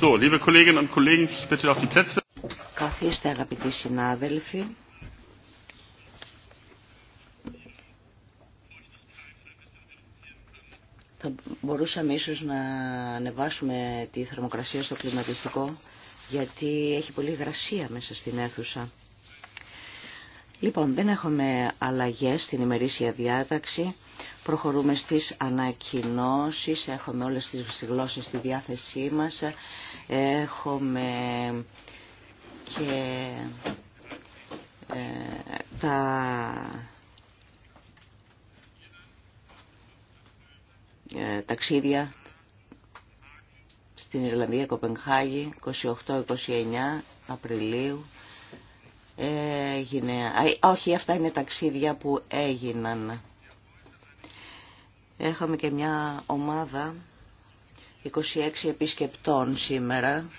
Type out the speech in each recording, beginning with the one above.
So, liebe Kolleginnen und Kollegen, bitte auf die Plätze. Καθίστε αγαπητοί συνάδελφοι. Θα μπορούσαμε ίσως να ανεβάσουμε τη θερμοκρασία στο κλιματιστικό, γιατί έχει πολύ γρασία μέσα στην αίθουσα. Λοιπόν, δεν έχουμε αλλαγές στην ημερήσια διάταξη. Προχωρούμε στις ανακοινώσεις. Έχουμε όλες τις γλώσσες στη διάθεσή μας. Έχουμε και ε, τα... Ε, ταξίδια στην Ιρλανδία Κοπενχάγη 28-29 Απριλίου έγινε... Όχι, αυτά είναι ταξίδια που έγιναν. Έχαμε και μια ομάδα 26 επισκεπτών σήμερα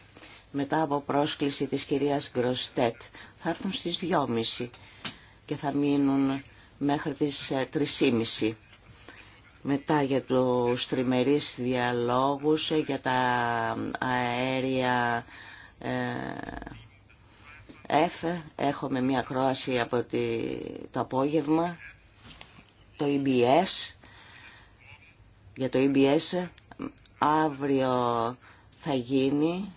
μετά από πρόσκληση της κυρίας Γκροστέτ. Θα έρθουν στις 2.30 και θα μείνουν μέχρι τις 3.30. Ε, μετά για τους τριμερείς διαλόγους, ε, για τα ε, αέρια... Έφε, Έχουμε μια κρόαση από το απόγευμα. Το EBS. Για το EBS αύριο θα γίνει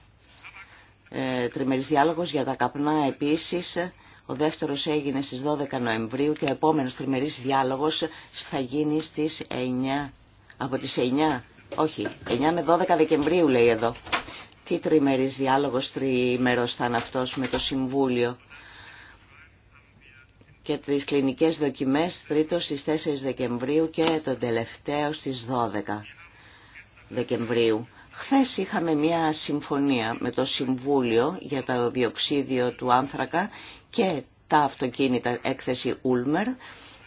ε, τριμερής διάλογος για τα καπνά επίσης. Ο δεύτερος έγινε στις 12 Νοεμβρίου και ο επόμενος τριμερής διάλογος θα γίνει στις 9. Από τις 9, όχι, 9 με 12 Δεκεμβρίου λέει εδώ. Τι τριμερής διάλογος τριμερος θα είναι αυτός με το Συμβούλιο και τις κλινικές δοκιμές στις 4 Δεκεμβρίου και τον τελευταίο στις 12 Δεκεμβρίου. Χθες είχαμε μια συμφωνία με το Συμβούλιο για το διοξίδιο του άνθρακα και τα αυτοκίνητα έκθεση Ούλμερ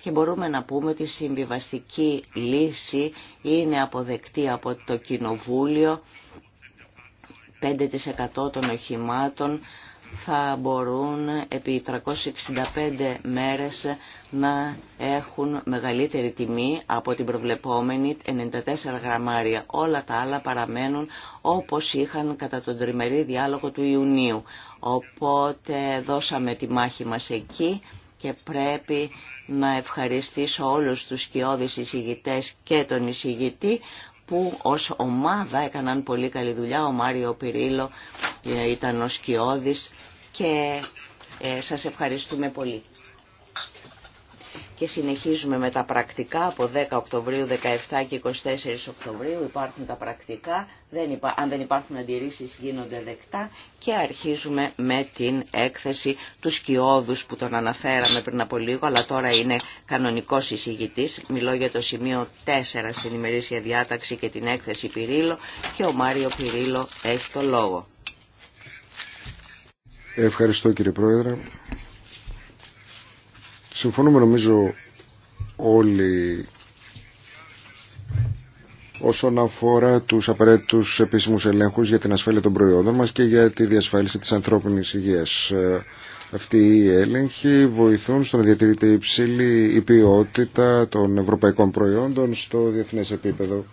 και μπορούμε να πούμε ότι η συμβιβαστική λύση είναι αποδεκτή από το Κοινοβούλιο 5% των οχημάτων θα μπορούν επί 365 μέρες να έχουν μεγαλύτερη τιμή από την προβλεπόμενη 94 γραμμάρια. Όλα τα άλλα παραμένουν όπως είχαν κατά τον τριμερή διάλογο του Ιουνίου. Οπότε δώσαμε τη μάχη μας εκεί και πρέπει να ευχαριστήσω όλους τους σκιώδεις εισηγητές και τον εισηγητή που ως ομάδα έκαναν πολύ καλή δουλειά. Ο Μάριο Πυρίλο ε, ήταν ο Σκιώδης και ε, σας ευχαριστούμε πολύ και συνεχίζουμε με τα πρακτικά από 10 Οκτωβρίου, 17 και 24 Οκτωβρίου υπάρχουν τα πρακτικά, δεν υπά... αν δεν υπάρχουν αντιρρήσεις γίνονται δεκτά και αρχίζουμε με την έκθεση του Σκιώδους που τον αναφέραμε πριν από λίγο αλλά τώρα είναι κανονικός εισηγητής, μιλώ για το σημείο 4 στην ημερήσια διάταξη και την έκθεση Πυρίλο και ο Μάριο Πυρίλο έχει το λόγο. Ευχαριστώ κύριε Πρόεδρε. Συμφωνούμε νομίζω όλοι όσον αφορά τους απαραίτητους επίσημους ελέγχους για την ασφάλεια των προϊόντων μας και για τη διασφάλιση της ανθρώπινης υγείας. Ε, αυτοί οι έλεγχοι βοηθούν στο να διατηρείται υψηλή η ποιότητα των ευρωπαϊκών προϊόντων στο διεθνές επίπεδο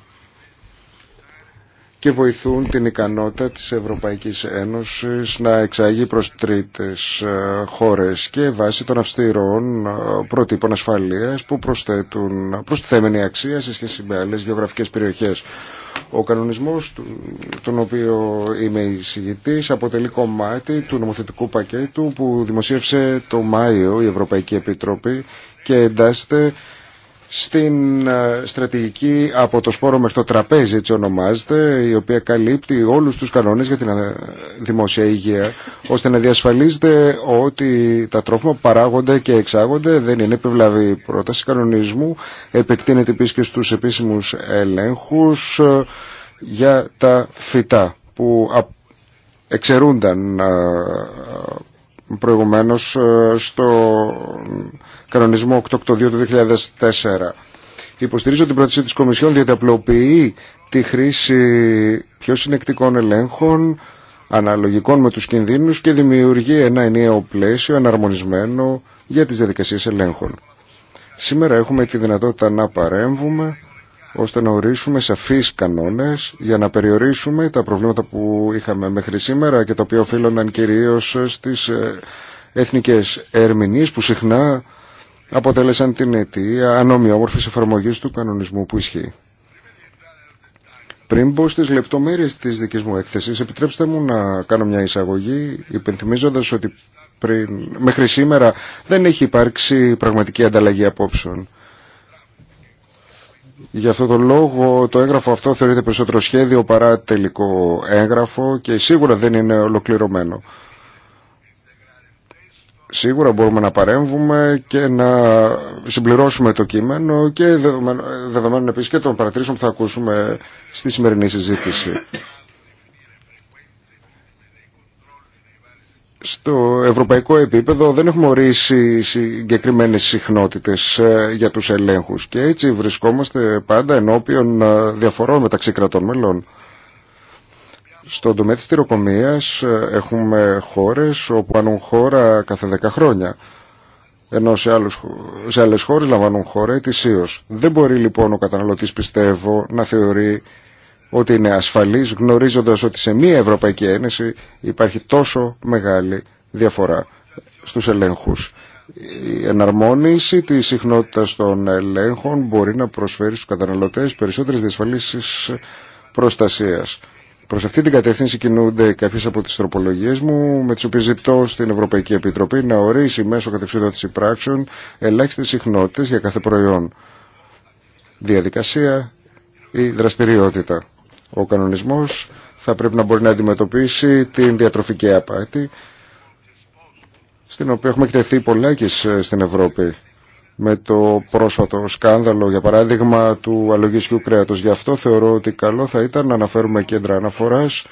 και βοηθούν την ικανότητα της Ευρωπαϊκής Ένωσης να εξάγει προς τρίτες ε, χώρες και βάσει των αυστηρών ε, προτύπων ασφαλείας που προσθέτουν προστιθέμενη αξία σε σχέση με άλλες γεωγραφικές περιοχές. Ο κανονισμός τον οποίο είμαι εισηγητής αποτελεί κομμάτι του νομοθετικού πακέτου που δημοσίευσε το Μάιο η Ευρωπαϊκή Επιτροπή και εντάσσεται στην ε, στρατηγική από το σπόρο μέχρι το τραπέζι έτσι ονομάζεται η οποία καλύπτει όλους τους κανόνες για την ε, δημόσια υγεία ώστε να διασφαλίζεται ότι τα τρόφιμα παράγονται και εξάγονται δεν είναι επιβλαβή πρόταση κανονισμού επεκτείνεται επίσης και στους επίσημους ελέγχους ε, για τα φυτά που εξαιρούνταν προηγουμένως στο κανονισμό 882 του 2004. Υποστηρίζω την πρόταση της Κομισιόν διαταπλοποιεί τη χρήση πιο συνεκτικών ελέγχων, αναλογικών με τους κινδύνους και δημιουργεί ένα ενιαίο πλαίσιο αναρμονισμένο για τις διαδικασίες ελέγχων. Σήμερα έχουμε τη δυνατότητα να παρέμβουμε ώστε να ορίσουμε σαφείς κανόνες για να περιορίσουμε τα προβλήματα που είχαμε μέχρι σήμερα και τα οποία οφείλονταν κυρίως στις ε, εθνικές ερμηνείς που συχνά αποτέλεσαν την αιτία ανομοιόμορφης εφαρμογής του κανονισμού που ισχύει. Πριν μπω στις λεπτομέρειες της δικής μου έκθεσης, επιτρέψτε μου να κάνω μια εισαγωγή, υπενθυμίζοντας ότι πριν, μέχρι σήμερα δεν έχει υπάρξει πραγματική ανταλλαγή απόψεων. Γι' αυτό τον λόγο το έγγραφο αυτό θεωρείται περισσότερο σχέδιο παρά τελικό έγγραφο και σίγουρα δεν είναι ολοκληρωμένο. Σίγουρα μπορούμε να παρέμβουμε και να συμπληρώσουμε το κείμενο και δεδομένων επίσης και των παρατηρήσεων που θα ακούσουμε στη σημερινή συζήτηση. Στο ευρωπαϊκό επίπεδο δεν έχουμε ορίσει συγκεκριμένε συχνότητε ε, για τους ελέγχους και έτσι βρισκόμαστε πάντα ενώπιον ε, διαφορών μεταξύ κρατών μελών. Στον τομέα της τυροκομείας ε, έχουμε χώρες όπου ανούν χώρα κάθε 10 χρόνια ενώ σε, σε άλλες χώρες λαμβάνουν χώρα ετησίως. Δεν μπορεί λοιπόν ο καταναλωτής πιστεύω να θεωρεί ότι είναι ασφαλής γνωρίζοντας ότι σε μία Ευρωπαϊκή Ένωση υπάρχει τόσο μεγάλη διαφορά στους ελέγχους. Η εναρμόνιση της συχνότητας των ελέγχων μπορεί να προσφέρει στους καταναλωτές περισσότερες διασφαλίσεις προστασίας. Προς αυτή την κατεύθυνση κινούνται κάποιες από τις τροπολογίες μου, με τις οποίες ζητώ στην Ευρωπαϊκή Επιτροπή να ορίσει μέσω κατεξοδότηση υπράξεων ελάχιστες συχνότητες για κάθε προϊόν, διαδικασία ή δραστηριότητα. Ο κανονισμός θα πρέπει να μπορεί να αντιμετωπίσει την διατροφική απάτη, στην οποία έχουμε εκτεθεί πολλά και στην Ευρώπη με το πρόσφατο σκάνδαλο, για παράδειγμα, του αλογιστικού κρέατος. Γι' αυτό θεωρώ ότι καλό θα ήταν να αναφέρουμε κέντρα αναφοράς,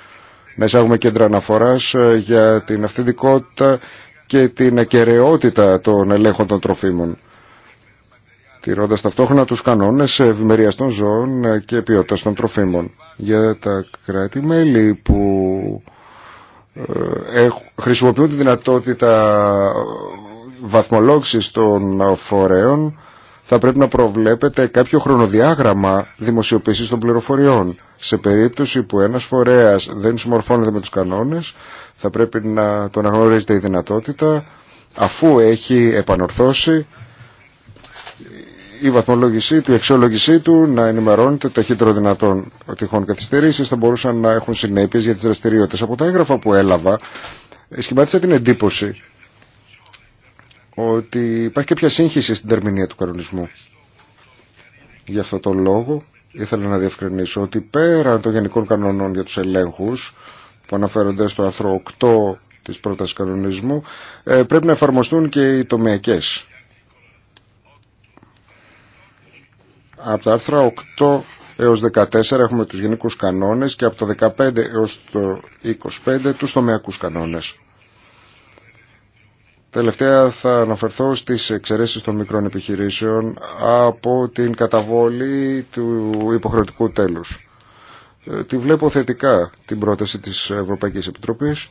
να εισάγουμε κέντρα αναφοράς ε, για την αυθεντικότητα και την ακαιρεότητα των ελέγχων των τροφίμων. Τηρώντας ταυτόχρονα τους κανόνες ευημερίας των ζώων ε, και ποιοτητα των τροφίμων. Για τα κράτη-μέλη που ε, χρησιμοποιούν τη δυνατότητα βαθμολόγηση των φορέων θα πρέπει να προβλέπεται κάποιο χρονοδιάγραμμα δημοσιοποίησης των πληροφοριών. Σε περίπτωση που ένας φορέας δεν συμμορφώνεται με τους κανόνες, θα πρέπει να τον αγνωρίζεται η δυνατότητα, αφού έχει επανορθώσει η βαθμολόγησή του, η αξιολόγησή του να ενημερώνεται ταχύτερο δυνατόν. Τυχόν καθυστερήσεις θα μπορούσαν να έχουν συνέπειες για τις δραστηριότητες. Από τα έγγραφα που έλαβα, ε, σχημάτισα την εντύπωση ότι υπάρχει κάποια σύγχυση στην τερμηνία του κανονισμού. Γι' αυτό το λόγο ήθελα να διευκρινίσω ότι πέραν των γενικών κανονών για τους ελέγχους που αναφέρονται στο άρθρο 8 της πρότασης κανονισμού ε, πρέπει να εφαρμοστούν και οι τομεακές. Από τα άρθρα 8 έως 14 έχουμε τους γενικούς κανόνες και από το 15 έως το 25 τους τομεακούς κανόνες. Τελευταία θα αναφερθώ στις εξαιρέσεις των μικρών επιχειρήσεων από την καταβόλη του υποχρεωτικού τέλους. Ε, τη βλέπω θετικά την πρόταση της Ευρωπαϊκής Επιτροπής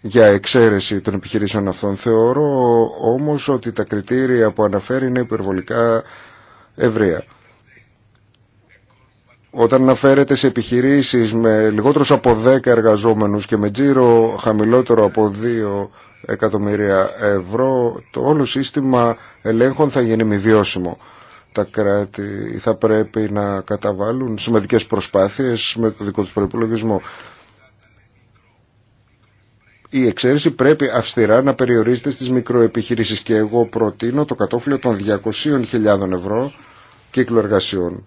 για εξαίρεση των επιχειρήσεων αυτών. Θεωρώ όμως ότι τα κριτήρια που αναφέρει είναι υπερβολικά ευρεία. Όταν αναφέρεται σε επιχειρήσεις με λιγότερους από 10 εργαζόμενους και με τζίρο χαμηλότερο από 2 εκατομμύρια ευρώ, το όλο σύστημα ελέγχων θα γίνει μη βιώσιμο. Τα κράτη θα πρέπει να καταβάλουν σημαντικές προσπάθειες με το δικό τους προϋπολογισμό. Η εξαίρεση πρέπει αυστηρά να περιορίζεται στις μικροεπιχειρήσεις και εγώ προτείνω το κατόφλιο των 200.000 ευρώ κύκλο εργασιών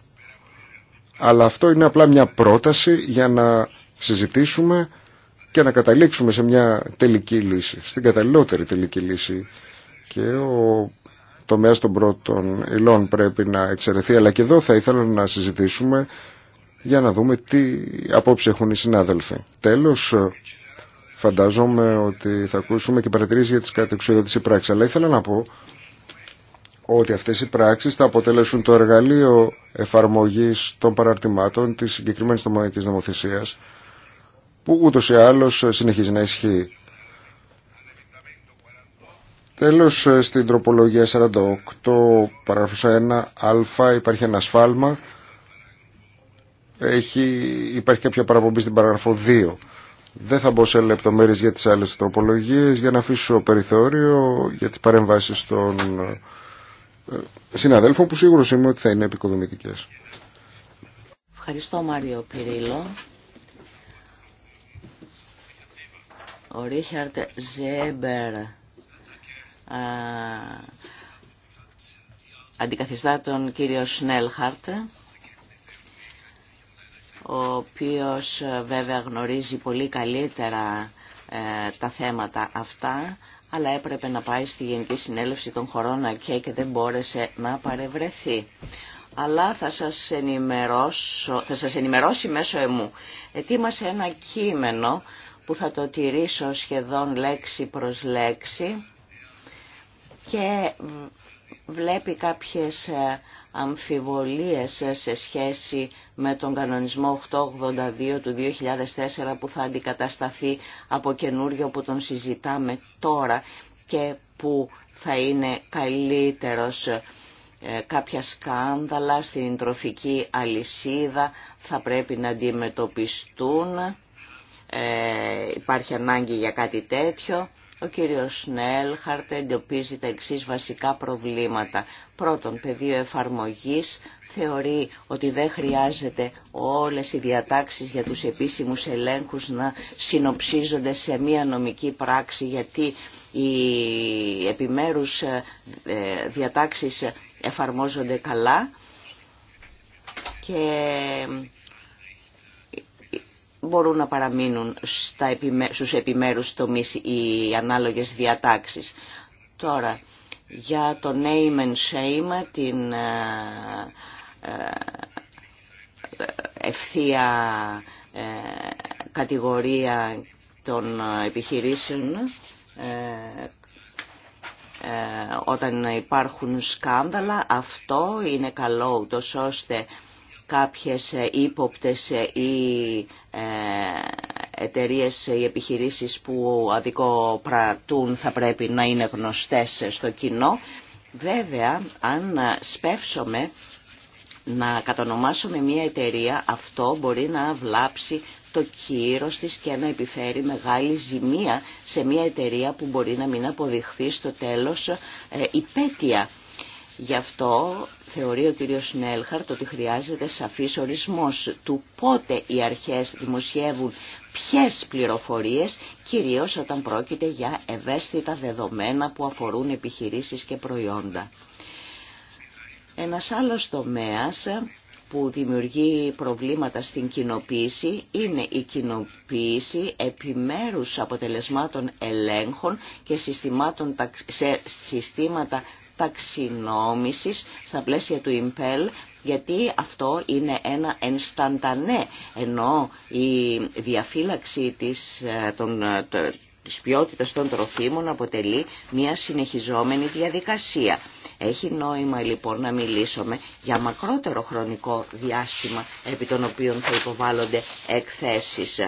αλλά αυτό είναι απλά μια πρόταση για να συζητήσουμε και να καταλήξουμε σε μια τελική λύση, στην καταλληλότερη τελική λύση. Και ο τομέας των πρώτων υλών πρέπει να εξαιρεθεί, αλλά και εδώ θα ήθελα να συζητήσουμε για να δούμε τι απόψη έχουν οι συνάδελφοι. Τέλος, φαντάζομαι ότι θα ακούσουμε και παρατηρήσει για τις κατεξοδότηση πράξη, αλλά ήθελα να πω ότι αυτές οι πράξεις θα αποτελέσουν το εργαλείο εφαρμογής των παραρτημάτων της συγκεκριμένης τομαϊκής νομοθεσίας που ούτως ή άλλως συνεχίζει να ισχύει. Τέλος, στην τροπολογία 48, παράγραφος 1α, υπάρχει ένα σφάλμα. Έχει, υπάρχει κάποια παραπομπή στην παράγραφο 2. Δεν θα μπω σε λεπτομέρειες για τις άλλες τροπολογίες για να αφήσω περιθώριο για τις παρεμβάσεις των συναδέλφων που σίγουρος είμαι ότι θα είναι επικοδομητικές. Ευχαριστώ Μάριο Πυρίλο. Ο Ρίχαρτ Ζέμπερ α, αντικαθιστά τον κύριο Σνέλχαρτ ο οποίος βέβαια γνωρίζει πολύ καλύτερα ε, τα θέματα αυτά αλλά έπρεπε να πάει στη Γενική Συνέλευση των Χωρών ΑΚΕ και δεν μπόρεσε να παρευρεθεί. Αλλά θα σας, ενημερώσω, θα σας ενημερώσει μέσω εμού. Ετοίμασε ένα κείμενο που θα το τηρήσω σχεδόν λέξη προς λέξη και βλέπει κάποιες ε, αμφιβολίες σε σχέση με τον κανονισμό 882 του 2004 που θα αντικατασταθεί από καινούριο που τον συζητάμε τώρα και που θα είναι καλύτερος ε, κάποια σκάνδαλα στην τροφική αλυσίδα θα πρέπει να αντιμετωπιστούν. Ε, υπάρχει ανάγκη για κάτι τέτοιο. Ο κύριος Σνέλχαρτ εντοπίζει τα εξή βασικά προβλήματα. Πρώτον, πεδίο εφαρμογής θεωρεί ότι δεν χρειάζεται όλες οι διατάξεις για τους επίσημους ελέγχους να συνοψίζονται σε μία νομική πράξη γιατί οι επιμέρους ε, ε, διατάξεις εφαρμόζονται καλά και μπορούν να παραμείνουν στα επιμέ... στους επιμέρους τομείς οι ανάλογες διατάξεις. Τώρα, για το name and shame, την ε, ε, ευθεία ε, κατηγορία των επιχειρήσεων όταν υπάρχουν σκάνδαλα, αυτό είναι καλό ούτως ώστε κάποιες ε, ύποπτες ε, ή ε, εταιρείες ή επιχειρήσεις που αδικοπρατούν θα πρέπει να είναι γνωστές στο κοινό. Βέβαια, αν σπεύσουμε να κατονομάσουμε μια εταιρεία, αυτό μπορεί να βλάψει το κύρος της και να επιφέρει μεγάλη ζημία σε μια εταιρεία που μπορεί να μην αποδειχθεί στο τέλος υπέτεια. Γι' αυτό Θεωρεί ο κ. Νέλχαρτ ότι χρειάζεται σαφής ορισμός του πότε οι αρχές δημοσιεύουν ποιες πληροφορίες, κυρίως όταν πρόκειται για ευαίσθητα δεδομένα που αφορούν επιχειρήσεις και προϊόντα. Ένας άλλος τομέας που δημιουργεί προβλήματα στην κοινοποίηση είναι η κοινοποίηση επιμέρους αποτελεσμάτων ελέγχων και συστημάτων, συστήματα ταξινόμησης στα πλαίσια του ΙΜΠΕΛ γιατί αυτό είναι ένα ενσταντανέ ενώ η διαφύλαξη της, ε, των, ε, της ποιότητας των τροφίμων αποτελεί μια συνεχιζόμενη διαδικασία. Έχει νόημα λοιπόν να μιλήσουμε για μακρότερο χρονικό διάστημα επί των οποίων θα υποβάλλονται εκθέσεις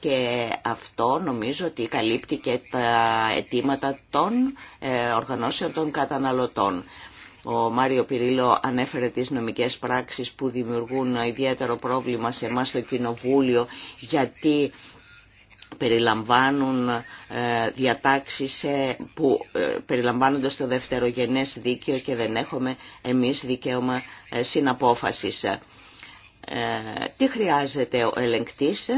και αυτό νομίζω ότι καλύπτει και τα αιτήματα των ε, οργανώσεων των καταναλωτών. Ο Μάριο Πυρίλο ανέφερε τις νομικές πράξεις που δημιουργούν ιδιαίτερο πρόβλημα σε εμάς στο Κοινοβούλιο γιατί περιλαμβάνουν ε, διατάξεις ε, που περιλαμβάνονται στο δευτερογενές δίκαιο και δεν έχουμε εμείς δικαίωμα συναπόφασης. Τι χρειάζεται ο ελεγκτής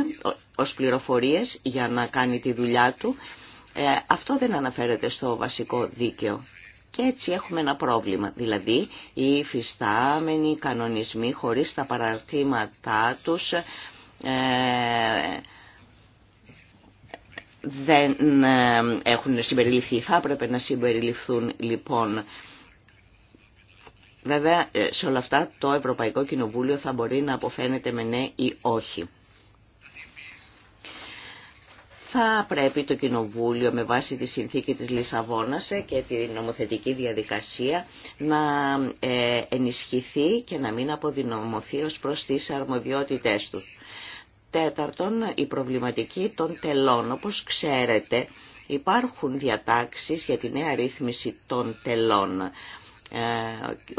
ως πληροφορίες για να κάνει τη δουλειά του. Ε, αυτό δεν αναφέρεται στο βασικό δίκαιο. Και έτσι έχουμε ένα πρόβλημα, δηλαδή οι φυστάμενοι κανονισμοί χωρίς τα παραρτήματά τους ε, δεν ε, έχουν συμπεριληφθεί. Θα έπρεπε να συμπεριληφθούν λοιπόν. Βέβαια σε όλα αυτά το Ευρωπαϊκό Κοινοβούλιο θα μπορεί να αποφαίνεται με ναι ή όχι θα πρέπει το Κοινοβούλιο με βάση τη συνθήκη της Λισαβόνας ε, και τη νομοθετική διαδικασία να ε, ενισχυθεί και να μην αποδυναμωθεί ως προς τις αρμοδιότητές του. Τέταρτον, η προβληματική των τελών. Όπως ξέρετε, υπάρχουν διατάξεις για τη νέα ρύθμιση των τελών. Ε,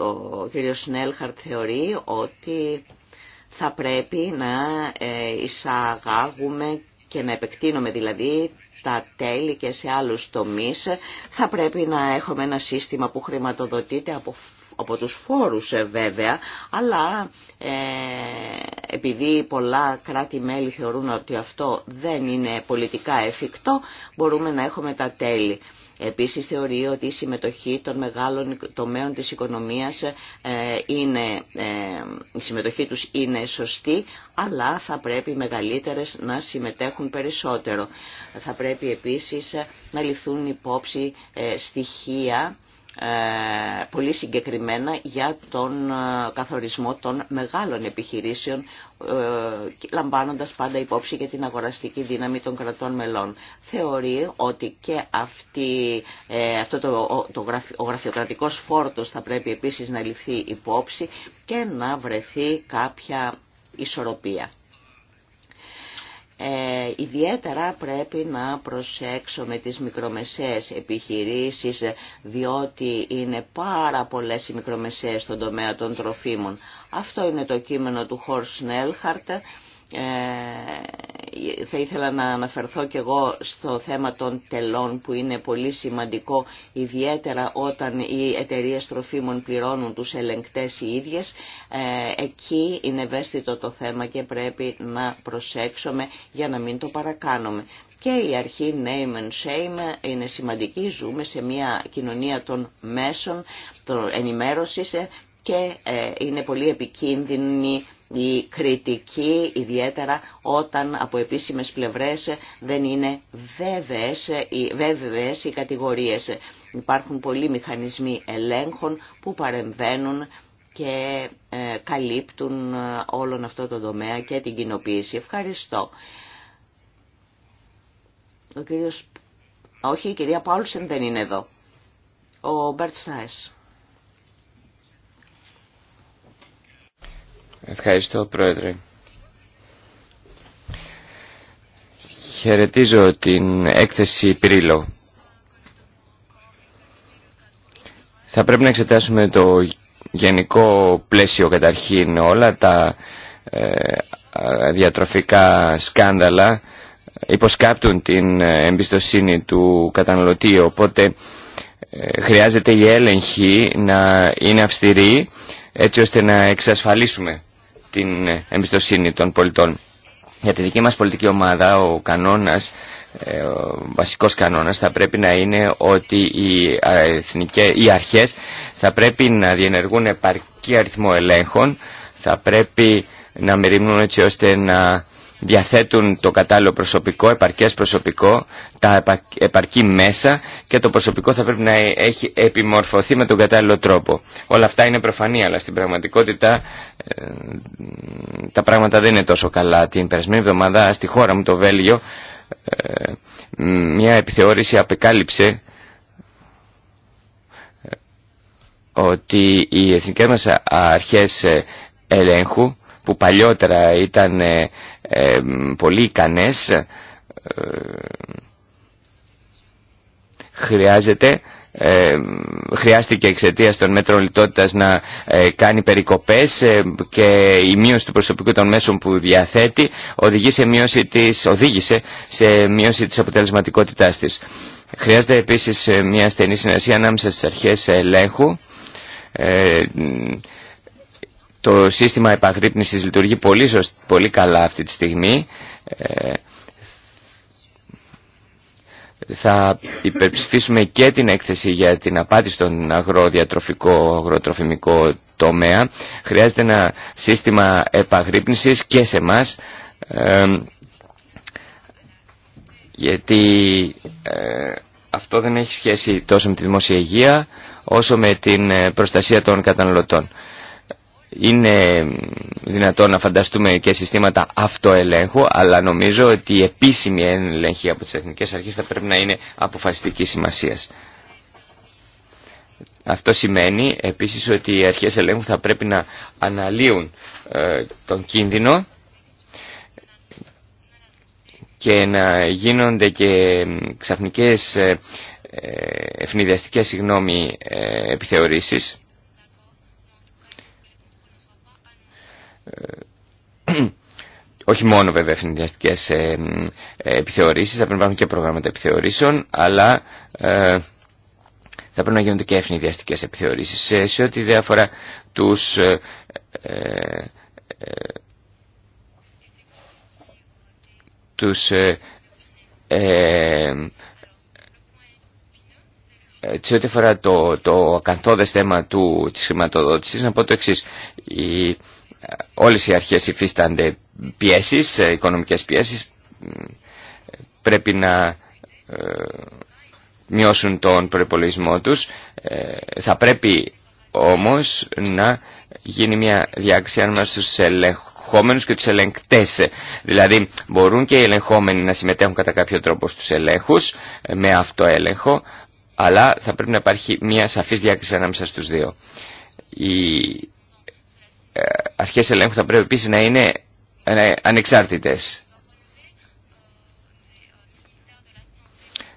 ο κ. Σνέλχαρτ θεωρεί ότι θα πρέπει να εισαγάγουμε και να επεκτείνουμε δηλαδή τα τέλη και σε άλλους τομείς, θα πρέπει να έχουμε ένα σύστημα που χρηματοδοτείται από από τους φόρους ε, βέβαια, αλλά ε, επειδή πολλά κράτη-μέλη θεωρούν ότι αυτό δεν είναι πολιτικά εφικτό, μπορούμε να έχουμε τα τέλη. Επίσης θεωρεί ότι η συμμετοχή των μεγάλων τομέων της οικονομίας ε, είναι, ε, η συμμετοχή τους είναι σωστή, αλλά θα πρέπει οι μεγαλύτερες να συμμετέχουν περισσότερο. Θα πρέπει επίσης να ληφθούν υπόψη ε, στοιχεία ε, πολύ συγκεκριμένα για τον ε, καθορισμό των μεγάλων επιχειρήσεων ε, λαμβάνοντας πάντα υπόψη και την αγοραστική δύναμη των κρατών μελών. Θεωρεί ότι και αυτή, αυτό το, ο γραφειοκρατικός φόρτος θα πρέπει επίσης να ληφθεί υπόψη και να βρεθεί κάποια ισορροπία. Ε, ιδιαίτερα πρέπει να προσέξουμε τις μικρομεσαίες επιχειρήσεις διότι είναι πάρα πολλές οι μικρομεσαίες στον τομέα των τροφίμων. Αυτό είναι το κείμενο του Χορ Σνέλχαρτ ε, θα ήθελα να αναφερθώ και εγώ στο θέμα των τελών που είναι πολύ σημαντικό ιδιαίτερα όταν οι εταιρείε τροφίμων πληρώνουν τους ελεγκτές οι ίδιες ε, εκεί είναι ευαίσθητο το θέμα και πρέπει να προσέξουμε για να μην το παρακάνουμε και η αρχή name and shame είναι σημαντική. Ζούμε σε μια κοινωνία των μέσων, των ενημέρωσης. Ε, και ε, είναι πολύ επικίνδυνη η κριτική, ιδιαίτερα όταν από επίσημες πλευρές δεν είναι βέβαιες, βέβαιες οι κατηγορίες. Υπάρχουν πολλοί μηχανισμοί ελέγχων που παρεμβαίνουν και ε, καλύπτουν ε, όλον αυτό το τομέα και την κοινοποίηση. Ευχαριστώ. Ο κύριος... Όχι, η κυρία Πάουλσεν δεν είναι εδώ. Ο Μπερτ Ευχαριστώ Πρόεδρε. Χαιρετίζω την έκθεση Πυρίλο. Θα πρέπει να εξετάσουμε το γενικό πλαίσιο καταρχήν όλα τα ε, διατροφικά σκάνδαλα υποσκάπτουν την ε, εμπιστοσύνη του καταναλωτή οπότε ε, χρειάζεται η έλεγχη να είναι αυστηρή έτσι ώστε να εξασφαλίσουμε την εμπιστοσύνη των πολιτών. Για τη δική μας πολιτική ομάδα ο κανόνας, ε, ο βασικός κανόνας θα πρέπει να είναι ότι οι, εθνικές, αρχές θα πρέπει να διενεργούν επαρκή αριθμό ελέγχων, θα πρέπει να μεριμνούν έτσι ώστε να διαθέτουν το κατάλληλο προσωπικό, επαρκές προσωπικό, τα επαρκή μέσα και το προσωπικό θα πρέπει να ε, έχει επιμορφωθεί με τον κατάλληλο τρόπο. Όλα αυτά είναι προφανή, αλλά στην πραγματικότητα ε, τα πράγματα δεν είναι τόσο καλά. Την περασμένη εβδομάδα στη χώρα μου, το Βέλγιο, ε, μια επιθεώρηση απεκάλυψε ότι οι εθνικές μας αρχές ελέγχου που παλιότερα ήταν ε, ε, πολύ ικανές ε, χρειάζεται ε, χρειάστηκε εξαιτία των μέτρων λιτότητας να κάνει περικοπές και η μείωση του προσωπικού των μέσων που διαθέτει οδηγεί σε μείωση της, οδήγησε σε μείωση της αποτελεσματικότητάς της. Χρειάζεται επίσης μια στενή συνεργασία ανάμεσα στις αρχές ελέγχου το σύστημα επαγρύπνησης λειτουργεί πολύ, πολύ καλά αυτή τη στιγμή. Ε, θα υπερψηφίσουμε και την έκθεση για την απάτη στον αγροδιατροφικό, αγροτροφημικό τομέα. Χρειάζεται ένα σύστημα επαγρύπνησης και σε μας ε, γιατί ε, αυτό δεν έχει σχέση τόσο με τη δημοσιακή υγεία όσο με την προστασία των καταναλωτών. Είναι δυνατόν να φανταστούμε και συστήματα αυτοελέγχου, αλλά νομίζω ότι η επίσημη έλεγχη από τις εθνικές αρχές θα πρέπει να είναι αποφασιστική σημασία. Αυτό σημαίνει επίσης ότι οι αρχές ελέγχου θα πρέπει να αναλύουν ε, τον κίνδυνο και να γίνονται και ξαφνικές ε, ε, ευνηδιαστικές συγγνώμη επιθεωρήσεις Ε, όχι μόνο βέβαια ευθυνδιαστικές ε, ε, επιθεωρήσεις, θα πρέπει να υπάρχουν και προγράμματα επιθεωρήσεων, αλλά ε, θα πρέπει να γίνονται και ευθυνδιαστικές επιθεωρήσεις. σε ό,τι διάφορα τους τους σε ό,τι αφορά το, το ακαθόδες θέμα του, της χρηματοδότησης, να πω το εξής. Η, όλες οι αρχές υφίστανται πιέσεις, ε, οικονομικές πιέσεις, πρέπει να ε, μειώσουν τον προπολογισμό τους. Ε, θα πρέπει όμως να γίνει μια διάκριση ανάμεσα στους ελεγχόμενους και τους ελεγκτές. Δηλαδή μπορούν και οι ελεγχόμενοι να συμμετέχουν κατά κάποιο τρόπο στους ελέγχους με αυτοέλεγχο, αλλά θα πρέπει να υπάρχει μια σαφής διάκριση ανάμεσα στους δύο. Η ε, αρχές ελέγχου θα πρέπει επίσης να είναι ανεξάρτητες.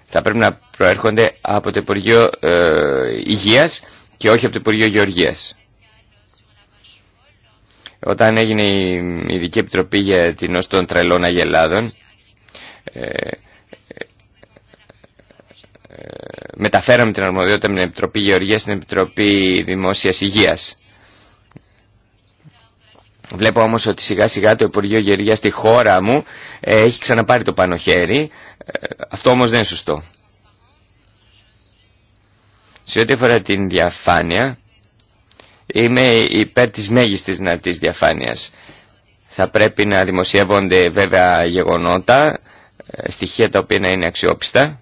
Θα πρέπει να προέρχονται από το Υπουργείο ε, Υγείας και όχι από το Υπουργείο Γεωργίας. Όταν έγινε η Ειδική Επιτροπή για την ως των τρελών αγελάδων, ε, μεταφέραμε την αρμοδιότητα με την Επιτροπή Γεωργίας στην Επιτροπή Δημόσιας Υγείας. Βλέπω όμως ότι σιγά σιγά το Υπουργείο Γερία στη χώρα μου ε, έχει ξαναπάρει το πάνω χέρι. Ε, αυτό όμως δεν είναι σωστό. Σε ό,τι αφορά την διαφάνεια, είμαι υπέρ της μέγιστης δυνατής διαφάνειας. Θα πρέπει να δημοσιεύονται βέβαια γεγονότα, ε, στοιχεία τα οποία να είναι αξιόπιστα,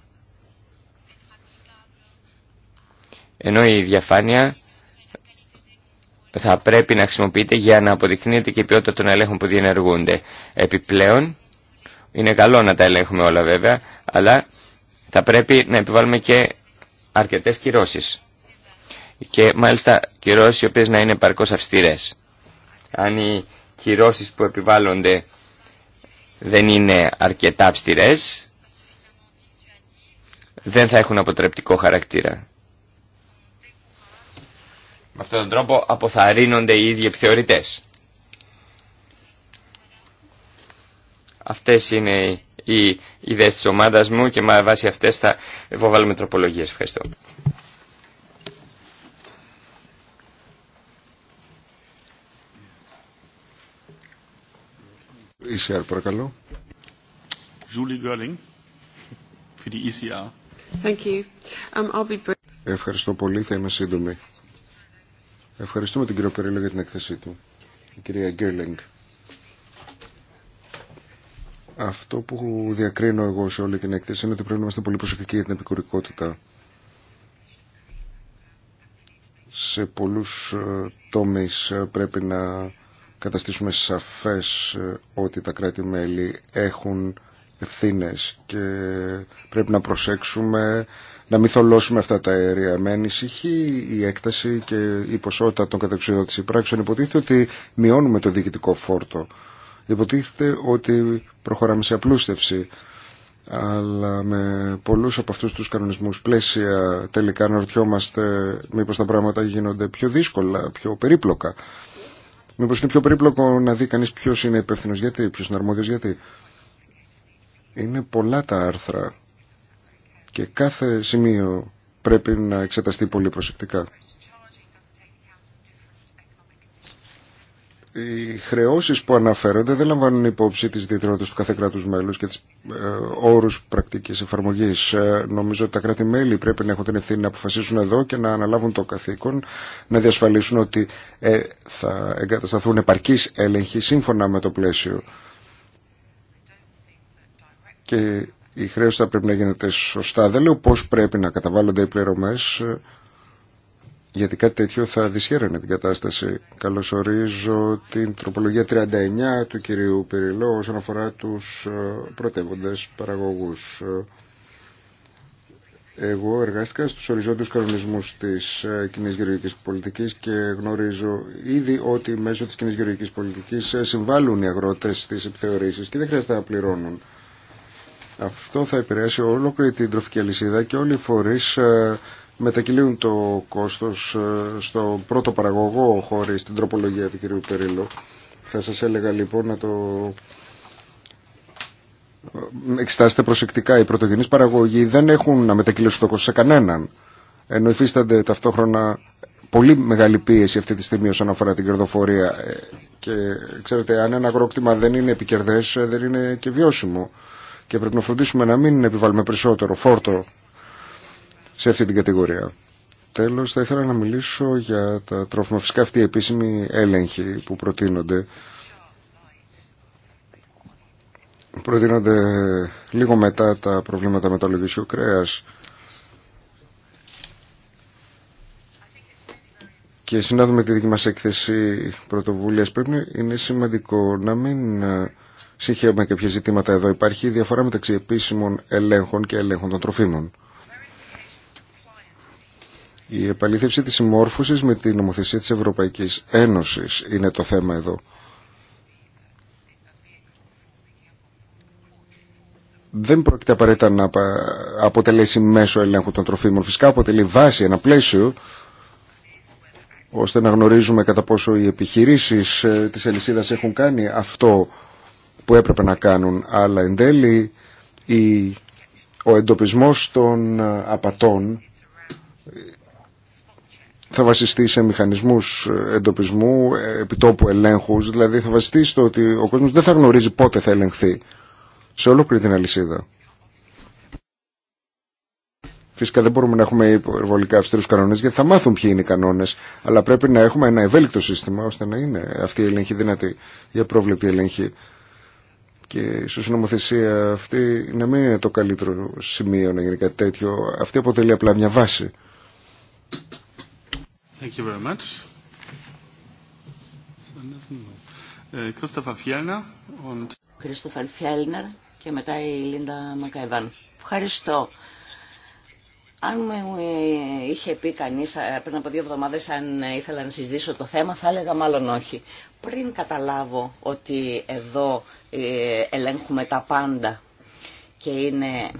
ενώ η διαφάνεια θα πρέπει να χρησιμοποιείται για να αποδεικνύεται και η ποιότητα των ελέγχων που διενεργούνται. Επιπλέον, είναι καλό να τα ελέγχουμε όλα βέβαια, αλλά θα πρέπει να επιβάλλουμε και αρκετές κυρώσεις. Και μάλιστα κυρώσεις οι οποίες να είναι παρκώς αυστηρές. Αν οι κυρώσεις που επιβάλλονται δεν είναι αρκετά αυστηρές, δεν θα έχουν αποτρεπτικό χαρακτήρα. Με αυτόν τον τρόπο αποθαρρύνονται οι ίδιοι επιθεωρητές. Αυτές είναι οι ιδέες της ομάδας μου και με βάση αυτές θα υποβάλουμε τροπολογίες. Ευχαριστώ. ECR, παρακαλώ. Julie ECR. Thank you. Um, I'll be... Ευχαριστώ πολύ, θα είμαι σύντομη. Ευχαριστούμε τον κύριο Περίλο για την εκθεσή του. Η κυρία Γκέρλινγκ. Αυτό που διακρίνω εγώ σε όλη την έκθεση είναι ότι πρέπει να είμαστε πολύ προσεκτικοί για την επικουρικότητα. Σε πολλούς ε, τομείς ε, πρέπει να καταστήσουμε σαφές ε, ότι τα κράτη-μέλη έχουν ευθύνες και πρέπει να προσέξουμε να μην θολώσουμε αυτά τα αέρια. Με ανησυχεί η έκταση και η ποσότητα των κατεξουδότηση πράξεων. Υποτίθεται ότι μειώνουμε το διοικητικό φόρτο. Υποτίθεται ότι προχωράμε σε απλούστευση. Αλλά με πολλούς από αυτούς τους κανονισμού πλαίσια τελικά αναρωτιόμαστε μήπω τα πράγματα γίνονται πιο δύσκολα, πιο περίπλοκα. Μήπως είναι πιο περίπλοκο να δει κανεί ποιο είναι υπεύθυνο γιατί, ποιο είναι αρμόδιος γιατί. Είναι πολλά τα άρθρα και κάθε σημείο πρέπει να εξεταστεί πολύ προσεκτικά. Οι χρεώσεις που αναφέρονται δεν λαμβάνουν υπόψη τις διεθνότητες του κάθε κράτους μέλους και τις ε, όρους πρακτικής εφαρμογής. Ε, νομίζω ότι τα κράτη-μέλη πρέπει να έχουν την ευθύνη να αποφασίσουν εδώ και να αναλάβουν το καθήκον, να διασφαλίσουν ότι ε, θα εγκατασταθούν επαρκείς έλεγχοι σύμφωνα με το πλαίσιο. Και η χρέωση θα πρέπει να γίνεται σωστά. Δεν λέω πώς πρέπει να καταβάλλονται οι πληρωμές, γιατί κάτι τέτοιο θα δυσχέρανε την κατάσταση. Καλωσορίζω την τροπολογία 39 του κυρίου Πυρηλό όσον αφορά τους ε, πρωτεύοντες παραγωγούς. Εγώ εργάστηκα στους οριζόντους κανονισμούς της ε, κοινή γεωργικής πολιτικής και γνωρίζω ήδη ότι μέσω της κοινή γεωργικής πολιτικής ε, συμβάλλουν οι αγρότες στις επιθεωρήσεις και δεν χρειάζεται να πληρώνουν. Αυτό θα επηρεάσει ολόκληρη την τροφική αλυσίδα και όλοι οι φορείς ε, μετακυλίουν το κόστος ε, στο πρώτο παραγωγό χωρί την τροπολογία του κυρίου Περίλου. Θα σας έλεγα λοιπόν να το ε, εξετάσετε προσεκτικά. Οι πρωτογενείς παραγωγοί δεν έχουν να μετακυλήσουν το κόστος σε κανέναν. Ενώ υφίστανται ταυτόχρονα πολύ μεγάλη πίεση αυτή τη στιγμή όσον αφορά την κερδοφορία. Και ξέρετε, αν ένα αγρόκτημα δεν είναι επικερδές, δεν είναι και βιώσιμο και πρέπει να φροντίσουμε να μην επιβάλλουμε περισσότερο φόρτο σε αυτή την κατηγορία. Τέλος, θα ήθελα να μιλήσω για τα τρόφιμα. Φυσικά αυτή η επίσημη έλεγχη που προτείνονται προτείνονται λίγο μετά τα προβλήματα με το λογισιο κρέας και συνάδουμε τη δική μας έκθεση πρωτοβουλίας πρέπει είναι σημαντικό να μην συγχαίρουμε και ποια ζητήματα εδώ. Υπάρχει διαφορά μεταξύ επίσημων ελέγχων και ελέγχων των τροφίμων. Η επαλήθευση της συμμόρφωσης με την νομοθεσία της Ευρωπαϊκής Ένωσης είναι το θέμα εδώ. δεν πρόκειται απαραίτητα να αποτελέσει μέσο ελέγχου των τροφίμων. Φυσικά αποτελεί βάση, ένα πλαίσιο, ώστε να γνωρίζουμε κατά πόσο οι επιχειρήσεις ε, της ελισίδας έχουν κάνει αυτό που έπρεπε να κάνουν, αλλά εν τέλει η, ο εντοπισμός των ε, απατών ε, θα βασιστεί σε μηχανισμούς ε, εντοπισμού, επιτόπου ελέγχους, δηλαδή θα βασιστεί στο ότι ο κόσμος δεν θα γνωρίζει πότε θα ελεγχθεί σε ολόκληρη την αλυσίδα. Φυσικά δεν μπορούμε να έχουμε υπερβολικά αυστηρού κανόνε γιατί θα μάθουν ποιοι είναι οι κανόνε. Αλλά πρέπει να έχουμε ένα ευέλικτο σύστημα ώστε να είναι αυτή η ελέγχη δυνατή η απρόβλεπτη ελέγχη και ίσω η νομοθεσία αυτή να μην είναι το καλύτερο σημείο να γίνει κάτι τέτοιο. Αυτή αποτελεί απλά μια βάση. Thank you very much. Κρίστοφα Φιέλνερ και μετά η Λίντα Μακαϊβάν. Ευχαριστώ. Αν μου ε, είχε πει κανείς ε, πριν από δύο εβδομάδες αν ήθελα να συζητήσω το θέμα, θα έλεγα μάλλον όχι. Πριν καταλάβω ότι εδώ ε, ελέγχουμε τα πάντα και είναι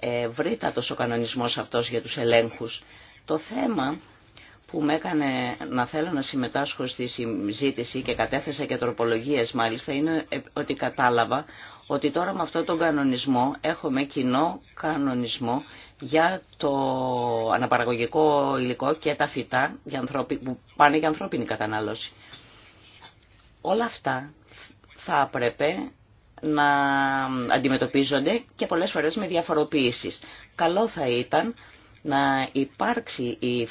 ευρύτατος ο κανονισμός αυτός για τους ελέγχους, το θέμα που με έκανε να θέλω να συμμετάσχω στη συζήτηση και κατέθεσα και τροπολογίες μάλιστα είναι ότι κατάλαβα ότι τώρα με αυτόν τον κανονισμό έχουμε κοινό κανονισμό για το αναπαραγωγικό υλικό και τα φυτά που πάνε για ανθρώπινη κατανάλωση. Όλα αυτά θα έπρεπε να αντιμετωπίζονται και πολλές φορές με διαφοροποίησεις. Καλό θα ήταν να υπάρξει η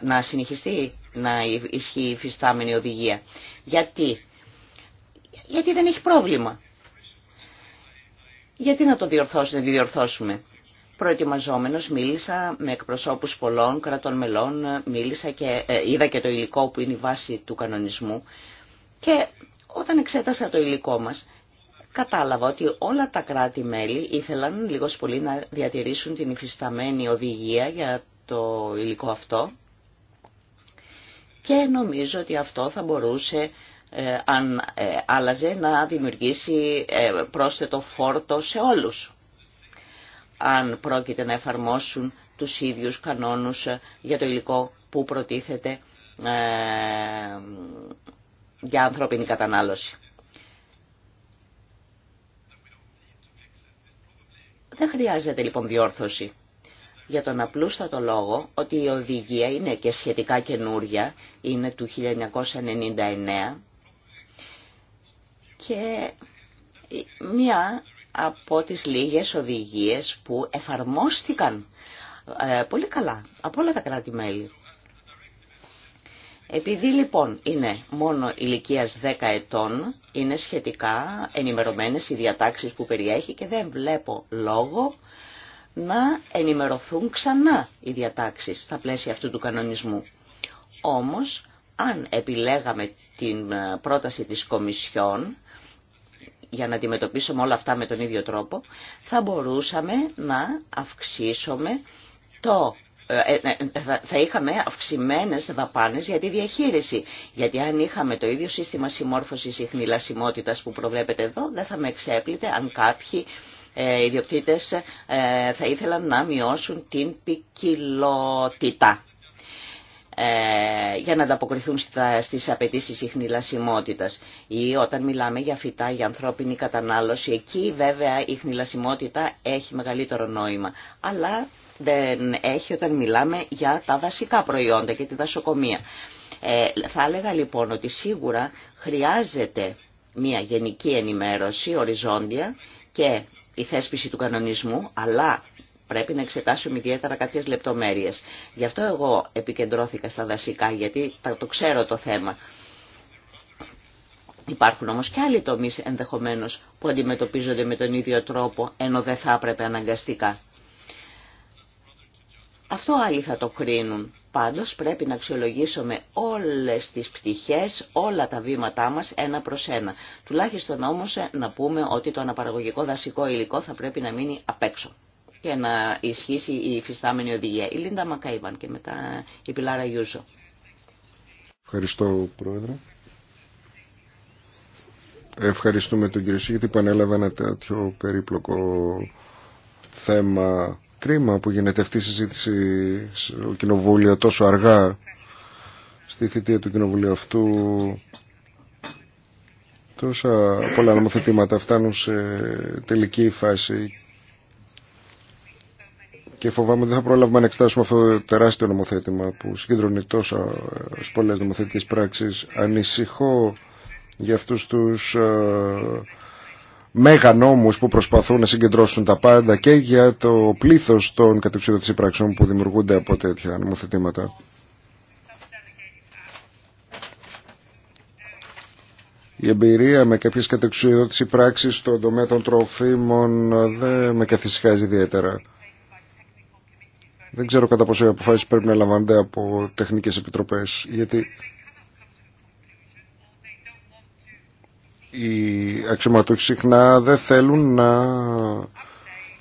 να συνεχιστεί να ισχύει η φυστάμενη οδηγία. Γιατί? Γιατί δεν έχει πρόβλημα. Γιατί να το διορθώσουμε, να διορθώσουμε. Προετοιμαζόμενος μίλησα με εκπροσώπους πολλών κρατών μελών, μίλησα και ε, είδα και το υλικό που είναι η βάση του κανονισμού και όταν εξέτασα το υλικό μας κατάλαβα ότι όλα τα κράτη-μέλη ήθελαν λίγο πολύ να διατηρήσουν την υφισταμένη οδηγία για το υλικό αυτό και νομίζω ότι αυτό θα μπορούσε ε, αν ε, άλλαζε να δημιουργήσει ε, πρόσθετο φόρτο σε όλους. Αν πρόκειται να εφαρμόσουν τους ίδιους κανόνους για το υλικό που προτίθεται για ανθρώπινη κατανάλωση. Δεν χρειάζεται λοιπόν διόρθωση για τον απλούστατο λόγο ότι η οδηγία είναι και σχετικά καινούρια, είναι του 1999 και μία από τις λίγες οδηγίες που εφαρμόστηκαν ε, πολύ καλά από όλα τα κράτη-μέλη. Επειδή λοιπόν είναι μόνο ηλικίας 10 ετών, είναι σχετικά ενημερωμένες οι διατάξεις που περιέχει και δεν βλέπω λόγο να ενημερωθούν ξανά οι διατάξεις στα πλαίσια αυτού του κανονισμού. Όμως, αν επιλέγαμε την ε, πρόταση της Κομισιόν, για να αντιμετωπίσουμε όλα αυτά με τον ίδιο τρόπο, θα μπορούσαμε να αυξήσουμε το ε, ε, ε, θα είχαμε αυξημένες δαπάνες για τη διαχείριση. Γιατί αν είχαμε το ίδιο σύστημα συμμόρφωσης ή χνηλασιμότητας που προβλέπετε εδώ, δεν θα με εξέπλητε αν κάποιοι ιδιοκτήτες θα ήθελαν να μειώσουν την ποικιλότητα. Ε, για να ανταποκριθούν στα, στις απαιτήσεις ιχνηλασιμότητας. Ή όταν μιλάμε για φυτά, για ανθρώπινη κατανάλωση, εκεί βέβαια η ιχνηλασιμότητα έχει μεγαλύτερο η ηχνηλασιμοτητα εχει Αλλά δεν έχει όταν μιλάμε για τα δασικά προϊόντα και τη δασοκομεία. Ε, θα έλεγα λοιπόν ότι σίγουρα χρειάζεται μια γενική ενημέρωση, οριζόντια και η θέσπιση του κανονισμού, αλλά πρέπει να εξετάσουμε ιδιαίτερα κάποιες λεπτομέρειες. Γι' αυτό εγώ επικεντρώθηκα στα δασικά, γιατί το ξέρω το θέμα. Υπάρχουν όμως και άλλοι τομείς ενδεχομένως που αντιμετωπίζονται με τον ίδιο τρόπο, ενώ δεν θα έπρεπε αναγκαστικά. Αυτό άλλοι θα το κρίνουν. Πάντως πρέπει να αξιολογήσουμε όλες τις πτυχές, όλα τα βήματά μας ένα προς ένα. Τουλάχιστον όμως ε, να πούμε ότι το αναπαραγωγικό δασικό υλικό θα πρέπει να μείνει απ' έξω και να ισχύσει η φυστάμενη οδηγία. Η Λίντα Μακαϊβαν και μετά η Πιλάρα Γιούζο. Ευχαριστώ Πρόεδρε. Ευχαριστούμε τον κύριο Σίγητη που ανέλαβε ένα τέτοιο περίπλοκο θέμα. Κρίμα που γίνεται αυτή η συζήτηση στο Κοινοβούλιο τόσο αργά στη θητεία του Κοινοβουλίου αυτού. Τόσα πολλά νομοθετήματα φτάνουν σε τελική φάση και φοβάμαι ότι δεν θα πρόλαβουμε να εξετάσουμε αυτό το τεράστιο νομοθέτημα που συγκεντρώνει τόσο πολλές νομοθετικές πράξεις. Ανησυχώ για αυτούς τους ε, μέγα νόμους που προσπαθούν να συγκεντρώσουν τα πάντα και για το πλήθος των κατεξιδότηση πράξεων που δημιουργούνται από τέτοια νομοθετήματα. Η εμπειρία με κάποιες κατεξιδότηση πράξεις στον τομέα των τροφίμων ε, δεν με καθησυχάζει ιδιαίτερα. Δεν ξέρω κατά πόσο οι αποφάσει πρέπει να λαμβάνονται από τεχνικές επιτροπές, γιατί οι αξιωματούχοι συχνά δεν θέλουν να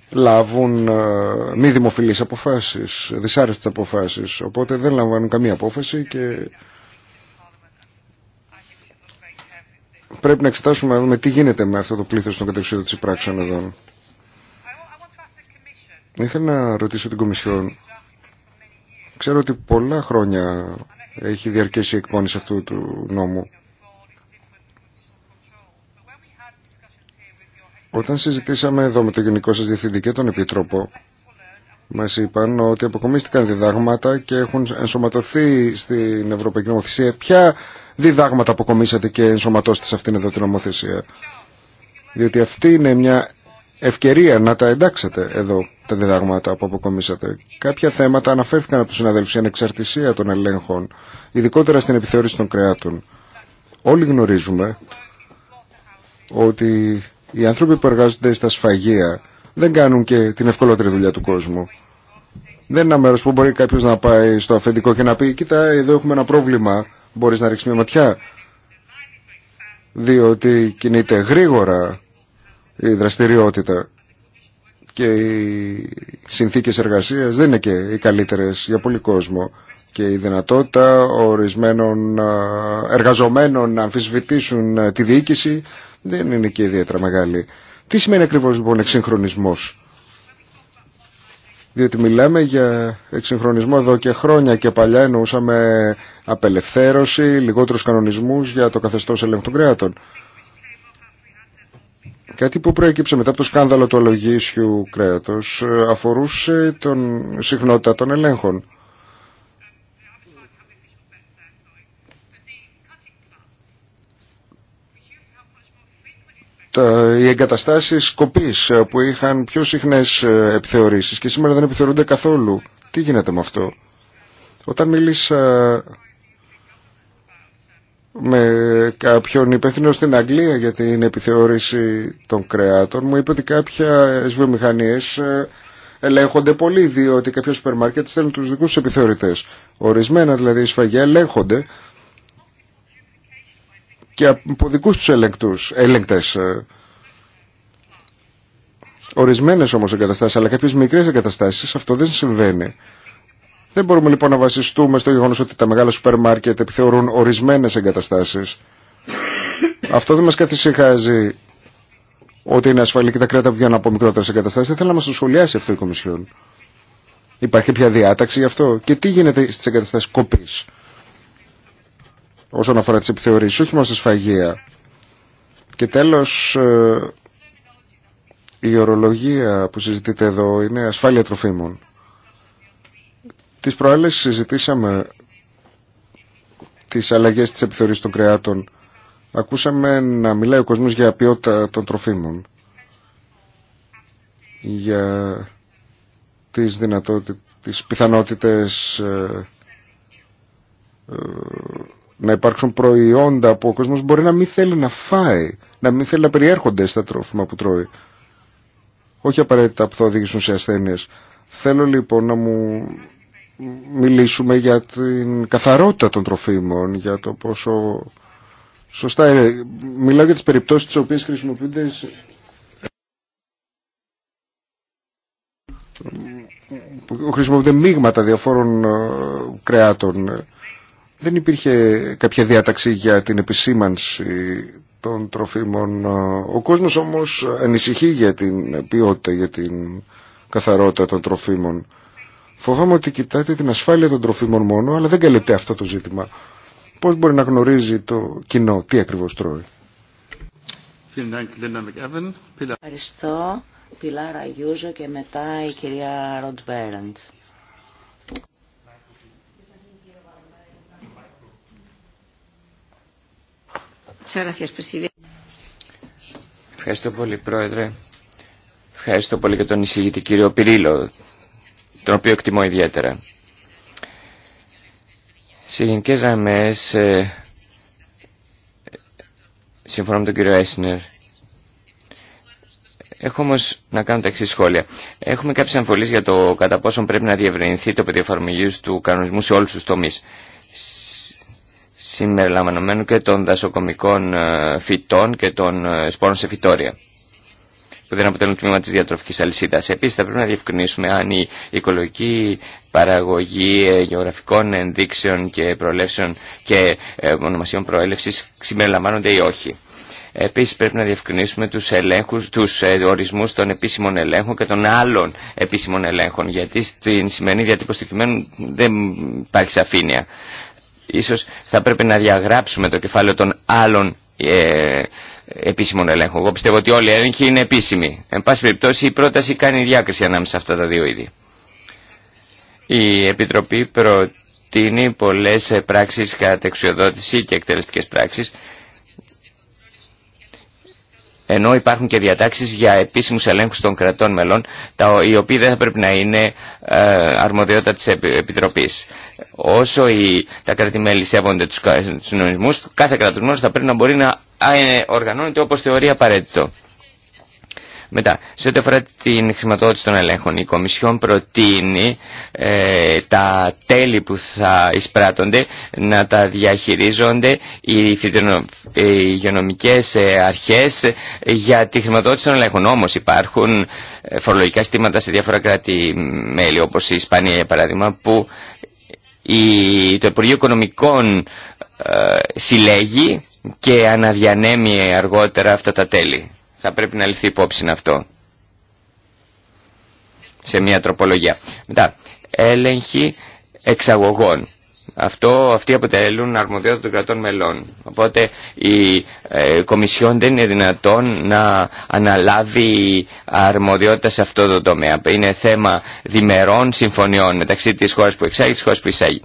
λάβουν ε, μη δημοφιλείς αποφάσεις, δυσάρεστες αποφάσεις, οπότε δεν λαμβάνουν καμία απόφαση και πρέπει να εξετάσουμε να δούμε τι γίνεται με αυτό το πλήθος των τη πράξεων εδώ. Ήθελα να ρωτήσω την Κομισιόν. Ξέρω ότι πολλά χρόνια έχει διαρκέσει η εκπόνηση αυτού του νόμου. Όταν συζητήσαμε εδώ με τον Γενικό σας Διευθυντή και τον Επιτρόπο, μας είπαν ότι αποκομίστηκαν διδάγματα και έχουν ενσωματωθεί στην Ευρωπαϊκή Νομοθεσία. Ποια διδάγματα αποκομίσατε και ενσωματώσετε σε αυτήν εδώ την νομοθεσία. Διότι αυτή είναι μια ευκαιρία να τα εντάξετε εδώ τα διδάγματα που αποκομίσατε. Κάποια θέματα αναφέρθηκαν από του συναδέλφου, η ανεξαρτησία των ελέγχων, ειδικότερα στην επιθεώρηση των κρεάτων. Όλοι γνωρίζουμε ότι οι άνθρωποι που εργάζονται στα σφαγεία δεν κάνουν και την ευκολότερη δουλειά του κόσμου. Δεν είναι ένα μέρο που μπορεί κάποιο να πάει στο αφεντικό και να πει: Κοίτα, εδώ έχουμε ένα πρόβλημα. Μπορεί να ρίξει μια ματιά. Διότι κινείται γρήγορα η δραστηριότητα και οι συνθήκες εργασίας δεν είναι και οι καλύτερες για πολύ κόσμο και η δυνατότητα ορισμένων εργαζομένων να αμφισβητήσουν τη διοίκηση δεν είναι και ιδιαίτερα μεγάλη. Τι σημαίνει ακριβώς λοιπόν εξυγχρονισμός. Διότι μιλάμε για εξυγχρονισμό εδώ και χρόνια και παλιά εννοούσαμε απελευθέρωση, λιγότερους κανονισμούς για το καθεστώς ελέγχου των κρέατων. Κάτι που προέκυψε μετά από το σκάνδαλο του αλογίσιου κρέατος ε, αφορούσε τον συχνότητα των ελέγχων. Τα, οι εγκαταστάσεις κοπής ε, που είχαν πιο συχνές ε, επιθεωρήσεις και σήμερα δεν επιθεωρούνται καθόλου. Τι γίνεται με αυτό. Όταν μίλησα με κάποιον υπεύθυνο στην Αγγλία για την επιθεώρηση των κρεάτων μου είπε ότι κάποια βιομηχανίες ε, ελέγχονται πολύ διότι κάποιο σούπερ μάρκετ στέλνουν τους δικούς επιθεωρητές. Ορισμένα δηλαδή οι σφαγεία ελέγχονται και από δικούς τους ελεγκτούς, ελεγκτές. Ε. Ορισμένες όμως εγκαταστάσεις αλλά κάποιες μικρές εγκαταστάσεις αυτό δεν συμβαίνει. Δεν μπορούμε λοιπόν να βασιστούμε στο γεγονό ότι τα μεγάλα σούπερ μάρκετ επιθεωρούν ορισμένε εγκαταστάσει. Αυτό δεν μα καθησυχάζει ότι είναι ασφαλή και τα κράτα βγαίνουν από μικρότερες εγκαταστάσει. Δεν θέλω να μα το σχολιάσει αυτό η Κομισιόν. Υπάρχει πια διάταξη γι' αυτό. Και τι γίνεται στι εγκαταστάσει Κοπή. όσον αφορά τι επιθεωρήσει, όχι μόνο στη σφαγεία. Και τέλος, ε, η ορολογία που συζητείτε εδώ είναι ασφάλεια τροφίμων. Τις προάλλες συζητήσαμε τις αλλαγές της επιθεωρής των κρεάτων. Ακούσαμε να μιλάει ο κόσμος για ποιότητα των τροφίμων. Για τις δυνατότητες, τις πιθανότητες ε, ε, να υπάρξουν προϊόντα που ο κόσμος μπορεί να μην θέλει να φάει, να μην θέλει να περιέρχονται στα τρόφιμα που τρώει. Όχι απαραίτητα που θα οδηγήσουν σε ασθένειες. Θέλω λοιπόν να μου μιλήσουμε για την καθαρότητα των τροφίμων, για το πόσο σωστά είναι. Μιλάω για τις περιπτώσεις τις οποίες χρησιμοποιούνται που χρησιμοποιούνται μείγματα διαφόρων ε, κρεάτων. Δεν υπήρχε κάποια διάταξη για την επισήμανση των τροφίμων. Ο κόσμος όμως ανησυχεί για την ποιότητα, για την καθαρότητα των τροφίμων. Φοβάμαι ότι κοιτάτε την ασφάλεια των τροφίμων μόνο, αλλά δεν καλύπτει αυτό το ζήτημα. Πώ μπορεί να γνωρίζει το κοινό τι ακριβώ τρώει. Ευχαριστώ. και μετά η κυρία Ευχαριστώ πολύ, Πρόεδρε. Ευχαριστώ πολύ και τον εισηγητή κύριο Πυρίλο τον οποίο εκτιμώ ιδιαίτερα. Σε γενικές γραμμές, ε, συμφωνώ με τον κύριο Έσνερ, Έχω όμω να κάνω τα εξή σχόλια. Έχουμε κάποιε αμφιβολίε για το κατά πόσο πρέπει να διευρυνθεί το πεδίο του κανονισμού σε όλου του τομεί. Συμπεριλαμβανομένου και των δασοκομικών ε, φυτών και των ε, σπόρων σε φυτόρια που δεν αποτελούν τμήμα της διατροφικής αλυσίδας. Επίσης θα πρέπει να διευκρινίσουμε αν η οικολογική παραγωγή ε, γεωγραφικών ενδείξεων και προελεύσεων και ε, ονομασιών προέλευσης συμπεριλαμβάνονται ή όχι. Επίσης πρέπει να διευκρινίσουμε τους, ελέγχους, τους ε, ορισμούς των επίσημων ελέγχων και των άλλων επίσημων ελέγχων, γιατί στην σημερινή διατύπωση του κειμένου δεν υπάρχει σαφήνεια. Ίσως θα πρέπει να διαγράψουμε το κεφάλαιο των άλλων επίσημων ελέγχων. Εγώ πιστεύω ότι όλοι οι έλεγχοι είναι επίσημοι. Εν πάση περιπτώσει η πρόταση κάνει διάκριση ανάμεσα σε αυτά τα δύο είδη. Η Επιτροπή προτείνει πολλές ε, πράξεις κατά εξουδότηση και εκτελεστικές πράξεις ενώ υπάρχουν και διατάξεις για επίσημους ελέγχους των κρατών μελών, τα, οι οποίοι δεν θα πρέπει να είναι ε, αρμοδιότητα της Επιτροπής. Όσο οι, τα κράτη-μέλη σέβονται τους, τους κάθε κρατός θα πρέπει να μπορεί να ε, οργανώνεται όπως θεωρεί απαραίτητο. Μετά, σε ό,τι αφορά την χρηματοδότηση των ελέγχων, η Κομισιόν προτείνει ε, τα τέλη που θα εισπράττονται να τα διαχειρίζονται οι υγειονομικές ε, αρχές για τη χρηματοδότηση των ελέγχων. Όμως υπάρχουν φορολογικά στήματα σε διάφορα κράτη-μέλη, όπως η Ισπανία για παράδειγμα, που η, το Υπουργείο Οικονομικών ε, συλλέγει και αναδιανέμει αργότερα αυτά τα τέλη. Θα πρέπει να ληφθεί υπόψη αυτό σε μια τροπολογία. Μετά, έλεγχη εξαγωγών. Αυτό, αυτοί αποτελούν αρμοδιότητα των κρατών μελών. Οπότε η ε, Κομισιόν δεν είναι δυνατόν να αναλάβει αρμοδιότητα σε αυτό το τομέα. Είναι θέμα διμερών συμφωνιών μεταξύ της χώρας που εξάγει και της χώρας που εισάγει.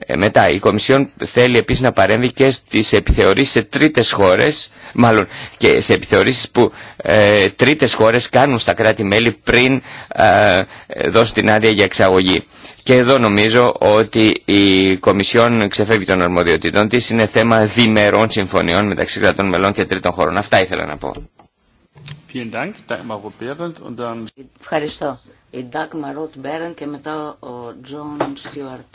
Ε, μετά, η Κομισιόν θέλει επίσης να παρέμβει και στις επιθεωρήσεις σε τρίτες χώρες, μάλλον και σε επιθεωρήσεις που ε, τρίτες χώρες κάνουν στα κράτη-μέλη πριν ε, δώσουν την άδεια για εξαγωγή. Και εδώ νομίζω ότι η Κομισιόν ξεφεύγει των αρμοδιοτήτων της, είναι θέμα διμερών συμφωνιών μεταξύ κρατών μελών και τρίτων χωρών. Αυτά ήθελα να πω. Ευχαριστώ. Η Ντάκμα Μπέρεν και μετά ο Τζον Στιουαρτ.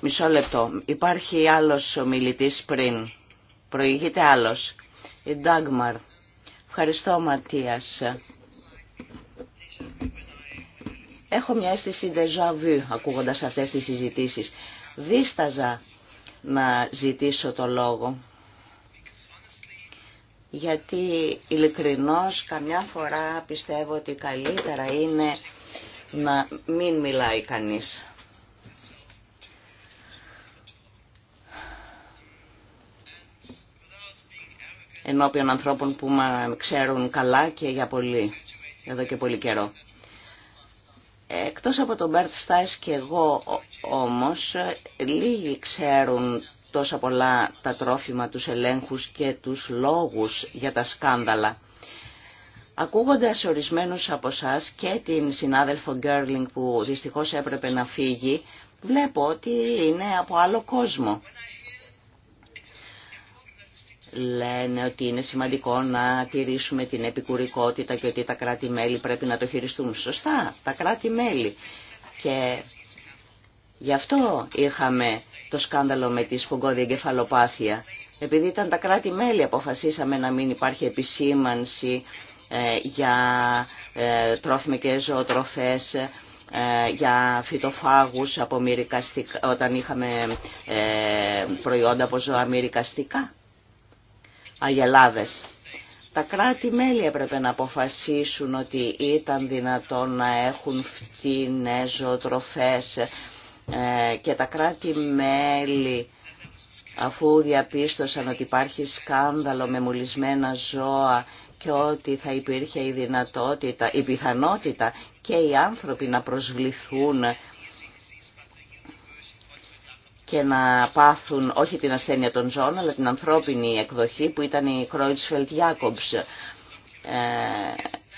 Μισό λεπτό. Υπάρχει άλλος ομιλητής πριν. Προηγείται άλλος. Η Ντάγμαρ. Ευχαριστώ Ματίας. Έχω μια αίσθηση déjà vu ακούγοντας αυτές τις συζητήσεις. Δίσταζα να ζητήσω το λόγο. Γιατί ειλικρινώς καμιά φορά πιστεύω ότι καλύτερα είναι να μην μιλάει κανείς. ενώπιον ανθρώπων που μα ξέρουν καλά και για πολύ, εδώ και πολύ καιρό. Εκτός από τον Μπέρτ Στάις και εγώ όμως, λίγοι ξέρουν τόσα πολλά τα τρόφιμα, τους ελέγχους και τους λόγους για τα σκάνδαλα. Ακούγοντας ορισμένους από εσά και την συνάδελφο Γκέρλινγκ που δυστυχώς έπρεπε να φύγει, βλέπω ότι είναι από άλλο κόσμο λένε ότι είναι σημαντικό να τηρήσουμε την επικουρικότητα και ότι τα κράτη-μέλη πρέπει να το χειριστούν σωστά. Τα κράτη-μέλη. Και γι' αυτό είχαμε το σκάνδαλο με τη σφουγγόδια εγκεφαλοπάθεια. Επειδή ήταν τα κράτη-μέλη αποφασίσαμε να μην υπάρχει επισήμανση ε, για ε, τρόφιμικες ζωοτροφές, ε, για φυτοφάγους από όταν είχαμε προϊόντα από ζωά αγελάδες. Τα κράτη-μέλη έπρεπε να αποφασίσουν ότι ήταν δυνατόν να έχουν φτηνές ζωοτροφές ε, και τα κράτη-μέλη αφού διαπίστωσαν ότι υπάρχει σκάνδαλο με μολυσμένα ζώα και ότι θα υπήρχε η δυνατότητα, η πιθανότητα και οι άνθρωποι να προσβληθούν και να πάθουν όχι την ασθένεια των ζώων αλλά την ανθρώπινη εκδοχή που ήταν η Κρόιτσφελτ Γιάκομπς.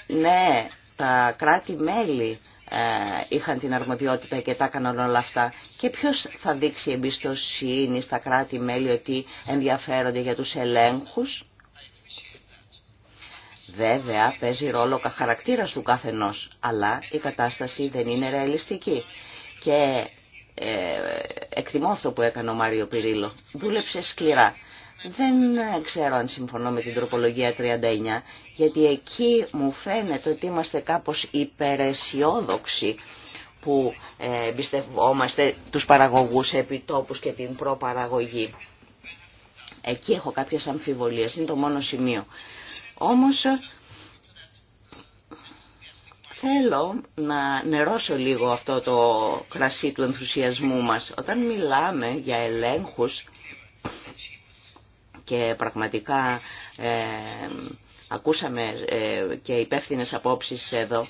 ναι, τα κράτη-μέλη ε, είχαν την αρμοδιότητα και τα έκαναν όλα αυτά. Και ποιος θα δείξει εμπιστοσύνη στα κράτη-μέλη ότι ενδιαφέρονται για τους ελέγχους. Βέβαια, παίζει ρόλο ο χαρακτήρας του καθενός, αλλά η κατάσταση δεν είναι ρεαλιστική. Και ε, εκτιμώ αυτό που έκανε ο Μάριο Πυρίλο. Δούλεψε σκληρά. Δεν ξέρω αν συμφωνώ με την τροπολογία 39, γιατί εκεί μου φαίνεται ότι είμαστε κάπως υπεραισιόδοξοι που ε, εμπιστευόμαστε τους παραγωγούς επιτόπους και την προπαραγωγή. Εκεί έχω κάποιες αμφιβολίες, είναι το μόνο σημείο. Όμως Θέλω να νερώσω λίγο αυτό το κρασί του ενθουσιασμού μας. Όταν μιλάμε για ελέγχους και πραγματικά ε, ακούσαμε ε, και υπεύθυνε απόψεις εδώ,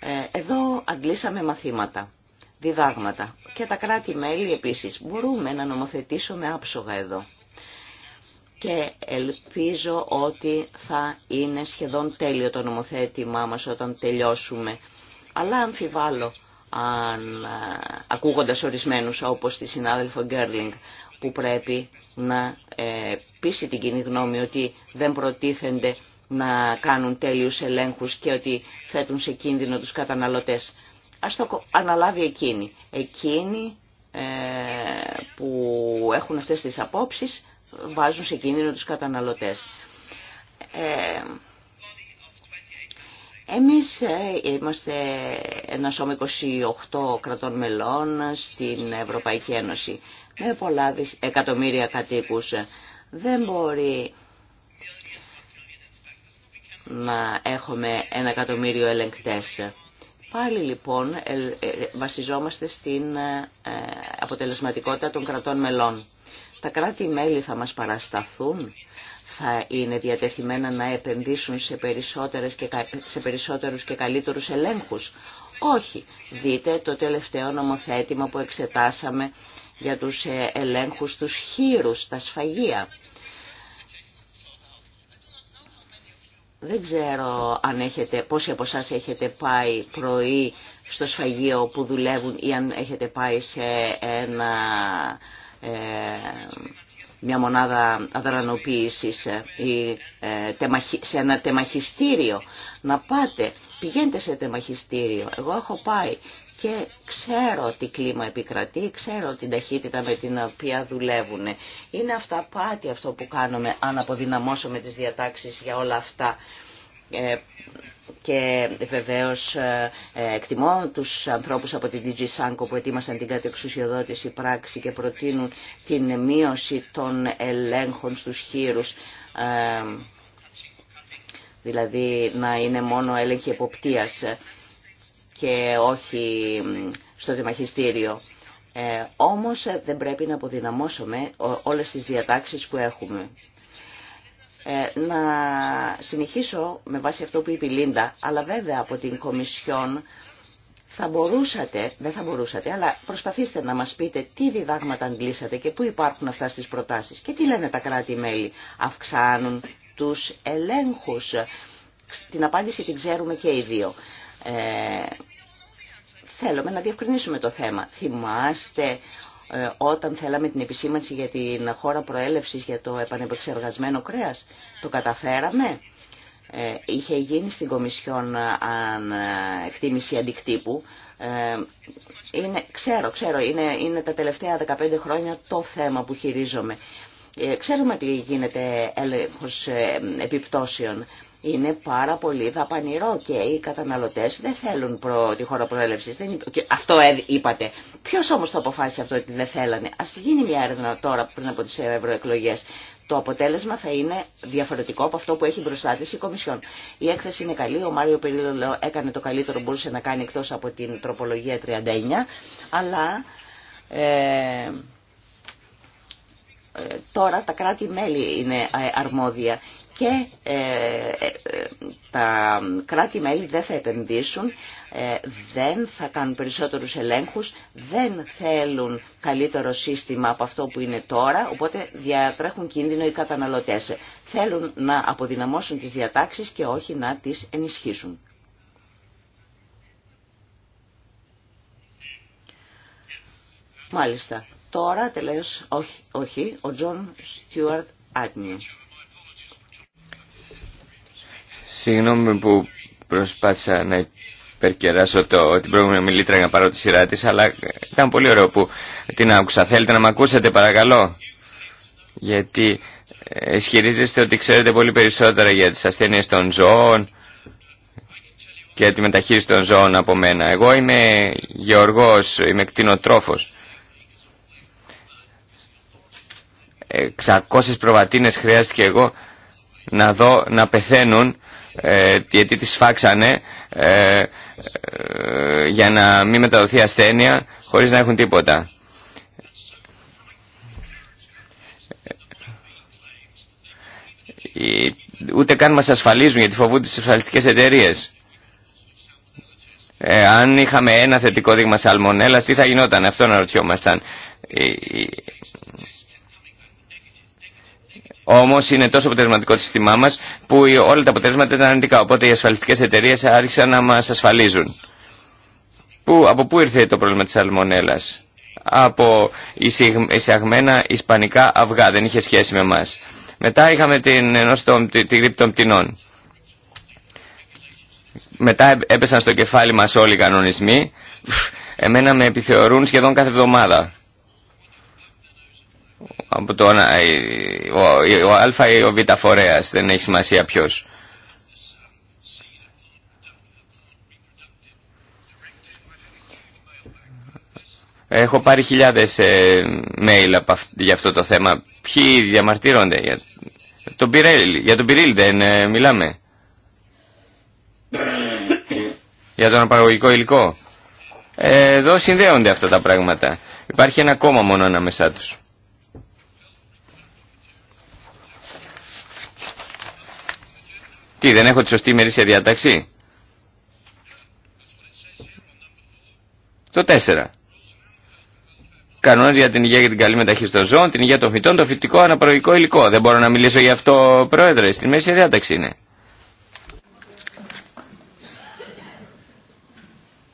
ε, εδώ αντλήσαμε μαθήματα, διδάγματα και τα κράτη-μέλη επίσης. Μπορούμε να νομοθετήσουμε άψογα εδώ και ελπίζω ότι θα είναι σχεδόν τέλειο το νομοθέτημά μας όταν τελειώσουμε. Αλλά αμφιβάλλω αν, ε, ακούγοντας ορισμένους όπως τη συνάδελφο Γκέρλινγκ που πρέπει να ε, πείσει την κοινή γνώμη ότι δεν προτίθενται να κάνουν τέλειους ελέγχους και ότι θέτουν σε κίνδυνο τους καταναλωτές. Ας το αναλάβει εκείνη. Εκείνοι ε, που έχουν αυτές τις απόψεις βάζουν σε κίνδυνο τους καταναλωτές. Ε, εμείς ε, είμαστε ένα σώμα 28 κρατών μελών στην Ευρωπαϊκή Ένωση με πολλά εκατομμύρια κατοίκους. Δεν μπορεί να έχουμε ένα εκατομμύριο ελεγκτές. Πάλι λοιπόν ε, ε, βασιζόμαστε στην αποτελεσματικότητα των κρατών μελών. Τα κράτη-μέλη θα μας παρασταθούν, θα είναι διατεθειμένα να επενδύσουν σε, περισσότερες και, σε περισσότερους και καλύτερους ελέγχους. Όχι. Δείτε το τελευταίο νομοθέτημα που εξετάσαμε για τους ε, ελέγχους τους χείρους, τα σφαγεία. Δεν ξέρω αν έχετε, πόσοι από εσά έχετε πάει πρωί στο σφαγείο που δουλεύουν ή αν έχετε πάει σε ένα ε, μια μονάδα αδρανοποίησης ε, ε, σε ένα τεμαχιστήριο. Να πάτε, πηγαίνετε σε τεμαχιστήριο. Εγώ έχω πάει και ξέρω τι κλίμα επικρατεί, ξέρω την ταχύτητα με την οποία δουλεύουν. Είναι αυταπάτη αυτό που κάνουμε αν αποδυναμώσουμε τις διατάξεις για όλα αυτά ε, και βεβαίως ε, ε, εκτιμώ τους ανθρώπους από την DG Sanko που ετοίμασαν την κατεξουσιοδότηση πράξη και προτείνουν την μείωση των ελέγχων στους χείρους δηλαδή να είναι μόνο έλεγχη εποπτείας και όχι στο δημαχιστήριο. Ε, όμως δεν πρέπει να αποδυναμώσουμε όλες τις διατάξεις που έχουμε. Ε, να συνεχίσω με βάση αυτό που είπε η Λίντα, αλλά βέβαια από την Κομισιόν θα μπορούσατε, δεν θα μπορούσατε, αλλά προσπαθήστε να μας πείτε τι διδάγματα αντλήσατε και πού υπάρχουν αυτά στις προτάσεις και τι λένε τα κράτη-μέλη. Αυξάνουν τους ελέγχους. Την απάντηση την ξέρουμε και οι δύο. Ε, θέλουμε να διευκρινίσουμε το θέμα. Θυμάστε ε, όταν θέλαμε την επισήμανση για την χώρα προέλευσης για το επανεπεξεργασμένο κρέας. Το καταφέραμε. Ε, είχε γίνει στην Κομισιόν ε, αν, εκτίμηση αντικτύπου. Είναι, ξέρω, ξέρω, είναι, είναι τα τελευταία 15 χρόνια το θέμα που χειρίζομαι. Ξέρουμε ότι γίνεται έλεγχος επιπτώσεων είναι πάρα πολύ δαπανηρό και οι καταναλωτές δεν θέλουν προ... τη χώρα προέλευσης. Αυτό ε, είπατε. Ποιος όμως θα αποφάσισε αυτό ότι δεν θέλανε. Ας γίνει μια έρευνα τώρα πριν από τις ευρωεκλογές. Το αποτέλεσμα θα είναι διαφορετικό από αυτό που έχει μπροστά τη η Κομισιόν. Η έκθεση είναι καλή. Ο Μάριο Περίλο έκανε το καλύτερο που μπορούσε να κάνει εκτό από την τροπολογία 39. Αλλά ε, ε, τώρα τα κράτη-μέλη είναι ε, αρμόδια και ε, ε, τα κράτη-μέλη δεν θα επενδύσουν, ε, δεν θα κάνουν περισσότερους ελέγχους, δεν θέλουν καλύτερο σύστημα από αυτό που είναι τώρα, οπότε διατρέχουν κίνδυνο οι καταναλωτές. Θέλουν να αποδυναμώσουν τις διατάξεις και όχι να τις ενισχύσουν. Μάλιστα. Τώρα τελείως, όχι, ο Τζον Στιούαρτ Άγνιος. Συγγνώμη που προσπάθησα να υπερκεράσω το, την να μιλήτρα για να πάρω τη σειρά τη, αλλά ήταν πολύ ωραίο που την άκουσα. Θέλετε να με ακούσετε παρακαλώ. Γιατί ε, ισχυρίζεστε ότι ξέρετε πολύ περισσότερα για τι ασθένειε των ζώων και τη μεταχείριση των ζώων από μένα. Εγώ είμαι γεωργός, είμαι κτηνοτρόφος. 600 ε, προβατίνες χρειάστηκε εγώ να δω να πεθαίνουν ε, γιατί τις φάξανε ε, ε, για να μην μεταδοθεί ασθένεια χωρίς να έχουν τίποτα. Ε, ούτε καν μας ασφαλίζουν γιατί φοβούνται τις ασφαλιστικές εταιρείες. Ε, αν είχαμε ένα θετικό δείγμα σαλμονέλας, τι θα γινόταν, αυτό να ρωτιόμασταν. Ε, Όμω είναι τόσο αποτελεσματικό το σύστημά μα που όλα τα αποτελέσματα ήταν αρνητικά. Οπότε οι ασφαλιστικέ εταιρείε άρχισαν να μα ασφαλίζουν. Που, από πού ήρθε το πρόβλημα τη Αλμονέλα. Από εισαγμένα ισπανικά αυγά, δεν είχε σχέση με εμά. Μετά είχαμε την, ενός, τη, τη των πτηνών. Μετά έπεσαν στο κεφάλι μας όλοι οι κανονισμοί. Εμένα με επιθεωρούν σχεδόν κάθε εβδομάδα από ε, ο, α ή ο β φορέας, δεν έχει σημασία ποιος. Έχω πάρει χιλιάδες ε, mail για αυτό το θέμα. Ποιοι διαμαρτύρονται για τον Πυρίλ, για τον Πυρίλ δεν ε, μιλάμε. για τον απαραγωγικό υλικό. εδώ συνδέονται αυτά τα πράγματα. Υπάρχει ένα κόμμα μόνο ανάμεσά τους. Τι, δεν έχω τη σωστή ημερήσια διάταξη. Το 4. Κανόνε για την υγεία και την καλή μεταχείριση των ζώων, την υγεία των φυτών, το φυτικό αναπαραγωγικό υλικό. Δεν μπορώ να μιλήσω γι' αυτό, Πρόεδρε. Στη μέση διάταξη είναι.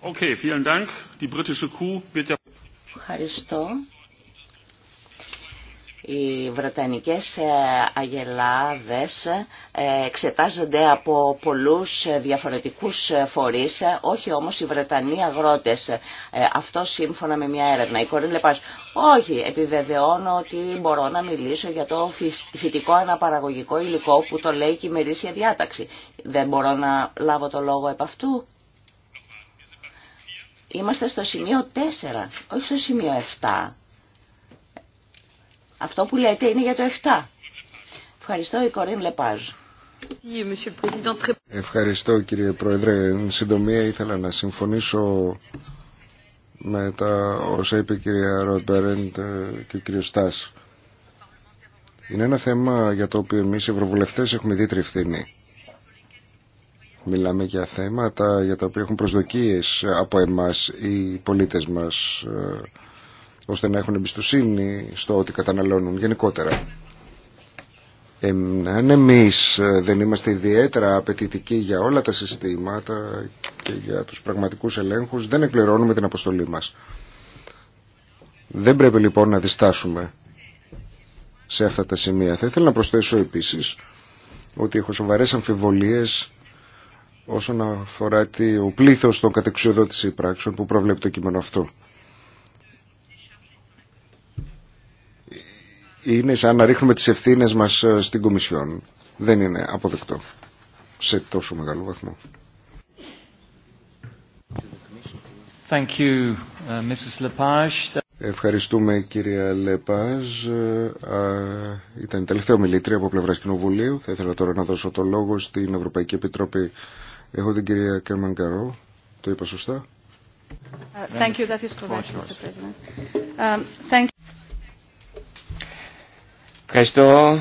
Okay, vielen Dank. Die britische Kuh wird ja... Ευχαριστώ. Οι βρετανικές ε, αγελάδες ε, εξετάζονται από πολλούς ε, διαφορετικούς φορείς, όχι όμως οι Βρετανοί αγρότες. Αυτό σύμφωνα με μια έρευνα. Η Κορίν όχι, επιβεβαιώνω ότι μπορώ να μιλήσω για το φυτικό αναπαραγωγικό υλικό που το λέει και η μερίσια διάταξη. Δεν μπορώ να λάβω το λόγο επ' αυτού. Είμαστε στο σημείο 4, όχι στο σημείο 7. Αυτό που λέτε είναι για το 7. Ευχαριστώ η Κορίν Λεπάζ. Ευχαριστώ κύριε Πρόεδρε. Συντομία ήθελα να συμφωνήσω με τα όσα είπε η κυρία Ροτμπερέντ ε, και ο κύριος Στάς. Είναι ένα θέμα για το οποίο εμείς οι ευρωβουλευτές έχουμε δίτρη ευθύνη. Μιλάμε για θέματα για τα οποία έχουν προσδοκίες από εμάς οι πολίτες μας ε, ώστε να έχουν εμπιστοσύνη στο ότι καταναλώνουν γενικότερα. Ε, Αν ναι, εμείς ε, δεν είμαστε ιδιαίτερα απαιτητικοί για όλα τα συστήματα και για τους πραγματικούς ελέγχους, δεν εκπληρώνουμε την αποστολή μας. Δεν πρέπει λοιπόν να διστάσουμε σε αυτά τα σημεία. Θα ήθελα να προσθέσω επίσης ότι έχω σοβαρές αμφιβολίες όσον αφορά το πλήθος των κατεξιοδότηση πράξεων που προβλέπει το κείμενο αυτό. είναι σαν να ρίχνουμε τις ευθύνες μας ε, στην Κομισιόν. Δεν είναι αποδεκτό σε τόσο μεγάλο βαθμό. Thank you, uh, Mrs. Lepage. Ευχαριστούμε κυρία Λεπάζ. Ήταν η τελευταία ομιλήτρια από πλευρά Κοινοβουλίου. Θα ήθελα τώρα να δώσω το λόγο στην Ευρωπαϊκή Επιτροπή. Έχω την κυρία Κέρμαν Καρό. Το είπα σωστά. Uh, thank you. That is correct, Mr. President. Um, thank you. Ευχαριστώ,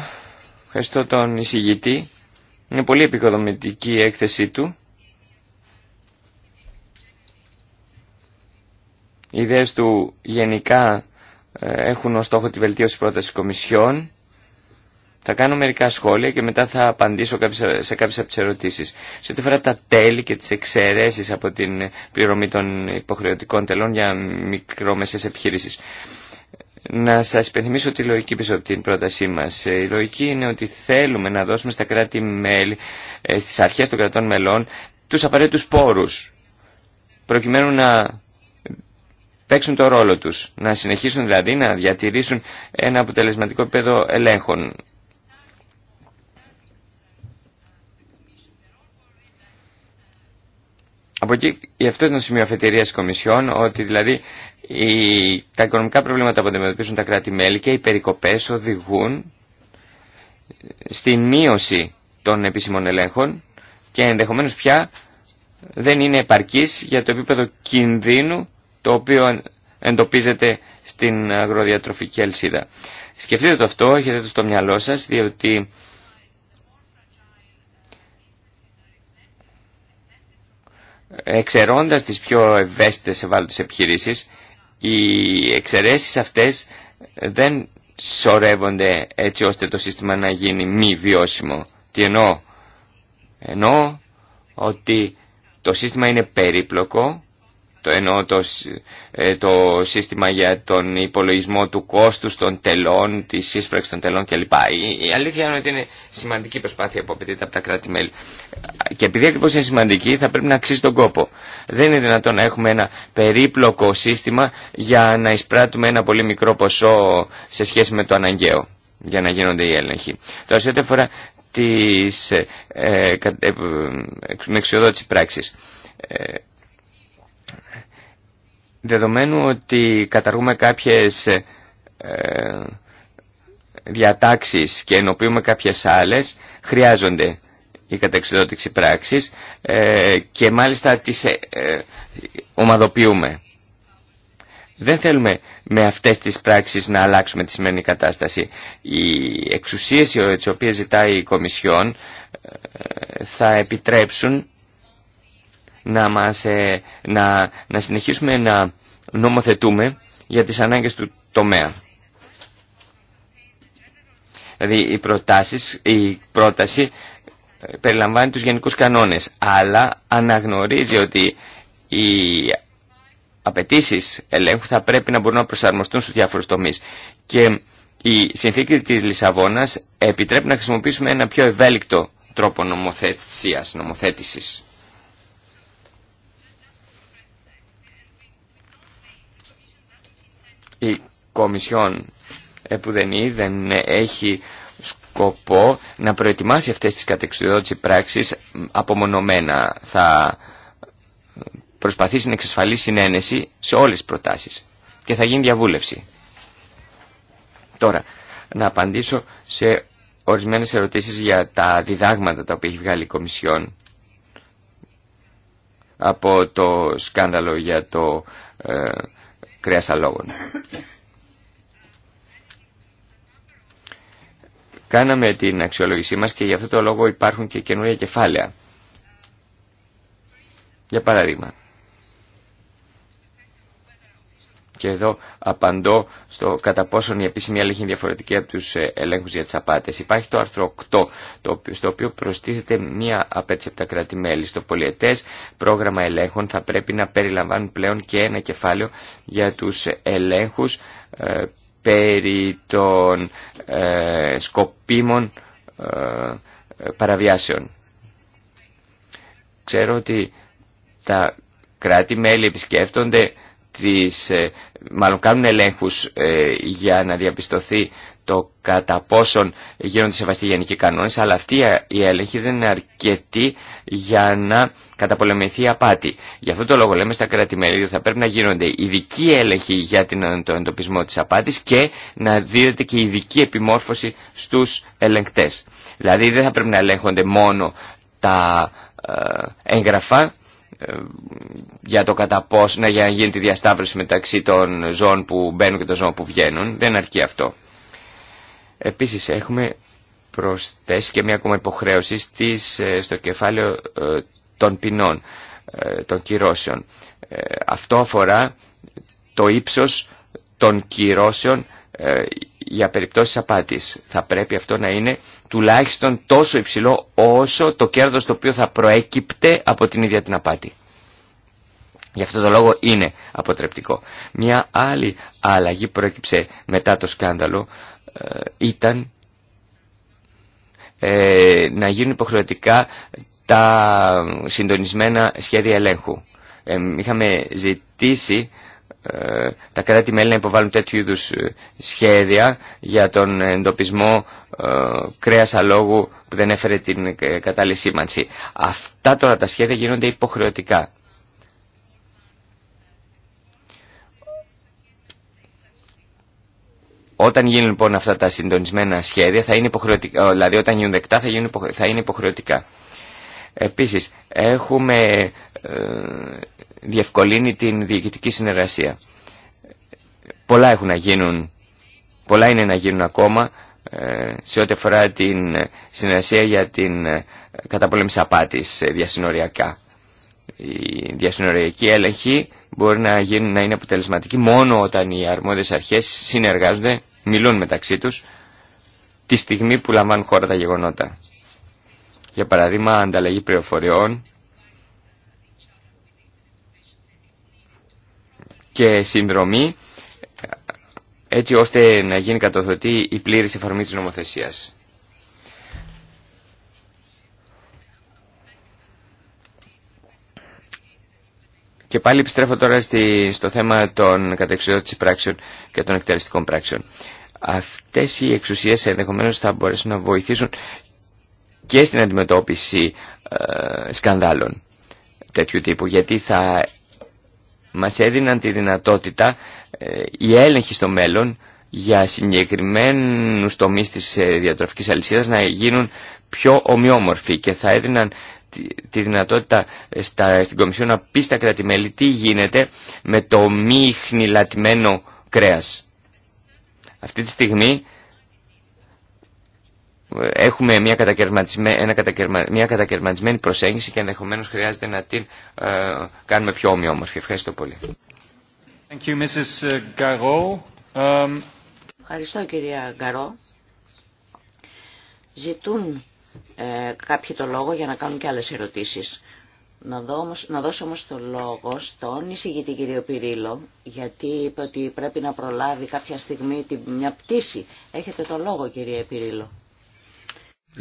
ευχαριστώ τον εισηγητή. Είναι πολύ επικοδομητική η έκθεσή του. Οι ιδέες του γενικά ε, έχουν ως στόχο τη βελτίωση πρόταση κομισιών. Θα κάνω μερικά σχόλια και μετά θα απαντήσω σε κάποιες από τις ερωτήσεις. Σε ό,τι φορά τα τέλη και τις εξαιρέσεις από την πληρωμή των υποχρεωτικών τελών για μικρόμεσες επιχειρήσεις. Να σας υπενθυμίσω τη λογική πίσω από την πρότασή μας. Ε, η λογική είναι ότι θέλουμε να δώσουμε στα κράτη-μέλη, ε, στις αρχές των κρατών μελών, τους απαραίτητους πόρους, προκειμένου να παίξουν το ρόλο τους, να συνεχίσουν δηλαδή να διατηρήσουν ένα αποτελεσματικό επίπεδο ελέγχων Από εκεί, γι' αυτό ήταν σημείο αφετηρία τη Κομισιόν, ότι δηλαδή οι, τα οικονομικά προβλήματα που αντιμετωπίζουν τα κράτη-μέλη και οι περικοπέ οδηγούν στη μείωση των επίσημων ελέγχων και ενδεχομένως πια δεν είναι επαρκή για το επίπεδο κινδύνου το οποίο εντοπίζεται στην αγροδιατροφική αλυσίδα. Σκεφτείτε το αυτό, έχετε το στο μυαλό σα, διότι εξαιρώντας τις πιο ευαίσθητες ευάλωτες επιχειρήσεις, οι εξαιρέσεις αυτές δεν σωρεύονται έτσι ώστε το σύστημα να γίνει μη βιώσιμο. Τι εννοώ. Εννοώ ότι το σύστημα είναι περίπλοκο το εννοώ ε, το, σύστημα για τον υπολογισμό του κόστους των τελών, τη σύσπραξη των τελών κλπ. Η, αλήθεια είναι ότι είναι σημαντική προσπάθεια που απαιτείται από τα κράτη-μέλη. Και επειδή ακριβώς είναι σημαντική θα πρέπει να αξίζει τον κόπο. Δεν είναι δυνατόν να έχουμε ένα περίπλοκο σύστημα για να εισπράττουμε ένα πολύ μικρό ποσό σε σχέση με το αναγκαίο για να γίνονται οι έλεγχοι. Τώρα σε ό,τι αφορά τις ε, ε, ε, ε Δεδομένου ότι καταργούμε κάποιες ε, διατάξεις και ενοποιούμε κάποιες άλλες, χρειάζονται οι καταξιδότηση πράξεις ε, και μάλιστα τις ε, ε, ομαδοποιούμε. Δεν θέλουμε με αυτές τις πράξεις να αλλάξουμε τη σημερινή κατάσταση. Οι εξουσίες τις οποίες ζητάει η Κομισιόν θα επιτρέψουν να, μας, ε, να, να συνεχίσουμε να νομοθετούμε για τις ανάγκες του τομέα. Δηλαδή οι προτάσεις, η πρόταση ε, περιλαμβάνει τους γενικούς κανόνες, αλλά αναγνωρίζει ότι οι απαιτήσει ελέγχου θα πρέπει να μπορούν να προσαρμοστούν στους διάφορους τομείς. Και η συνθήκη της Λισαβόνας επιτρέπει να χρησιμοποιήσουμε ένα πιο ευέλικτο τρόπο νομοθεσίας, νομοθέτησης. η Κομισιόν επουδενή δεν έχει σκοπό να προετοιμάσει αυτές τις κατεξιδότητες πράξεις απομονωμένα. Θα προσπαθήσει να εξασφαλίσει συνένεση σε όλες τις προτάσεις και θα γίνει διαβούλευση. Τώρα, να απαντήσω σε ορισμένες ερωτήσεις για τα διδάγματα τα οποία έχει βγάλει η Κομισιόν από το σκάνδαλο για το ε, κρέας αλόγων. Κάναμε την αξιολόγησή μας και γι' αυτό το λόγο υπάρχουν και καινούρια κεφάλαια. Για παράδειγμα, Και εδώ απαντώ στο κατά πόσον η επίσημη έλεγχη είναι διαφορετική από τους ε, ελέγχους για τις απάτες. Υπάρχει το άρθρο 8, στο οποίο προστίθεται μία απέτηση από τα κράτη-μέλη. Στο πολιετές πρόγραμμα ελέγχων θα πρέπει να περιλαμβάνουν πλέον και ένα κεφάλαιο για τους ελέγχους ε, περί των ε, σκοπίμων ε, παραβιάσεων. Ξέρω ότι τα κράτη-μέλη επισκέφτονται τις, ε, μάλλον κάνουν ελέγχους ε, για να διαπιστωθεί το κατά πόσον γίνονται σεβαστοί γενικοί κανόνες, αλλά αυτή η έλεγχη δεν είναι αρκετή για να καταπολεμηθεί η απάτη. Γι' αυτό το λόγο λέμε στα κρατη ότι θα πρέπει να γίνονται ειδικοί έλεγχοι για τον εντοπισμό της απάτης και να δίνεται και ειδική επιμόρφωση στους ελεγκτές. Δηλαδή δεν θα πρέπει να ελέγχονται μόνο τα εγγραφά, ε, για το κατά ναι, να γίνει τη διασταύρωση μεταξύ των ζώων που μπαίνουν και των ζώων που βγαίνουν. Δεν αρκεί αυτό. Επίσης έχουμε προσθέσει και μια ακόμα υποχρέωση στις, ε, στο κεφάλαιο ε, των ποινών, των κυρώσεων. Αυτό αφορά το ύψος των κυρώσεων για περιπτώσει απάτης. Θα πρέπει αυτό να είναι τουλάχιστον τόσο υψηλό όσο το κέρδος το οποίο θα προέκυπτε από την ίδια την απάτη. Γι' αυτό το λόγο είναι αποτρεπτικό. Μια άλλη αλλαγή προέκυψε μετά το σκάνδαλο ε, ήταν ε, να γίνουν υποχρεωτικά τα συντονισμένα σχέδια ελέγχου. Ε, είχαμε ζητήσει ε, τα κράτη-μέλη να υποβάλουν τέτοιου είδους ε, σχέδια για τον εντοπισμό ε, κρέας αλόγου που δεν έφερε την κατάλληλη σήμανση. Αυτά τώρα τα σχέδια γίνονται υποχρεωτικά. Όταν γίνουν λοιπόν αυτά τα συντονισμένα σχέδια, θα είναι υποχρεωτικά, δηλαδή όταν γίνουν δεκτά θα, γίνουν, θα είναι υποχρεωτικά. Επίσης, έχουμε ε, διευκολύνει την διοικητική συνεργασία. Πολλά έχουν να γίνουν, πολλά είναι να γίνουν ακόμα ε, σε ό,τι αφορά την συνεργασία για την ε, καταπολέμηση απάτης διασυνοριακά. Η διασυνοριακή έλεγχη μπορεί να, γίνει, να είναι αποτελεσματική μόνο όταν οι αρμόδιες αρχές συνεργάζονται, μιλούν μεταξύ τους, τη στιγμή που λαμβάνουν χώρα τα γεγονότα. Για παράδειγμα, ανταλλαγή πληροφοριών και συνδρομή έτσι ώστε να γίνει κατοδοτή η πλήρης εφαρμογή της νομοθεσίας. Και πάλι επιστρέφω τώρα στη, στο θέμα των κατεξιότητας πράξεων και των εκτελεστικών πράξεων. Αυτές οι εξουσίες ενδεχομένως θα μπορέσουν να βοηθήσουν και στην αντιμετώπιση ε, σκανδάλων τέτοιου τύπου γιατί θα μας έδιναν τη δυνατότητα η ε, οι στο μέλλον για συγκεκριμένους τομείς της ε, διατροφικής αλυσίδας να γίνουν πιο ομοιόμορφοι και θα έδιναν τη, τη δυνατότητα ε, στα, στην Κομισιό να πει στα τι γίνεται με το μη χνηλατημένο κρέας. Αυτή τη στιγμή έχουμε μια, κατακαιρματισμένη, μια προσέγγιση και ενδεχομένω χρειάζεται να την ε, κάνουμε πιο ομοιόμορφη. Ευχαριστώ πολύ. Thank you, Mrs. Um, Ευχαριστώ κυρία Γκαρό. Ζητούν ε, κάποιοι το λόγο για να κάνουν και άλλες ερωτήσεις. Να, να δώσω όμως το λόγο στον εισηγητή κύριο Πυρίλο, γιατί είπε ότι πρέπει να προλάβει κάποια στιγμή μια πτήση. Έχετε το λόγο κύριε Πυρίλο.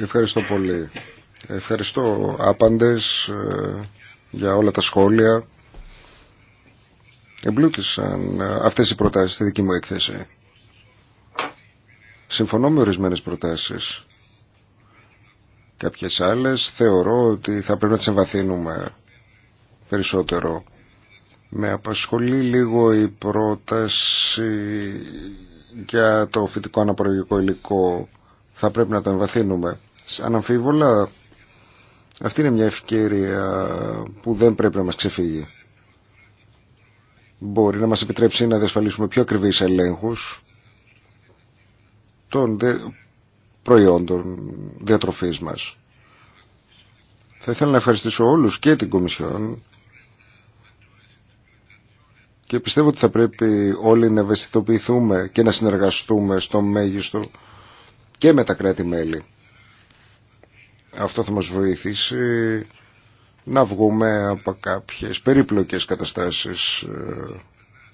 Ευχαριστώ πολύ. Ευχαριστώ άπαντες ε, για όλα τα σχόλια. Εμπλούτησαν ε, αυτές οι προτάσεις στη δική μου έκθεση. Συμφωνώ με ορισμένες προτάσεις. Κάποιες άλλες θεωρώ ότι θα πρέπει να τις εμβαθύνουμε περισσότερο. Με απασχολεί λίγο η πρόταση για το φυτικό αναπαραγωγικό υλικό. Θα πρέπει να το εμβαθύνουμε. Αναμφίβολα, αυτή είναι μια ευκαιρία που δεν πρέπει να μας ξεφύγει. Μπορεί να μας επιτρέψει να διασφαλίσουμε πιο ακριβείς ελέγχους των προϊόντων διατροφής μας. Θα ήθελα να ευχαριστήσω όλους και την Κομισιόν και πιστεύω ότι θα πρέπει όλοι να ευαισθητοποιηθούμε και να συνεργαστούμε στο μέγιστο και με τα κράτη-μέλη. Αυτό θα μας βοηθήσει να βγούμε από κάποιες περίπλοκες καταστάσεις ε,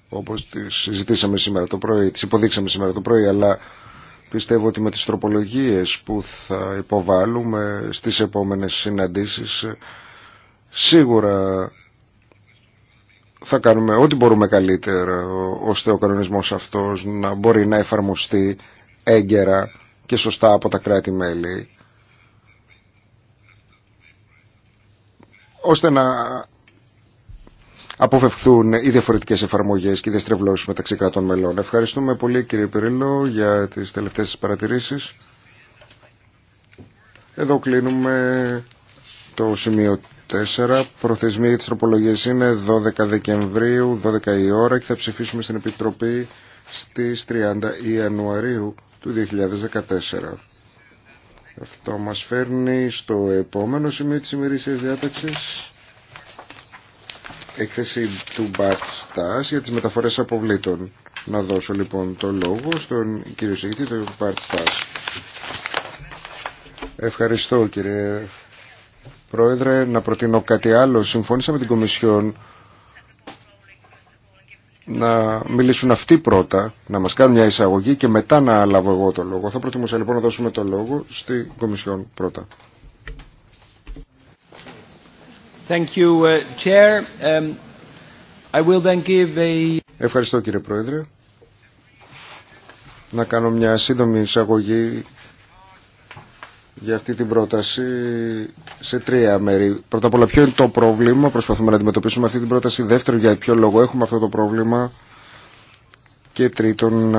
όπως τις συζητήσαμε σήμερα το πρωί, τις υποδείξαμε σήμερα το πρωί, αλλά πιστεύω ότι με τις τροπολογίες που θα υποβάλουμε στις επόμενες συναντήσεις ε, σίγουρα θα κάνουμε ό,τι μπορούμε καλύτερα ώστε ο κανονισμός αυτός να μπορεί να εφαρμοστεί έγκαιρα και σωστά από τα κράτη-μέλη ώστε να αποφευχθούν οι διαφορετικές εφαρμογές και οι διαστρεβλώσεις μεταξύ κρατών μελών. Ευχαριστούμε πολύ κύριε Πυρίλο για τις τελευταίες παρατηρήσεις. Εδώ κλείνουμε το σημείο 4. Προθεσμοί για τροπολογίας είναι 12 Δεκεμβρίου, 12 η ώρα και θα ψηφίσουμε στην Επιτροπή στις 30 Ιανουαρίου του 2014. Αυτό μας φέρνει στο επόμενο σημείο της ημερήσιας διάταξης. Έκθεση του Μπαρτστάς για τις μεταφορές αποβλήτων. Να δώσω λοιπόν το λόγο στον κύριο Σεγητή, τον Μπαρτστάς. Ευχαριστώ κύριε Πρόεδρε. Να προτείνω κάτι άλλο. Συμφώνησα με την Κομισιόν να μιλήσουν αυτοί πρώτα, να μας κάνουν μια εισαγωγή και μετά να λάβω εγώ το λόγο. Θα προτιμούσα λοιπόν να δώσουμε το λόγο στη Κομισιόν πρώτα. Thank you, uh, Chair. Um, I will then give a... Ευχαριστώ κύριε Πρόεδρε. Να κάνω μια σύντομη εισαγωγή για αυτή την πρόταση σε τρία μέρη. Πρώτα απ' όλα ποιο είναι το πρόβλημα, προσπαθούμε να αντιμετωπίσουμε αυτή την πρόταση. Δεύτερον για ποιο λόγο έχουμε αυτό το πρόβλημα. Και τρίτον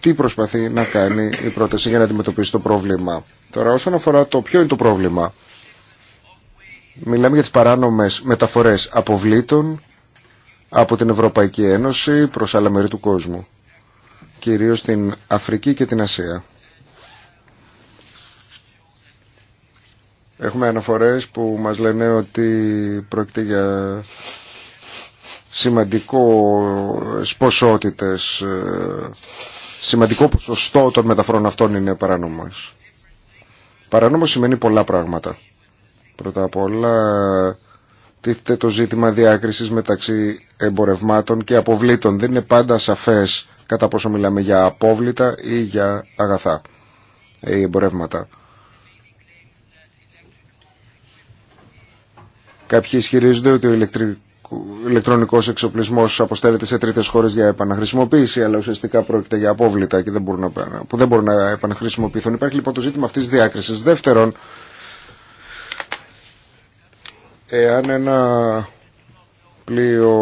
τι προσπαθεί να κάνει η πρόταση για να αντιμετωπίσει το πρόβλημα. Τώρα όσον αφορά το ποιο είναι το πρόβλημα. Μιλάμε για τις παράνομες μεταφορές αποβλήτων από την Ευρωπαϊκή Ένωση προς άλλα μέρη του κόσμου. Κυρίως στην Αφρική και την Ασία. Έχουμε αναφορές που μας λένε ότι πρόκειται για σημαντικό ποσότητες, ε, σημαντικό ποσοστό των μεταφορών αυτών είναι παράνομος. Παράνομος σημαίνει πολλά πράγματα. Πρώτα απ' όλα τίθεται το ζήτημα διάκρισης μεταξύ εμπορευμάτων και αποβλήτων. Δεν είναι πάντα σαφές κατά πόσο μιλάμε για απόβλητα ή για αγαθά ή εμπορεύματα. Κάποιοι ισχυρίζονται ότι ο ηλεκτρονικός εξοπλισμός αποστέλλεται σε τρίτες χώρες για επαναχρησιμοποίηση, αλλά ουσιαστικά πρόκειται για απόβλητα και δεν μπορούν να, που δεν μπορούν να επαναχρησιμοποιηθούν. Υπάρχει λοιπόν το ζήτημα αυτής της διάκρισης. Δεύτερον, εάν ένα πλοίο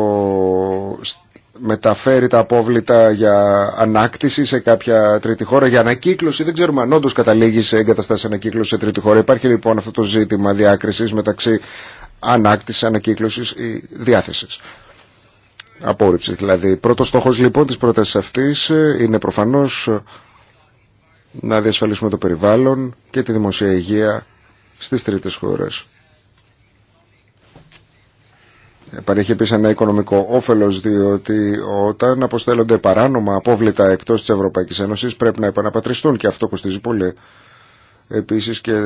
μεταφέρει τα απόβλητα για ανάκτηση σε κάποια τρίτη χώρα, για ανακύκλωση. Δεν ξέρουμε αν όντως καταλήγει σε εγκαταστάσεις ανακύκλωση σε τρίτη χώρα. Υπάρχει λοιπόν αυτό το ζήτημα διάκριση μεταξύ ανάκτηση ανακύκλωση ή διάθεσης. Απόρριψη, δηλαδή. Πρώτος στόχο λοιπόν της πρόταση αυτής ε, είναι προφανώς ε, να διασφαλίσουμε το περιβάλλον και τη δημοσία υγεία στις τρίτες χώρες. Παρέχει επίση ένα οικονομικό όφελος διότι όταν αποστέλλονται παράνομα απόβλητα εκτός της Ευρωπαϊκής Ένωση, πρέπει να επαναπατριστούν και αυτό κοστίζει πολύ. Επίσης και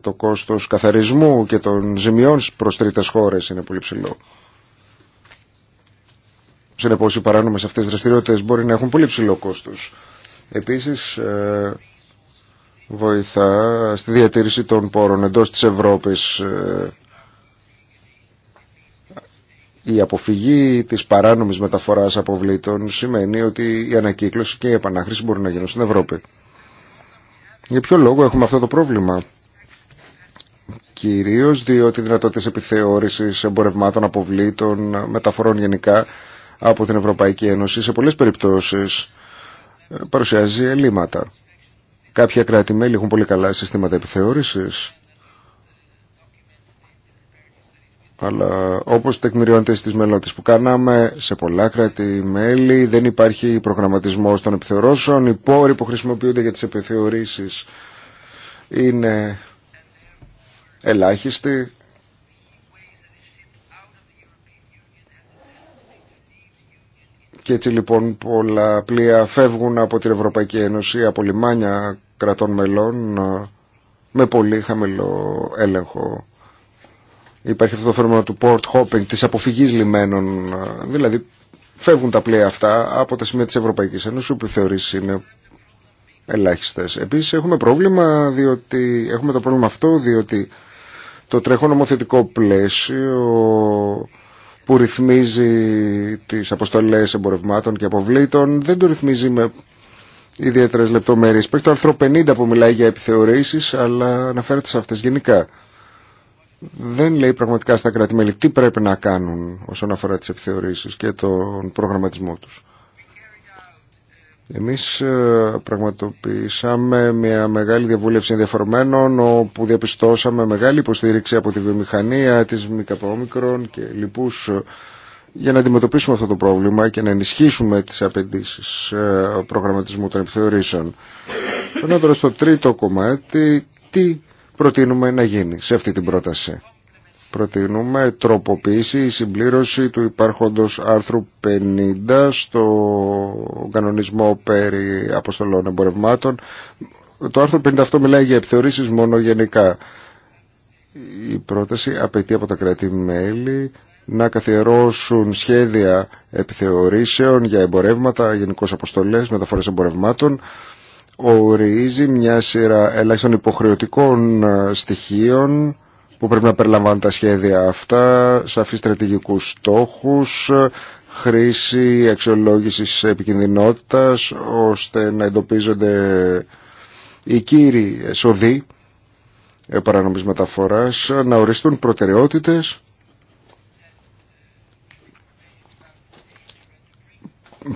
το κόστος καθαρισμού και των ζημιών προς τρίτες χώρες είναι πολύ ψηλό. Συνεπώς οι παράνομες αυτές δραστηριότητες μπορεί να έχουν πολύ ψηλό κόστος. Επίσης ε, βοηθά στη διατήρηση των πόρων εντός της Ευρώπης ε, η αποφυγή της παράνομης μεταφοράς αποβλήτων σημαίνει ότι η ανακύκλωση και η επανάχρηση μπορούν να γίνουν στην Ευρώπη. Για ποιο λόγο έχουμε αυτό το πρόβλημα. Κυρίως διότι οι δυνατότητες επιθεώρησης εμπορευμάτων, αποβλήτων, μεταφορών γενικά από την Ευρωπαϊκή Ένωση σε πολλές περιπτώσεις ε, παρουσιάζει ελλείμματα. Κάποια κράτη-μέλη έχουν πολύ καλά συστήματα επιθεώρησης Αλλά όπως τεκμηριώνεται στις μελέτες που κάναμε σε πολλά κράτη-μέλη δεν υπάρχει προγραμματισμός των επιθεωρώσεων. Οι πόροι που χρησιμοποιούνται για τις επιθεωρήσεις είναι ελάχιστοι. Και έτσι λοιπόν πολλά πλοία φεύγουν από την Ευρωπαϊκή Ένωση, από λιμάνια κρατών μελών με πολύ χαμηλό έλεγχο Υπάρχει αυτό το φαινόμενο του port hopping, της αποφυγής λιμένων, ε, δηλαδή φεύγουν τα πλοία αυτά από τα σημεία της Ευρωπαϊκής Ένωσης που θεωρήσει είναι ελάχιστες. Επίσης έχουμε πρόβλημα διότι, έχουμε το πρόβλημα αυτό διότι το τρέχον νομοθετικό πλαίσιο που ρυθμίζει τις αποστολές εμπορευμάτων και αποβλήτων δεν το ρυθμίζει με ιδιαίτερες λεπτομέρειες. Υπάρχει το άρθρο 50 που μιλάει για επιθεωρήσεις αλλά αναφέρεται σε αυτές γενικά δεν λέει πραγματικά στα κράτη-μέλη τι πρέπει να κάνουν όσον αφορά τις επιθεωρήσεις και τον προγραμματισμό τους. Εμείς ε, πραγματοποιήσαμε μια μεγάλη διαβούλευση ενδιαφορμένων όπου διαπιστώσαμε μεγάλη υποστήριξη από τη βιομηχανία της ΜΚΟ και λοιπούς ε, για να αντιμετωπίσουμε αυτό το πρόβλημα και να ενισχύσουμε τις απαιτήσει ε, προγραμματισμού των επιθεωρήσεων. Περνώ τώρα στο τρίτο κομμάτι, τι προτείνουμε να γίνει σε αυτή την πρόταση. Προτείνουμε τροποποίηση ή συμπλήρωση του υπάρχοντος άρθρου 50 στο κανονισμό περί αποστολών εμπορευμάτων. Το άρθρο 50 αυτό μιλάει για επιθεωρήσεις μόνο γενικά. Η πρόταση απαιτεί από τα κράτη-μέλη να καθιερώσουν σχέδια επιθεωρήσεων για εμπορεύματα, γενικώ αποστολές, μεταφορές εμπορευμάτων ορίζει μια σειρά ελάχιστον υποχρεωτικών ε, στοιχείων που πρέπει να περιλαμβάνουν τα σχέδια αυτά, σαφείς στρατηγικούς στόχους, χρήση αξιολόγησης επικινδυνότητας, ώστε να εντοπίζονται οι κύριοι σοδοί ε, παρανομής μεταφοράς, να οριστούν προτεραιότητες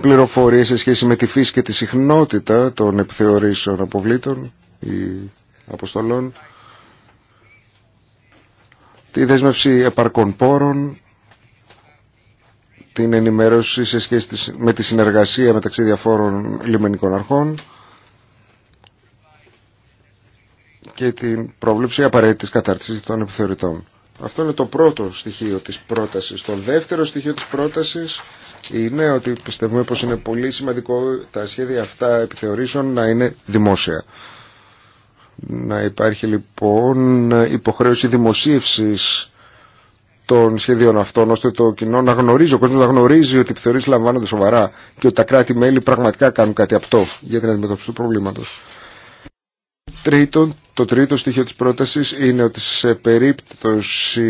πληροφορίες σε σχέση με τη φύση και τη συχνότητα των επιθεωρήσεων αποβλήτων ή αποστολών, τη δέσμευση επαρκών πόρων, την ενημέρωση σε σχέση με τη συνεργασία μεταξύ διαφόρων λιμενικών αρχών και την πρόβλεψη απαραίτητης κατάρτισης των επιθεωρητών. Αυτό είναι το πρώτο στοιχείο της πρότασης. Το δεύτερο στοιχείο της πρότασης είναι ότι πιστεύουμε πως είναι πολύ σημαντικό τα σχέδια αυτά επιθεωρήσεων να είναι δημόσια. Να υπάρχει λοιπόν υποχρέωση δημοσίευσης των σχεδίων αυτών, ώστε το κοινό να γνωρίζει, ο κόσμος να γνωρίζει ότι οι επιθεωρήσεις λαμβάνονται σοβαρά και ότι τα κράτη-μέλη πραγματικά κάνουν κάτι αυτό για την αντιμετώπιση του προβλήματος. Τρίτον, το τρίτο στοιχείο της πρότασης είναι ότι σε περίπτωση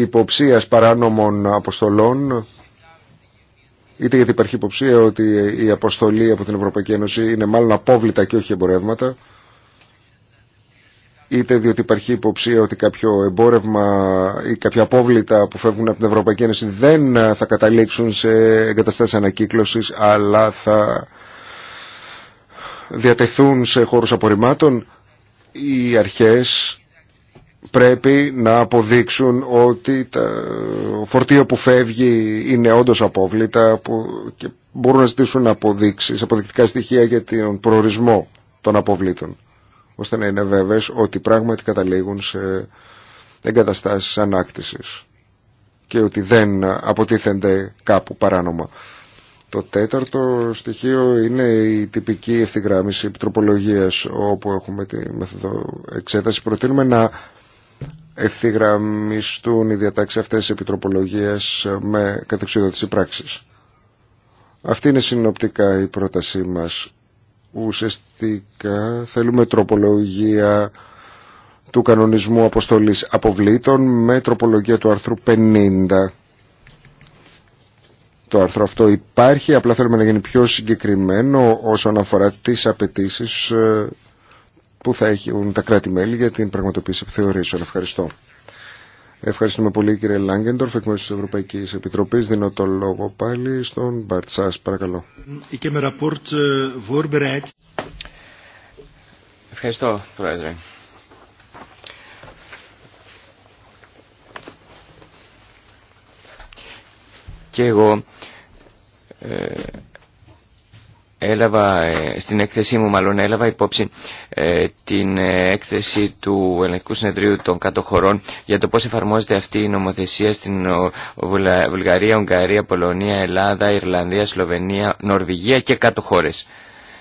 υποψίας παράνομων αποστολών είτε γιατί υπάρχει υποψία ότι η αποστολή από την Ευρωπαϊκή Ένωση είναι μάλλον απόβλητα και όχι εμπορεύματα είτε διότι υπάρχει υποψία ότι κάποιο εμπόρευμα ή κάποια απόβλητα που φεύγουν από την Ευρωπαϊκή Ένωση δεν θα καταλήξουν σε εγκαταστάσεις ανακύκλωσης αλλά θα διατεθούν σε χώρους απορριμμάτων οι αρχές πρέπει να αποδείξουν ότι το φορτίο που φεύγει είναι όντως απόβλητα και μπορούν να ζητήσουν αποδείξεις, αποδεικτικά στοιχεία για τον προορισμό των αποβλήτων ώστε να είναι βέβαιες ότι πράγματι καταλήγουν σε εγκαταστάσεις ανάκτησης και ότι δεν αποτίθενται κάπου παράνομα. Το τέταρτο στοιχείο είναι η τυπική ευθυγράμμιση επιτροπολογίας όπου έχουμε τη μεθοδο εξέταση. Προτείνουμε να ευθυγραμμιστούν οι διατάξεις αυτές της επιτροπολογίας με κατεξοδότηση πράξης. Αυτή είναι συνοπτικά η πρότασή μας. Ουσιαστικά θέλουμε τροπολογία του κανονισμού αποστολής αποβλήτων με τροπολογία του άρθρου 50. Το άρθρο αυτό υπάρχει, απλά θέλουμε να γίνει πιο συγκεκριμένο όσον αφορά τις απαιτήσει ε, που θα έχουν τα κράτη-μέλη για την πραγματοποίηση επιθεωρήσεων. Ευχαριστώ. Ευχαριστούμε πολύ κύριε Λάγκεντορφ, εκ μέρους της Ευρωπαϊκής Επιτροπής. Δίνω το λόγο πάλι στον Μπαρτσάς, παρακαλώ. Ευχαριστώ, Πρόεδρε. Και εγώ ε, έλαβα, ε, στην έκθεσή μου μάλλον έλαβα υπόψη ε, την ε, έκθεση του Ελληνικού Συνεδρίου των Κάτω Χωρών για το πώς εφαρμόζεται αυτή η νομοθεσία στην Βουλγαρία, Ουγγαρία, Πολωνία, Ελλάδα, Ιρλανδία, Σλοβενία, Νορβηγία και κάτω χώρε.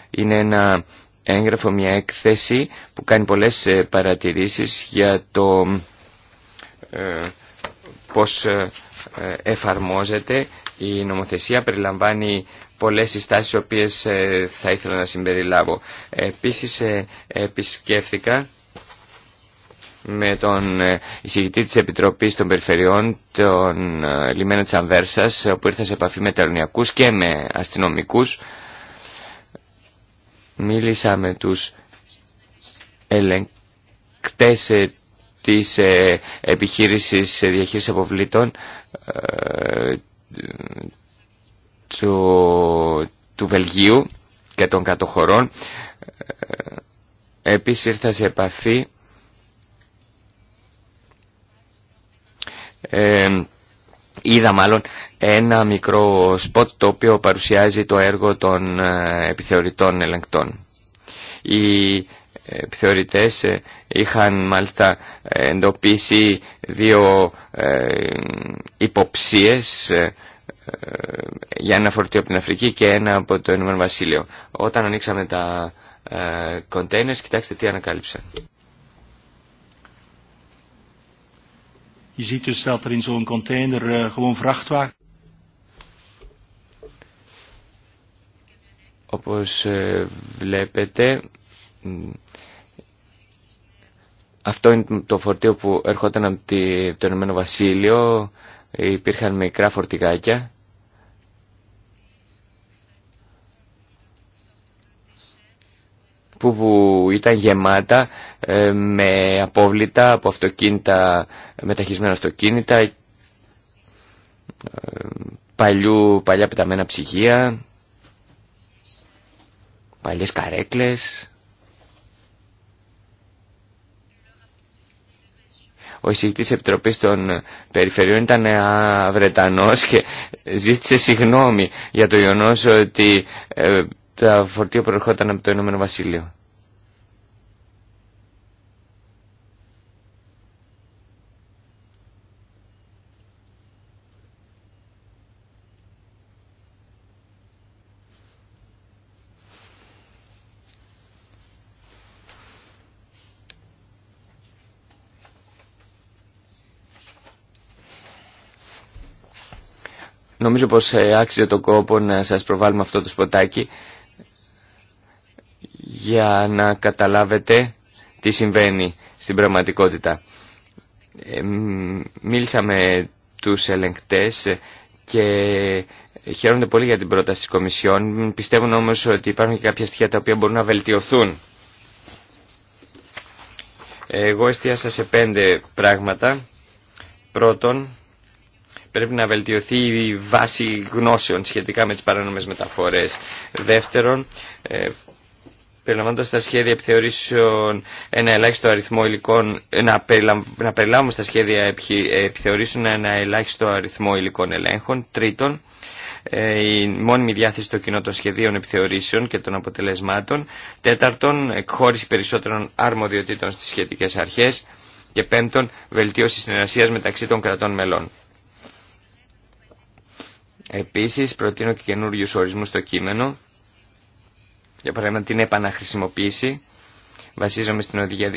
Είναι ένα έγγραφο, μια έκθεση που κάνει πολλές παρατηρήσεις για το ε, πώς εφαρμόζεται η νομοθεσία, περιλαμβάνει πολλές συστάσεις οι ε, θα ήθελα να συμπεριλάβω. Επίσης ε, επισκέφθηκα με τον ε, εισηγητή της Επιτροπής των Περιφερειών, τον Λιμένα της Ανβέρσας, που ήρθε σε επαφή με τελωνιακούς και με αστυνομικούς. Μίλησα με τους ελεγκτές της επιχείρησης διαχείρισης αποβλήτων, του, Βελγίου και των κατοχωρών. Ε, επίσης ήρθα σε επαφή ε, είδα μάλλον ένα μικρό σποτ το οποίο παρουσιάζει το έργο των ε, επιθεωρητών ελεγκτών. Οι επιθεωρητές ε, είχαν μάλιστα εντοπίσει δύο υποψίες για ένα φορτίο από την Αφρική και ένα από το Ηνωμένο Βασίλειο. Όταν ανοίξαμε τα κοντέινερς, κοιτάξτε τι ανακάλυψαν. Je Όπως βλέπετε, αυτό είναι το φορτίο που ερχόταν από το Ηνωμένο Βασίλειο. Υπήρχαν μικρά φορτηγάκια που ήταν γεμάτα ε, με απόβλητα από αυτοκίνητα, μεταχισμένα αυτοκίνητα, ε, παλιού, παλιά πεταμένα ψυγεία, παλιές καρέκλες. Ο εισηγητής Επιτροπής των Περιφερειών ήταν ε, Βρετανός και ζήτησε συγγνώμη για το γεγονό ότι τα φορτίο προερχόταν από το Ηνωμένο Βασίλειο. Νομίζω πως ε, άξιζε τον κόπο να σας προβάλλουμε αυτό το σποτάκι για να καταλάβετε τι συμβαίνει στην πραγματικότητα. Ε, μίλησα με τους ελεγκτές και χαίρονται πολύ για την πρόταση της Κομισιόν. Πιστεύουν όμως ότι υπάρχουν και κάποια στοιχεία τα οποία μπορούν να βελτιωθούν. Εγώ εστίασα σε πέντε πράγματα. Πρώτον, πρέπει να βελτιωθεί η βάση γνώσεων σχετικά με τις παράνομες μεταφορές. Δεύτερον, ε, περιλαμβάνοντας τα σχέδια επιθεωρήσεων ένα ελάχιστο αριθμό υλικών, να, να περιλάμβουμε στα σχέδια επιθεωρήσεων ένα ελάχιστο αριθμό υλικών ελέγχων. Τρίτον, ε, η μόνιμη διάθεση στο κοινό των σχεδίων επιθεωρήσεων και των αποτελεσμάτων. Τέταρτον, εκχώρηση περισσότερων αρμοδιοτήτων στις σχετικές αρχές. Και πέμπτον, βελτίωση συνεργασίας μεταξύ των κρατών μελών. Επίσης προτείνω και καινούριου ορισμού στο κείμενο, για παράδειγμα την επαναχρησιμοποίηση, βασίζομαι στην οδηγία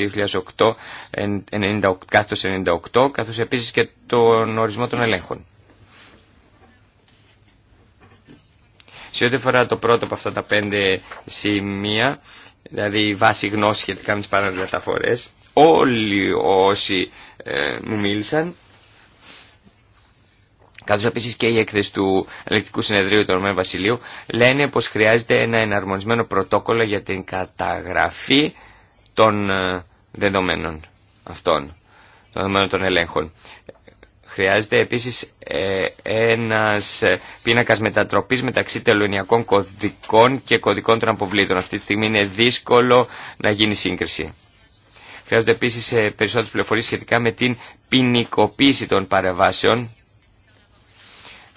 2008-98, καθώς επίσης και τον ορισμό των ελέγχων. Σε ό,τι αφορά το πρώτο από αυτά τα πέντε σημεία, δηλαδή η βάση γνώση σχετικά με τις παραδιαταφορές, όλοι όσοι ε, μου μίλησαν καθώς επίσης και η έκθεση του Ελεκτικού Συνεδρίου του Ηνωμένου Βασιλείου, λένε πως χρειάζεται ένα εναρμονισμένο πρωτόκολλο για την καταγραφή των ε, δεδομένων αυτών, των δεδομένων των ελέγχων. Χρειάζεται επίσης ε, ένας ε, πίνακας μετατροπής μεταξύ τελωνιακών κωδικών και κωδικών των αποβλήτων. Αυτή τη στιγμή είναι δύσκολο να γίνει σύγκριση. Χρειάζονται επίσης περισσότερες πληροφορίες σχετικά με την ποινικοποίηση των παρεμβάσεων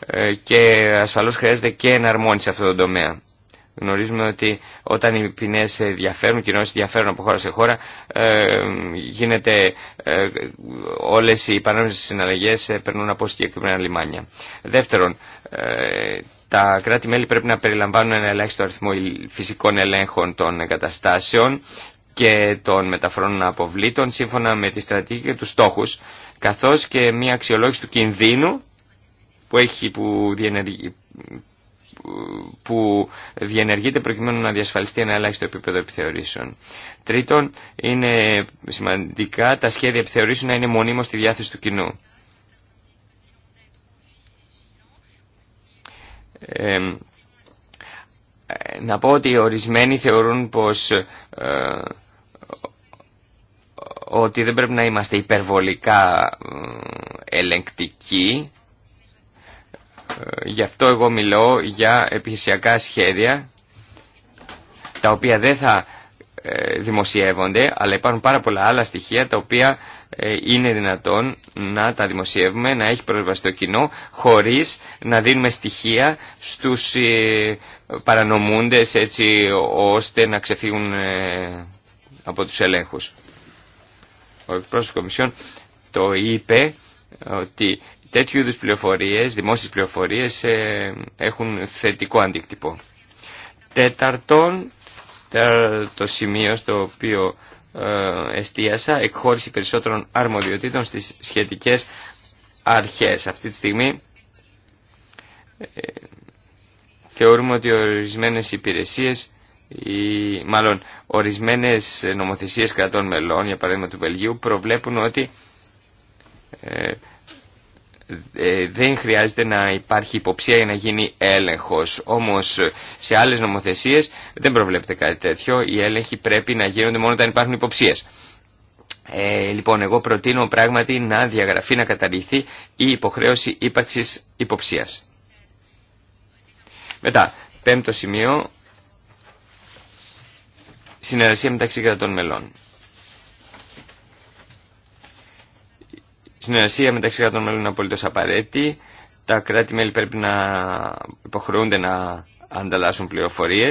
ε, και ασφαλώς χρειάζεται και εναρμόνιση σε αυτό το τομέα. Γνωρίζουμε ότι όταν οι ποινέ διαφέρουν, οι διαφέρουν από χώρα σε χώρα, ε, γίνεται ε, όλες οι παράνομες συναλλαγές ε, περνούν από συγκεκριμένα λιμάνια. Δεύτερον, ε, τα κράτη-μέλη πρέπει να περιλαμβάνουν ένα ελάχιστο αριθμό φυσικών ελέγχων των εγκαταστάσεων και των μεταφρών αποβλήτων σύμφωνα με τη στρατηγική και τους στόχους, καθώς και μια αξιολόγηση του κινδύνου που, έχει, που, διενεργείται προκειμένου να διασφαλιστεί ένα ελάχιστο επίπεδο επιθεωρήσεων. Τρίτον, είναι σημαντικά τα σχέδια επιθεωρήσεων να είναι μονίμως στη διάθεση του κοινού. να πω ότι ορισμένοι θεωρούν πως ε, ότι δεν πρέπει να είμαστε υπερβολικά ε, ελεγκτικοί Γι' αυτό εγώ μιλώ για επιχειρησιακά σχέδια τα οποία δεν θα ε, δημοσιεύονται, αλλά υπάρχουν πάρα πολλά άλλα στοιχεία τα οποία ε, είναι δυνατόν να τα δημοσιεύουμε, να έχει προσβαστεί το κοινό, χωρίς να δίνουμε στοιχεία στους ε, παρανομούντες έτσι ώστε να ξεφύγουν από τους ελέγχους. Ο εκπρόσωπος Κομισιόν το είπε ότι τέτοιου είδους πληροφορίες, δημόσιες πληροφορίες ε, έχουν θετικό αντίκτυπο. Τέταρτον, το σημείο στο οποίο ε, εστίασα, εκχώρηση περισσότερων αρμοδιοτήτων στις σχετικές αρχές. Αυτή τη στιγμή ε, θεωρούμε ότι ορισμένες υπηρεσίες ή μάλλον ορισμένες νομοθεσίες κρατών μελών, για παράδειγμα του Βελγίου, προβλέπουν ότι ε, δεν χρειάζεται να υπάρχει υποψία για να γίνει έλεγχος. Όμως σε άλλες νομοθεσίες δεν προβλέπεται κάτι τέτοιο. Οι έλεγχοι πρέπει να γίνονται μόνο όταν υπάρχουν υποψίες. Ε, λοιπόν, εγώ προτείνω πράγματι να διαγραφεί, να καταργηθεί η υποχρέωση ύπαρξης υποψίας. Μετά, πέμπτο σημείο, συνεργασία μεταξύ κρατών μελών. συνεργασία μεταξύ κρατών μέλων είναι απολύτω απαραίτητη. Τα κράτη-μέλη πρέπει να υποχρεούνται να ανταλλάσσουν πληροφορίε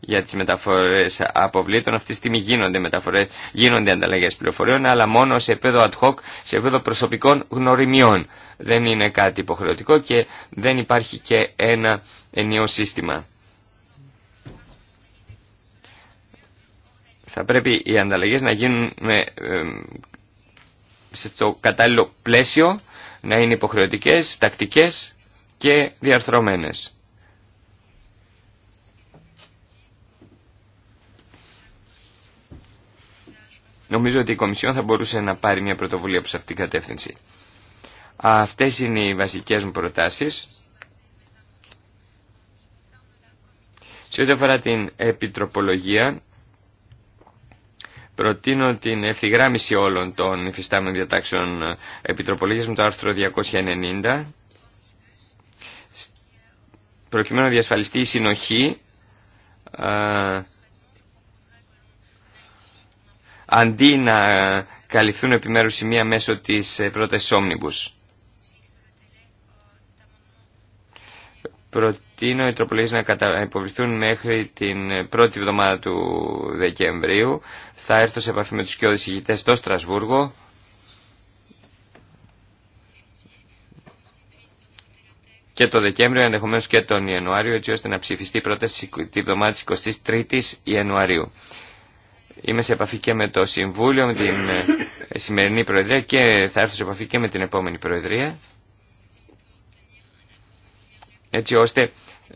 για τι μεταφορέ αποβλήτων. Αυτή τη στιγμή γίνονται, μεταφορές, γίνονται ανταλλαγέ πληροφοριών, αλλά μόνο σε επίπεδο ad hoc, σε επίπεδο προσωπικών γνωριμιών. Δεν είναι κάτι υποχρεωτικό και δεν υπάρχει και ένα ενιαίο σύστημα. Θα πρέπει οι ανταλλαγές να γίνουν με ε, στο κατάλληλο πλαίσιο, να είναι υποχρεωτικές, τακτικές και διαρθρωμένες. Νομίζω ότι η Κομισιόν θα μπορούσε να πάρει μια πρωτοβουλία προς αυτήν την κατεύθυνση. Αυτές είναι οι βασικές μου προτάσεις. Σε ό,τι αφορά την επιτροπολογία, Προτείνω την ευθυγράμμιση όλων των υφιστάμενων διατάξεων ε, επιτροπολογίας με το άρθρο 290 προκειμένου να διασφαλιστεί η συνοχή ε, αντί να καλυφθούν επιμέρους σημεία μέσω της ε, πρότασης Omnibus. Προτείνω οι τροπολογίες να κατα... υποβληθούν μέχρι την πρώτη εβδομάδα του Δεκεμβρίου. Θα έρθω σε επαφή με τους κοιόδης ηγητές στο Στρασβούργο. Και το Δεκέμβριο, ενδεχομένω και τον Ιανουάριο, έτσι ώστε να ψηφιστεί πρώτα τη βδομάδα τη 23 η Ιανουαρίου. Είμαι σε επαφή και με το Συμβούλιο, με την ε, σημερινή Προεδρία και θα έρθω σε επαφή και με την επόμενη Προεδρία έτσι ώστε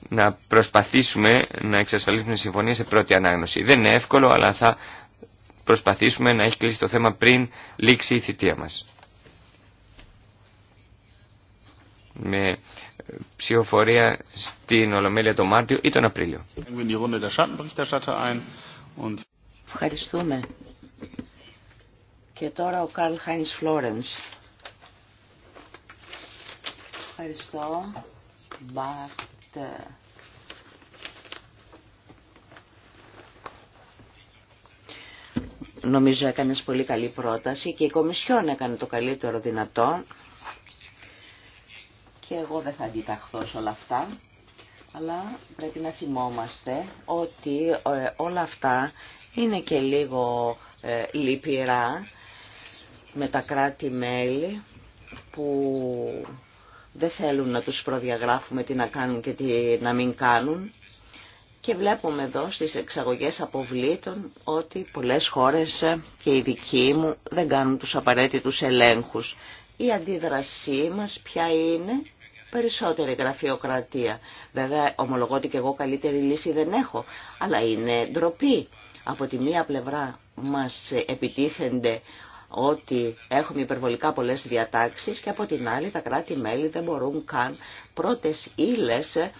να προσπαθήσουμε να εξασφαλίσουμε συμφωνία σε πρώτη ανάγνωση. Δεν είναι εύκολο, αλλά θα προσπαθήσουμε να έχει κλείσει το θέμα πριν λήξει η θητεία μας. Με ψηφοφορία στην Ολομέλεια το Μάρτιο ή τον Απρίλιο. Ευχαριστούμε. Και τώρα ο Καρλ Χάινς Φλόρενς. Ευχαριστώ νομίζω έκανες πολύ καλή πρόταση και η Κομισιόν έκανε το καλύτερο δυνατό και εγώ δεν θα αντιταχθώ σε όλα αυτά αλλά πρέπει να θυμόμαστε ότι ε, όλα αυτά είναι και λίγο ε, λυπηρά με τα κράτη-μέλη που δεν θέλουν να τους προδιαγράφουμε τι να κάνουν και τι να μην κάνουν. Και βλέπουμε εδώ στις εξαγωγές αποβλήτων ότι πολλές χώρες και οι δικοί μου δεν κάνουν τους απαραίτητους ελέγχους. Η αντίδρασή μας πια είναι περισσότερη γραφειοκρατία. Βέβαια ομολογώ ότι και εγώ καλύτερη λύση δεν έχω, αλλά είναι ντροπή. Από τη μία πλευρά μας επιτίθενται ότι έχουμε υπερβολικά πολλές διατάξεις και από την άλλη τα κράτη-μέλη δεν μπορούν καν πρώτες ύλες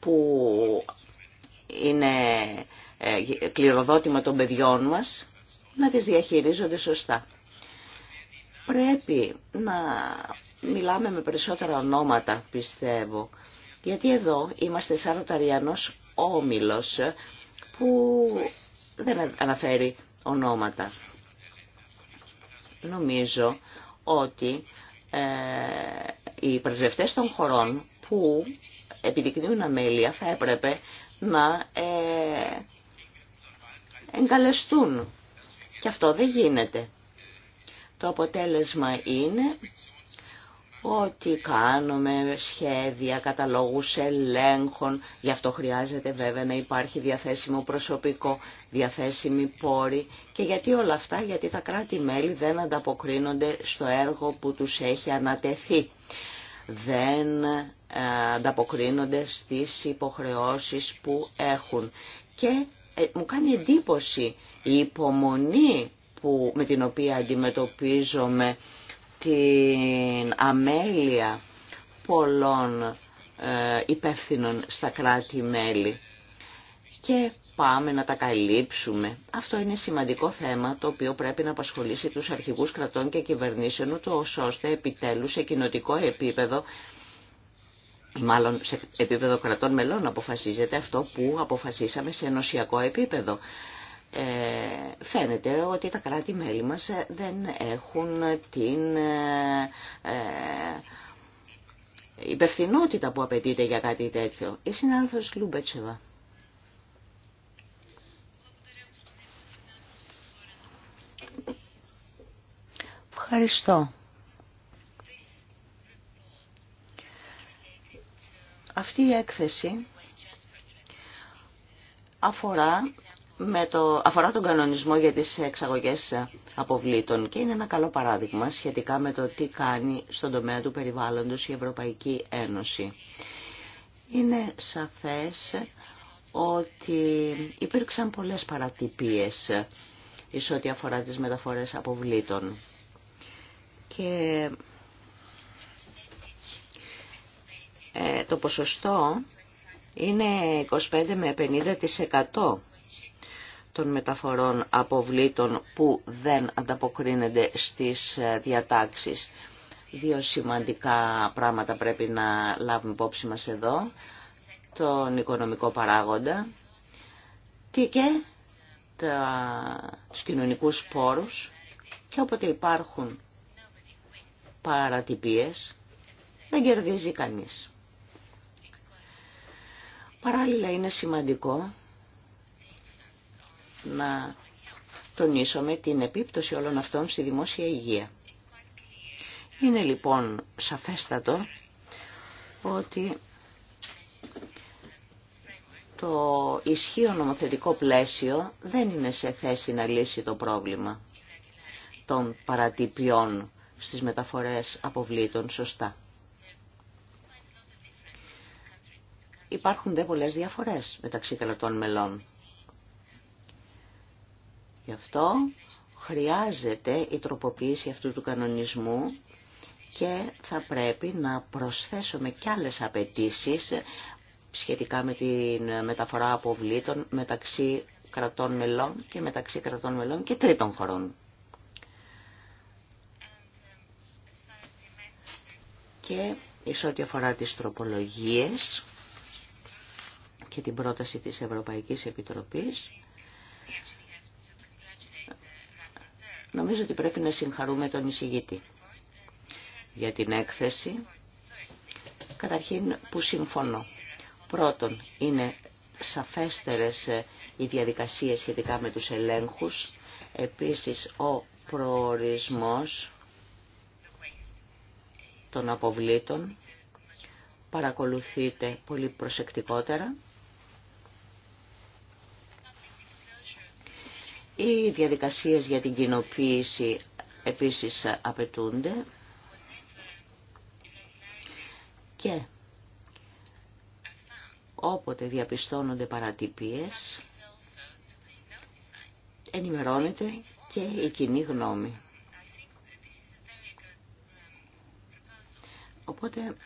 που είναι ε, κληροδότημα των παιδιών μας να τις διαχειρίζονται σωστά. Πρέπει να μιλάμε με περισσότερα ονόματα, πιστεύω, γιατί εδώ είμαστε σαν όμιλος που δεν αναφέρει ονόματα νομίζω ότι ε, οι πρεσβευτές των χωρών που επιδεικνύουν αμέλεια θα έπρεπε να ε, εγκαλεστούν. Και αυτό δεν γίνεται. Το αποτέλεσμα είναι ότι κάνουμε σχέδια, καταλόγους ελέγχων, γι' αυτό χρειάζεται βέβαια να υπάρχει διαθέσιμο προσωπικό, διαθέσιμη πόροι και γιατί όλα αυτά, γιατί τα κράτη-μέλη δεν ανταποκρίνονται στο έργο που τους έχει ανατεθεί. Δεν ε, ανταποκρίνονται στις υποχρεώσεις που έχουν. Και ε, μου κάνει εντύπωση η υπομονή που, με την οποία αντιμετωπίζομαι την αμέλεια πολλών ε, υπεύθυνων στα κράτη-μέλη και πάμε να τα καλύψουμε. Αυτό είναι σημαντικό θέμα το οποίο πρέπει να απασχολήσει τους αρχηγούς κρατών και κυβερνήσεων ούτω ώστε επιτέλους σε κοινοτικό επίπεδο μάλλον σε επίπεδο κρατών μελών αποφασίζεται αυτό που αποφασίσαμε σε ενωσιακό επίπεδο. Ε, φαίνεται ότι τα κράτη-μέλη μας ε, δεν έχουν την ε, υπευθυνότητα που απαιτείται για κάτι τέτοιο. Η συνάδελφος Λούμπετσεβα. Ευχαριστώ. Αυτή η έκθεση αφορά με το, αφορά τον κανονισμό για τις εξαγωγές αποβλήτων και είναι ένα καλό παράδειγμα σχετικά με το τι κάνει στον τομέα του περιβάλλοντος η Ευρωπαϊκή Ένωση. Είναι σαφές ότι υπήρξαν πολλές παρατυπίες εις ό,τι αφορά τις μεταφορές αποβλήτων. Και ε, το ποσοστό είναι 25 με 50% των μεταφορών αποβλήτων που δεν ανταποκρίνεται στις ε, διατάξεις. Δύο σημαντικά πράγματα πρέπει να λάβουμε υπόψη μας εδώ. Τον οικονομικό παράγοντα τι και τους κοινωνικούς πόρους και όποτε υπάρχουν παρατυπίες δεν κερδίζει κανείς. Παράλληλα είναι σημαντικό να τονίσουμε την επίπτωση όλων αυτών στη δημόσια υγεία. Είναι λοιπόν σαφέστατο ότι το ισχύον νομοθετικό πλαίσιο δεν είναι σε θέση να λύσει το πρόβλημα των παρατυπιών στις μεταφορές αποβλήτων σωστά. Υπάρχουν δε πολλές διαφορές μεταξύ κρατών μελών. Γι' αυτό χρειάζεται η τροποποίηση αυτού του κανονισμού και θα πρέπει να προσθέσουμε κι άλλες απαιτήσει σχετικά με την μεταφορά αποβλήτων μεταξύ κρατών μελών και μεταξύ κρατών μελών και τρίτων χωρών. Και εις ό,τι αφορά τις τροπολογίες και την πρόταση της Ευρωπαϊκής Επιτροπής, Νομίζω ότι πρέπει να συγχαρούμε τον εισηγήτη για την έκθεση. Καταρχήν που συμφωνώ. Πρώτον, είναι σαφέστερες ε, οι διαδικασίες σχετικά με τους ελέγχους. Επίσης, ο προορισμός των αποβλήτων παρακολουθείται πολύ προσεκτικότερα. Οι διαδικασίες για την κοινοποίηση επίσης απαιτούνται και όποτε διαπιστώνονται παρατυπίες ενημερώνεται και η κοινή γνώμη. Οπότε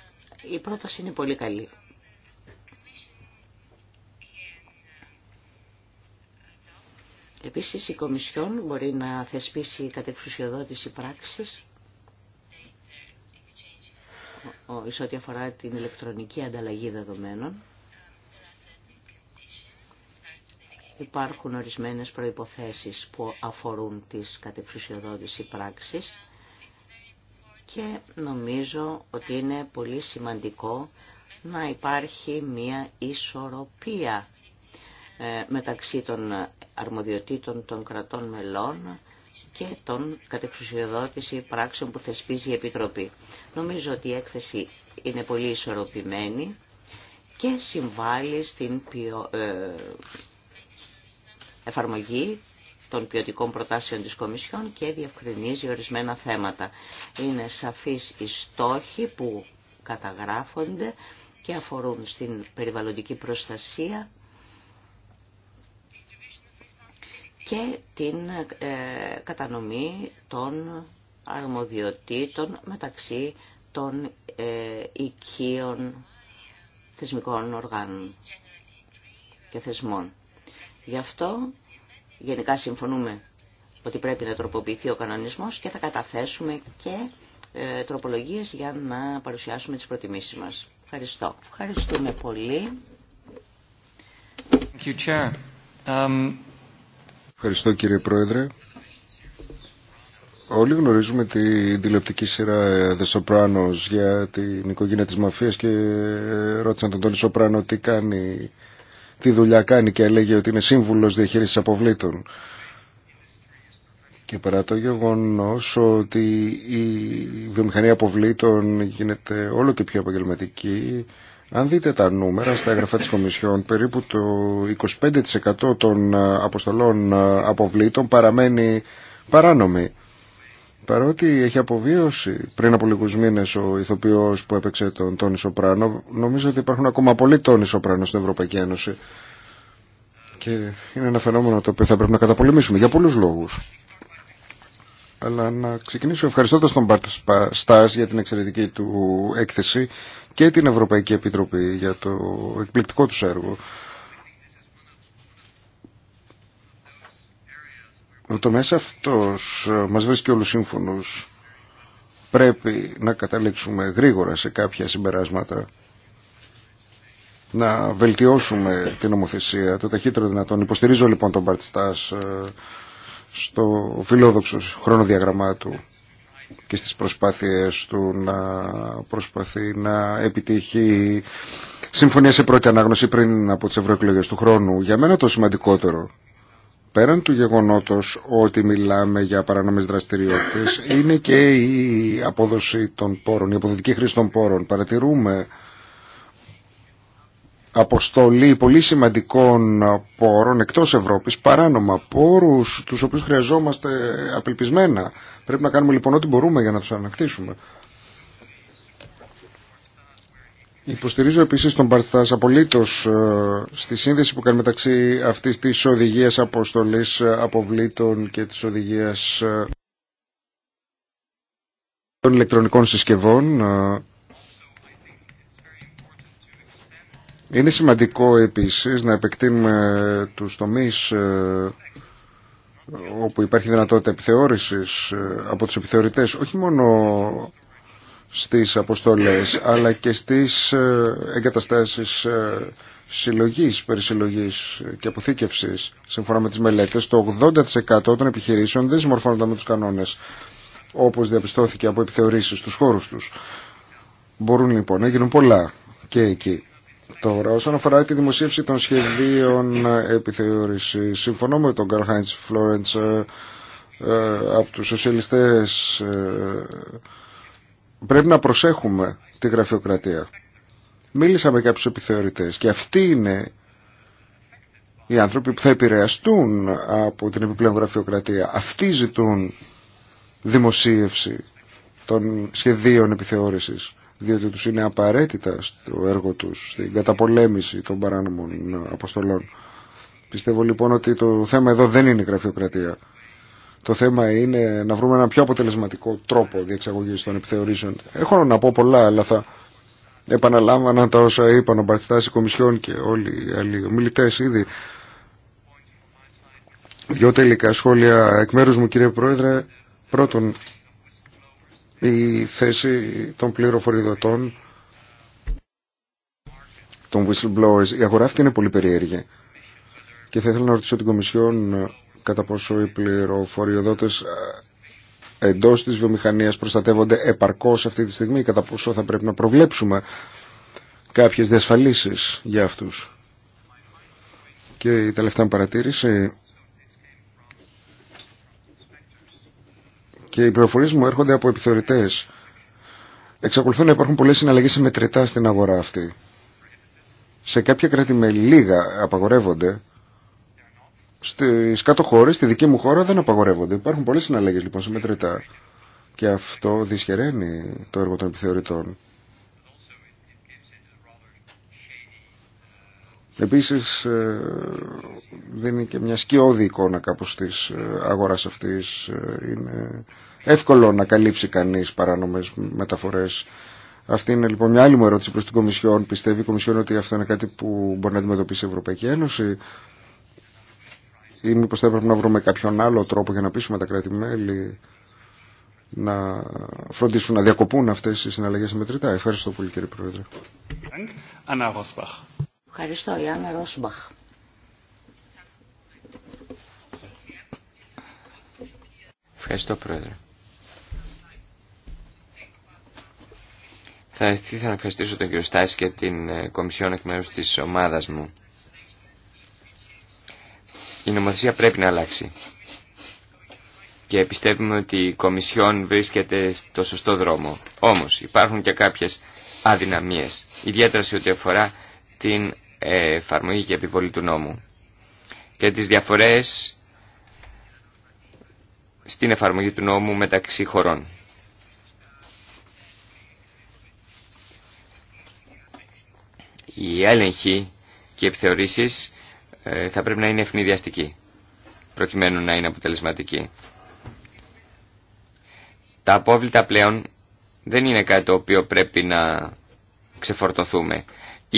η πρόταση είναι πολύ καλή. Επίσης η Κομισιόν μπορεί να θεσπίσει κατεξουσιοδότηση πράξης σε ό,τι αφορά την ηλεκτρονική ανταλλαγή δεδομένων. Υπάρχουν ορισμένες προϋποθέσεις που αφορούν τις κατεξουσιοδότηση πράξεις και νομίζω ότι είναι πολύ σημαντικό να υπάρχει μία ισορροπία ε, μεταξύ των αρμοδιοτήτων των κρατών μελών και των κατεξουσιοδότηση πράξεων που θεσπίζει η Επιτροπή. Νομίζω ότι η έκθεση είναι πολύ ισορροπημένη και συμβάλλει στην ποιο... Ε, εφαρμογή των ποιοτικών προτάσεων της Κομισιόν και διευκρινίζει ορισμένα θέματα. Είναι σαφείς οι στόχοι που καταγράφονται και αφορούν στην περιβαλλοντική προστασία, και την ε, κατανομή των αρμοδιοτήτων μεταξύ των ε, οικείων θεσμικών οργάνων και θεσμών. Γι' αυτό γενικά συμφωνούμε ότι πρέπει να τροποποιηθεί ο κανονισμός και θα καταθέσουμε και ε, τροπολογίες για να παρουσιάσουμε τις προτιμήσεις μας. Ευχαριστώ. Ευχαριστούμε πολύ. Thank um, Ευχαριστώ κύριε Πρόεδρε. Όλοι γνωρίζουμε την τηλεοπτική σειρά ε, The Sopranos για την οικογένεια της μαφίας και ε, ρώτησαν τον Τόνι Σοπράνο τι κάνει, τι δουλειά κάνει και έλεγε ότι είναι σύμβουλος διαχείρισης αποβλήτων. Και παρά το γεγονό ότι η βιομηχανία αποβλήτων γίνεται όλο και πιο επαγγελματική, αν δείτε τα νούμερα στα έγγραφα της Κομισιόν, περίπου το 25% των ε, αποστολών ε, αποβλήτων παραμένει παράνομη. Παρότι έχει αποβίωσει πριν από λίγου μήνε ο ηθοποιό που έπαιξε τον Τόνι Σοπράνο, νομίζω ότι υπάρχουν ακόμα πολλοί Τόνι Σοπράνο στην Ευρωπαϊκή Ένωση. Και είναι ένα φαινόμενο το οποίο θα πρέπει να καταπολεμήσουμε για πολλού λόγου αλλά να ξεκινήσω ευχαριστώντας τον Μπάρτ Στάς για την εξαιρετική του έκθεση και την Ευρωπαϊκή Επιτροπή για το εκπληκτικό του έργο. Το τομέας αυτός ε, μας βρίσκει όλους σύμφωνους. Πρέπει να καταλήξουμε γρήγορα σε κάποια συμπεράσματα να βελτιώσουμε την νομοθεσία το ταχύτερο δυνατόν. Υποστηρίζω λοιπόν τον Μπαρτιστάς ε, στο φιλόδοξο χρόνο του και στις προσπάθειες του να προσπαθεί να επιτύχει συμφωνία σε πρώτη ανάγνωση πριν από τις ευρωεκλογέ του χρόνου. Για μένα το σημαντικότερο, πέραν του γεγονότος ότι μιλάμε για παράνομες δραστηριότητες, είναι και η απόδοση των πόρων, η αποδοτική χρήση των πόρων. Παρατηρούμε αποστολή πολύ σημαντικών πόρων εκτός Ευρώπης, παράνομα πόρους τους οποίους χρειαζόμαστε απελπισμένα. Πρέπει να κάνουμε λοιπόν ό,τι μπορούμε για να τους ανακτήσουμε. Υποστηρίζω επίσης τον Παρθάς απολύτως ε, στη σύνδεση που κάνει μεταξύ αυτής της οδηγίας αποστολής ε, αποβλήτων και της οδηγίας ε, των ηλεκτρονικών συσκευών Είναι σημαντικό επίσης να επεκτείνουμε τους τομείς ε, όπου υπάρχει δυνατότητα επιθεώρησης ε, από τους επιθεωρητές, όχι μόνο στις αποστολές, αλλά και στις ε, εγκαταστάσεις συλλογής, περισυλλογής και αποθήκευσης. Σύμφωνα με τις μελέτες, το 80% των επιχειρήσεων δεν συμμορφώνονταν με τους κανόνες, όπως διαπιστώθηκε από επιθεωρήσεις στους χώρους τους. Μπορούν λοιπόν να γίνουν πολλά και εκεί. Τώρα, όσον αφορά τη δημοσίευση των σχεδίων επιθεώρηση. συμφωνώ με τον Καρλ Χάιντς Φλόρεντς ε, ε, από τους σοσιαλιστές. Ε, πρέπει να προσέχουμε τη γραφειοκρατία. Μίλησα με κάποιους επιθεωρητές και αυτοί είναι οι άνθρωποι που θα επηρεαστούν από την επιπλέον γραφειοκρατία. Αυτοί ζητούν δημοσίευση των σχεδίων επιθεώρησης διότι τους είναι απαραίτητα στο έργο τους, στην καταπολέμηση των παράνομων αποστολών. Πιστεύω λοιπόν ότι το θέμα εδώ δεν είναι η γραφειοκρατία. Το θέμα είναι να βρούμε έναν πιο αποτελεσματικό τρόπο διεξαγωγής των επιθεωρήσεων. Έχω να πω πολλά, αλλά θα επαναλάμβανα τα όσα είπαν ο Μπαρτιστάς, η Κομισιόν και όλοι οι άλλοι ομιλητέ ήδη. Δυο τελικά σχόλια εκ μέρους μου κύριε Πρόεδρε. Πρώτον, η θέση των πληροφοριδοτών, των whistleblowers. Η αγορά αυτή είναι πολύ περίεργη. Και θα ήθελα να ρωτήσω την Κομισιόν ε, κατά πόσο οι πληροφοριοδότες ε, εντός της βιομηχανίας προστατεύονται επαρκώς αυτή τη στιγμή κατά πόσο θα πρέπει να προβλέψουμε κάποιες διασφαλίσεις για αυτούς. Και η τελευταία παρατήρηση και οι πληροφορίε μου έρχονται από επιθεωρητέ. Εξακολουθούν να υπάρχουν πολλέ συναλλαγέ σε μετρητά στην αγορά αυτή. Σε κάποια με λίγα απαγορεύονται. Στι κάτω χώρε, στη δική μου χώρα δεν απαγορεύονται. Υπάρχουν πολλέ συναλλαγέ λοιπόν σε μετρητά. Και αυτό δυσχεραίνει το έργο των επιθεωρητών. Επίσης ε, δίνει και μια σκιώδη εικόνα κάπως της ε, αγοράς αυτής. Ε, είναι εύκολο να καλύψει κανείς παράνομες μεταφορές. Αυτή είναι λοιπόν μια άλλη μου ερώτηση προς την Κομισιόν. Πιστεύει η Κομισιόν ότι αυτό είναι κάτι που μπορεί να αντιμετωπίσει η Ευρωπαϊκή Ένωση ή μήπως θα έπρεπε να βρούμε κάποιον άλλο τρόπο για να πείσουμε τα κράτη-μέλη να φροντίσουν να διακοπούν αυτές οι συναλλαγές μετρητά. Ευχαριστώ πολύ κύριε Πρόεδρε. Ευχαριστώ, Ιάννα Ρόσμπαχ. Ευχαριστώ, Πρόεδρε. Θα ήθελα να ευχαριστήσω τον κύριο Στάση και την ε, Κομισιόν εκ μέρους της ομάδας μου. Η νομοθεσία πρέπει να αλλάξει. Και πιστεύουμε ότι η Κομισιόν βρίσκεται στο σωστό δρόμο. Όμως υπάρχουν και κάποιες αδυναμίες, ιδιαίτερα σε ό,τι αφορά την εφαρμογή και επιβολή του νόμου και τις διαφορές στην εφαρμογή του νόμου μεταξύ χωρών. Η έλεγχοι και οι επιθεωρήσεις ε, θα πρέπει να είναι ευνηδιαστικοί, προκειμένου να είναι αποτελεσματικοί. Τα απόβλητα πλέον δεν είναι κάτι το οποίο πρέπει να ξεφορτωθούμε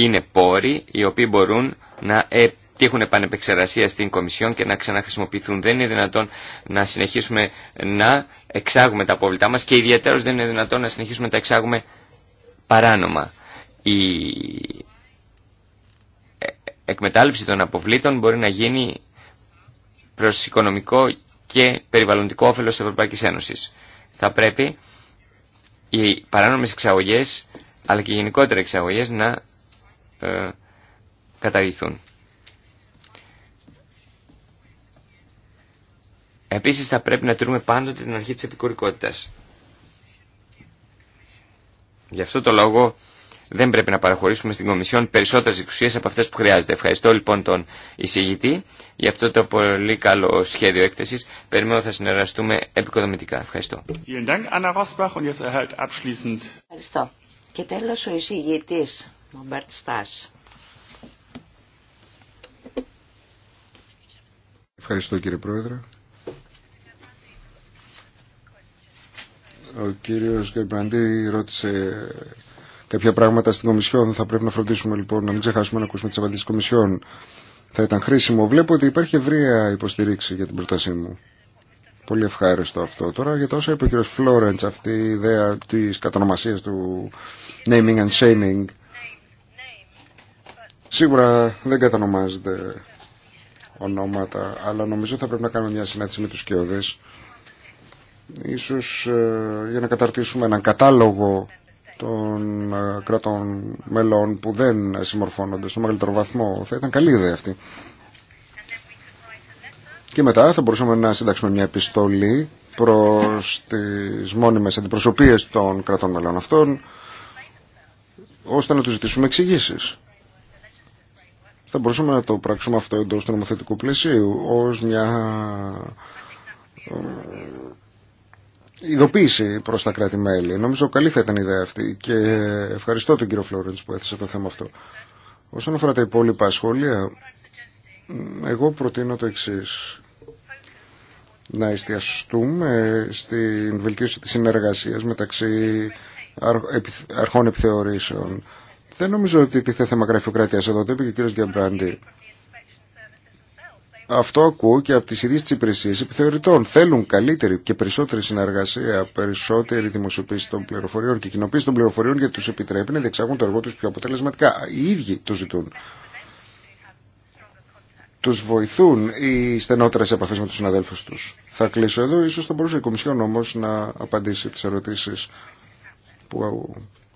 είναι πόροι οι οποίοι μπορούν να ε, τύχουν επανεπεξεργασία στην Κομισιόν και να ξαναχρησιμοποιηθούν. Δεν είναι δυνατόν να συνεχίσουμε να εξάγουμε τα απόβλητά μας και ιδιαίτερως δεν είναι δυνατόν να συνεχίσουμε να τα εξάγουμε παράνομα. Η ε, εκμετάλλευση των αποβλήτων μπορεί να γίνει προς οικονομικό και περιβαλλοντικό όφελος της Ευρωπαϊκής Ένωσης. Θα πρέπει οι παράνομες εξαγωγές αλλά και οι γενικότερα εξαγωγές να ε, καταργηθούν. Επίσης θα πρέπει να τηρούμε πάντοτε την αρχή της επικουρικότητας. Γι' αυτό το λόγο δεν πρέπει να παραχωρήσουμε στην Κομισιόν περισσότερες εξουσίες από αυτές που χρειάζεται. Ευχαριστώ λοιπόν τον εισηγητή για αυτό το πολύ καλό σχέδιο έκθεσης. Περιμένω θα συνεργαστούμε επικοδομητικά. Ευχαριστώ. Ευχαριστώ. Και τέλος ο εισηγητής Ευχαριστώ κύριε Πρόεδρε. Ο κύριος Γκαϊμπαντή ρώτησε κάποια πράγματα στην Κομισιόν. Θα πρέπει να φροντίσουμε λοιπόν να μην ξεχάσουμε να ακούσουμε τις απαντήσεις της Κομισιόν. Θα ήταν χρήσιμο. Βλέπω ότι υπάρχει ευρεία υποστηρίξη για την πρότασή μου. Πολύ ευχάριστο αυτό. Τώρα για τα είπε ο κύριος Φλόρεντς, αυτή η ιδέα της κατονομασίας του naming and shaming. Σίγουρα δεν κατανομάζεται ονόματα, αλλά νομίζω θα πρέπει να κάνουμε μια συνάντηση με τους Κιώδες ίσως ε, για να καταρτήσουμε έναν κατάλογο των ε, κρατών μελών που δεν συμμορφώνονται στο μεγαλύτερο βαθμό. Θα ήταν καλή ιδέα αυτή. Και μετά θα μπορούσαμε να συντάξουμε μια επιστολή προς τις μόνιμες αντιπροσωπίες των κρατών μελών αυτών, ώστε να τους ζητήσουμε εξηγήσει θα μπορούσαμε να το πράξουμε αυτό εντός του νομοθετικού πλαισίου ως μια ε, ειδοποίηση προς τα κράτη-μέλη. Νομίζω καλή θα ήταν η ιδέα αυτή και ευχαριστώ τον κύριο Φλόρεντς που έθεσε το θέμα αυτό. Όσον αφορά τα υπόλοιπα σχόλια, εγώ προτείνω το εξή Να εστιαστούμε στην βελτίωση της συνεργασίας μεταξύ αρχών επιθεωρήσεων δεν νομίζω ότι τίθε θέμα γραφειοκρατία εδώ, το είπε και ο κύριο Γκεμπράντη. Αυτό ακούω και από τι ίδιε τη υπηρεσία επιθεωρητών. Θέλουν καλύτερη και περισσότερη συνεργασία, περισσότερη δημοσιοποίηση των πληροφοριών και κοινοποίηση των πληροφοριών γιατί του επιτρέπει να διεξάγουν το έργο του πιο αποτελεσματικά. Οι ίδιοι το ζητούν. Του βοηθούν οι στενότερε επαφέ με του συναδέλφου του. Θα κλείσω εδώ. σω θα μπορούσε η Κομισιόν όμω να απαντήσει τι ερωτήσει που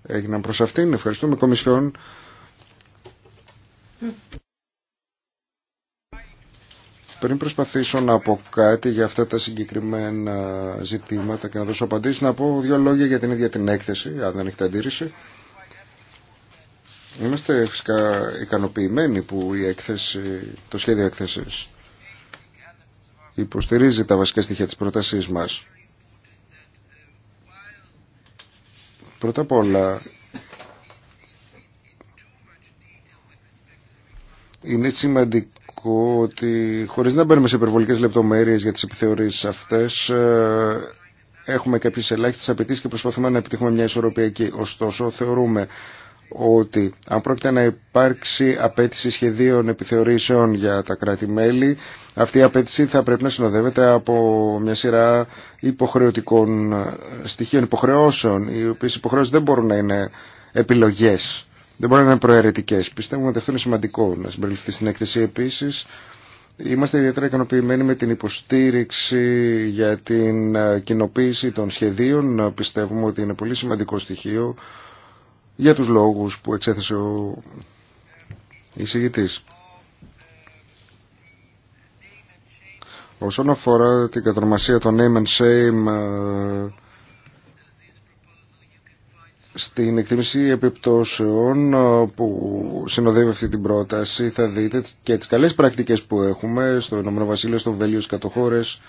έγιναν προς αυτήν. Ευχαριστούμε Κομισιόν. Πριν προσπαθήσω να πω κάτι για αυτά τα συγκεκριμένα ζητήματα και να δώσω απαντήσεις, να πω δύο λόγια για την ίδια την έκθεση, αν δεν έχετε αντίρρηση. Είμαστε φυσικά ικανοποιημένοι που η έκθεση, το σχέδιο έκθεσης υποστηρίζει τα βασικά στοιχεία της πρότασής μας. Πρώτα απ' όλα, είναι σημαντικό ότι χωρίς να μπαίνουμε σε υπερβολικές λεπτομέρειες για τις επιθεωρήσεις αυτές, ε, έχουμε κάποιες ελάχιστες απαιτήσεις και προσπαθούμε να επιτύχουμε μια ισορροπία Ωστόσο, θεωρούμε ότι αν πρόκειται να υπάρξει απέτηση σχεδίων επιθεωρήσεων για τα κράτη-μέλη, αυτή η απέτηση θα πρέπει να συνοδεύεται από μια σειρά υποχρεωτικών ε, στοιχείων, υποχρεώσεων, οι οποίες υποχρεώσεις δεν μπορούν να είναι επιλογές, δεν μπορούν να είναι προαιρετικές. Πιστεύουμε ότι αυτό είναι σημαντικό να συμπεριληφθεί στην έκθεση επίσης. Είμαστε ιδιαίτερα ικανοποιημένοι με την υποστήριξη για την ε, κοινοποίηση των σχεδίων. Πιστεύουμε ότι είναι πολύ σημαντικό στοιχείο για τους λόγους που εξέθεσε ο εισηγητής. Όσον αφορά την κατονομασία των name and shame ε, στην εκτίμηση επιπτώσεων ε, που συνοδεύει αυτή την πρόταση θα δείτε και τις καλές πρακτικές που έχουμε στο Ηνωμένο Βασίλειο, στο Βέλιο, στις κατοχώρες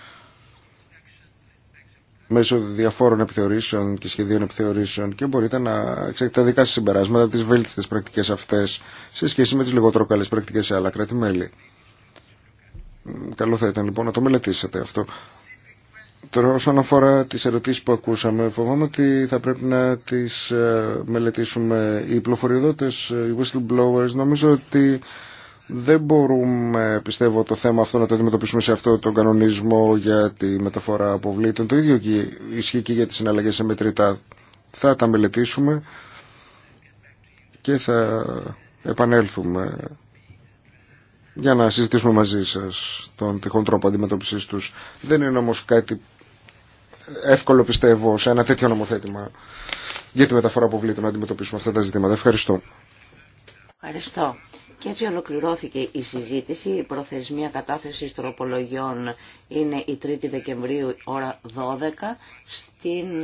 μέσω διαφόρων επιθεωρήσεων και σχεδίων επιθεωρήσεων και μπορείτε να εξέχετε τα δικά σας συμπεράσματα από τις βέλτιστες πρακτικές αυτές σε σχέση με τις λιγότερο καλές πρακτικές σε άλλα κράτη-μέλη. Καλό θα ήταν λοιπόν να το μελετήσετε αυτό. Τώρα όσον αφορά τις ερωτήσεις που ακούσαμε, φοβάμαι ότι θα πρέπει να τις ε, μελετήσουμε οι πληροφοριοδότες, ε, οι whistleblowers. Νομίζω ότι δεν μπορούμε, πιστεύω, το θέμα αυτό να το αντιμετωπίσουμε σε αυτό τον κανονισμό για τη μεταφορά αποβλήτων. Το ίδιο και ισχύει και για τις συναλλαγές σε μετρητά. Θα τα μελετήσουμε και θα επανέλθουμε για να συζητήσουμε μαζί σας τον τυχόν τρόπο αντιμετώπισης τους. Δεν είναι όμως κάτι εύκολο πιστεύω σε ένα τέτοιο νομοθέτημα για τη μεταφορά αποβλήτων να αντιμετωπίσουμε αυτά τα ζητήματα. Ευχαριστώ. Ευχαριστώ. Και έτσι ολοκληρώθηκε η συζήτηση. Η προθεσμία κατάθεσης τροπολογιών είναι η 3η Δεκεμβρίου ώρα 12. Στην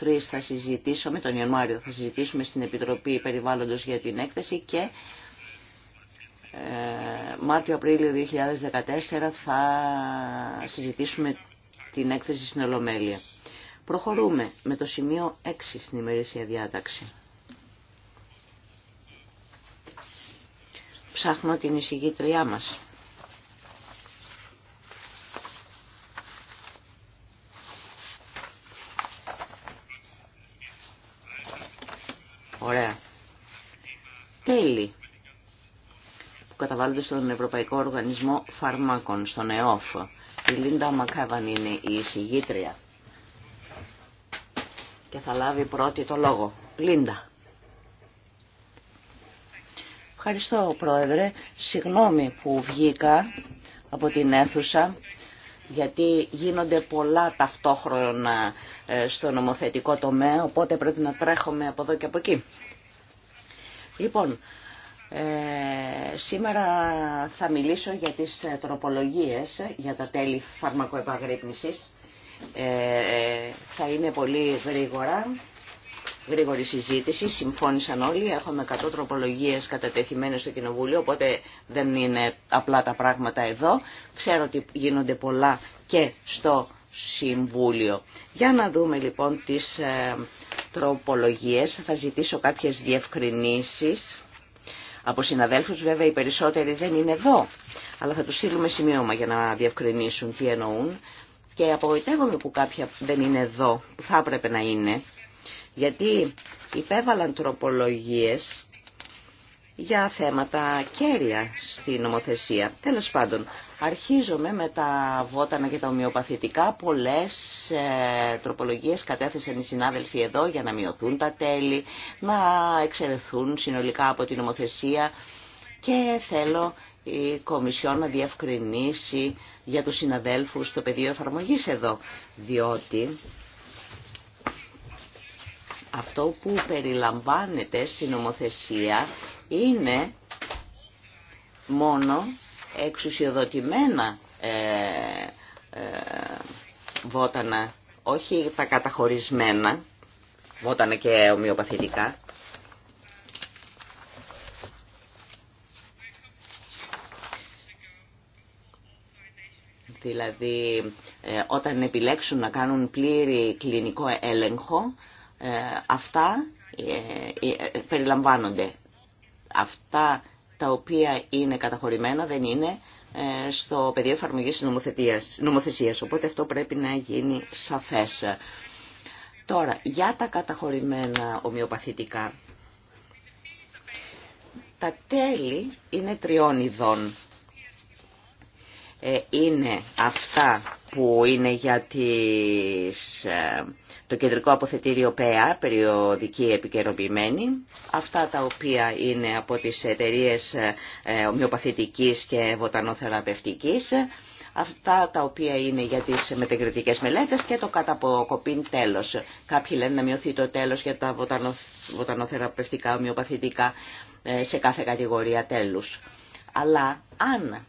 22-23 θα συζητήσουμε, τον Ιανουάριο θα συζητήσουμε στην Επιτροπή Περιβάλλοντος για την έκθεση και ε, Μάρτιο-Απρίλιο 2014 θα συζητήσουμε την έκθεση στην Ολομέλεια. Προχωρούμε με το σημείο 6 στην ημερήσια διάταξη. Ψάχνω την εισηγήτριά μας. Ωραία. Τέλη που καταβάλλονται στον Ευρωπαϊκό Οργανισμό Φαρμάκων, στον ΕΟΦ. Η Λίντα Μακάβαν είναι η εισηγήτρια και θα λάβει πρώτη το λόγο. Λίντα. Ευχαριστώ Πρόεδρε. Συγγνώμη που βγήκα από την αίθουσα γιατί γίνονται πολλά ταυτόχρονα ε, στο νομοθετικό τομέα οπότε πρέπει να τρέχουμε από εδώ και από εκεί. Λοιπόν, ε, σήμερα θα μιλήσω για τις ε, τροπολογίες για τα τέλη φαρμακοεπαγρύπνησης. θα είναι πολύ γρήγορα γρήγορη συζήτηση, συμφώνησαν όλοι, έχουμε 100 τροπολογίες κατατεθειμένες στο Κοινοβούλιο, οπότε δεν είναι απλά τα πράγματα εδώ. Ξέρω ότι γίνονται πολλά και στο Συμβούλιο. Για να δούμε λοιπόν τις ε, τροπολογίες, θα ζητήσω κάποιες διευκρινήσεις. Από συναδέλφους βέβαια οι περισσότεροι δεν είναι εδώ, αλλά θα τους στείλουμε σημείωμα για να διευκρινίσουν τι εννοούν. Και απογοητεύομαι που κάποια δεν είναι εδώ, που θα έπρεπε να είναι, γιατί υπέβαλαν τροπολογίες για θέματα κέρια στην νομοθεσία. Τέλος πάντων, αρχίζομαι με τα βότανα και τα ομοιοπαθητικά. Πολλές ε, τροπολογίες κατέθεσαν οι συνάδελφοι εδώ για να μειωθούν τα τέλη, να εξαιρεθούν συνολικά από την νομοθεσία και θέλω η Κομισιόν να διευκρινίσει για τους συναδέλφους το πεδίο εφαρμογής εδώ, διότι αυτό που περιλαμβάνεται στην ομοθέσια είναι μόνο εξουσιοδοτημένα ε, ε, βότανα, όχι τα καταχωρισμένα βότανα και ομοιοπαθητικά. Δηλαδή, ε, όταν επιλέξουν να κάνουν πλήρη κλινικό έλεγχο, ε, αυτά ε, ε, περιλαμβάνονται. Αυτά τα οποία είναι καταχωρημένα δεν είναι στο πεδίο εφαρμογής της νομοθεσίας, οπότε αυτό πρέπει να γίνει σαφές. Τώρα, για τα καταχωρημένα ομοιοπαθητικά, τα τέλη είναι τριών ειδών. Ε, είναι αυτά που είναι για τις, ε, το κεντρικό αποθετήριο ΠΕΑ, περιοδική επικαιροποιημένη, αυτά τα οποία είναι από τις εταιρείε ε, ομοιοπαθητικής και βοτανοθεραπευτικής, αυτά τα οποία είναι για τις μετεγκριτικές μελέτες και το καταποκοπήν τέλος. Κάποιοι λένε να μειωθεί το τέλος για τα βοτανοθεραπευτικά, ομοιοπαθητικά σε κάθε κατηγορία τέλους. Αλλά αν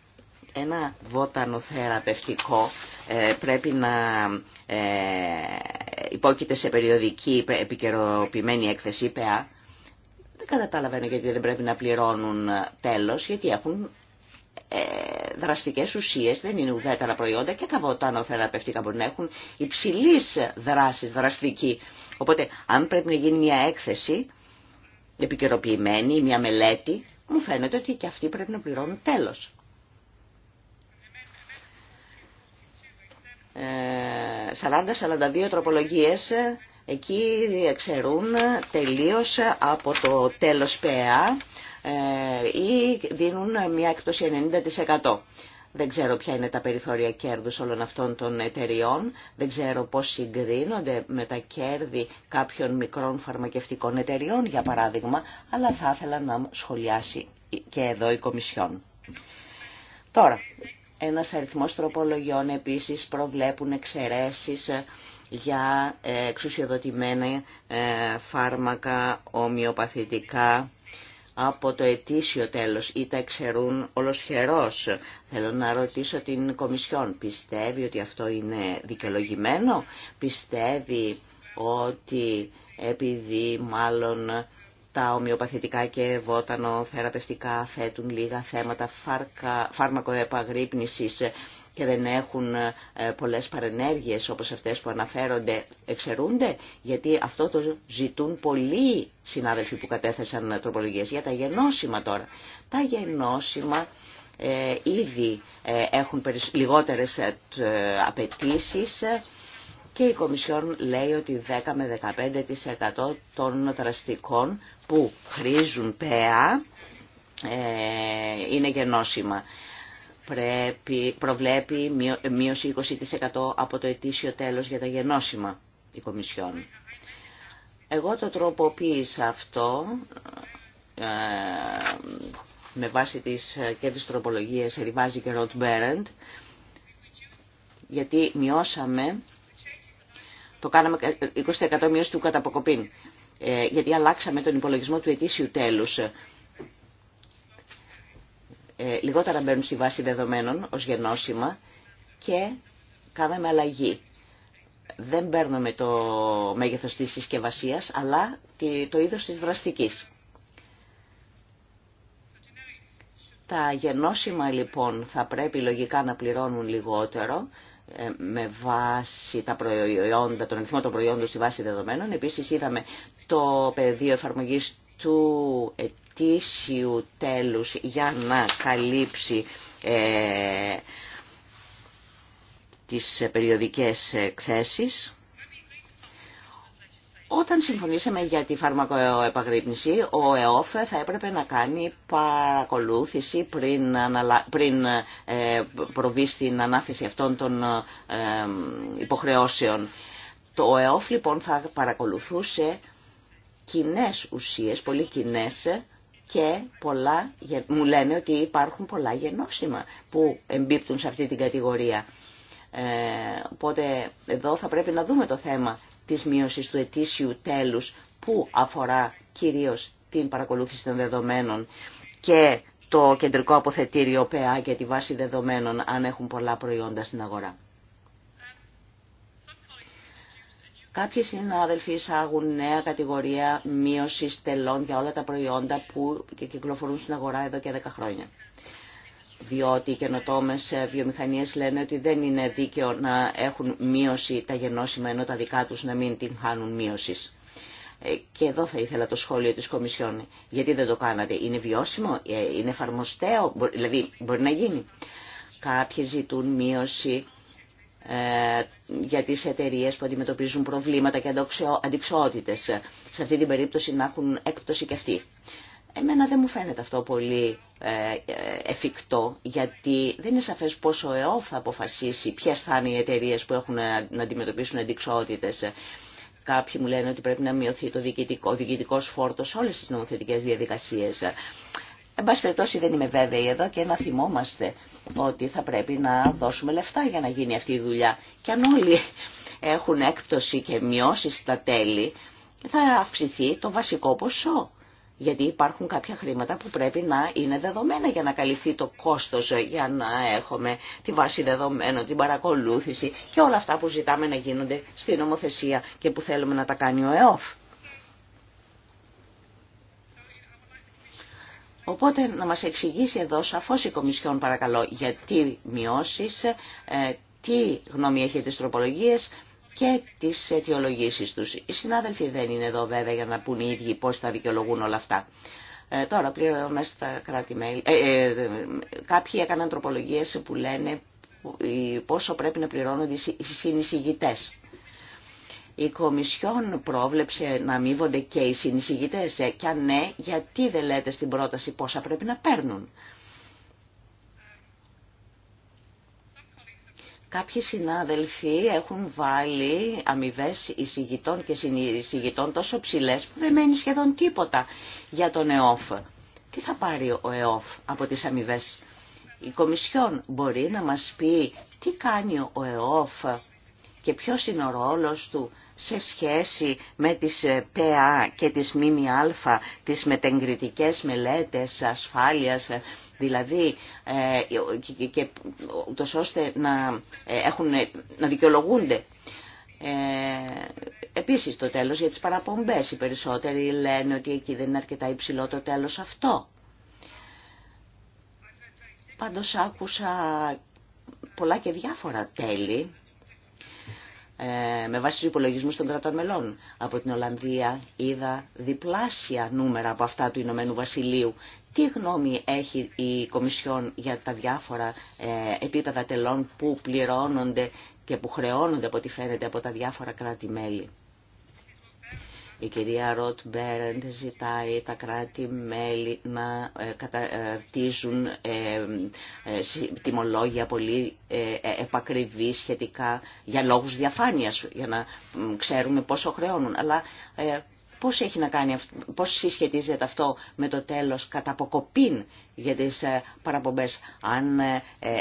ένα βότανο θεραπευτικό ε, πρέπει να ε, υπόκειται σε περιοδική επικαιροποιημένη έκθεση ΠΑ. Δεν καταλαβαίνω γιατί δεν πρέπει να πληρώνουν ε, τέλος, γιατί έχουν δραστικές ουσίες, δεν είναι ουδέτερα προϊόντα και τα βοτάνο θεραπευτικά μπορεί να έχουν υψηλής δράσης, δραστική. Οπότε αν πρέπει να γίνει μια έκθεση επικαιροποιημένη, μια μελέτη, μου φαίνεται ότι και αυτοί πρέπει να πληρώνουν τέλος. 40-42 ε, τροπολογίες ε, εκεί ξέρουν τελείως από το τέλος ΠΕΑ ε, ή δίνουν μια έκπτωση 90%. Δεν ξέρω ποια είναι τα περιθώρια κέρδους όλων αυτών των εταιριών, δεν ξέρω πώς συγκρίνονται με τα κέρδη κάποιων μικρών φαρμακευτικών εταιριών, για παράδειγμα, αλλά θα ήθελα να σχολιάσει και εδώ η Κομισιόν. Τώρα, ένας αριθμός τροπολογιών επίσης προβλέπουν εξαιρέσεις για ε, εξουσιοδοτημένα ε, φάρμακα ομοιοπαθητικά από το ετήσιο τέλος ή τα εξαιρούν ολοσχερός. Θέλω να ρωτήσω την Κομισιόν, πιστεύει ότι αυτό είναι δικαιολογημένο, πιστεύει ότι επειδή μάλλον τα ομοιοπαθητικά και βότανο-θεραπευτικά θέτουν λίγα θέματα φάρκα, φάρμακο επαγρύπνησης και δεν έχουν ε, πολλές παρενέργειες όπως αυτές που αναφέρονται εξαιρούνται, γιατί αυτό το ζητούν πολλοί συνάδελφοι που κατέθεσαν τροπολογίες για τα γενώσιμα τώρα. Τα γενώσιμα ε, ήδη ε, έχουν λιγότερες απαιτήσεις και η Κομισιόν λέει ότι 10 με 15% των δραστικών που χρήζουν ΠΕΑ ε, είναι γενώσιμα. Πρέπει, προβλέπει μείωση 20% από το ετήσιο τέλος για τα γενώσιμα η Κομισιόν. Εγώ το τροποποίησα αυτό ε, με βάση τις, ε, και τις τροπολογίες Ριβάζη και Ροτ Μπέρεντ, γιατί μειώσαμε το κάναμε ε, ε, 20% μείωση του καταποκοπήν, ε, γιατί αλλάξαμε τον υπολογισμό του ετήσιου τέλους. Λιγότερα μπαίνουν στη βάση δεδομένων ως γενώσιμα και κάναμε αλλαγή. Δεν παίρνουμε το μέγεθος της συσκευασία, αλλά το είδος της δραστικής. Τα γενώσιμα λοιπόν θα πρέπει λογικά να πληρώνουν λιγότερο, ε, με βάση τα προϊόντα, τον αριθμό των προϊόντων στη βάση δεδομένων. Επίσης είδαμε το πεδίο εφαρμογής του ετήσιου τέλους για να καλύψει ε, τις περιοδικές εκθέσεις. Όταν συμφωνήσαμε για τη φαρμακοεπαγρύπνηση, ο ΕΟΦ θα έπρεπε να κάνει παρακολούθηση πριν, πριν ε, προβεί στην ανάθεση αυτών των ε, υποχρεώσεων. Το ΕΟΦ λοιπόν θα παρακολουθούσε κοινέ ουσίες, πολύ κοινέ και πολλά, μου λένε ότι υπάρχουν πολλά γενώσιμα που εμπίπτουν σε αυτή την κατηγορία. Ε, οπότε εδώ θα πρέπει να δούμε το θέμα της μείωσης του ετήσιου τέλους που αφορά κυρίως την παρακολούθηση των δεδομένων και το κεντρικό αποθετήριο ΠΑ και τη βάση δεδομένων αν έχουν πολλά προϊόντα στην αγορά. Κάποιοι συνάδελφοι εισάγουν νέα κατηγορία μείωση τελών για όλα τα προϊόντα που κυκλοφορούν στην αγορά εδώ και 10 χρόνια διότι οι καινοτόμε ε, βιομηχανίες λένε ότι δεν είναι δίκαιο να έχουν μείωση τα γενώσιμα ενώ τα δικά του να μην την χάνουν μείωση. Ε, και εδώ θα ήθελα το σχόλιο της Κομισιόν. Γιατί δεν το κάνατε. Είναι βιώσιμο, ε, είναι εφαρμοστέο, δηλαδή μπορεί να γίνει. Κάποιοι ζητούν μείωση για τις εταιρείε που αντιμετωπίζουν προβλήματα και αντιξοότητες. Σε αυτή την περίπτωση να έχουν έκπτωση και αυτοί. Εμένα δεν μου φαίνεται αυτό πολύ ε, ε, εφικτό, γιατί δεν είναι σαφές πόσο ο θα αποφασίσει ποιε θα είναι οι εταιρείε που έχουν να αντιμετωπίσουν αντικσότητες. Ε, κάποιοι μου λένε ότι πρέπει να μειωθεί το διοικητικό, ο διοικητικός φόρτος σε όλες τις νομοθετικές διαδικασίες. Εν πάση περιπτώσει δεν είμαι βέβαιη εδώ και να θυμόμαστε ότι θα πρέπει να δώσουμε λεφτά για να γίνει αυτή η δουλειά. Και αν όλοι έχουν έκπτωση και μειώσει στα τέλη, θα αυξηθεί το βασικό ποσό γιατί υπάρχουν κάποια χρήματα που πρέπει να είναι δεδομένα για να καλυφθεί το κόστος, για να έχουμε τη βάση δεδομένων, την παρακολούθηση και όλα αυτά που ζητάμε να γίνονται στην νομοθεσία και που θέλουμε να τα κάνει ο ΕΟΦ. Οπότε να μας εξηγήσει εδώ σαφώς η Κομισιόν παρακαλώ γιατί μειώσεις, ε, τι γνώμη έχει τις τροπολογίες, και τις αιτιολογήσεις τους. Οι συνάδελφοι δεν είναι εδώ βέβαια για να πούν οι ίδιοι πώς θα δικαιολογούν όλα αυτά. Ε, τώρα πλέον στα κράτη-μέλη. Ε, ε, κάποιοι έκαναν τροπολογίες που λένε πόσο πρέπει να πληρώνονται οι συνεισηγητές. Η Κομισιόν πρόβλεψε να αμείβονται και οι συνεισηγητές. Ε, και αν ναι, γιατί δεν λέτε στην πρόταση πόσα πρέπει να παίρνουν. Κάποιοι συνάδελφοι έχουν βάλει αμοιβέ εισηγητών και συνεισηγητών τόσο ψηλέ που δεν μένει σχεδόν τίποτα για τον ΕΟΦ. Τι θα πάρει ο ΕΟΦ από τις αμοιβέ. Η Κομισιόν μπορεί να μας πει τι κάνει ο ΕΟΦ και ποιος είναι ο ρόλος του σε σχέση με τις ε, ΠΑ και τις ΜΜΑ, τις μετεγκριτικές μελέτες ασφάλειας, ε, δηλαδή ε, και, ούτως ώστε να, ε, έχουν, να δικαιολογούνται. επίσης το τέλος για τις παραπομπές οι περισσότεροι λένε ότι εκεί δεν είναι αρκετά υψηλό το τέλος αυτό. Πάντως άκουσα πολλά και διάφορα τέλη ε, με βάση του υπολογισμού των κρατών μελών. Από την Ολλανδία είδα διπλάσια νούμερα από αυτά του Ηνωμένου Βασιλείου. Τι γνώμη έχει η Κομισιόν για τα διάφορα ε, επίπεδα τελών που πληρώνονται και που χρεώνονται από ό,τι φαίνεται από τα διάφορα κράτη-μέλη. Η κυρία Ροτ Μπέρεντ ζητάει τα κράτη-μέλη να ε, καταρτίζουν ε, ε, τιμολόγια πολύ επακριβή σχετικά για λόγους διαφάνειας, για να ξέρουμε πόσο χρεώνουν. Αλλά πώς, έχει να κάνει, πώς συσχετίζεται αυτό με το τέλος κατά αποκοπήν για τις παραπομπές. Αν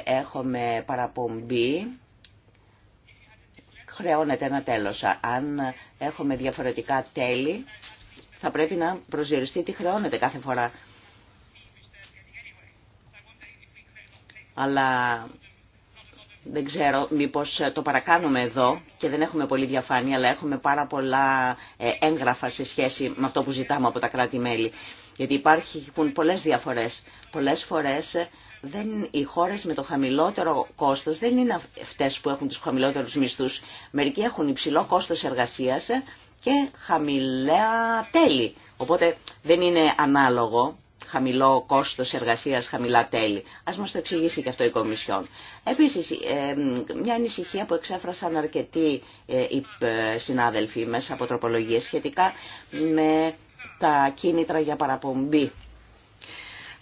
έχουμε παραπομπή χρεώνεται ένα τέλος. Αν έχουμε διαφορετικά τέλη, θα πρέπει να προσδιοριστεί τι χρεώνεται κάθε φορά. Αλλά δεν ξέρω, μήπως το παρακάνουμε εδώ και δεν έχουμε πολύ διαφάνεια, αλλά έχουμε πάρα πολλά ε, έγγραφα σε σχέση με αυτό που ζητάμε από τα κράτη-μέλη. Γιατί υπάρχουν πολλές διαφορές. Πολλές φορές δεν, οι χώρε με το χαμηλότερο κόστος δεν είναι αυτές που έχουν τους χαμηλότερους μισθούς. Μερικοί έχουν υψηλό κόστος εργασία και χαμηλά τέλη. Οπότε δεν είναι ανάλογο χαμηλό κόστος εργασίας, χαμηλά τέλη. Ας μας το εξηγήσει και αυτό η Κομισιόν. Επίσης, ε, μια ανησυχία που εξέφρασαν αρκετοί ε, ε, συνάδελφοι μέσα από τροπολογίε σχετικά με τα κίνητρα για παραπομπή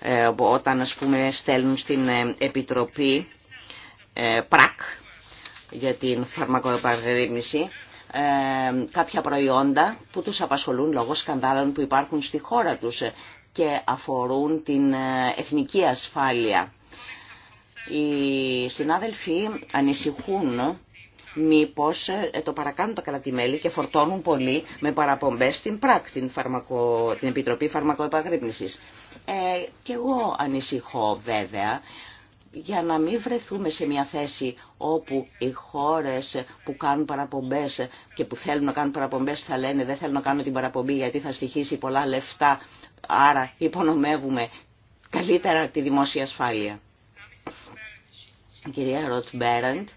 ε, όταν ας πούμε στέλνουν στην ε, Επιτροπή ε, ΠΡΑΚ για την ε, κάποια προϊόντα που τους απασχολούν λόγω σκανδάλων που υπάρχουν στη χώρα τους και αφορούν την εθνική ασφάλεια. Οι συνάδελφοι ανησυχούν Μήπω ε, ε, το παρακάνουν τα κρατημέλη και φορτώνουν πολύ με παραπομπές στην ΠΡΑΚ, την, φαρμακο... την Επιτροπή Φαρμακοεπαγρύπνηση. Ε, και εγώ ανησυχώ βέβαια για να μην βρεθούμε σε μια θέση όπου οι χώρες που κάνουν παραπομπές και που θέλουν να κάνουν παραπομπές θα λένε δεν θέλω να κάνω την παραπομπή γιατί θα στοιχήσει πολλά λεφτά, άρα υπονομεύουμε καλύτερα τη δημόσια ασφάλεια. Κυρία Ροτ Μπέραντ,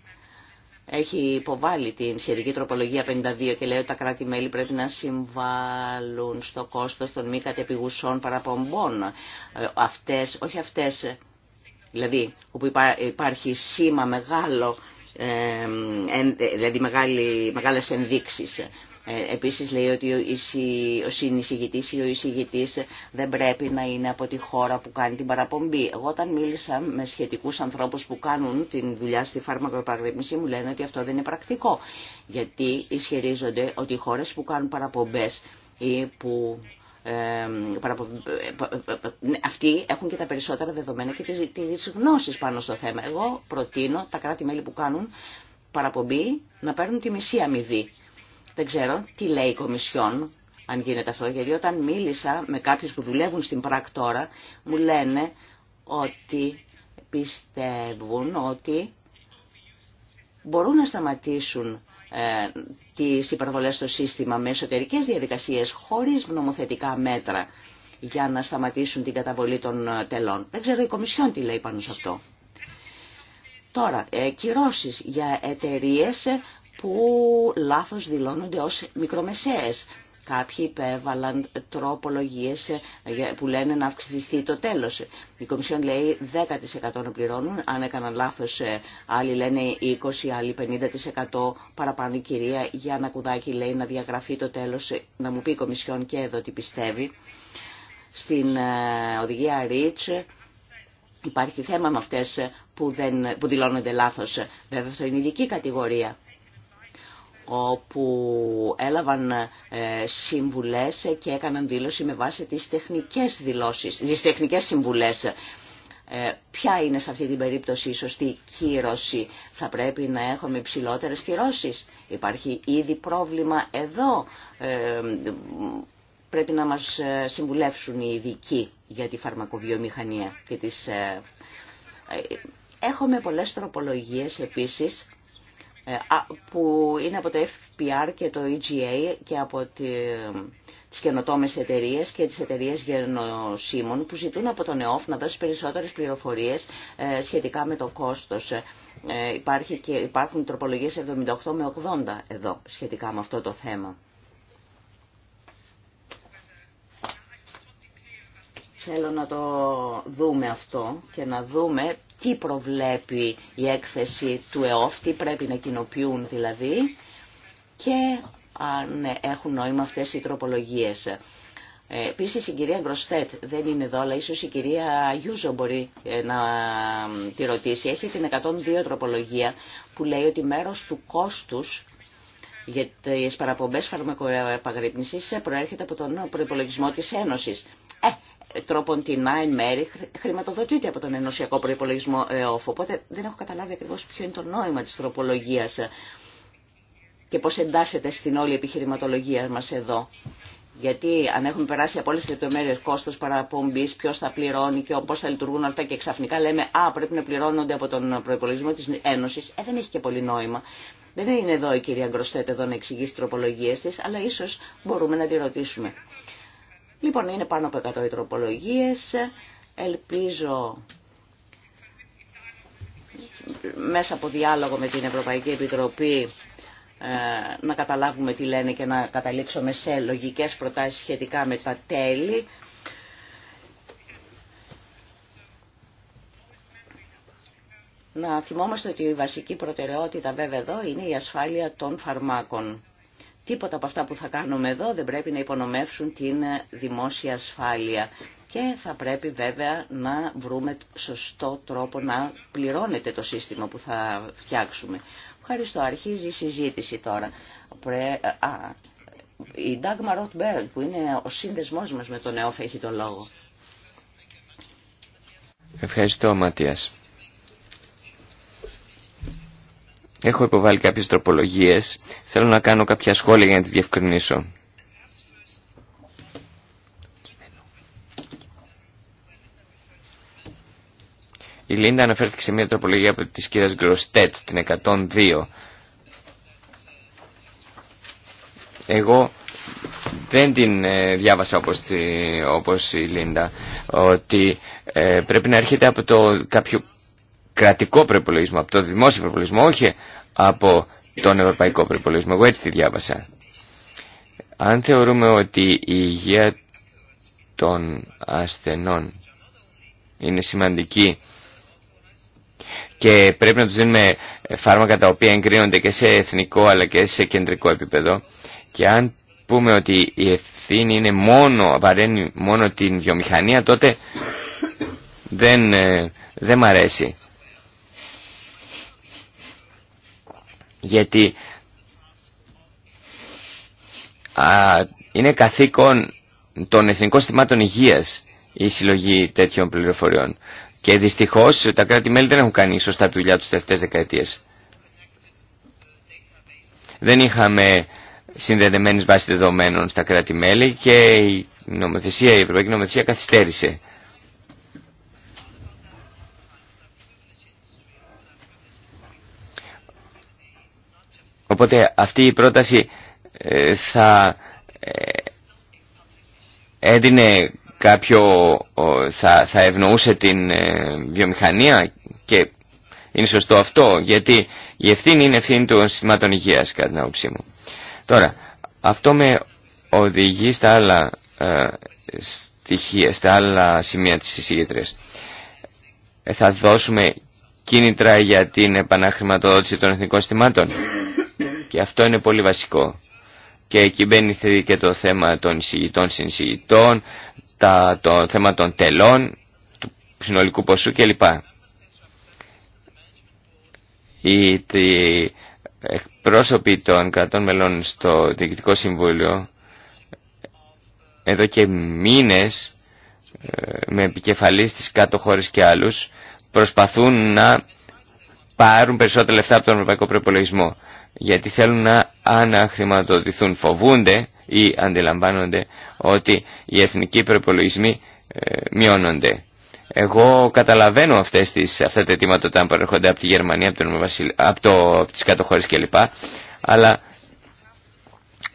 έχει υποβάλει την σχετική τροπολογία 52 και λέει ότι τα κράτη-μέλη πρέπει να συμβάλλουν στο κόστος των μη κατεπηγουσών παραπομπών. Ε, αυτές, όχι αυτές, ε, δηλαδή όπου υπάρχει σήμα μεγάλο, ε, δηλαδή μεγάλη, μεγάλες ε, επίσης λέει ότι ο συνεισηγητής ή ο εισηγητής δεν πρέπει να είναι από τη χώρα που κάνει την παραπομπή. Εγώ όταν μίλησα με σχετικούς ανθρώπους που κάνουν την δουλειά στη φαρμακοεπαγρύπνηση μου λένε ότι αυτό δεν είναι πρακτικό. Γιατί ισχυρίζονται ότι οι χώρες που κάνουν παραπομπές ή που... Ε, ε, αυτοί έχουν και τα περισσότερα δεδομένα και τις, τις γνώσεις πάνω στο θέμα. Εγώ προτείνω τα κράτη-μέλη που κάνουν παραπομπή να παίρνουν τη μισή αμοιβή δεν ξέρω τι λέει η Κομισιόν, αν γίνεται αυτό, γιατί όταν μίλησα με κάποιους που δουλεύουν στην ΠΡΑΚ μου λένε ότι πιστεύουν ότι μπορούν να σταματήσουν ε, τις υπερβολές στο σύστημα με εσωτερικέ διαδικασίες χωρίς νομοθετικά μέτρα για να σταματήσουν την καταβολή των ε, τελών. Δεν ξέρω η Κομισιόν τι λέει πάνω σε αυτό. Τώρα, ε, κυρώσεις για εταιρείες που λάθος δηλώνονται ως μικρομεσαίες. Κάποιοι υπέβαλαν τροπολογίες που λένε να αυξηθεί το τέλος. Η Κομισιόν λέει 10% να πληρώνουν, αν έκαναν λάθος ε, άλλοι λένε 20, άλλοι 50% παραπάνω η κυρία Γιάννα Κουδάκη λέει να διαγραφεί το τέλος, να μου πει η Κομισιόν και εδώ τι πιστεύει. Στην ε, οδηγία REACH υπάρχει θέμα με αυτές που, δεν, που δηλώνονται λάθος. Βέβαια αυτό είναι ειδική κατηγορία όπου έλαβαν ε, συμβουλές και έκαναν δήλωση με βάση τις τεχνικές δηλώσεις, τις τεχνικές συμβουλές. Ε, ποια είναι σε αυτή την περίπτωση η σωστή κύρωση. Θα πρέπει να έχουμε υψηλότερε κυρώσεις. Υπάρχει ήδη πρόβλημα εδώ. Ε, πρέπει να μας συμβουλεύσουν οι ειδικοί για τη φαρμακοβιομηχανία και τις Έχουμε πολλές τροπολογίες επίσης ε, που είναι από το FPR και το EGA και από τις καινοτόμες εταιρείες και τις εταιρείες γενοσύμων που ζητούν από τον ΕΟΦ να δώσει περισσότερες πληροφορίες ε, σχετικά με το κόστος. Ε, υπάρχει και, υπάρχουν τροπολογίες 78 με 80 εδώ σχετικά με αυτό το θέμα. Θέλω να το δούμε αυτό και να δούμε τι προβλέπει η έκθεση του ΕΟΦ, τι πρέπει να κοινοποιούν δηλαδή και αν ναι, έχουν νόημα αυτές οι τροπολογίες. Ε, επίσης η κυρία Γκροστέτ δεν είναι εδώ, αλλά ίσως η κυρία Γιούζο μπορεί ε, να τη ρωτήσει. Έχει την 102 τροπολογία που λέει ότι μέρος του κόστους για τις παραπομπές φαρμακοεπαγρύπνησης προέρχεται από τον προϋπολογισμό της Ένωσης. Ε, τρόπον την 9 μέρη χρηματοδοτείται από τον ενωσιακό προπολογισμό ΕΟΦ. Οπότε δεν έχω καταλάβει ακριβώ ποιο είναι το νόημα τη τροπολογία και πώ εντάσσεται στην όλη επιχειρηματολογία μα εδώ. Γιατί αν έχουμε περάσει από όλε τι λεπτομέρειε κόστο παραπομπή, ποιο θα πληρώνει και πώ θα λειτουργούν αυτά και ξαφνικά λέμε Α, πρέπει να πληρώνονται από τον προπολογισμό τη Ένωση, ε, δεν έχει και πολύ νόημα. Δεν είναι εδώ η κυρία Γκροστέτ εδώ να εξηγήσει τροπολογίε τη, αλλά ίσω μπορούμε να τη ρωτήσουμε. Λοιπόν, είναι πάνω από 100 οι τροπολογίες. Ελπίζω μέσα από διάλογο με την Ευρωπαϊκή Επιτροπή ε, να καταλάβουμε τι λένε και να καταλήξουμε σε λογικές προτάσεις σχετικά με τα τέλη. Να θυμόμαστε ότι η βασική προτεραιότητα βέβαια εδώ είναι η ασφάλεια των φαρμάκων. Τίποτα από αυτά που θα κάνουμε εδώ δεν πρέπει να υπονομεύσουν την δημόσια ασφάλεια. Και θα πρέπει βέβαια να βρούμε σωστό τρόπο να πληρώνεται το σύστημα που θα φτιάξουμε. Ευχαριστώ. Αρχίζει η συζήτηση τώρα. η Ντάγμα Ροτ που είναι ο σύνδεσμός μας με τον ΕΟΦ έχει τον λόγο. Ευχαριστώ Ματίας. Έχω υποβάλει κάποιες τροπολογίες. Θέλω να κάνω κάποια σχόλια για να τις διευκρινίσω. Η Λίντα αναφέρθηκε σε μια τροπολογία από τη κύρια Γκροστέτ, την 102. Εγώ δεν την ε, διάβασα όπως, τη, όπως η Λίντα, ότι ε, πρέπει να έρχεται από το κάποιο κρατικό προπολογισμό, από το δημόσιο προπολογισμό, όχι από τον ευρωπαϊκό προπολογισμό. Εγώ έτσι τη διάβασα. Αν θεωρούμε ότι η υγεία των ασθενών είναι σημαντική και πρέπει να τους δίνουμε φάρμακα τα οποία εγκρίνονται και σε εθνικό αλλά και σε κεντρικό επίπεδο και αν πούμε ότι η ευθύνη είναι μόνο, βαραίνει μόνο την βιομηχανία τότε δεν, ε, δεν μ' αρέσει. γιατί είναι καθήκον των εθνικών συστημάτων υγείας η συλλογή τέτοιων πληροφοριών. Και δυστυχώς τα κράτη-μέλη δεν έχουν κάνει σωστά τη δουλειά τους τελευταίες δεκαετίες. Δεν είχαμε συνδεδεμένες βάσεις δεδομένων στα κράτη-μέλη και η νομοθεσία, η Ευρωπαϊκή Νομοθεσία καθυστέρησε. Οπότε αυτή η πρόταση ε, θα ε, έδινε κάποιο, θα, θα ευνοούσε την ε, βιομηχανία και είναι σωστό αυτό γιατί η ευθύνη είναι ευθύνη των συστημάτων υγείας κατά την άποψή μου. Τώρα, αυτό με οδηγεί στα άλλα στοιχεία, στα άλλα σημεία της εισηγήτρες. θα δώσουμε κίνητρα για την επαναχρηματοδότηση των εθνικών συστημάτων. Και αυτό είναι πολύ βασικό. Και εκεί μπαίνει και το θέμα των εισηγητών συνεισηγητών, τα, το θέμα των τελών, του συνολικού ποσού κλπ. Οι, οι εκπρόσωποι των κρατών μελών στο Διοικητικό Συμβούλιο εδώ και μήνες ε, με επικεφαλής στις κάτω χώρες και άλλους προσπαθούν να πάρουν περισσότερα λεφτά από τον ευρωπαϊκό προπολογισμό γιατί θέλουν να αναχρηματοδοτηθούν. Φοβούνται ή αντιλαμβάνονται ότι οι εθνικοί προπολογισμοί ε, μειώνονται. Εγώ καταλαβαίνω αυτές τις, αυτά τα αιτήματα όταν προέρχονται από τη Γερμανία, από, τον Βασιλ, από, το, από τις κάτω κλπ. Αλλά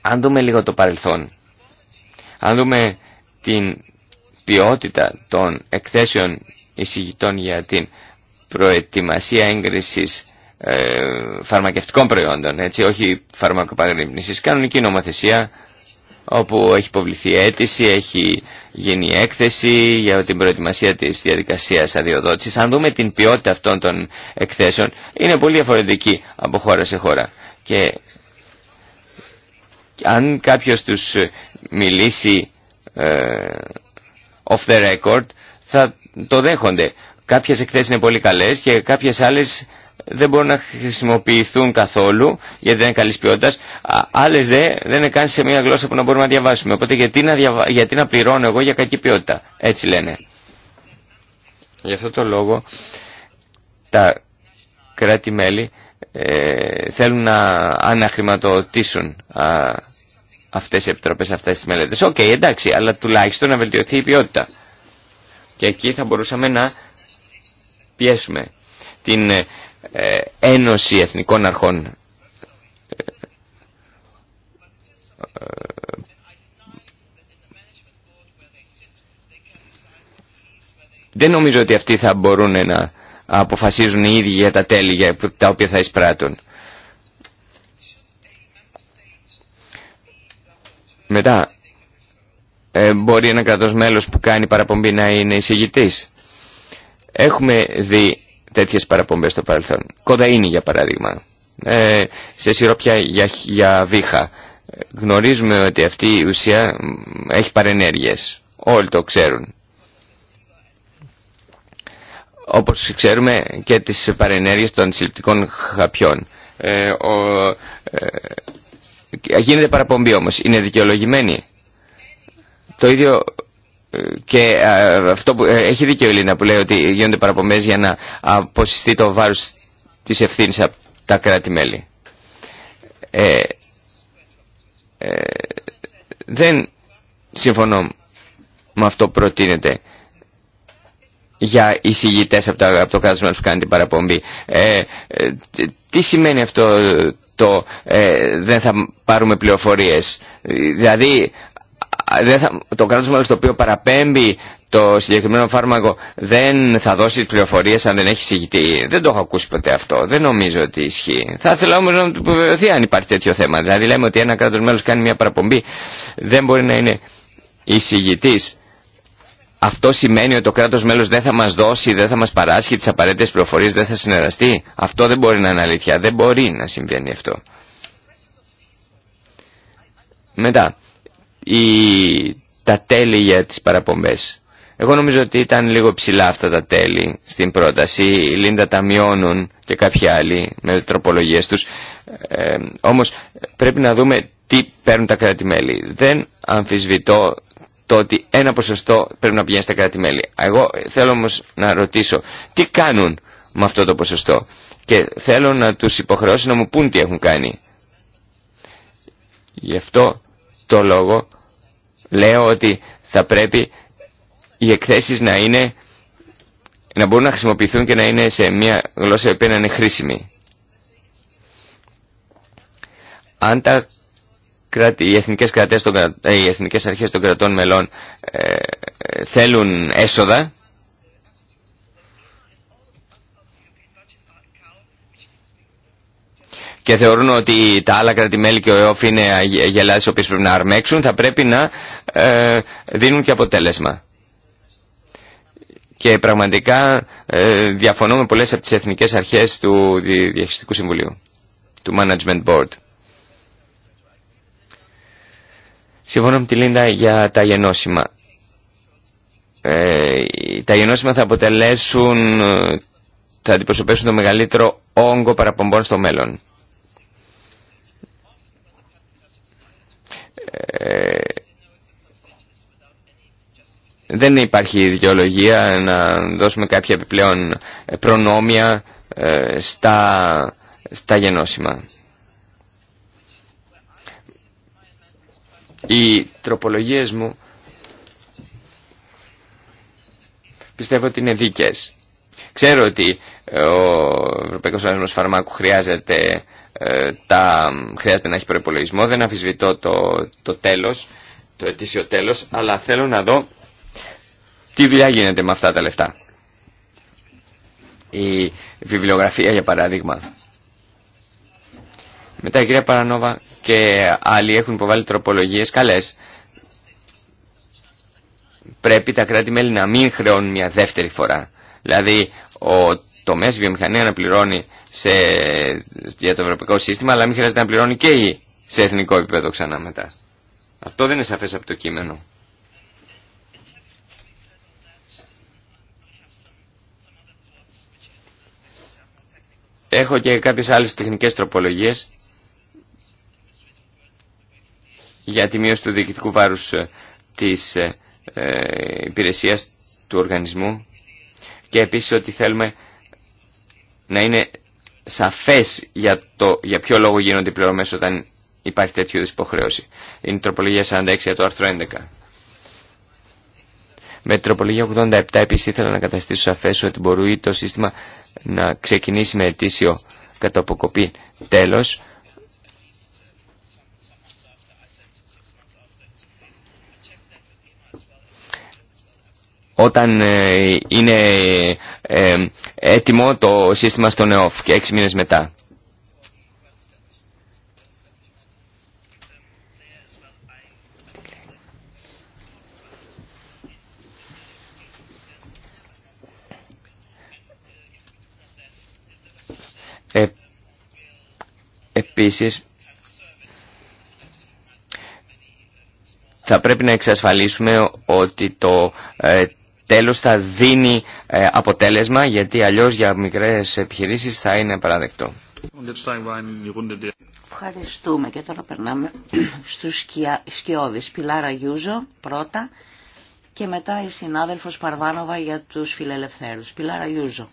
αν δούμε λίγο το παρελθόν, αν δούμε την ποιότητα των εκθέσεων εισηγητών για την προετοιμασία έγκρισης ε, φαρμακευτικών προϊόντων, έτσι, όχι φαρμακοπαγρύπνησης, κανονική νομοθεσία όπου έχει υποβληθεί αίτηση, έχει γίνει έκθεση για την προετοιμασία της διαδικασίας αδειοδότησης. Αν δούμε την ποιότητα αυτών των εκθέσεων, είναι πολύ διαφορετική από χώρα σε χώρα. Και αν κάποιος τους μιλήσει ε, off the record, θα το δέχονται. Κάποιες εκθέσεις είναι πολύ καλές και κάποιες άλλες δεν μπορούν να χρησιμοποιηθούν καθόλου γιατί δεν είναι καλή ποιότητα. Άλλε δε δεν είναι καν σε μια γλώσσα που να μπορούμε να διαβάσουμε. Οπότε γιατί να, γιατί να πληρώνω εγώ για κακή ποιότητα. Έτσι λένε. Γι' αυτό το λόγο τα κράτη-μέλη ε, θέλουν να αναχρηματοδοτήσουν αυτές οι επιτροπές, αυτές τις μελέτες. Οκ, εντάξει, αλλά τουλάχιστον να βελτιωθεί η ποιότητα. Και εκεί θα μπορούσαμε να πιέσουμε την ε, ε, Ένωση Εθνικών Αρχών ε, ε, δεν νομίζω ότι αυτοί θα μπορούν να αποφασίζουν οι ίδιοι για τα τέλη για τα οποία θα εισπράττουν. Μετά, μπορεί ένα κρατός μέλος που κάνει παραπομπή να είναι εισηγητής. Έχουμε δει τέτοιες παραπομπές στο παρελθόν. Κοδαΐνη για παράδειγμα, ε, σε σιρόπια για, για βήχα. Γνωρίζουμε ότι αυτή η ουσία έχει παρενέργειες. Όλοι το ξέρουν. Όπως ξέρουμε και τις παρενέργειες των συλληπτικών χαπιών. Ε, ε, γίνεται παραπομπή όμως. Είναι δικαιολογημένη. Το ίδιο και ε, αυτό που ε, έχει δίκιο η Ελίνα που λέει ότι γίνονται παραπομπές για να αποσυστεί το βάρος της ευθύνης από τα κράτη-μέλη. Ε, δεν συμφωνώ με αυτό που προτείνεται για εισηγητές από, το κράτο που κάνει την παραπομπή. Ε, τι σημαίνει αυτό το δεν θα πάρουμε πληροφορίες. Δηλαδή το κράτος μέλος το οποίο παραπέμπει το συγκεκριμένο φάρμακο δεν θα δώσει πληροφορίες αν δεν έχει συγητή. Δεν το έχω ακούσει ποτέ αυτό. Δεν νομίζω ότι ισχύει. Θα ήθελα όμως να του επιβεβαιωθεί αν υπάρχει τέτοιο θέμα. Δηλαδή λέμε ότι ένα κράτος μέλος κάνει μια παραπομπή. Δεν μπορεί να είναι η εισηγητής. Αυτό σημαίνει ότι το κράτος μέλος δεν θα μας δώσει, δεν θα μας παράσχει τις απαραίτητες πληροφορίες, δεν θα συνεργαστεί. Αυτό δεν μπορεί να είναι αλήθεια. Δεν μπορεί να συμβαίνει αυτό. Μετά, η, τα τέλη για τις παραπομπές. Εγώ νομίζω ότι ήταν λίγο ψηλά αυτά τα τέλη στην πρόταση. Η Λίντα τα μειώνουν και κάποιοι άλλοι με τροπολογίες τους. Ε, όμως πρέπει να δούμε τι παίρνουν τα κράτη-μέλη. Δεν αμφισβητώ το ότι ένα ποσοστό πρέπει να πηγαίνει στα κράτη-μέλη. Εγώ θέλω όμως να ρωτήσω τι κάνουν με αυτό το ποσοστό και θέλω να τους υποχρεώσω να μου πούν τι έχουν κάνει. Γι' αυτό το λόγο λέω ότι θα πρέπει οι εκθέσεις να είναι να μπορούν να χρησιμοποιηθούν και να είναι σε μια γλώσσα που να είναι χρήσιμη. Αν τα κράτη, οι, εθνικές κρατές των, ε, εθνικές αρχές των κρατών μελών ε, θέλουν έσοδα, και θεωρούν ότι τα άλλα κρατημέλη και ο ΕΟΦ είναι γελάδες οι οποίες πρέπει να αρμέξουν, θα πρέπει να ε, δίνουν και αποτέλεσμα. Και πραγματικά ε, διαφωνώ με πολλές από τις εθνικές αρχές του Διευθυντικού Συμβουλίου, του Management Board. Συμφωνώ με τη Λίντα για τα γενώσιμα. Ε, τα γενώσιμα θα αποτελέσουν, ε, θα αντιπροσωπεύσουν το μεγαλύτερο όγκο παραπομπών στο μέλλον. Ε, δεν υπάρχει δικαιολογία να δώσουμε κάποια επιπλέον προνόμια ε, στα, στα γενώσιμα. Οι τροπολογίες μου πιστεύω ότι είναι δίκες. Ξέρω ότι ο Ευρωπαϊκός Ορισμός Φαρμάκου χρειάζεται ε, τα, χρειάζεται να έχει προπολογισμό. Δεν αφισβητώ το, το τέλος, το ετήσιο τέλος, αλλά θέλω να δω τι δουλειά γίνεται με αυτά τα λεφτά. Η βιβλιογραφία για παράδειγμα. Μετά η κυρία Παρανόβα και άλλοι έχουν υποβάλει τροπολογίες καλές. Πρέπει τα κράτη-μέλη να μην χρεώνουν μια δεύτερη φορά. Δηλαδή ο το μέσο βιομηχανία να πληρώνει σε, για το ευρωπαϊκό σύστημα, αλλά μην χρειάζεται να πληρώνει και η, σε εθνικό επίπεδο ξανά μετά. Αυτό δεν είναι σαφές από το κείμενο. Έχω και κάποιες άλλες τεχνικές τροπολογίες για τη μείωση του διοικητικού βάρους ε, της ε, ε, υπηρεσίας του οργανισμού και επίσης ότι θέλουμε να είναι σαφές για, το, για ποιο λόγο γίνονται οι πληρωμές όταν υπάρχει τέτοιου είδους υποχρέωση. Είναι η τροπολογία 46 για το άρθρο 11. Με τροπολογία 87 επίσης ήθελα να καταστήσω σαφές ότι μπορεί το σύστημα να ξεκινήσει με αιτήσιο κατά αποκοπή τέλος όταν ε, είναι ε, έτοιμο το σύστημα στο ΝΕΟΦ και έξι μήνες μετά. Ε, επίσης, θα πρέπει να εξασφαλίσουμε ότι το ε, τέλος θα δίνει ε, αποτέλεσμα γιατί αλλιώς για μικρές επιχειρήσεις θα είναι παραδεκτό. Ευχαριστούμε και τώρα περνάμε στους σκιώδεις. Πιλάρα Γιούζο πρώτα και μετά η συνάδελφος Παρβάνοβα για τους φιλελευθέρους. Πιλάρα Γιούζο.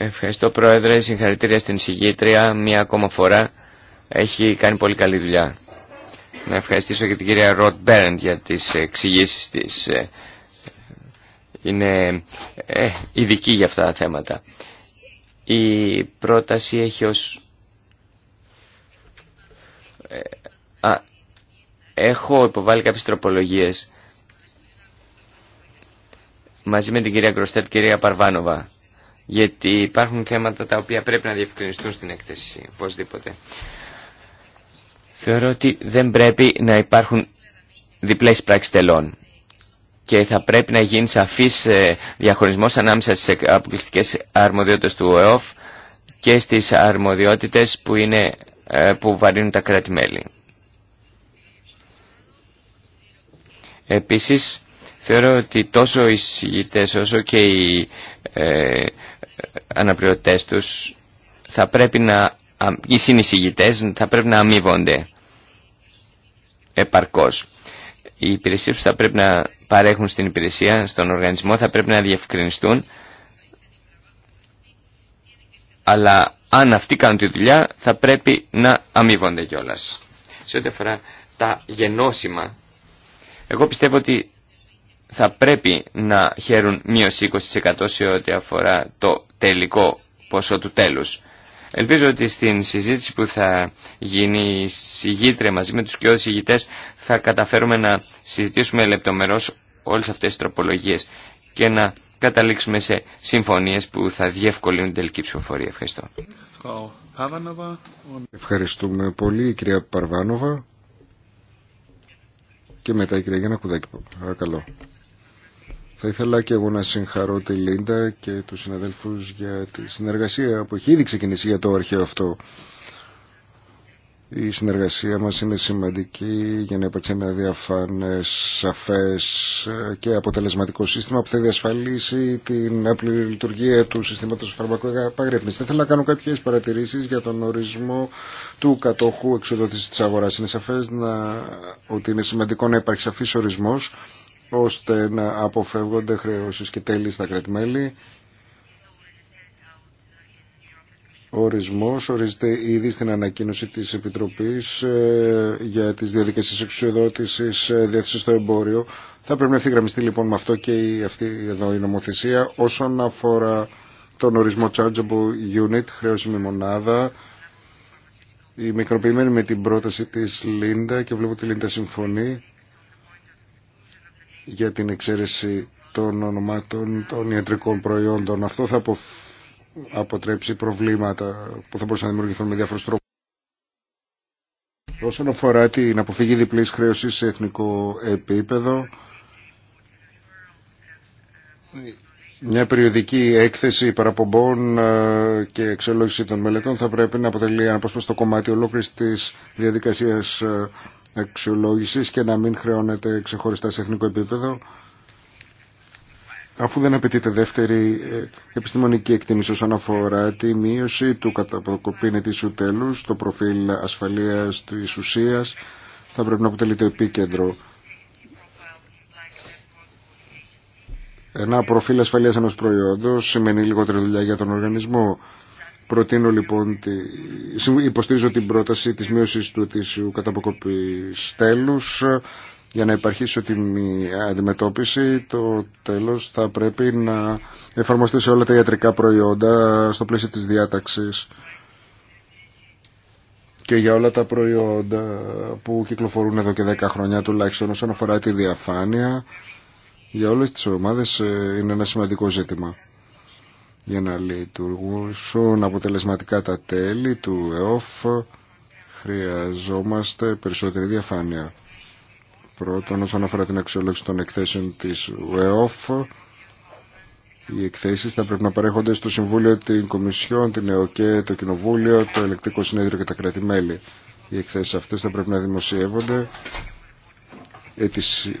Ευχαριστώ Πρόεδρε, συγχαρητήρια στην συγγήτρια μία ακόμα φορά. Έχει κάνει πολύ καλή δουλειά. Να ευχαριστήσω και την κυρία Ροτ Μπέρντ για τις εξηγήσει της. Ε, είναι ε, ειδική για αυτά τα θέματα. Η πρόταση έχει ως... Ε, έχω υποβάλει κάποιες τροπολογίες μαζί με την κυρία Γκροστέτ και κυρία Παρβάνοβα γιατί υπάρχουν θέματα τα οποία πρέπει να διευκρινιστούν στην έκθεση οπωσδήποτε. Θεωρώ ότι δεν πρέπει να υπάρχουν διπλές πράξεις τελών και θα πρέπει να γίνει σαφής ε, διαχωρισμός ανάμεσα στις αποκλειστικές αρμοδιότητες του ΟΕΟΦ και στις αρμοδιότητες που, είναι, ε, που βαρύνουν τα κράτη-μέλη. Επίσης, θεωρώ ότι τόσο οι συγητές όσο και οι ε, αναπληρωτές τους θα πρέπει να οι συνεισηγητές θα πρέπει να αμείβονται επαρκώς. Οι υπηρεσίες που θα πρέπει να παρέχουν στην υπηρεσία, στον οργανισμό, θα πρέπει να διευκρινιστούν. Αλλά αν αυτοί κάνουν τη δουλειά, θα πρέπει να αμείβονται κιόλα. Σε ό,τι αφορά τα γενώσιμα, εγώ πιστεύω ότι θα πρέπει να χαίρουν μείωση 20% σε ό,τι αφορά το τελικό ποσό του τέλους. Ελπίζω ότι στην συζήτηση που θα γίνει η συγγήτρια μαζί με τους όλους συγγητές θα καταφέρουμε να συζητήσουμε λεπτομερώς όλες αυτές τις τροπολογίες και να καταλήξουμε σε συμφωνίες που θα διευκολύνουν την τελική ψηφοφορία. Ευχαριστώ. Ευχαριστούμε πολύ η κυρία Παρβάνοβα και μετά η κυρία Γιάννα Κουδάκη. Παρακαλώ. Θα ήθελα και εγώ να συγχαρώ τη Λίντα και τους συναδέλφους για τη συνεργασία που έχει ήδη ξεκινήσει για το αρχαίο αυτό. Η συνεργασία μας είναι σημαντική για να υπάρξει ένα διαφάνες, σαφές και αποτελεσματικό σύστημα που θα διασφαλίσει την απλή λειτουργία του συστήματος φαρμακοεπαγρύπνης. Θα ήθελα να κάνω κάποιες παρατηρήσεις για τον ορισμό του κατόχου εξοδότησης της αγοράς. Είναι σαφές να... ότι είναι σημαντικό να υπάρχει σαφής ορισμός ώστε να αποφεύγονται χρεώσεις και τέλη στα κρατημέλη. Ο ορισμός ορίζεται ήδη στην ανακοίνωση της Επιτροπής ε, για τις διαδικασίες εξουσιοδότησης ε, διάθεσης στο εμπόριο. Θα πρέπει να ευθυγραμμιστεί λοιπόν με αυτό και αυτή εδώ η νομοθεσία. Όσον αφορά τον ορισμό chargeable unit, χρέωσιμη μονάδα, η μικροποιημένη με την πρόταση της Λίντα και βλέπω ότι η Λίντα συμφωνεί για την εξαίρεση των ονομάτων των ιατρικών προϊόντων. Αυτό θα αποτρέψει προβλήματα που θα μπορούσαν να δημιουργηθούν με διάφορους τρόπους. Όσον αφορά την αποφυγή διπλής χρέωσης σε εθνικό επίπεδο, μια περιοδική έκθεση παραπομπών ε, και εξελόγηση των μελετών θα πρέπει να αποτελεί αναπόσπαστο κομμάτι ολόκληρης της διαδικασίας ε, αξιολόγησης και να μην χρεώνεται ξεχωριστά σε εθνικό επίπεδο αφού δεν απαιτείται δεύτερη ε, επιστημονική εκτίμηση όσον αφορά τη μείωση του καταποκοπήν ετήσιου τέλου, το προφίλ ασφαλείας της ουσίας, θα πρέπει να αποτελεί το επίκεντρο. Ένα προφίλ ασφαλείας ενός προϊόντος σημαίνει λιγότερη δουλειά για τον οργανισμό. Προτείνω λοιπόν, τη... υποστήριζω την πρόταση της μείωσης του ετήσιου καταποκοπής τέλους ε, για να υπάρχει η αντιμετώπιση, το τέλος θα πρέπει να εφαρμοστεί σε όλα τα ιατρικά προϊόντα ε, στο πλαίσιο της διάταξης και για όλα τα προϊόντα που κυκλοφορούν εδώ και 10 χρόνια τουλάχιστον όσον αφορά τη διαφάνεια για όλες τις ομάδες ε, είναι ένα σημαντικό ζήτημα για να λειτουργούσουν αποτελεσματικά τα τέλη του ΕΟΦ χρειαζόμαστε περισσότερη διαφάνεια. Πρώτον, όσον αφορά την αξιολόγηση των εκθέσεων της ΕΟΦ, οι εκθέσεις θα πρέπει να παρέχονται στο Συμβούλιο, την Κομισιόν, την ΕΟΚΕ, το Κοινοβούλιο, το Ελεκτικό Συνέδριο και τα κράτη-μέλη. Οι εκθέσεις αυτές θα πρέπει να δημοσιεύονται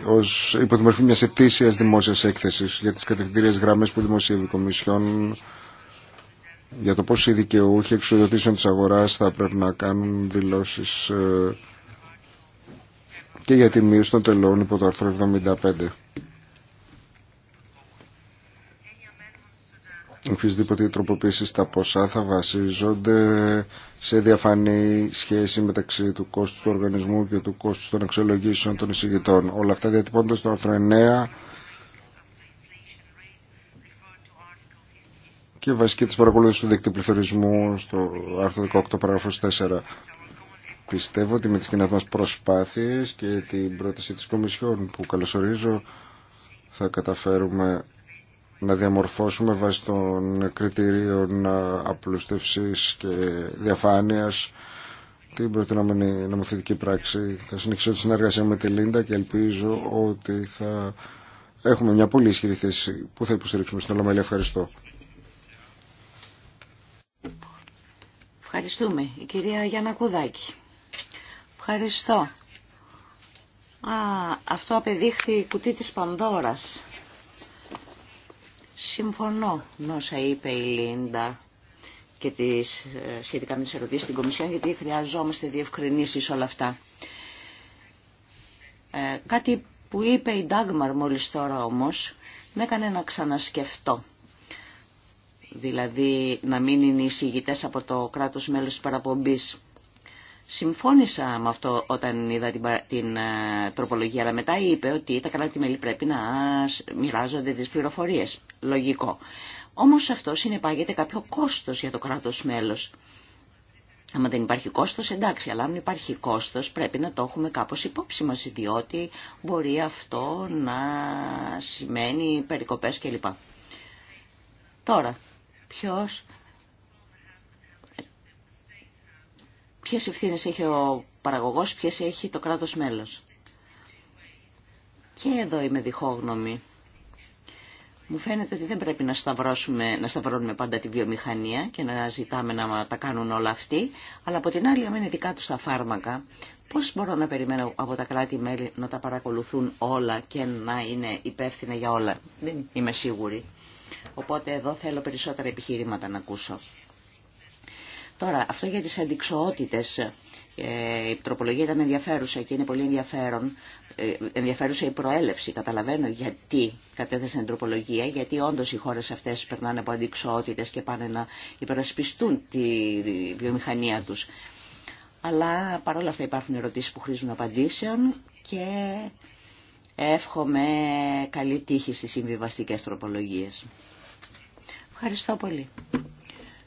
ως υπό τη μορφή μιας ετήσιας δημόσιας έκθεσης για τις κατευθυντήριες γραμμές που δημοσιεύει η Κομισιόν για το πώς οι δικαιούχοι εξουδοτήσεων της αγοράς θα πρέπει να κάνουν δηλώσεις ε, και για τη μείωση των τελών υπό το άρθρο 75. οποιασδήποτε οι τροποποίησεις στα ποσά θα βασίζονται σε διαφανή σχέση μεταξύ του κόστου του οργανισμού και του κόστου των αξιολογήσεων των εισηγητών. Όλα αυτά διατυπώνται στο άρθρο 9 και βασική της παρακολούθησης του δίκτυου πληθωρισμού στο άρθρο 18 παράγραφος 4. Πιστεύω ότι με τις κοινές μας προσπάθειες και την πρόταση της Κομισιόν που καλωσορίζω θα καταφέρουμε να διαμορφώσουμε βάσει των κριτηρίων ε, απλουστευσής και διαφάνειας την προτείνομενη νομοθετική πράξη. Θα συνεχίσω τη συνεργασία με τη Λίντα και ελπίζω ότι θα έχουμε μια πολύ ισχυρή θέση που θα υποστηρίξουμε στην Ολομέλεια. Ευχαριστώ. Ευχαριστούμε. Η κυρία Γιάννα Κουδάκη. Ευχαριστώ. Α, αυτό απεδείχθη κουτί της Πανδώρας. Συμφωνώ με όσα είπε η Λίντα και τις, ε, σχετικά με τις ερωτήσεις στην Κομισιόν γιατί χρειαζόμαστε διευκρινήσεις όλα αυτά. Ε, κάτι που είπε η Ντάγμαρ μόλις τώρα όμως με έκανε να ξανασκεφτώ. Δηλαδή να μην είναι εισηγητές από το κράτος μέλος της παραπομπής. Συμφώνησα με αυτό όταν είδα την, την ε, τροπολογία, αλλά μετά είπε ότι τα κράτη-μέλη πρέπει να μοιράζονται τις πληροφορίες. Λογικό. Όμως αυτό συνεπάγεται κάποιο κόστος για το κράτος μέλος. Αν δεν υπάρχει κόστος, εντάξει, αλλά αν υπάρχει κόστος πρέπει να το έχουμε κάπως υπόψη μας, διότι μπορεί αυτό να σημαίνει περικοπές κλπ. Τώρα, ποιος ποιες ευθύνες έχει ο παραγωγός, ποιες έχει το κράτος μέλος. Και εδώ είμαι διχόγνωμη. Μου φαίνεται ότι δεν πρέπει να, σταυρώσουμε, να σταυρώνουμε πάντα τη βιομηχανία και να ζητάμε να τα κάνουν όλα αυτοί, αλλά από την άλλη, αν είναι δικά τους τα φάρμακα, πώς μπορώ να περιμένω από τα κράτη-μέλη να τα παρακολουθούν όλα και να είναι υπεύθυνα για όλα. Δεν είμαι σίγουρη. Οπότε εδώ θέλω περισσότερα επιχειρήματα να ακούσω. Τώρα, αυτό για τις αντικσοότητες. Ε, η τροπολογία ήταν ενδιαφέρουσα και είναι πολύ ενδιαφέρον. Ε, ενδιαφέρουσα η προέλευση. Καταλαβαίνω γιατί κατέθεσε την τροπολογία, γιατί όντω οι χώρε αυτέ περνάνε από αντικσοότητες και πάνε να υπερασπιστούν τη βιομηχανία του. Αλλά παρόλα αυτά υπάρχουν ερωτήσει που χρήζουν απαντήσεων και εύχομαι καλή τύχη στις συμβιβαστικέ τροπολογίε. Ευχαριστώ πολύ.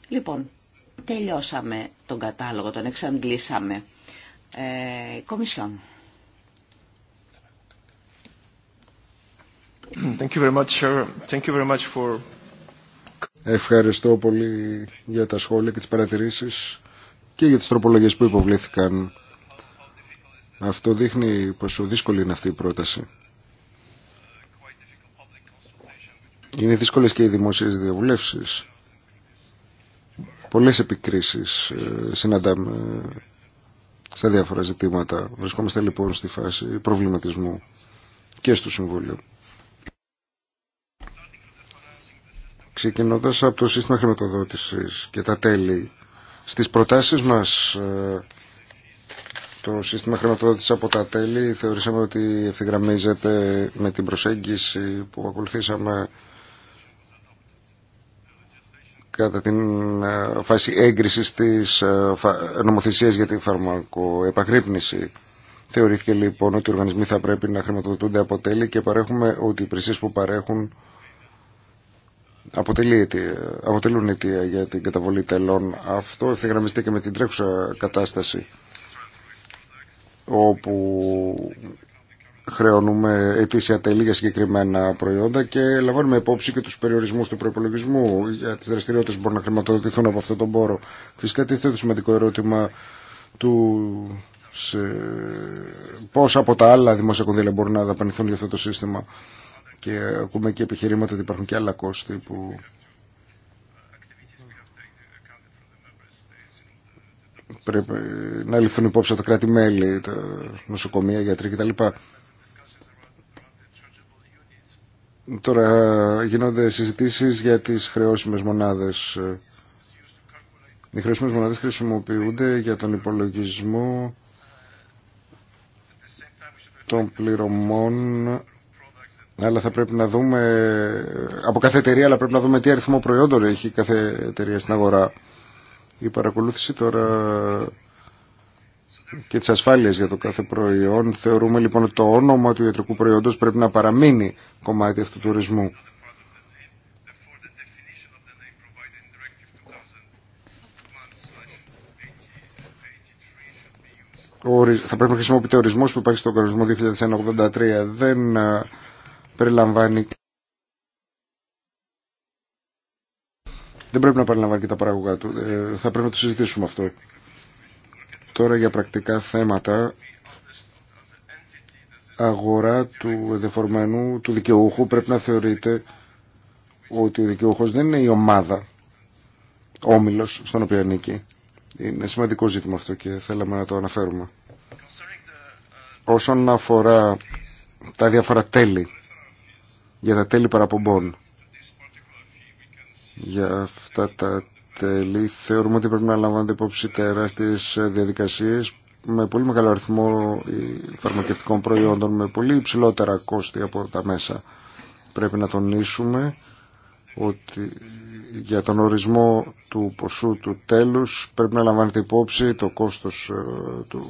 Λοιπόν, Τελειώσαμε τον κατάλογο, τον εξαντλήσαμε. Ε, Κομισιόν. Ευχαριστώ πολύ για τα σχόλια και τις παρατηρήσεις και για τις τροπολογίες που υποβλήθηκαν. Αυτό δείχνει πόσο δύσκολη είναι αυτή η πρόταση. Είναι δύσκολες και οι δημόσιες διαβουλεύσεις. Πολλές επικρίσεις ε, συναντάμε στα διάφορα ζητήματα. Βρισκόμαστε λοιπόν στη φάση προβληματισμού και στο Συμβούλιο. Ξεκινώντας από το σύστημα χρηματοδότησης και τα τέλη, στις προτάσεις μας ε, το σύστημα χρηματοδότησης από τα τέλη θεωρήσαμε ότι ευθυγραμμίζεται με την προσέγγιση που ακολουθήσαμε κατά την ε, φάση έγκρισης της ε, νομοθεσίας για τη φαρμακοεπαγρύπνηση. Θεωρήθηκε λοιπόν ότι οι οργανισμοί θα πρέπει να χρηματοδοτούνται από τέλη και παρέχουμε ότι οι υπηρεσίε που παρέχουν αποτελούν αιτία για την καταβολή τελών. Αυτό ευθυγραμμιστεί και με την τρέχουσα κατάσταση όπου χρεώνουμε ετήσια τέλη για συγκεκριμένα προϊόντα και λαμβάνουμε υπόψη και του περιορισμού του προπολογισμού για τι δραστηριότητε που μπορούν να χρηματοδοτηθούν από αυτόν τον πόρο. Φυσικά τίθεται το σημαντικό ερώτημα του σε... πώς από τα άλλα δημόσια κονδύλια μπορούν να δαπανηθούν για αυτό το σύστημα και ακούμε και επιχειρήματα ότι υπάρχουν και άλλα κόστη που πρέπει να ληφθούν υπόψη από τα κράτη-μέλη, τα νοσοκομεία, γιατροί κτλ. Τώρα γίνονται συζητήσεις για τις χρεώσιμες μονάδες. Οι χρεώσιμες μονάδες χρησιμοποιούνται για τον υπολογισμό των πληρωμών αλλά θα πρέπει να δούμε από κάθε εταιρεία αλλά πρέπει να δούμε τι αριθμό προϊόντων έχει κάθε εταιρεία στην αγορά. Η παρακολούθηση τώρα και τις ασφάλειες για το κάθε προϊόν. Θεωρούμε λοιπόν ότι το όνομα του ιατρικού προϊόντος πρέπει να παραμείνει κομμάτι αυτού του τουρισμού. Θα πρέπει να χρησιμοποιείται ορισμός που υπάρχει στον κανονισμό 2083. Δεν περιλαμβάνει... Δεν πρέπει να παραλαμβάνει και τα παράγωγά του. Ε, θα πρέπει να το συζητήσουμε αυτό. Τώρα για πρακτικά θέματα αγορά του εδεφορμένου του δικαιούχου πρέπει να θεωρείται ότι ο δικαιούχος δεν είναι η ομάδα όμιλος στον οποίο ανήκει. Είναι σημαντικό ζήτημα αυτό και θέλαμε να το αναφέρουμε. Όσον αφορά τα διάφορα τέλη για τα τέλη παραπομπών για αυτά τα Θεωρούμε ότι πρέπει να λαμβάνονται υπόψη τεράστιε διαδικασίες με πολύ μεγάλο αριθμό φαρμακευτικών προϊόντων με πολύ υψηλότερα κόστη από τα μέσα. Πρέπει να τονίσουμε ότι για τον ορισμό του ποσού του τέλους πρέπει να λαμβάνεται υπόψη το κόστος ε, του,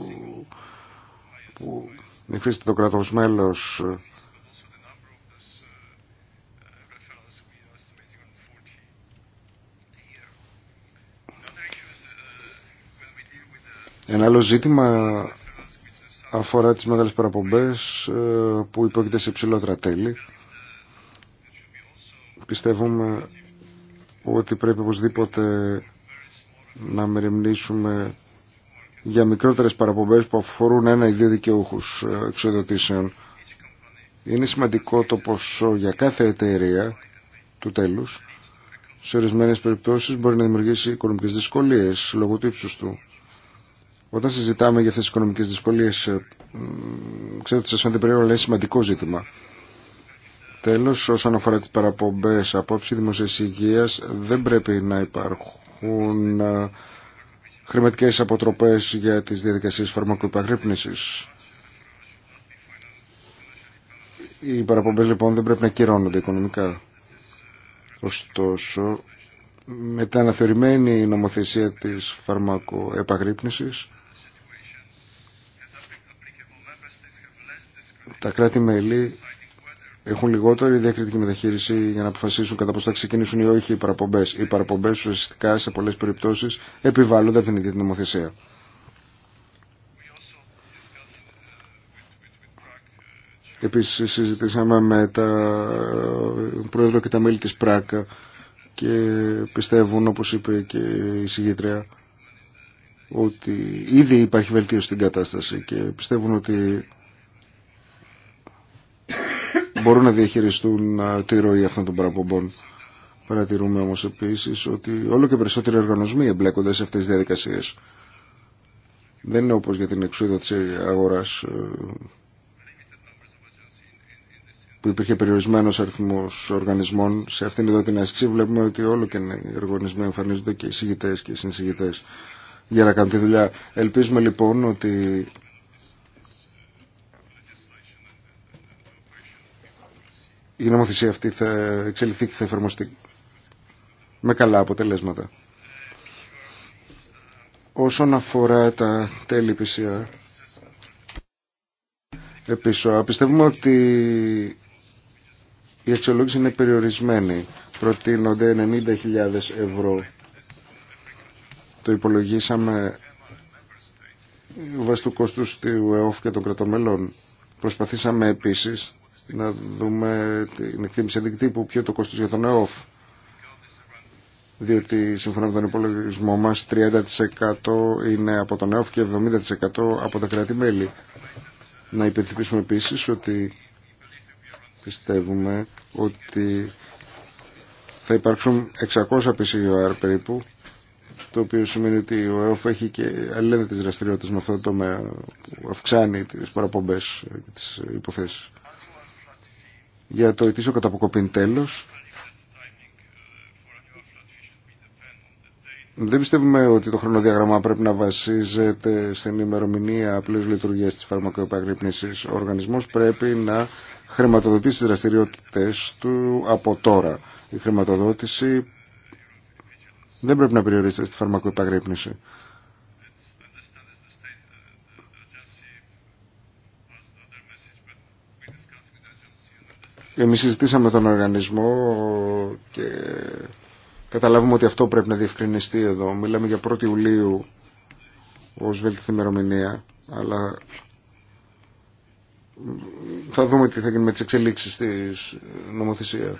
που υφίσταται το κράτος Ένα άλλο ζήτημα αφορά τις μεγάλες παραπομπές ε, που υπόκειται σε ψηλότερα τέλη. Πιστεύουμε ότι πρέπει οπωσδήποτε να μεριμνήσουμε για μικρότερες παραπομπές που αφορούν ένα ή δύο δικαιούχους ε, εξοδοτήσεων. Είναι σημαντικό το ποσό για κάθε εταιρεία του τέλους. Σε ορισμένες περιπτώσεις μπορεί να δημιουργήσει οικονομικές δυσκολίες λόγω του ύψους του. Όταν συζητάμε για αυτές τις οικονομικές δυσκολίες, ε, ξέρω ότι σας φαίνεται περίοδο, αλλά είναι σημαντικό ζήτημα. Τέλος, όσον αφορά τις παραπομπές απόψη δημοσίας υγείας, δεν πρέπει να υπάρχουν ε, χρηματικές αποτροπές για τις διαδικασίες φαρμακοϊπαγρύπνησης. Οι παραπομπές λοιπόν δεν πρέπει να κυρώνονται οικονομικά. Ωστόσο, με την αναθεωρημένη νομοθεσία της φαρμακοεπαγρύπνησης τα κράτη-μέλη έχουν λιγότερη διακριτική μεταχείριση για να αποφασίσουν κατά πόσο θα ξεκινήσουν ή όχι οι παραπομπέ. Οι παραπομπέ ουσιαστικά σε πολλέ περιπτώσει επιβάλλονται από την ίδια την νομοθεσία. Επίση, συζητήσαμε με τα πρόεδρο και τα μέλη της ΠΡΑΚΑ και πιστεύουν, όπως είπε και η συγγήτρια, ότι ήδη υπάρχει βελτίωση στην κατάσταση και πιστεύουν ότι μπορούν να διαχειριστούν τη ροή αυτών των παραπομπών. Παρατηρούμε όμως επίσης ότι όλο και περισσότεροι οργανισμοί εμπλέκονται σε αυτές τις διαδικασίες. Δεν είναι όπως για την εξουσία τη αγοράς ε, που υπήρχε περιορισμένος αριθμός οργανισμών. Σε αυτήν εδώ την ασκή βλέπουμε ότι όλο και οι οργανισμοί εμφανίζονται και οι και οι για να κάνουν τη δουλειά. Ελπίζουμε λοιπόν ότι η νομοθεσία αυτή θα εξελιχθεί και θα εφαρμοστεί με καλά αποτελέσματα. Όσον αφορά τα τέλη PCR, επίσης, πιστεύουμε ότι η αξιολόγηση είναι περιορισμένη. Προτείνονται 90.000 ευρώ. Το υπολογίσαμε βάσει του κόστου του ΕΟΦ και των κρατών Προσπαθήσαμε επίσης να δούμε την εκτίμηση αντικτύπου, ποιο το κόστος για τον ΕΟΦ. Διότι σύμφωνα με τον υπολογισμό μας 30% είναι από τον ΕΟΦ και 70% από τα κράτη-μέλη. Να υπενθυμίσουμε επίσης ότι πιστεύουμε ότι θα υπάρξουν 600 PCOR περίπου το οποίο σημαίνει ότι ο ΕΟΦ έχει και αλληλένδετες δραστηριότητες με αυτό το τομέα που αυξάνει τις παραπομπές και τις υποθέσεις για το ετήσιο καταποκοπήν τέλος. Δεν πιστεύουμε ότι το χρονοδιάγραμμα πρέπει να βασίζεται στην ημερομηνία απλής λειτουργίας της φαρμακοεπαγρύπνηση. Ο οργανισμό πρέπει να χρηματοδοτήσει τι δραστηριότητε του από τώρα. Η χρηματοδότηση δεν πρέπει να περιορίζεται στη φαρμακοεπαγρύπνηση. Εμείς συζητήσαμε τον οργανισμό και καταλάβουμε ότι αυτό πρέπει να διευκρινιστεί εδώ. Μιλάμε για 1η Ιουλίου ως βέλτιστη ημερομηνία, αλλά θα δούμε τι θα γίνει με τις εξελίξεις της νομοθεσίας.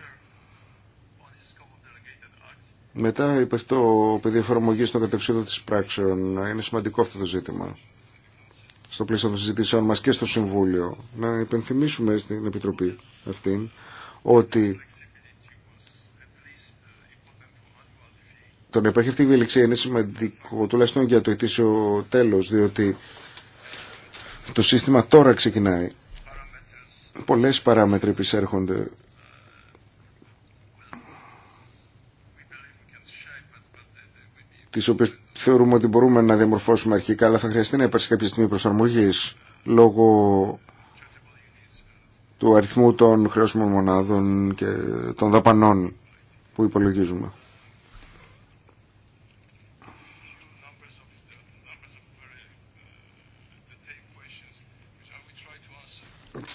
Μετά υπήρχε το πεδίο εφαρμογή των κατευσίδων της πράξεων. Είναι σημαντικό αυτό το ζήτημα στο πλαίσιο των συζητήσεων μας και στο Συμβούλιο να υπενθυμίσουμε στην Επιτροπή αυτήν ότι το να υπάρχει αυτή η είναι σημαντικό τουλάχιστον για το ετήσιο τέλος διότι το σύστημα τώρα ξεκινάει πολλές παράμετροι επισέρχονται τις οποίες θεωρούμε ότι μπορούμε να διαμορφώσουμε αρχικά, αλλά θα χρειαστεί να υπάρξει κάποια στιγμή προσαρμογής λόγω του αριθμού των χρεώσιμων μονάδων και των δαπανών που υπολογίζουμε.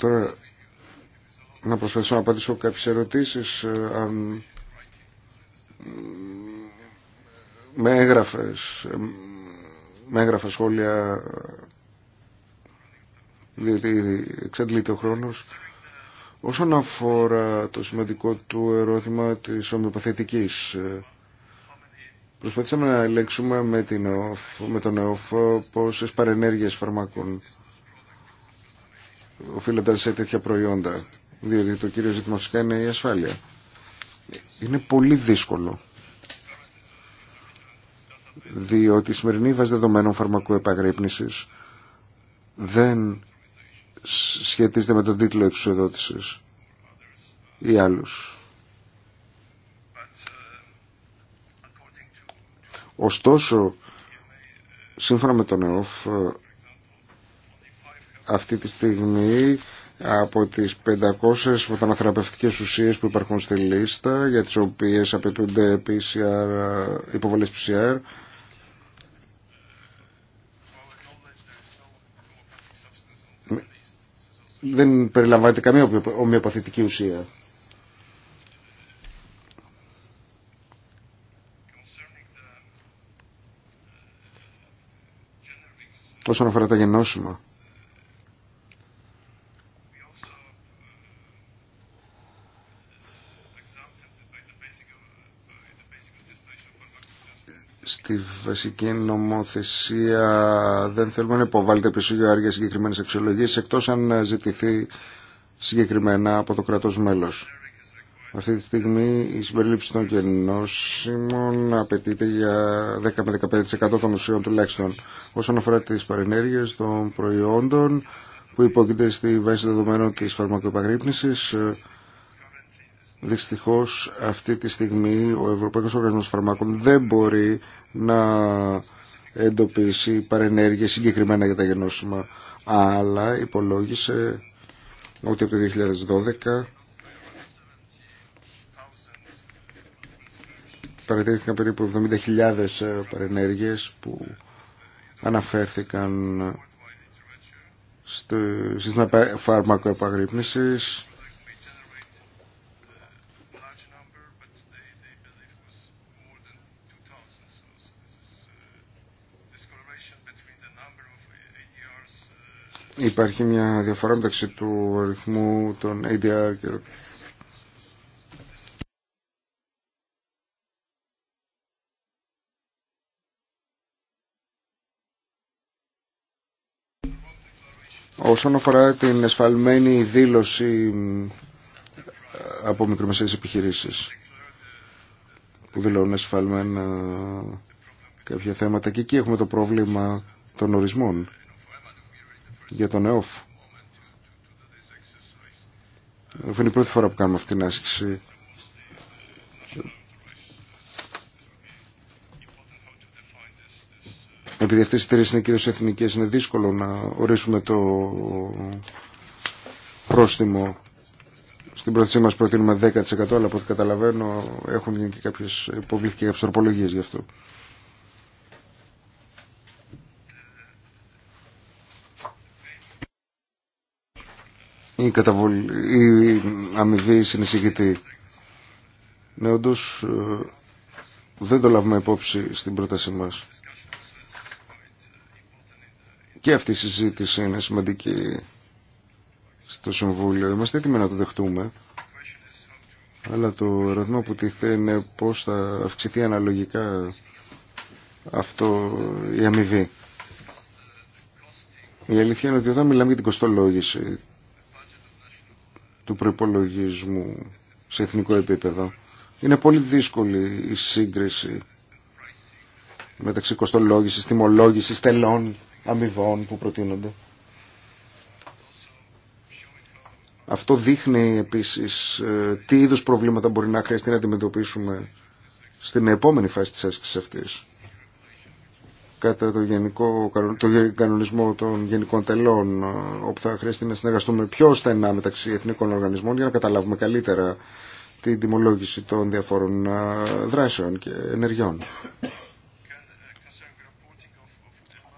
Τώρα να προσπαθήσω να απαντήσω κάποιες ερωτήσεις ε, αν με μέγραφες σχόλια, διότι εξαντλείται ο χρόνος. Όσον αφορά το σημαντικό του ερώτημα της ομοιοπαθητικής, προσπαθήσαμε να ελέγξουμε με, την με τον ΕΟΦ πόσες παρενέργειες φαρμάκων οφείλονται σε τέτοια προϊόντα, διότι το κύριο ζήτημα φυσικά είναι η ασφάλεια. Είναι πολύ δύσκολο διότι η σημερινή βάση δεδομένων φαρμακού επαγρύπνησης δεν σχετίζεται με τον τίτλο εξουσιοδότησης ή άλλους. Ωστόσο, σύμφωνα με τον ΕΟΦ, αυτή τη στιγμή από τις 500 φωτοναθεραπευτικές ουσίες που υπάρχουν στη λίστα, για τις οποίες απαιτούνται PCR, υποβολές PCR, δεν περιλαμβάνεται καμία ομοιοπαθητική ουσία. Όσον αφορά τα γενώσιμα. στη βασική νομοθεσία δεν θέλουμε να υποβάλλεται πίσω άργια συγκεκριμένε αξιολογίε εκτό αν ζητηθεί συγκεκριμένα από το κράτο μέλο. Αυτή τη στιγμή η συμπερίληψη των γεννώσιμων απαιτείται για 10 με 15% των ουσιών τουλάχιστον. Όσον αφορά τι παρενέργειε των προϊόντων που υπόκειται στη βάση δεδομένων τη φαρμακοεπαγρύπνηση, Δυστυχώς αυτή τη στιγμή ο Ευρωπαϊκός Οργανισμός Φαρμάκων δεν μπορεί να εντοπίσει παρενέργειες συγκεκριμένα για τα γενώσιμα αλλά υπολόγισε ότι από το 2012 παρατηρήθηκαν περίπου 70.000 ε, παρενέργειες που αναφέρθηκαν στο σύστημα φάρμακο επαγρύπνησης Υπάρχει μια διαφορά μεταξύ του αριθμού των ADR και Όσον αφορά την εσφαλμένη δήλωση ε, από μικρομεσαίες επιχειρήσεις που δηλώνουν εσφαλμένα κάποια θέματα και εκεί έχουμε το πρόβλημα των ορισμών για τον ΕΟΦ. Αυτή είναι η πρώτη φορά που κάνουμε αυτήν την άσκηση. Επειδή αυτές οι τρεις είναι κυρίως εθνικές, είναι δύσκολο να ορίσουμε το πρόστιμο. Στην πρόθεσή μας προτείνουμε 10% αλλά από ό,τι καταλαβαίνω έχουν γίνει και κάποιες και κάποιες γι' αυτό. η, η αμοιβή συνεισηγητή. Ναι, όντως ε, δεν το λάβουμε υπόψη στην πρότασή μας. Και αυτή η συζήτηση είναι σημαντική στο Συμβούλιο. Είμαστε έτοιμοι να το δεχτούμε. Αλλά το ερώτημα που τίθε είναι πώς θα αυξηθεί αναλογικά αυτό η αμοιβή. Η αλήθεια είναι ότι όταν μιλάμε για την κοστολόγηση του προπολογισμού σε εθνικό επίπεδο. Είναι πολύ δύσκολη η σύγκριση μεταξύ κοστολόγησης, τιμολόγησης, τελών, αμοιβών που προτείνονται. Αυτό δείχνει επίσης ε, τι είδους προβλήματα μπορεί να χρειαστεί να αντιμετωπίσουμε στην επόμενη φάση της άσκησης αυτής κατά το, γενικό, το κανονισμό των γενικών τελών ε, όπου θα χρειαστεί να συνεργαστούμε πιο στενά μεταξύ εθνικών οργανισμών για να καταλάβουμε καλύτερα την τιμολόγηση των διαφόρων ε, δράσεων και ενεργειών.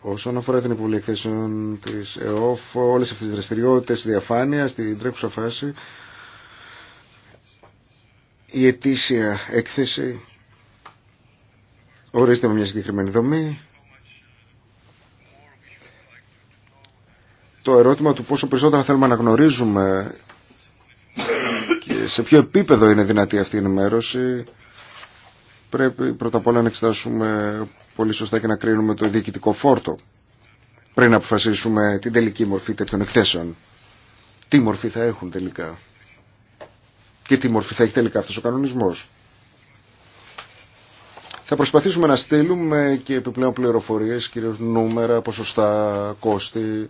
Όσον αφορά την υποβολή εκθέσεων της ΕΟΦ, όλες αυτές τις δραστηριότητες, διαφάνεια στην τρέχουσα φάση, η ετήσια έκθεση ορίζεται με μια συγκεκριμένη δομή το ερώτημα του πόσο περισσότερα θέλουμε να γνωρίζουμε και σε ποιο επίπεδο είναι δυνατή αυτή η ενημέρωση πρέπει πρώτα απ' όλα να εξετάσουμε πολύ σωστά και να κρίνουμε το διοικητικό φόρτο πριν να αποφασίσουμε την τελική μορφή τέτοιων εκθέσεων. Τι μορφή θα έχουν τελικά και τι μορφή θα έχει τελικά αυτός ο κανονισμός. Θα προσπαθήσουμε να στείλουμε και επιπλέον πληροφορίες, κυρίως νούμερα, ποσοστά, κόστη,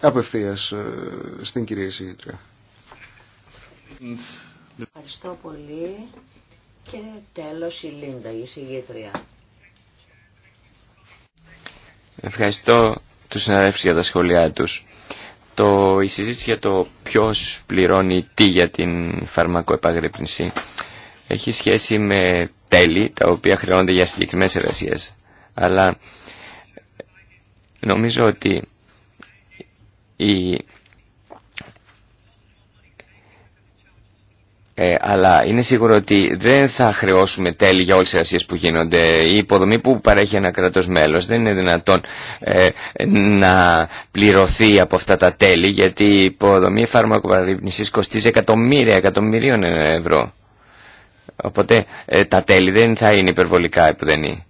απευθείας ε, στην κυρία Συγήτρια. Ευχαριστώ πολύ και τέλος η Λίντα, η Ευχαριστώ τους συναδέλφους για τα σχόλιά τους. Το, η συζήτηση για το ποιος πληρώνει τι για την φαρμακοεπαγρύπνηση έχει σχέση με τέλη τα οποία χρειάζονται για συγκεκριμένες εργασίες. Αλλά νομίζω ότι ε, αλλά είναι σίγουρο ότι δεν θα χρεώσουμε τέλη για όλες τις εργασίες που γίνονται. Η υποδομή που παρέχει ένα κρατός μέλος δεν είναι δυνατόν ε, να πληρωθεί από αυτά τα τέλη γιατί η υποδομή φαρμακοπαραγνησής κοστίζει εκατομμύρια εκατομμυρίων ευρώ. Οπότε ε, τα τέλη δεν θα είναι υπερβολικά επουδενή.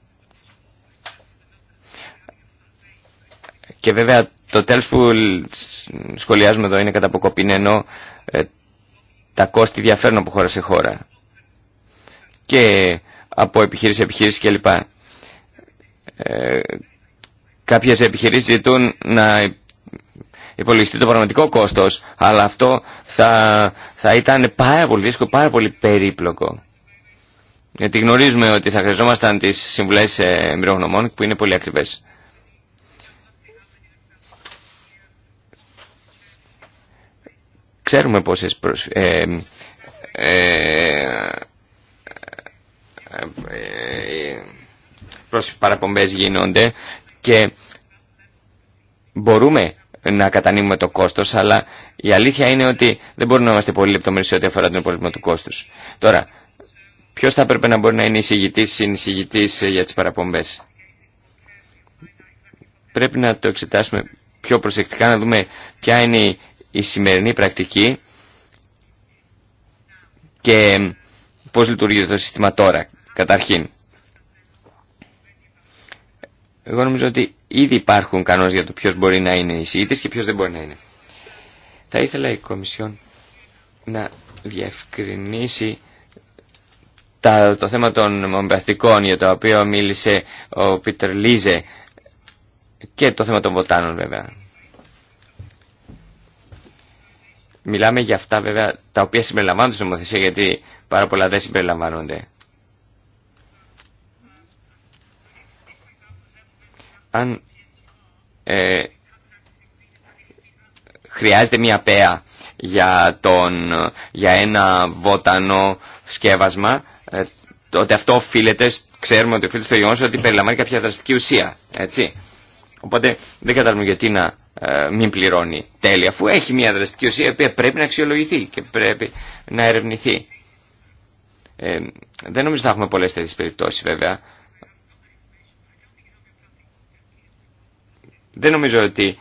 Και βέβαια το τέλος που σχολιάζουμε εδώ είναι κατά αποκοπήν ενώ ε, τα κόστη διαφέρουν από χώρα σε χώρα και από επιχείρηση σε επιχείρηση κλπ. Ε, κάποιες επιχειρήσεις ζητούν να υπολογιστεί το πραγματικό κόστος αλλά αυτό θα, θα ήταν πάρα πολύ δύσκολο, πάρα πολύ περίπλοκο. Γιατί γνωρίζουμε ότι θα χρειαζόμασταν τις συμβουλές ε, εμπειρογνωμών που είναι πολύ ακριβές. Ξέρουμε πόσες προσ... Ε, ε, ε, ε, παραπομπές γίνονται και μπορούμε να κατανείμουμε το κόστος, αλλά η αλήθεια είναι ότι δεν μπορούμε να είμαστε πολύ λεπτομερείς ό,τι αφορά τον υπολογισμό του κόστους. Τώρα, ποιος θα έπρεπε να μπορεί να είναι εισηγητής ή συνεισηγητής για τις παραπομπές. Πρέπει να το εξετάσουμε πιο προσεκτικά, να δούμε ποια είναι η σημερινή πρακτική και πώς λειτουργεί το σύστημα τώρα, καταρχήν. Εγώ νομίζω ότι ήδη υπάρχουν κανόνες για το ποιος μπορεί να είναι εισηγητής και ποιος δεν μπορεί να είναι. Θα ήθελα η Κομισιόν να διευκρινίσει το θέμα των μομπραστικών για το οποίο μίλησε ο Πίτερ Λίζε και το θέμα των βοτάνων βέβαια. Μιλάμε για αυτά βέβαια τα οποία συμπεριλαμβάνονται στην νομοθεσία γιατί πάρα πολλά δεν συμπεριλαμβάνονται. Αν ε, χρειάζεται μια πέα για, τον, για ένα βότανο σκεύασμα, ε, τότε αυτό οφείλεται, ξέρουμε ότι οφείλεται στο γεγονό ότι περιλαμβάνει κάποια δραστική ουσία. Έτσι. Οπότε δεν καταλαβαίνω γιατί να ε, μην πληρώνει τέλεια, αφού έχει μια δραστική ουσία η οποία πρέπει να αξιολογηθεί και πρέπει να ερευνηθεί. Ε, δεν νομίζω θα έχουμε πολλές τέτοιες περιπτώσεις βέβαια. Δεν νομίζω ότι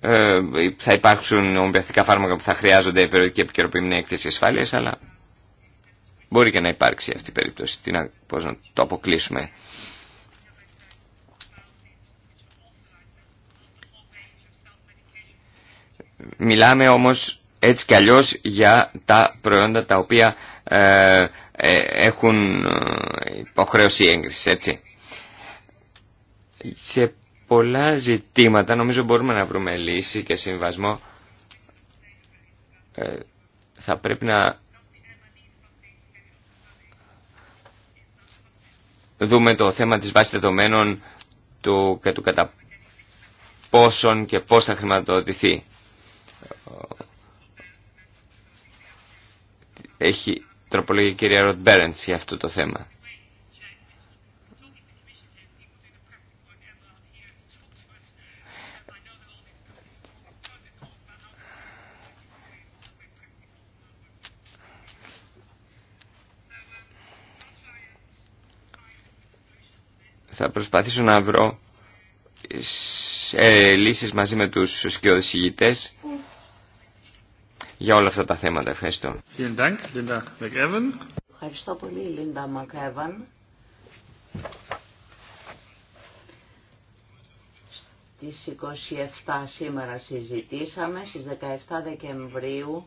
ε, θα υπάρξουν ομοιοθετικά φάρμακα που θα χρειάζονται η περιοδική επικαιροποιημένη έκθεση ασφάλειας, αλλά μπορεί και να υπάρξει αυτή η περίπτωση. Τι να, πώς να το αποκλείσουμε. Μιλάμε όμως έτσι κι αλλιώς για τα προϊόντα τα οποία ε, ε, έχουν ε, υποχρέωση έγκριση, έτσι. Σε πολλά ζητήματα νομίζω μπορούμε να βρούμε λύση και συμβασμό. θα πρέπει να δούμε το θέμα της βάσης δεδομένων του, και του κατά πόσον και πώς θα χρηματοδοτηθεί. Έχει τροπολογία η κυρία Ροτ Μπέρεντς για αυτό το θέμα. θα προσπαθήσω να βρω ε, λύσεις μαζί με τους ηγητές για όλα αυτά τα θέματα. Ευχαριστώ. Ευχαριστώ πολύ, Λίντα Μακέβαν. Στις 27 σήμερα συζητήσαμε, στις 17 Δεκεμβρίου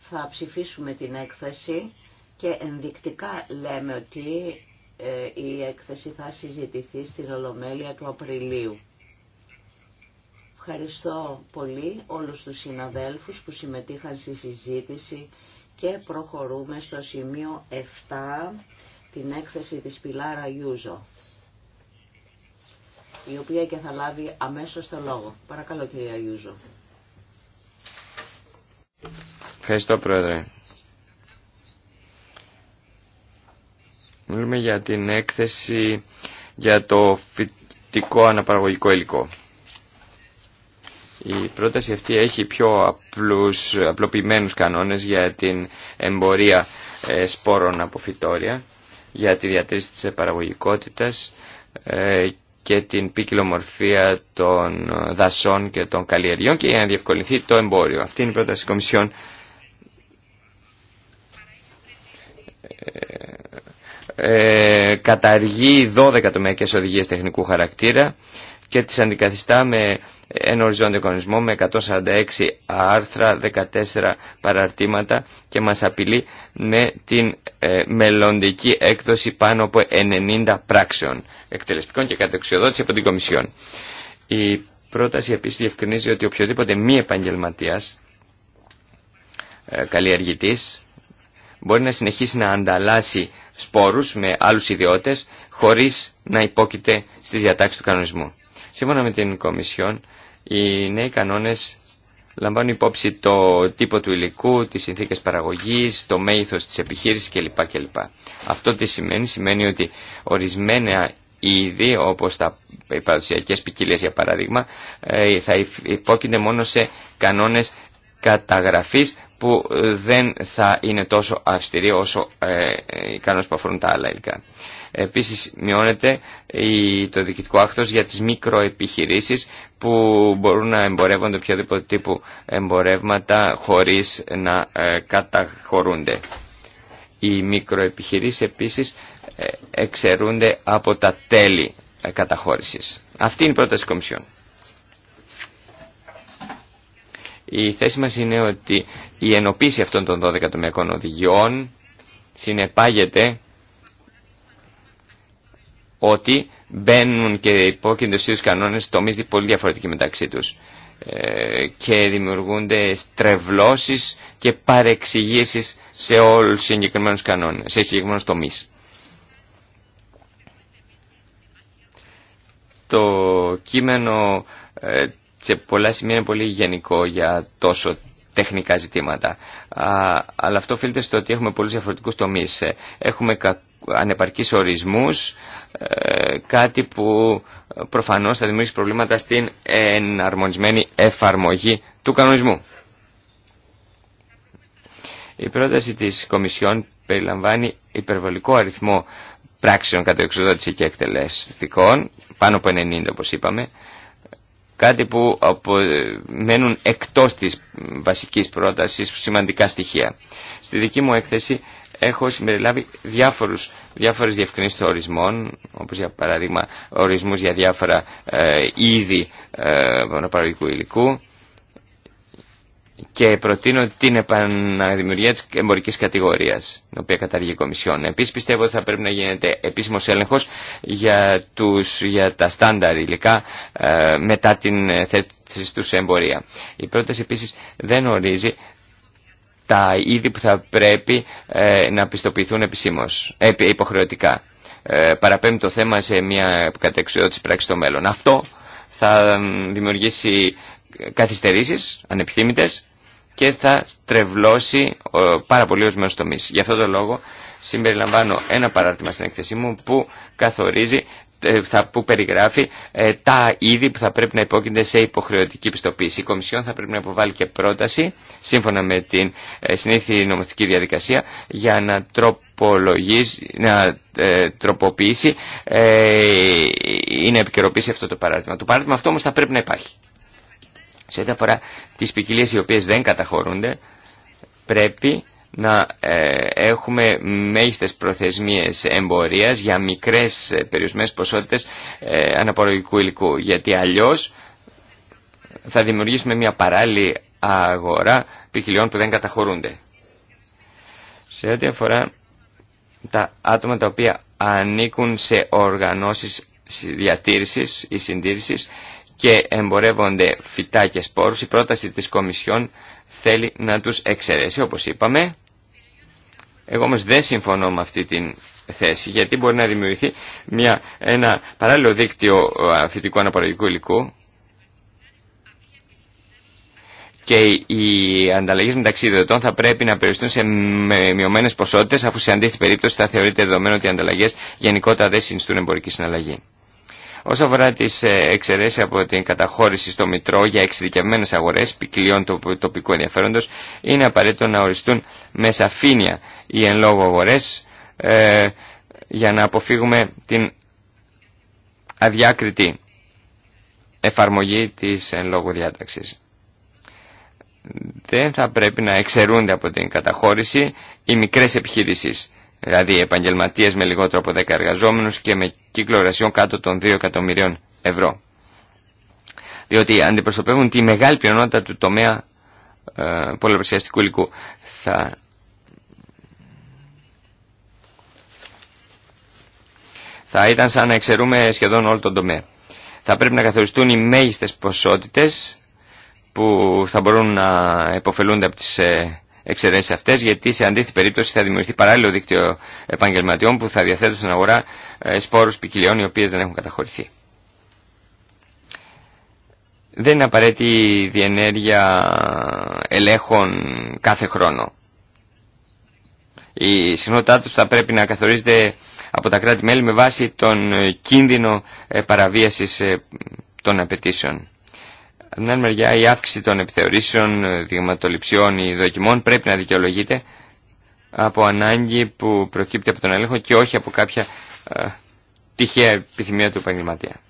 θα ψηφίσουμε την έκθεση και ενδεικτικά λέμε ότι ε, η έκθεση θα συζητηθεί στην Ολομέλεια του Απριλίου. Ευχαριστώ πολύ όλους τους συναδέλφους που συμμετείχαν στη συζήτηση και προχωρούμε στο σημείο 7, την έκθεση της Πιλάρα Ιούζο, η οποία και θα λάβει αμέσως το λόγο. Παρακαλώ κυρία Ιούζο. Ευχαριστώ πρόεδρε. Μιλούμε για την έκθεση για το φυτικό αναπαραγωγικό υλικό. Η πρόταση αυτή έχει πιο απλούς, απλοποιημένους κανόνες για την εμπορία ε, σπόρων από φυτόρια, για τη διατήρηση της παραγωγικότητας ε, και την ποικιλομορφία των δασών και των καλλιεργιών και για να διευκολυνθεί το εμπόριο. Αυτή είναι η πρόταση της Κομισιόν. Ε, ε, καταργεί 12 τομεακές οδηγίες τεχνικού χαρακτήρα και τις αντικαθιστά με ένα οριζόντιο οικονομισμό με 146 άρθρα, 14 παραρτήματα και μας απειλεί με την ε, μελλοντική έκδοση πάνω από 90 πράξεων εκτελεστικών και κατεξιοδότηση από την Κομισιόν. Η πρόταση επίσης διευκρινίζει ότι οποιοδήποτε μη επαγγελματίας, ε, καλλιεργητής, μπορεί να συνεχίσει να ανταλλάσσει σπόρους με άλλους ιδιώτες χωρίς να υπόκειται στις διατάξεις του κανονισμού. Σύμφωνα με την Κομισιόν, οι νέοι κανόνες λαμβάνουν υπόψη το τύπο του υλικού, τις συνθήκες παραγωγής, το μέγεθος της επιχείρησης κλπ. κλπ. Αυτό τι σημαίνει, σημαίνει ότι ορισμένα είδη, όπως τα, παραδοσιακές για παράδειγμα, ε, θα υπόκεινται μόνο σε κανόνες καταγραφής που δεν θα είναι τόσο αυστηρή όσο ε, ε οι που αφορούν τα άλλα υλικά. Επίσης μειώνεται το διοικητικό άκτος για τις μικροεπιχειρήσεις που μπορούν να εμπορεύονται οποιοδήποτε τύπου εμπορεύματα χωρίς να ε, καταχωρούνται. Οι μικροεπιχειρήσεις επίσης ε, εξαιρούνται από τα τέλη καταχώρησης. Αυτή είναι η πρόταση Κομισιόν. Η θέση μας είναι ότι η ενοποίηση αυτών των 12 τομιακών οδηγιών συνεπάγεται ότι μπαίνουν και υπόκεινται στους κανόνες τομείς πολύ διαφορετικοί μεταξύ τους ε, και δημιουργούνται στρεβλώσεις και παρεξηγήσεις σε όλους τους συγκεκριμένους κανόνες, σε συγκεκριμένους τομείς. Το κείμενο ε, σε πολλά σημεία είναι πολύ γενικό για τόσο τεχνικά ζητήματα. αλλά αυτό οφείλεται στο ότι έχουμε πολλούς διαφορετικούς τομείς. Ε, έχουμε ανεπαρκείς ορισμούς, ε, κάτι που προφανώς θα δημιουργήσει προβλήματα στην εναρμονισμένη εφαρμογή του κανονισμού. Η πρόταση της Κομισιόν περιλαμβάνει υπερβολικό αριθμό πράξεων κατά εξοδότηση και εκτελεστικών, πάνω από 90 όπως είπαμε, κάτι που ε, μένουν εκτός της βασικής πρότασης σημαντικά στοιχεία. Στη δική μου έκθεση έχω συμπεριλάβει διάφορους, διάφορες διευκρινήσεις των ορισμών, όπως για παράδειγμα ορισμούς για διάφορα ε, είδη ε, υλικού, και προτείνω την επαναδημιουργία της εμπορικής κατηγορίας, την οποία καταργεί η Κομισιόν. Επίσης πιστεύω ότι θα πρέπει να γίνεται επίσημος έλεγχος για, τους, για τα στάνταρ υλικά ε, μετά την θέση του σε εμπορία. Η πρόταση επίσης δεν ορίζει τα είδη που θα πρέπει ε, να πιστοποιηθούν επισήμως, ε, υποχρεωτικά. Ε, παραπέμπει το θέμα σε μια κατεξοδότηση πράξη στο μέλλον. Αυτό θα δημιουργήσει καθυστερήσεις ανεπιθύμητες και θα στρεβλώσει ε, πάρα πολύ ως μέρος Γι' αυτό το λόγο συμπεριλαμβάνω ένα παράρτημα στην εκθεσή μου που καθορίζει ε, θα, που περιγράφει ε, τα είδη που θα πρέπει να υπόκεινται σε υποχρεωτική πιστοποίηση. Η Κομισιόν θα πρέπει να υποβάλει και πρόταση, σύμφωνα με την συνήθη νομοθετική διαδικασία, για να, να τροποποιήσει ή να επικαιροποιήσει αυτό το παράδειγμα. Το παράδειγμα αυτό όμως θα πρέπει να υπάρχει. Σε ό,τι αφορά τις ποικιλίε οι οποίες δεν καταχωρούνται, πρέπει να ε, έχουμε μέγιστες προθεσμίες εμπορίας για μικρές ε, περιορισμένες ποσότητες ε, αναπαραγωγικού υλικού. Γιατί αλλιώς θα δημιουργήσουμε μια παράλληλη αγορά ποικιλιών που δεν καταχωρούνται. Σε ό,τι αφορά τα άτομα τα οποία ανήκουν σε οργανώσεις διατήρησης ή συντήρησης, και εμπορεύονται φυτά και σπόρους, η πρόταση της Κομισιόν θέλει να τους εξαιρέσει, όπως είπαμε. Εγώ όμως δεν συμφωνώ με αυτή την θέση, γιατί μπορεί να δημιουργηθεί μια, ένα παράλληλο δίκτυο φυτικού αναπαραγωγικού υλικού και οι ανταλλαγές μεταξύ ιδιωτών θα πρέπει να περιοριστούν σε μειωμένες ποσότητες, αφού σε αντίθετη περίπτωση θα θεωρείται δεδομένο ότι οι ανταλλαγές γενικότερα δεν συνιστούν εμπορική συναλλαγή. Όσο αφορά τι ε, εξαιρέσει από την καταχώρηση στο Μητρό για εξειδικευμένε αγορέ ποικιλίων τοπικού ενδιαφέροντο, είναι απαραίτητο να οριστούν με σαφήνεια οι εν λόγω αγορέ ε, για να αποφύγουμε την αδιάκριτη εφαρμογή της εν λόγω διάταξης. Δεν θα πρέπει να εξαιρούνται από την καταχώρηση οι μικρές επιχείρησεις δηλαδή επαγγελματίες με λιγότερο από 10 εργαζόμενους και με κύκλο εργασιών κάτω των 2 εκατομμυρίων ευρώ. Διότι αντιπροσωπεύουν τη μεγάλη πλειονότητα του τομέα ε, υλικού. Θα... θα ήταν σαν να εξαιρούμε σχεδόν όλο τον τομέα. Θα πρέπει να καθοριστούν οι μέγιστες ποσότητες που θα μπορούν να επωφελούνται από τις ε, εξαιρέσει αυτέ, γιατί σε αντίθετη περίπτωση θα δημιουργηθεί παράλληλο δίκτυο επαγγελματιών που θα διαθέτουν στην αγορά ε, σπόρου ποικιλιών οι οποίε δεν έχουν καταχωρηθεί. Δεν είναι απαραίτητη η διενέργεια ελέγχων κάθε χρόνο. Η συχνότητά του θα πρέπει να καθορίζεται από τα κράτη-μέλη με βάση τον κίνδυνο ε, παραβίασης ε, των απαιτήσεων. Από την άλλη μεριά η αύξηση των επιθεωρήσεων, ε, δειγματοληψιών ή δοκιμών πρέπει να δικαιολογείται από ανάγκη που προκύπτει από τον έλεγχο και όχι από κάποια ε, τυχαία επιθυμία του επαγγελματία.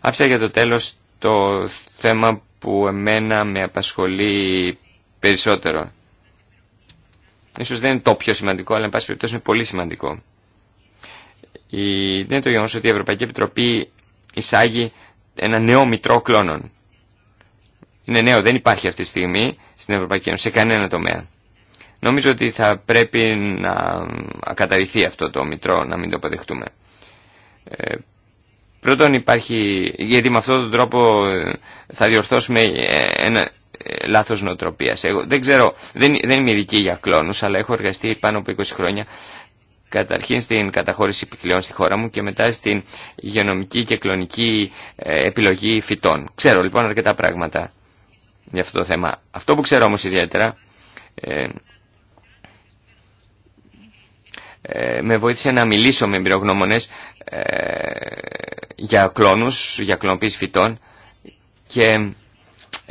Άφησα για το τέλος το θέμα που εμένα με απασχολεί περισσότερο. Ίσως δεν είναι το πιο σημαντικό, αλλά εν πάση περιπτώσει είναι πολύ σημαντικό. Δεν είναι το γεγονός ότι η Ευρωπαϊκή Επιτροπή εισάγει ένα νέο μητρό κλόνων. Είναι νέο, δεν υπάρχει αυτή τη στιγμή στην Ευρωπαϊκή Ένωση σε κανένα τομέα. Νομίζω ότι θα πρέπει να καταρριφθεί αυτό το μητρό, να μην το αποδεχτούμε. Ε, πρώτον υπάρχει, γιατί με αυτόν τον τρόπο ε, θα διορθώσουμε ε, ένα ε, λάθος νοοτροπίας. Εγώ δεν ξέρω, δεν, δεν είμαι ειδική για κλόνους, αλλά έχω εργαστεί πάνω από 20 χρόνια καταρχήν στην καταχώρηση επικλειών στη χώρα μου και μετά στην υγειονομική και κλονική ε, επιλογή φυτών. Ξέρω λοιπόν αρκετά πράγματα για αυτό το θέμα. Αυτό που ξέρω όμως ιδιαίτερα ε, ε με βοήθησε να μιλήσω με εμπειρογνώμονες ε, για κλόνους, για κλωνοποίηση φυτών και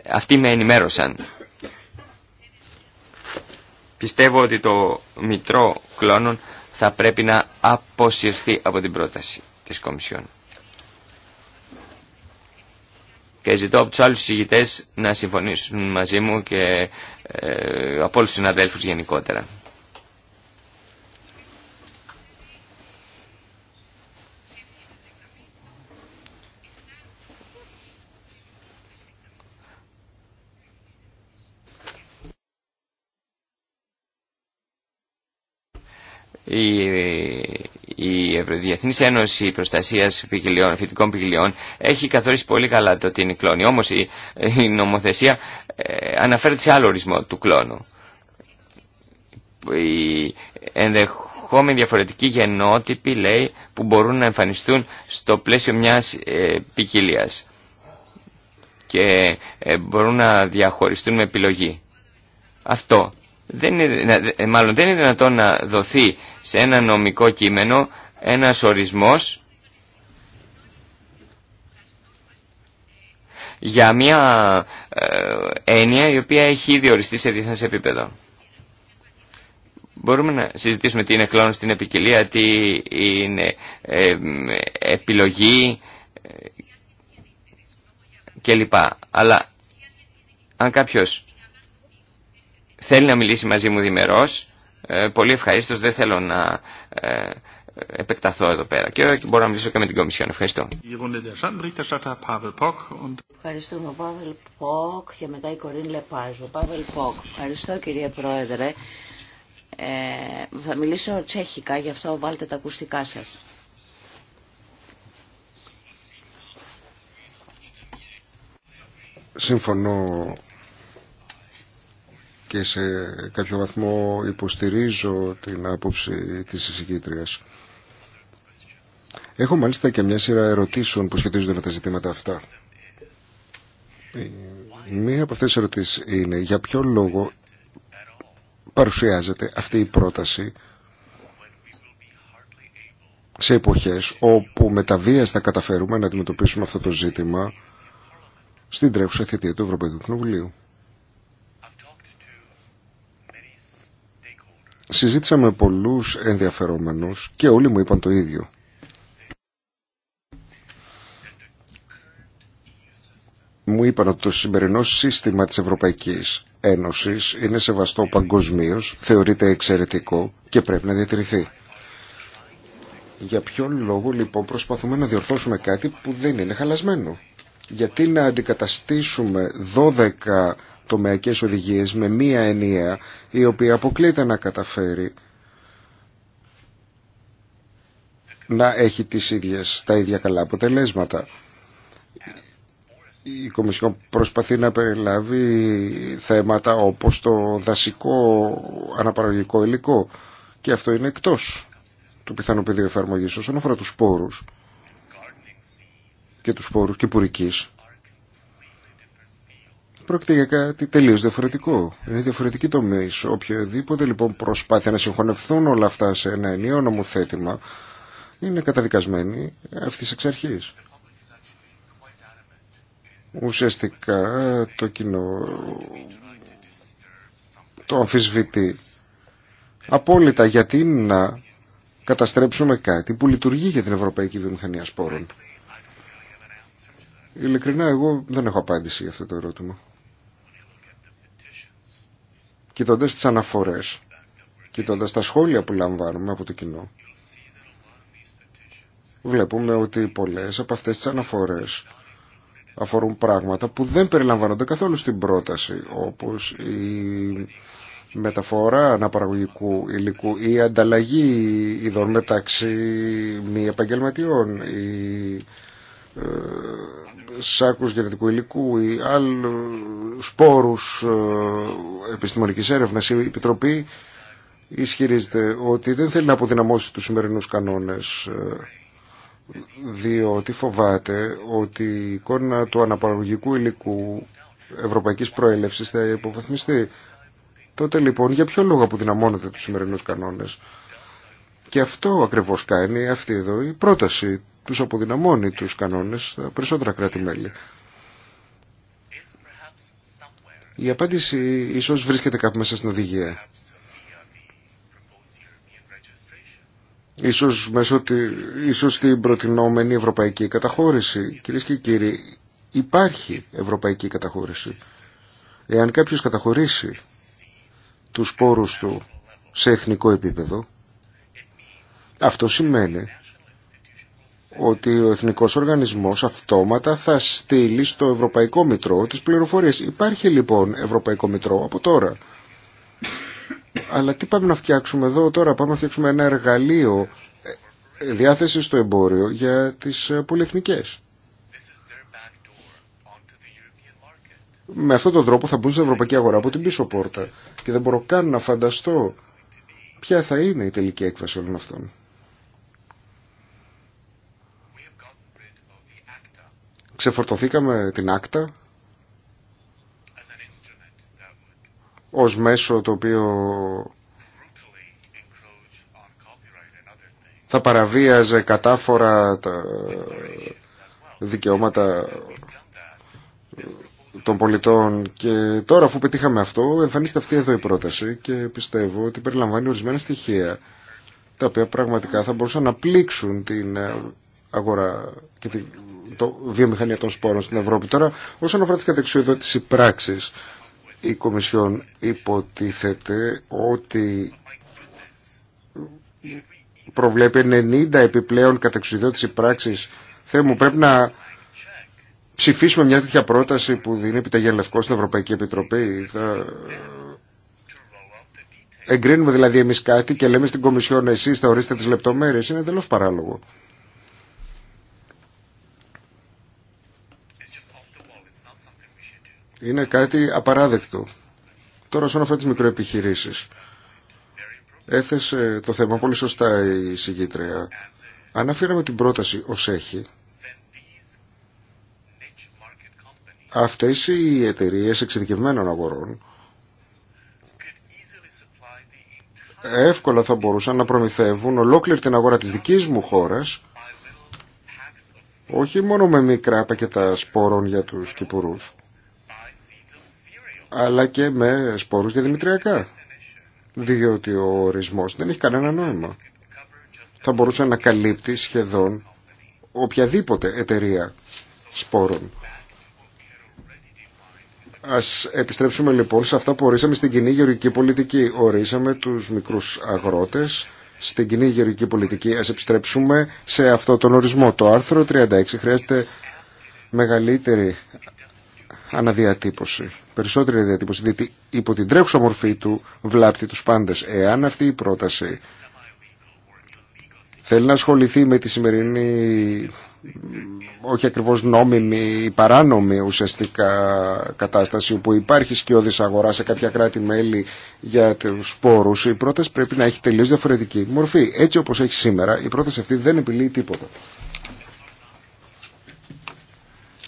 αυτοί με ενημέρωσαν. Πιστεύω ότι το Μητρό κλόνων θα πρέπει να αποσυρθεί από την πρόταση της Κομισιόν. Και ζητώ από τους άλλους συζητητές να συμφωνήσουν μαζί μου και ε, από όλους τους συναδέλφους γενικότερα. η, η Ένωση Προστασίας ποικιλιών, Φυτικών Ποικιλιών έχει καθορίσει πολύ καλά το τι είναι κλόνη. Όμως η, η νομοθεσία ε, αναφέρεται σε άλλο ορισμό του κλόνου. Οι ενδεχόμενοι διαφορετικοί γενότυποι, λέει που μπορούν να εμφανιστούν στο πλαίσιο μιας ε, ποικιλία και ε, μπορούν να διαχωριστούν με επιλογή. Αυτό δεν είναι, ε, μάλλον δεν είναι δυνατόν να δοθεί σε ένα νομικό κείμενο ένας ορισμός για μια ε, έννοια η οποία έχει οριστεί σε διεθνές επίπεδο. Μπορούμε να συζητήσουμε τι είναι κλόνος στην επικοινία, τι είναι ε, επιλογή κλπ. Αλλά αν κάποιος θέλει να μιλήσει μαζί μου διμερός, ε, πολύ ευχαρίστως, δεν θέλω να ε, επεκταθώ εδώ πέρα. Και μπορώ να μιλήσω και με την Κομισιόν. Ευχαριστώ. Ευχαριστούμε, Παύλ Πόκ και μετά η Κορίν Λεπάζου. Παύλ Πόκ. Ευχαριστώ, κύριε Πρόεδρε. Ε, θα μιλήσω τσέχικα, γι' αυτό βάλτε τα ακουστικά σας. Συμφωνώ και σε κάποιο βαθμό υποστηρίζω την άποψη της εισηγήτριας. Έχω μάλιστα και μια σειρά ερωτήσεων που σχετίζονται με τα ζητήματα αυτά. Ε, μία από αυτές τις ερωτήσεις είναι για ποιο λόγο παρουσιάζεται αυτή η πρόταση σε εποχές όπου με τα θα καταφέρουμε να αντιμετωπίσουμε αυτό το ζήτημα στην τρέχουσα θητεία του Ευρωπαϊκού Κοινοβουλίου. συζήτησα με πολλούς ενδιαφερόμενους και όλοι μου είπαν το ίδιο. Μου είπαν ότι το σημερινό σύστημα της Ευρωπαϊκής Ένωσης είναι σεβαστό παγκοσμίω, θεωρείται εξαιρετικό και πρέπει να διατηρηθεί. Για ποιο λόγο λοιπόν προσπαθούμε να διορθώσουμε κάτι που δεν είναι χαλασμένο. Γιατί να αντικαταστήσουμε 12 τομεακές οδηγίες με μία ενιαία η οποία αποκλείται να καταφέρει να έχει τις ίδιες, τα ίδια καλά αποτελέσματα. Η Κομισιόν προσπαθεί να περιλάβει θέματα όπως το δασικό αναπαραγωγικό υλικό και αυτό είναι εκτός του πιθανού πεδίου εφαρμογής όσον αφορά τους σπόρους και τους σπόρους πουρικής. Πρόκειται για κάτι τελείω διαφορετικό. Είναι διαφορετική τομή. Οποιοδήποτε λοιπόν προσπάθεια να συγχωνευθούν όλα αυτά σε ένα ενιαίο νομοθέτημα είναι καταδικασμένη αυτή εξ αρχή. Ουσιαστικά το κοινό το αμφισβητεί απόλυτα γιατί να καταστρέψουμε κάτι που λειτουργεί για την Ευρωπαϊκή Βιομηχανία Σπόρων. Ειλικρινά εγώ δεν έχω απάντηση για αυτό το ερώτημα κοιτώντας τις αναφορές, κοιτώντας τα σχόλια που λαμβάνουμε από το κοινό, βλέπουμε ότι πολλές από αυτές τις αναφορές αφορούν πράγματα που δεν περιλαμβάνονται καθόλου στην πρόταση, όπως η μεταφορά αναπαραγωγικού υλικού, η ανταλλαγή ειδών μεταξύ μη επαγγελματιών, η ε, σάκους γενετικού υλικού ή άλλους σπόρους ε, επιστημονικής έρευνας. Η Επιτροπή ισχυρίζεται ότι δεν θέλει να αποδυναμώσει τους σημερινούς κανόνες ε, διότι φοβάται ότι η εικόνα του αναπαραγωγικού υλικού ευρωπαϊκής προέλευσης θα υποβαθμιστεί. Τότε λοιπόν για ποιο λόγο αποδυναμώνεται τους σημερινούς κανόνες. Και αυτό ακριβώς κάνει αυτή εδώ η πρόταση τους αποδυναμώνει τους κανόνες στα περισσότερα κράτη-μέλη. Η απάντηση ίσως βρίσκεται κάπου μέσα στην οδηγία. Ίσως, μέσω τη, ίσως την προτινόμενη ευρωπαϊκή καταχώρηση. Κυρίες και κύριοι, υπάρχει ευρωπαϊκή καταχώρηση. Εάν κάποιος καταχωρήσει τους πόρους του σε εθνικό επίπεδο, αυτό σημαίνει ότι ο Εθνικός Οργανισμός αυτόματα θα στείλει στο Ευρωπαϊκό Μητρό τις πληροφορίες. Υπάρχει λοιπόν Ευρωπαϊκό Μητρό από τώρα. Αλλά τι πάμε να φτιάξουμε εδώ τώρα, πάμε να φτιάξουμε ένα εργαλείο ε, διάθεση στο εμπόριο για τις ε, πολυεθνικές. Με αυτόν τον τρόπο θα μπουν στην ευρωπαϊκή αγορά από την πίσω πόρτα και δεν μπορώ καν να φανταστώ ποια θα είναι η τελική έκβαση όλων αυτών. ξεφορτωθήκαμε την άκτα ως μέσο το οποίο θα παραβίαζε κατάφορα τα δικαιώματα των πολιτών και τώρα αφού πετύχαμε αυτό εμφανίστηκε αυτή εδώ η πρόταση και πιστεύω ότι περιλαμβάνει ορισμένα στοιχεία τα οποία πραγματικά θα μπορούσαν να πλήξουν την αγορά και τη το βιομηχανία των σπόρων στην Ευρώπη. Τώρα, όσον αφορά τις κατεξουδότηση πράξεις, η Κομισιόν υποτίθεται ότι προβλέπει 90 επιπλέον κατεξουδότηση πράξεις. Θεέ μου, πρέπει να ψηφίσουμε μια τέτοια πρόταση που δίνει επιταγή λευκό στην Ευρωπαϊκή Επιτροπή. Θα... Εγκρίνουμε δηλαδή εμείς κάτι και λέμε στην Κομισιόν εσείς θα ορίσετε τις λεπτομέρειες. Είναι εντελώς παράλογο. Είναι κάτι απαράδεκτο. Τώρα όσον αφορά τις μικροεπιχειρήσεις. Έθεσε το θέμα πολύ σωστά η συγκήτρια. Αναφέραμε την πρόταση ως έχει. Αυτές οι εταιρείες εξειδικευμένων αγορών εύκολα θα μπορούσαν να προμηθεύουν ολόκληρη την αγορά της δικής μου χώρας όχι μόνο με μικρά πακετά σπόρων για τους κυπουρούς αλλά και με σπόρους για δημητριακά. Διότι ο ορισμός δεν έχει κανένα νόημα. Θα μπορούσε να καλύπτει σχεδόν οποιαδήποτε εταιρεία σπόρων. Ας επιστρέψουμε λοιπόν σε αυτά που ορίσαμε στην κοινή γεωργική πολιτική. Ορίσαμε τους μικρούς αγρότες στην κοινή γεωργική πολιτική. Ας επιστρέψουμε σε αυτό τον ορισμό. Το άρθρο 36 χρειάζεται μεγαλύτερη αναδιατύπωση, περισσότερη διατύπωση, διότι υπό την τρέχουσα μορφή του βλάπτει τους πάντες. Εάν αυτή η πρόταση θέλει να ασχοληθεί με τη σημερινή, όχι ακριβώς νόμιμη ή παράνομη ουσιαστικά κατάσταση όπου υπάρχει σκιώδης αγορά σε κάποια κράτη-μέλη για τους σπόρους, η πρόταση πρέπει να έχει τελείως διαφορετική μορφή. Έτσι όπως έχει σήμερα, η πρόταση αυτή δεν επιλύει τίποτα.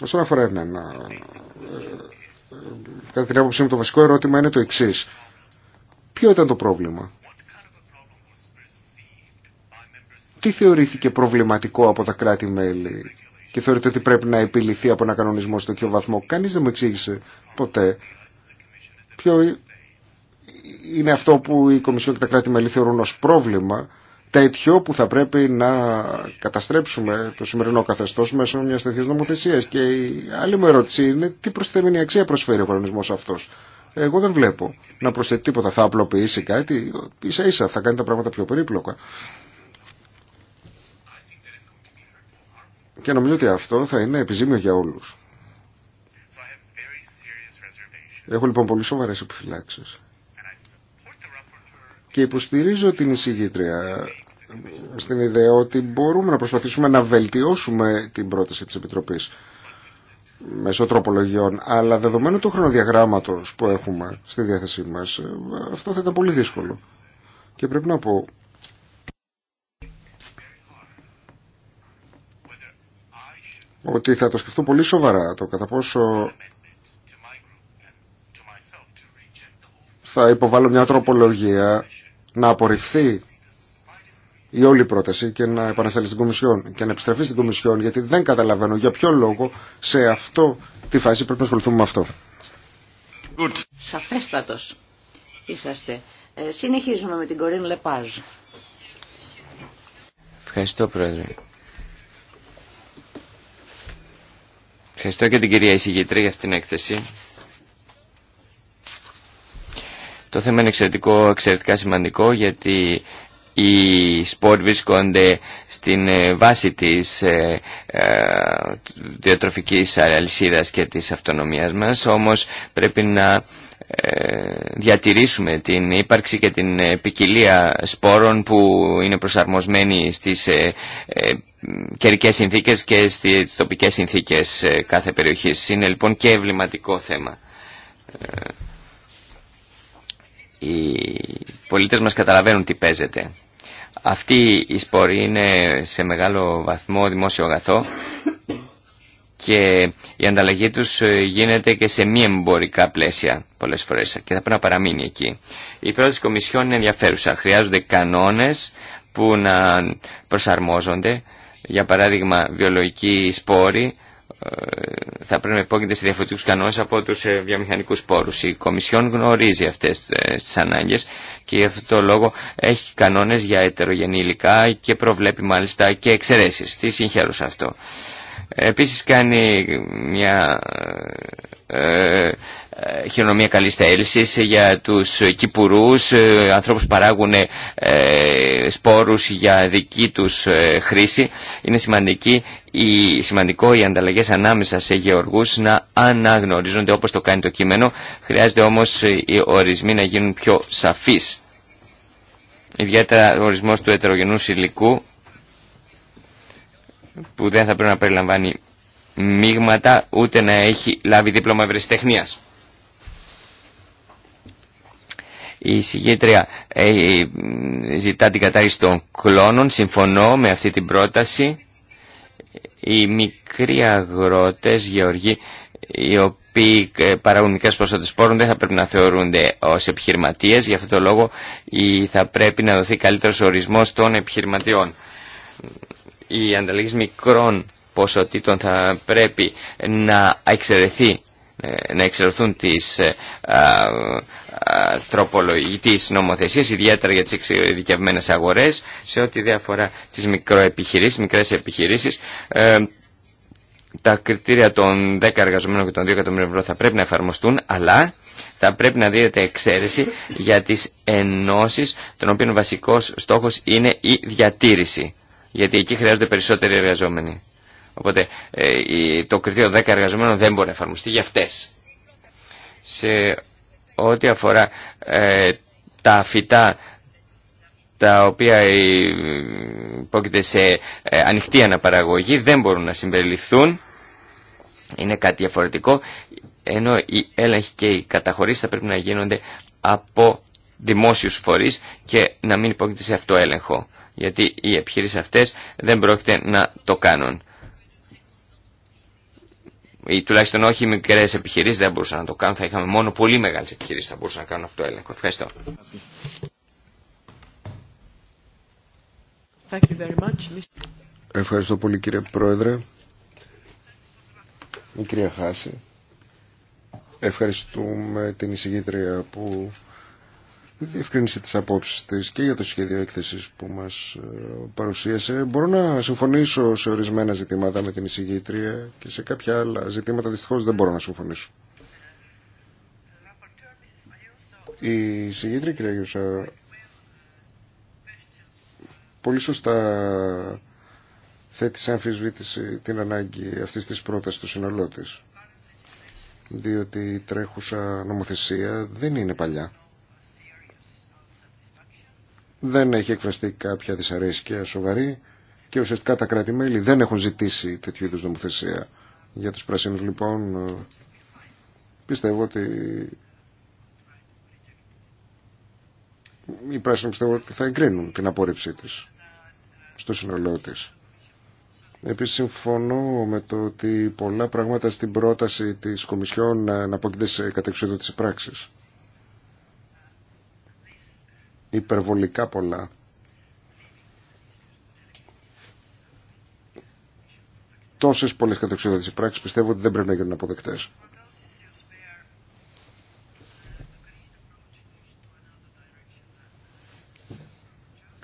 Όσον αφορά έναν κατά την άποψή μου το βασικό ερώτημα είναι το εξή. Ποιο ήταν το πρόβλημα. Τι θεωρήθηκε προβληματικό από τα κράτη-μέλη και θεωρείται ότι πρέπει να επιληθεί από ένα κανονισμό στο τέτοιο βαθμό. Κανείς δεν μου εξήγησε ποτέ ποιο είναι αυτό που η Κομισιόν και τα κράτη-μέλη θεωρούν ως πρόβλημα τέτοιο που θα πρέπει να καταστρέψουμε το σημερινό καθεστώς μέσω μιας τέτοιας νομοθεσία. Και η άλλη μου ερώτηση είναι τι προσθέμενη αξία προσφέρει ο κανονισμός αυτός. Εγώ δεν βλέπω να προσθέτει τίποτα. Θα απλοποιήσει κάτι. Ίσα ίσα θα κάνει τα πράγματα πιο περίπλοκα. Και νομίζω ότι αυτό θα είναι επιζήμιο για όλους. Έχω λοιπόν πολύ σοβαρές επιφυλάξεις. Και υποστηρίζω την εισηγήτρια στην ιδέα ότι μπορούμε να προσπαθήσουμε να βελτιώσουμε την πρόταση της Επιτροπής μέσω τροπολογιών, αλλά δεδομένου του χρονοδιαγράμματος που έχουμε στη διάθεσή μας, ε, αυτό θα ήταν πολύ δύσκολο. Και πρέπει να πω ότι θα το σκεφτώ πολύ σοβαρά το κατά πόσο θα υποβάλω μια τροπολογία να απορριφθεί η όλη πρόταση και να επανασταλεί στην Κομισιόν και να επιστραφεί στην Κομισιόν γιατί δεν καταλαβαίνω για ποιο λόγο σε αυτό τη φάση πρέπει να ασχοληθούμε με αυτό. Good. Σαφέστατος είσαστε. Ε, συνεχίζουμε με την Κορίν Λεπάζ. Ευχαριστώ Πρόεδρε. Ευχαριστώ και την κυρία Ισηγητρή για αυτήν την έκθεση. Το θέμα είναι εξαιρετικό, εξαιρετικά σημαντικό γιατί οι σπόρ βρίσκονται στην ε, βάση της ε, ε, διατροφικής και της αυτονομίας μας, όμως πρέπει να διατηρήσουμε την ύπαρξη και την ποικιλία σπόρων που είναι προσαρμοσμένοι στις καιρικές συνθήκες και στις τοπικές συνθήκες κάθε περιοχής. Είναι λοιπόν και ευληματικό θέμα. Οι πολίτες μας καταλαβαίνουν τι παίζεται. Αυτή η σπορή είναι σε μεγάλο βαθμό δημόσιο αγαθό και η ανταλλαγή τους ε, γίνεται και σε μη εμπορικά πλαίσια πολλές φορές και θα πρέπει να παραμείνει εκεί. Η πρόταση κομισιών είναι ενδιαφέρουσα. Χρειάζονται κανόνες που να προσαρμόζονται. Για παράδειγμα, βιολογικοί σπόροι ε, θα πρέπει να υπόκειται σε διαφορετικούς κανόνες από τους ε, βιομηχανικούς πόρους. Η Κομισιόν γνωρίζει αυτές ε, τις ανάγκες και γι' αυτό το λόγο έχει κανόνες για ετερογενή υλικά και προβλέπει μάλιστα και εξαιρέσεις. Τι συγχαίρω αυτό. Επίσης κάνει μια χειρονομία καλή θέλησης για τους κυπουρούς, ε, ανθρώπους που παράγουν ε, σπόρους για δική τους χρήση. Είναι σημαντική η, σημαντικό οι ανταλλαγές ανάμεσα σε γεωργούς να αναγνωρίζονται όπως το κάνει το κείμενο. Χρειάζεται όμως οι ορισμοί να γίνουν πιο σαφείς. Ιδιαίτερα ο ορισμός του ετερογενούς υλικού που δεν θα πρέπει να περιλαμβάνει μείγματα ούτε να έχει λάβει δίπλωμα ευρεσιτεχνίας. Η ε, ε, ζητά την κατάρριση των κλώνων. Συμφωνώ με αυτή την πρόταση οι μικροί αγρότες, γεωργοί, οι οποίοι ε, παράγουν μικρέ ποσότητε σπόρων δεν θα πρέπει να θεωρούνται ω επιχειρηματίε. Γι' αυτόν τον λόγο θα πρέπει να δοθεί καλύτερο ορισμό των επιχειρηματιών. Οι ανταλλαγή μικρών ποσοτήτων θα πρέπει να εξαιρεθεί ε, να εξαιρεθούν τις, ε, α, α, νομοθεσίες, ιδιαίτερα για τις εξειδικευμένες αγορές, σε ό,τι διαφορά τις μικροεπιχειρήσεις, μικρές επιχειρήσεις. Ε, τα κριτήρια των 10 εργαζομένων και των 2 εκατομμυρίων ευρώ θα πρέπει να εφαρμοστούν, αλλά θα πρέπει να δίνεται εξαίρεση για τις ενώσεις, των οποίων βασικός στόχος είναι η διατήρηση, γιατί εκεί χρειάζονται περισσότεροι εργαζόμενοι. Οπότε ε, το κριτήριο 10 εργαζομένων δεν μπορεί να εφαρμοστεί για αυτές. Σε ό,τι αφορά ε, τα φυτά τα οποία υπόκειται σε ε, ανοιχτή αναπαραγωγή δεν μπορούν να συμπεριληφθούν. Είναι κάτι διαφορετικό, ενώ οι έλεγχοι και οι καταχωρήσεις θα πρέπει να γίνονται από δημόσιους φορείς και να μην υπόκειται σε αυτό έλεγχο. Γιατί οι επιχείρησεις αυτές δεν πρόκειται να το κάνουν ή τουλάχιστον όχι μικρές μικρέ επιχειρήσει δεν μπορούσαν να το κάνουν. Θα είχαμε μόνο πολύ μεγάλε επιχειρήσει που θα μπορούσαν να κάνουν αυτό το έλεγχο. Ευχαριστώ. Ευχαριστώ πολύ κύριε Πρόεδρε. Η κυρία Χάση. Ευχαριστούμε την εισηγήτρια που διευκρίνηση τις απόψεις της και για το σχέδιο έκθεσης που μας ε, παρουσίασε. Μπορώ να συμφωνήσω σε ορισμένα ζητήματα με την εισηγήτρια και σε κάποια άλλα ζητήματα δυστυχώς δεν μπορώ να συμφωνήσω. Η εισηγήτρια κυρία Γιούσα πολύ σωστά θέτει σε αμφισβήτηση την ανάγκη αυτής της πρότασης του συνολό τη. διότι η τρέχουσα νομοθεσία δεν είναι παλιά δεν έχει εκφραστεί κάποια δυσαρέσκεια σοβαρή και ουσιαστικά τα κράτη-μέλη δεν έχουν ζητήσει τέτοιου είδους νομοθεσία. Για τους πρασίνους λοιπόν πιστεύω ότι οι πράσινοι πιστεύω ότι θα εγκρίνουν την απόρριψή της στο σύνολό της. Επίσης συμφωνώ με το ότι πολλά πράγματα στην πρόταση της Κομισιόν να αποκείται σε κατεξοδότηση πράξης υπερβολικά πολλά. Τόσες πολλές κατεξοδότητες πράξεις πιστεύω ότι δεν πρέπει να γίνουν αποδεκτές.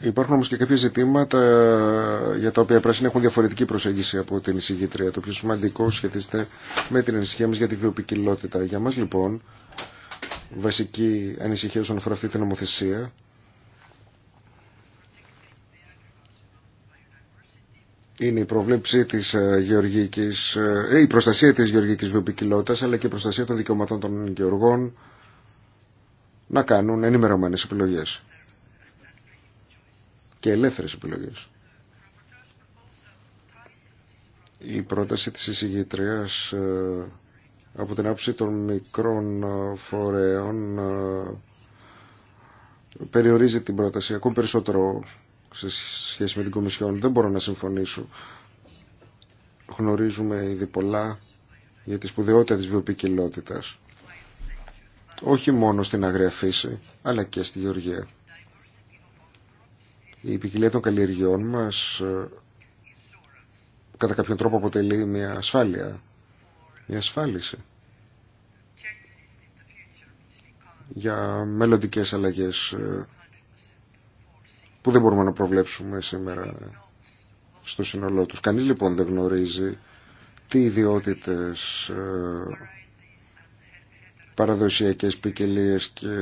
Υπάρχουν όμως και κάποια ζητήματα ε, για τα οποία πράσινα έχουν διαφορετική προσέγγιση από την εισηγήτρια. Το πιο σημαντικό σχετίζεται με την ανησυχία μας για τη βιοπικιλότητα. Για μας λοιπόν, βασική ανησυχία όσον αφορά αυτή την νομοθεσία είναι η προβλέψη της ε, γεωργικής, ε, η προστασία της γεωργικής βιοποικιλότητας αλλά και η προστασία των δικαιωματών των γεωργών να κάνουν ενημερωμένες επιλογές και ελεύθερες επιλογές. Η πρόταση της εισηγήτριας ε, από την άποψη των μικρών φορέων περιορίζει την πρόταση ακόμη περισσότερο σε σχέση με την Κομισιόν δεν μπορώ να συμφωνήσω. Γνωρίζουμε ήδη πολλά για τη σπουδαιότητα της βιοποικιλότητας. Όχι μόνο στην αγρία φύση, αλλά και στη γεωργία. Η ποικιλία των καλλιεργειών μας ε, κατά κάποιον τρόπο αποτελεί μια ασφάλεια, μια ασφάλιση για μελλοντικές αλλαγές ε, που δεν μπορούμε να προβλέψουμε σήμερα στο σύνολό τους. Κανείς λοιπόν δεν γνωρίζει τι ιδιότητες ε, παραδοσιακές ποικιλίε και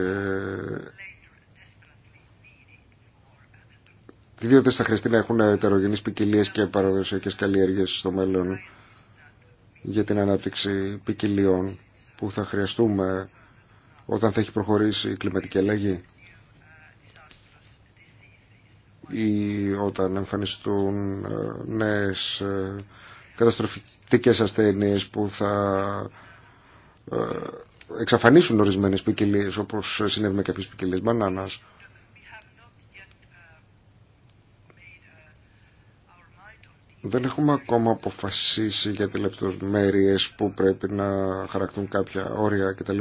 τι ιδιότητες θα χρειαστεί να έχουν ετερογενείς ποικιλίε και παραδοσιακές καλλιέργειες στο μέλλον για την ανάπτυξη ποικιλιών που θα χρειαστούμε όταν θα έχει προχωρήσει η κλιματική αλλαγή ή όταν εμφανιστούν ε, νέες ε, καταστροφικές ασθένειες που θα ε, εξαφανίσουν ορισμένες ποικιλίε όπως συνέβη με κάποιες ποικιλίες μπανάνας. Δεν έχουμε ακόμα αποφασίσει για τις λεπτομέρειες που πρέπει να χαρακτούν κάποια όρια κτλ.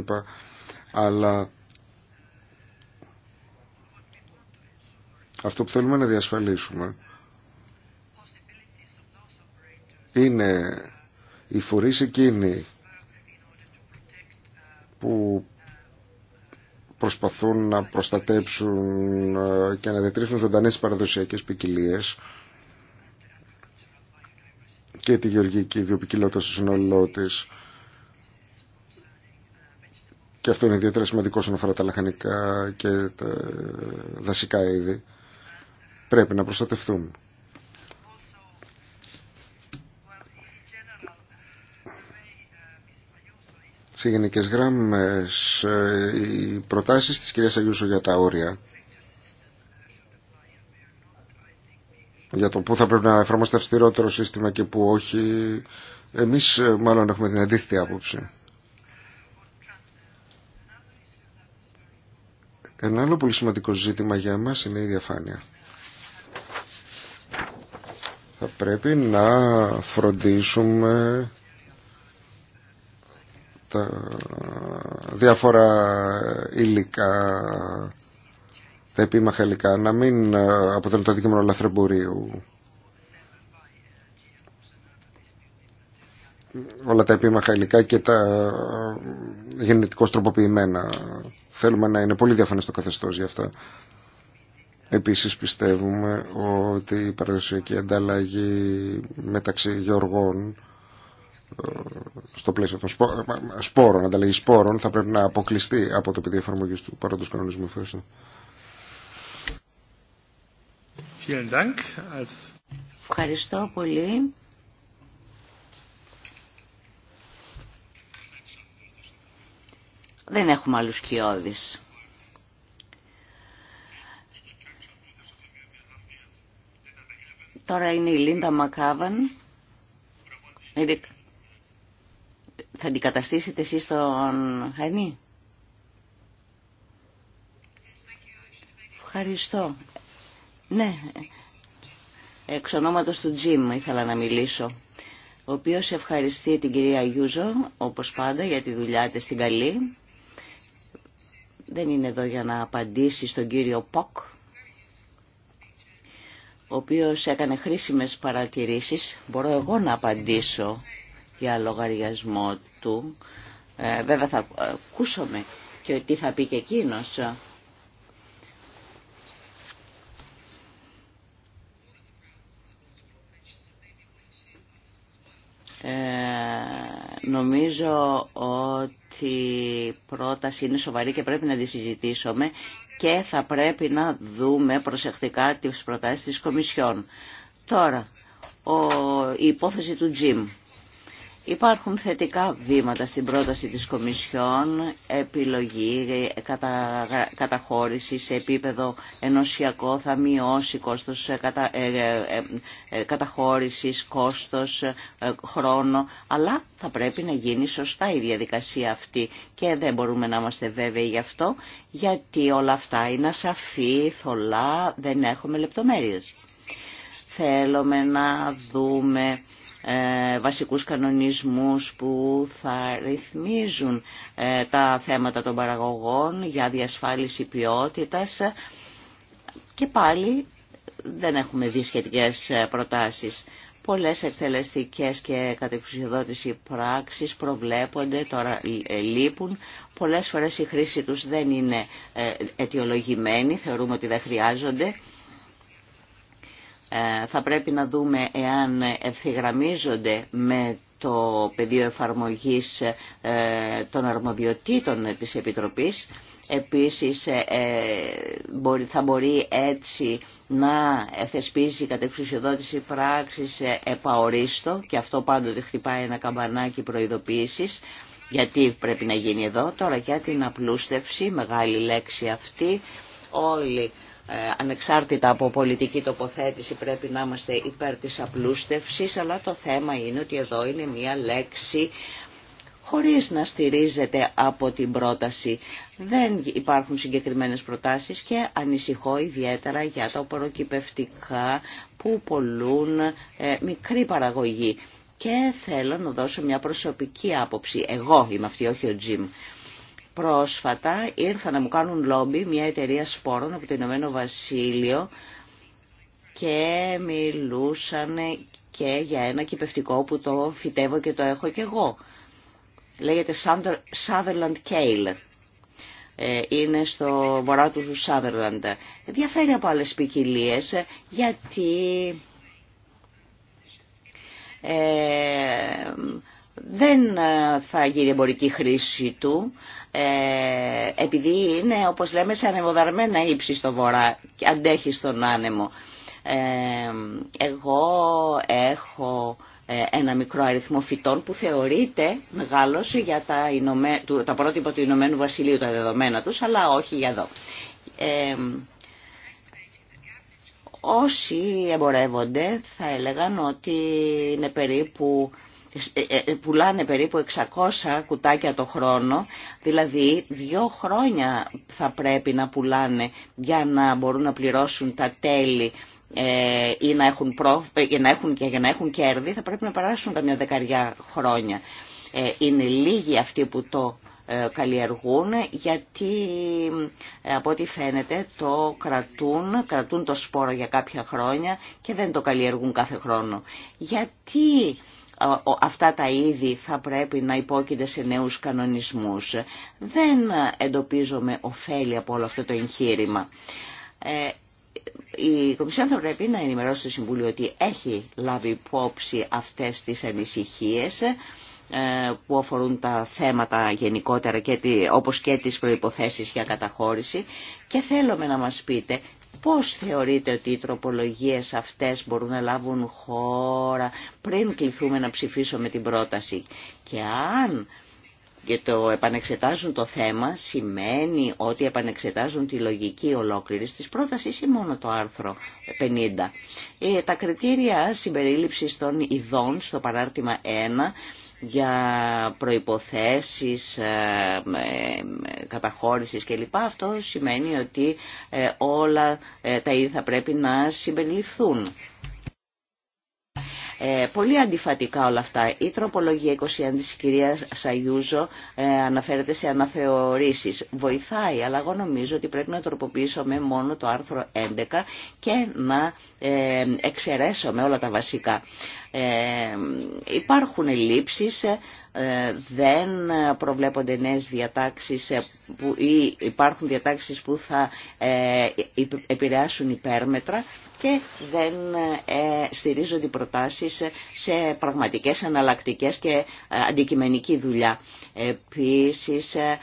Αλλά Αυτό που θέλουμε να διασφαλίσουμε είναι οι φορείς εκείνοι που προσπαθούν να προστατέψουν ε, και να διατηρήσουν ζωντανές παραδοσιακές ποικιλίε και τη γεωργική βιοποικιλότητα στο συνολό τη. Και αυτό είναι ιδιαίτερα σημαντικό όσον αφορά τα λαχανικά και τα δασικά είδη πρέπει να προστατευτούν. Σε γενικές γράμμες, ε, οι προτάσεις της κυρίας Αγιούσου για τα όρια, για το που θα πρέπει να εφαρμόσετε αυστηρότερο σύστημα και που όχι, εμείς ε, μάλλον έχουμε την αντίθετη άποψη. Ένα άλλο πολύ σημαντικό ζήτημα για εμάς είναι η διαφάνεια. Θα πρέπει να φροντίσουμε τα διάφορα υλικά, τα επίμαχα υλικά, να μην αποτελούν το αντικείμενο λαθρεμπορίου. όλα τα επίμαχα υλικά και τα γενετικώς τροποποιημένα. Θέλουμε να είναι πολύ διαφανές το καθεστώς για αυτά. Επίσης πιστεύουμε ότι η παραδοσιακή ανταλλαγή μεταξύ γεωργών ε, στο πλαίσιο των σπόρων, ανταλλαγή σπόρων, θα πρέπει να αποκλειστεί από το πεδίο εφαρμογή του παρόντο κανονισμού. Ευχαριστώ. Ευχαριστώ πολύ. Δεν έχουμε άλλους κοιόδης. Τώρα είναι η Λίντα Μακάβαν. Θα αντικαταστήσετε εσείς τον Χανί. Ευχαριστώ. Ναι, εξ ονόματος του Τζιμ ήθελα να μιλήσω, ο οποίος ευχαριστεί την κυρία Γιούζο, όπως πάντα, για τη δουλειά της στην Καλή. Δεν είναι εδώ για να απαντήσει στον κύριο Ποκ, ο οποίος έκανε χρήσιμες παρατηρήσεις. Μπορώ εγώ να απαντήσω για λογαριασμό του. Ε, βέβαια θα ακούσουμε και τι θα πει και εκείνος Νομίζω ότι η πρόταση είναι σοβαρή και πρέπει να τη συζητήσουμε και θα πρέπει να δούμε προσεκτικά τις προτάσεις της Κομισιόν. Τώρα, ο, η υπόθεση του Τζιμ. Υπάρχουν θετικά βήματα στην πρόταση της Κομισιόν, επιλογή, ε, κατα, καταχώρηση σε επίπεδο ενωσιακό θα μειώσει κόστος ε, κατα, ε, ε κόστος, χρόνο, αλλά θα πρέπει να γίνει σωστά η διαδικασία αυτή και δεν μπορούμε να είμαστε βέβαιοι γι' αυτό, γιατί όλα αυτά είναι ασαφή, θολά, δεν έχουμε λεπτομέρειες. Θέλουμε να δούμε ε, βασικούς κανονισμούς που θα ρυθμίζουν ε, τα θέματα των παραγωγών για διασφάλιση ποιότητας και πάλι δεν έχουμε δει σχετικές ε, προτάσεις. Πολλές εκτελεστικές και κατεξουσιοδότηση πράξεις προβλέπονται, τώρα λείπουν. Πολλές φορές η χρήση τους δεν είναι αιτιολογημένη, θεωρούμε ότι δεν χρειάζονται. Ε, θα πρέπει να δούμε εάν ευθυγραμμίζονται με το πεδίο εφαρμογής ε, των αρμοδιοτήτων της Επιτροπής. Επίσης ε, θα μπορεί έτσι να θεσπίζει κατεξουσιοδότηση πράξης επαορίστο και αυτό πάντοτε χτυπάει ένα καμπανάκι προειδοποίησης γιατί πρέπει να γίνει εδώ. Τώρα για την απλούστευση, μεγάλη λέξη αυτή, όλοι ε, ανεξάρτητα από πολιτική τοποθέτηση πρέπει να είμαστε υπέρ της απλούστευσης, αλλά το θέμα είναι ότι εδώ είναι μία λέξη χωρίς να στηρίζεται από την πρόταση. Δεν υπάρχουν συγκεκριμένες προτάσεις και ανησυχώ ιδιαίτερα για τα προκυπευτικά που πολλούν ε, μικρή παραγωγή. Και θέλω να δώσω μια προσωπική άποψη. Εγώ είμαι αυτή, όχι ο Τζιμ πρόσφατα ήρθαν να μου κάνουν λόμπι μια εταιρεία σπόρων από το Ηνωμένο Βασίλειο και μιλούσαν και για ένα κυπευτικό που το φυτεύω και το έχω και εγώ. Λέγεται Sutherland Kale. Ε, είναι στο βορρά του Sutherland. Διαφέρει από άλλες ποικιλίε γιατί ε, δεν θα γίνει εμπορική χρήση του. Ε, επειδή είναι όπως λέμε σε ανεμοδαρμένα ύψη στο βορρά και αντέχει στον άνεμο. Ε, εγώ έχω ε, ένα μικρό αριθμό φυτών που θεωρείται μεγάλος για τα, τα πρότυπα του Ηνωμένου Βασιλείου, τα δεδομένα τους, αλλά όχι για εδώ. όσοι εμπορεύονται θα έλεγαν ότι είναι περίπου ε, ε, πουλάνε περίπου 600 κουτάκια το χρόνο, δηλαδή δύο χρόνια θα πρέπει να πουλάνε για να μπορούν να πληρώσουν τα τέλη ε, ή να έχουν, προ, για να έχουν και για να έχουν κέρδη θα πρέπει να περάσουν καμιά δεκαριά χρόνια. είναι λίγοι αυτοί που το καλλιεργούν γιατί από ό,τι φαίνεται το κρατούν, κρατούν το σπόρο για κάποια χρόνια και δεν το καλλιεργούν κάθε χρόνο. Γιατί αυτά τα είδη θα πρέπει να υπόκεινται σε νέους κανονισμούς. Δεν εντοπίζομαι ωφέλη από όλο αυτό το εγχείρημα. Ε, η Κομισιόν θα πρέπει να ενημερώσει το Συμβούλιο ότι έχει λάβει υπόψη αυτές τις ανησυχίες ε, που αφορούν τα θέματα γενικότερα και, όπως και τις προϋποθέσεις για καταχώρηση και θέλουμε να μας πείτε Πώς θεωρείτε ότι οι τροπολογίες αυτές μπορούν να λάβουν χώρα πριν κληθούμε να ψηφίσουμε την πρόταση και αν και το επανεξετάζουν το θέμα σημαίνει ότι επανεξετάζουν τη λογική ολόκληρη της πρότασης ή μόνο το άρθρο 50. Ε, τα κριτήρια συμπερίληψης των ειδών στο παράρτημα 1 για προϋποθέσεις ε, καταχώρησης κλπ. Αυτό σημαίνει ότι ε, όλα τα είδη θα πρέπει να συμπεριληφθούν. Ε, πολύ αντιφατικά όλα αυτά. Η τροπολογία 21 της κυρίας Σαγιούζο ε, αναφέρεται σε αναθεωρήσεις. Βοηθάει, αλλά εγώ νομίζω ότι πρέπει να τροποποιήσουμε μόνο το άρθρο 11 και να ε, εξαιρέσουμε όλα τα βασικά. Ε, υπάρχουν λήψεις, δεν προβλέπονται νέες διατάξεις που, ή υπάρχουν διατάξεις που θα επηρεάσουν υπέρμετρα και δεν ε, στηρίζονται οι προτάσεις σε πραγματικές αναλλακτικές και ε, αντικειμενική δουλειά. Επίσης ε,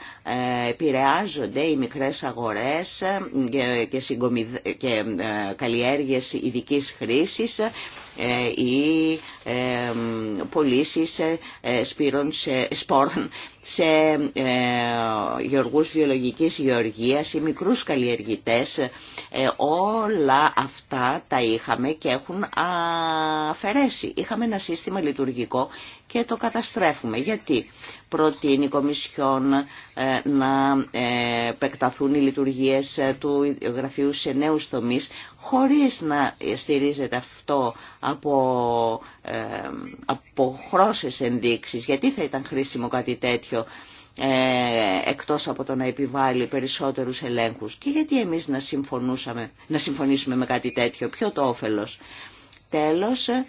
επηρεάζονται οι μικρές αγορές και, και καλλιέργειες ειδική χρήσης ή πωλήσει σπόρων σε ε, γεωργούς βιολογικής γεωργίας ή μικρούς καλλιεργητές. Ε, όλα αυτά τα είχαμε και έχουν αφαιρέσει. Είχαμε ένα σύστημα λειτουργικό και το καταστρέφουμε. Γιατί προτείνει η Κομισιόν ε, να ε, επεκταθούν οι λειτουργίες ε, του γραφείου σε νέους τομείς χωρίς να στηρίζεται αυτό από, από χρώσεις ενδείξεις. Γιατί θα ήταν χρήσιμο κάτι τέτοιο εκτός από το να επιβάλλει περισσότερους ελέγχους. Και γιατί εμείς να, να συμφωνήσουμε με κάτι τέτοιο. Ποιο το όφελος. Τέλος, ε,